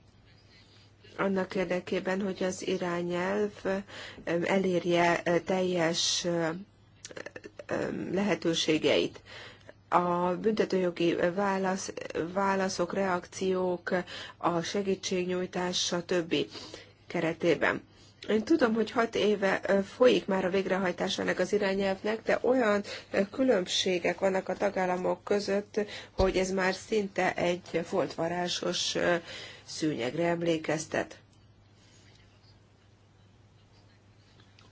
annak érdekében, hogy az irányelv elérje teljes lehetőségeit a büntetőjogi válasz, válaszok, reakciók, a segítségnyújtás, stb. keretében. Én tudom, hogy hat éve folyik már a végrehajtás ennek az irányelvnek, de olyan különbségek vannak a tagállamok között, hogy ez már szinte egy foltvarásos szűnyegre emlékeztet.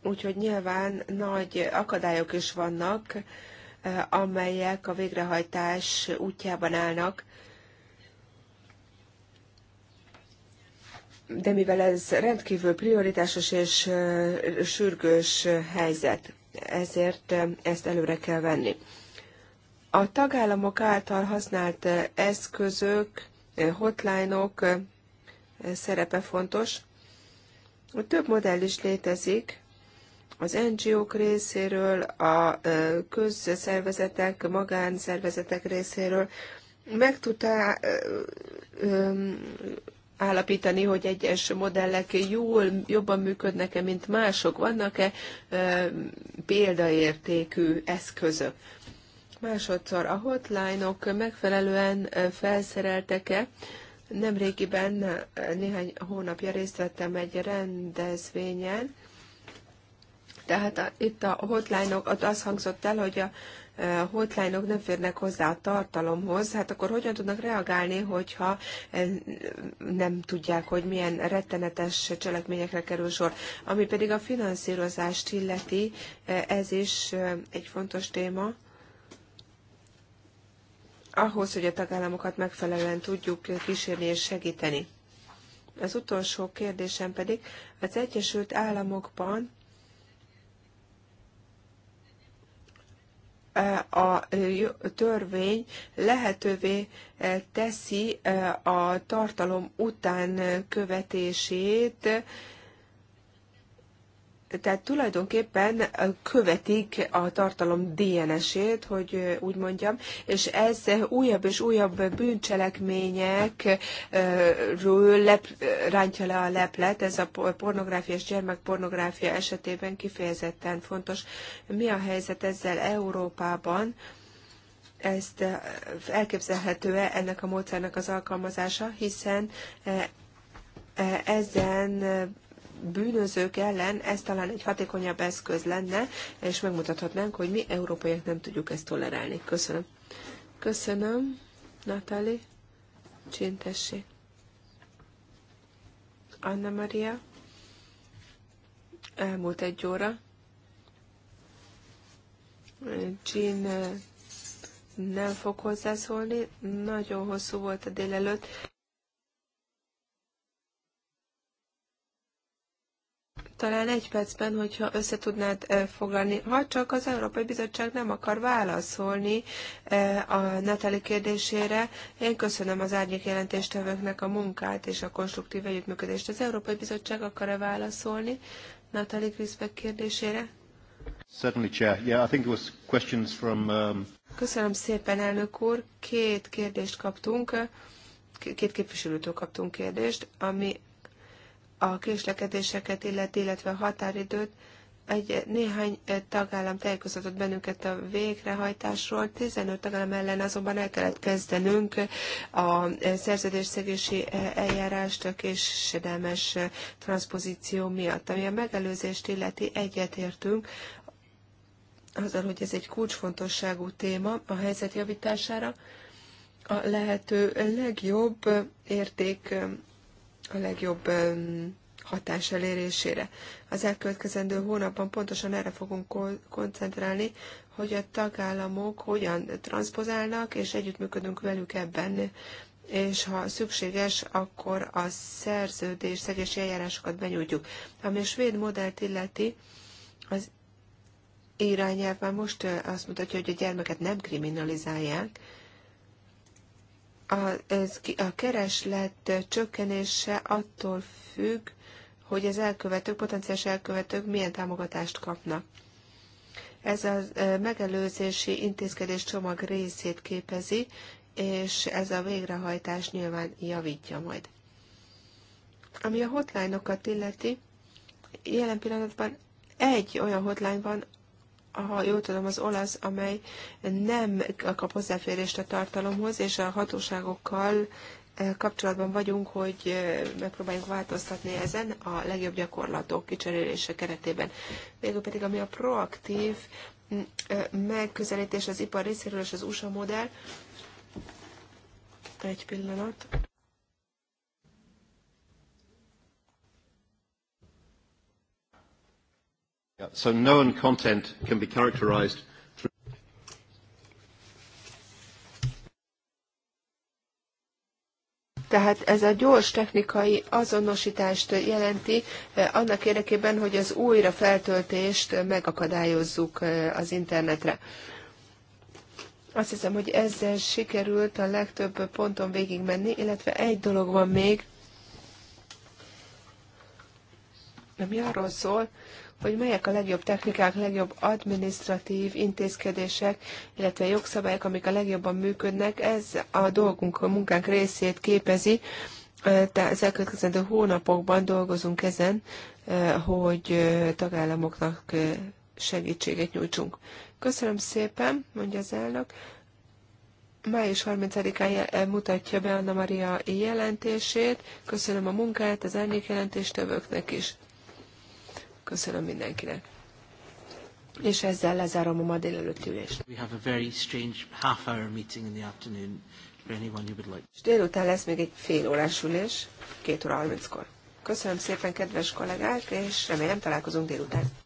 Úgyhogy nyilván nagy akadályok is vannak, amelyek a végrehajtás útjában állnak. De mivel ez rendkívül prioritásos és sürgős helyzet, ezért ezt előre kell venni. A tagállamok által használt eszközök, hotline-ok szerepe fontos. Több modell is létezik, az NGO-k részéről, a közszervezetek, magánszervezetek részéről meg tudta állapítani, hogy egyes modellek jól, jobban működnek-e, mint mások, vannak-e példaértékű eszközök. Másodszor a hotline-ok -ok megfelelően felszereltek-e, Nemrégiben néhány hónapja részt vettem egy rendezvényen, tehát a, itt a hotline-ok, -ok, az hangzott el, hogy a hotline-ok -ok nem férnek hozzá a tartalomhoz, hát akkor hogyan tudnak reagálni, hogyha nem tudják, hogy milyen rettenetes cselekményekre kerül sor. Ami pedig a finanszírozást illeti, ez is egy fontos téma ahhoz, hogy a tagállamokat megfelelően tudjuk kísérni és segíteni. Az utolsó kérdésem pedig, az Egyesült Államokban a törvény lehetővé e, teszi e, a tartalom után követését tehát tulajdonképpen követik a tartalom DNS-ét, hogy úgy mondjam, és ez újabb és újabb bűncselekményekről lep, rántja le a leplet, ez a pornográfia és gyermekpornográfia esetében kifejezetten fontos. Mi a helyzet ezzel Európában? Ezt elképzelhető-e ennek a módszernek az alkalmazása, hiszen ezen bűnözők ellen ez talán egy hatékonyabb eszköz lenne, és megmutathatnánk, hogy mi európaiak nem tudjuk ezt tolerálni. Köszönöm. Köszönöm, Natali. Csintessé. Anna Maria. Elmúlt egy óra. Jean eh, nem fog hozzászólni. Nagyon hosszú volt a délelőtt. talán egy percben, hogyha összetudnád eh, foglalni, ha csak az Európai Bizottság nem akar válaszolni eh, a Natali kérdésére. Én köszönöm az árnyék jelentéstevőknek a munkát és a konstruktív együttműködést. Az Európai Bizottság akar-e válaszolni Natali Griszbeck kérdésére? Certainly, Chair. Yeah, I think it was questions from... Um... Köszönöm szépen, elnök úr. Két kérdést kaptunk, két képviselőtől kaptunk kérdést, ami a késlekedéseket illeti, illetve a határidőt, egy néhány eh, tagállam tájékoztatott bennünket a végrehajtásról, 15 tagállam ellen azonban el kellett kezdenünk a eh, szerződésszegési eh, eljárást a késedelmes transpozíció miatt. Ami a megelőzést illeti, egyetértünk azzal, hogy ez egy kulcsfontosságú téma a helyzet javítására. A lehető legjobb érték a legjobb hatás elérésére. Az elkövetkezendő hónapban pontosan erre fogunk koncentrálni, hogy a tagállamok hogyan transzpozálnak, és együttműködünk velük ebben, és ha szükséges, akkor a szerződés szegési eljárásokat benyújtjuk. Ami a svéd modellt illeti, az irányelv már most azt mutatja, hogy a gyermeket nem kriminalizálják, a, ez, a kereslet csökkenése attól függ, hogy az elkövetők, potenciális elkövetők milyen támogatást kapnak. Ez a megelőzési intézkedés csomag részét képezi, és ez a végrehajtás nyilván javítja majd. Ami a hotline-okat illeti, jelen pillanatban egy olyan hotline van, ha jól tudom, az olasz, amely nem kap hozzáférést a tartalomhoz, és a hatóságokkal e, kapcsolatban vagyunk, hogy e, megpróbáljunk változtatni ezen a legjobb gyakorlatok kicserélése keretében. Végül pedig, ami a proaktív e, megközelítés az ipar részéről és az USA modell, egy pillanat. So known content can be characterized Tehát ez a gyors technikai azonosítást jelenti eh, annak érdekében, hogy az újra feltöltést megakadályozzuk eh, az internetre. Azt hiszem, hogy ezzel sikerült a legtöbb ponton végigmenni, illetve egy dolog van még, ami arról szól, hogy melyek a legjobb technikák, legjobb administratív intézkedések, illetve jogszabályok, amik a legjobban működnek. Ez a dolgunk, a munkánk részét képezi. Tehát az elkövetkezendő hónapokban dolgozunk ezen, hogy tagállamoknak segítséget nyújtsunk. Köszönöm szépen, mondja az elnök. Május 30-án eh, mutatja be Anna Maria jelentését. Köszönöm a munkát az árnyék jelentéstevőknek is. Köszönöm mindenkinek. És ezzel lezárom a ma délelőtti ülést. We have a very strange half hour meeting in the afternoon for anyone who would like. És délután lesz még egy fél órás ülés, két óra 30-kor. Köszönöm szépen, kedves kollégák, és remélem találkozunk délután.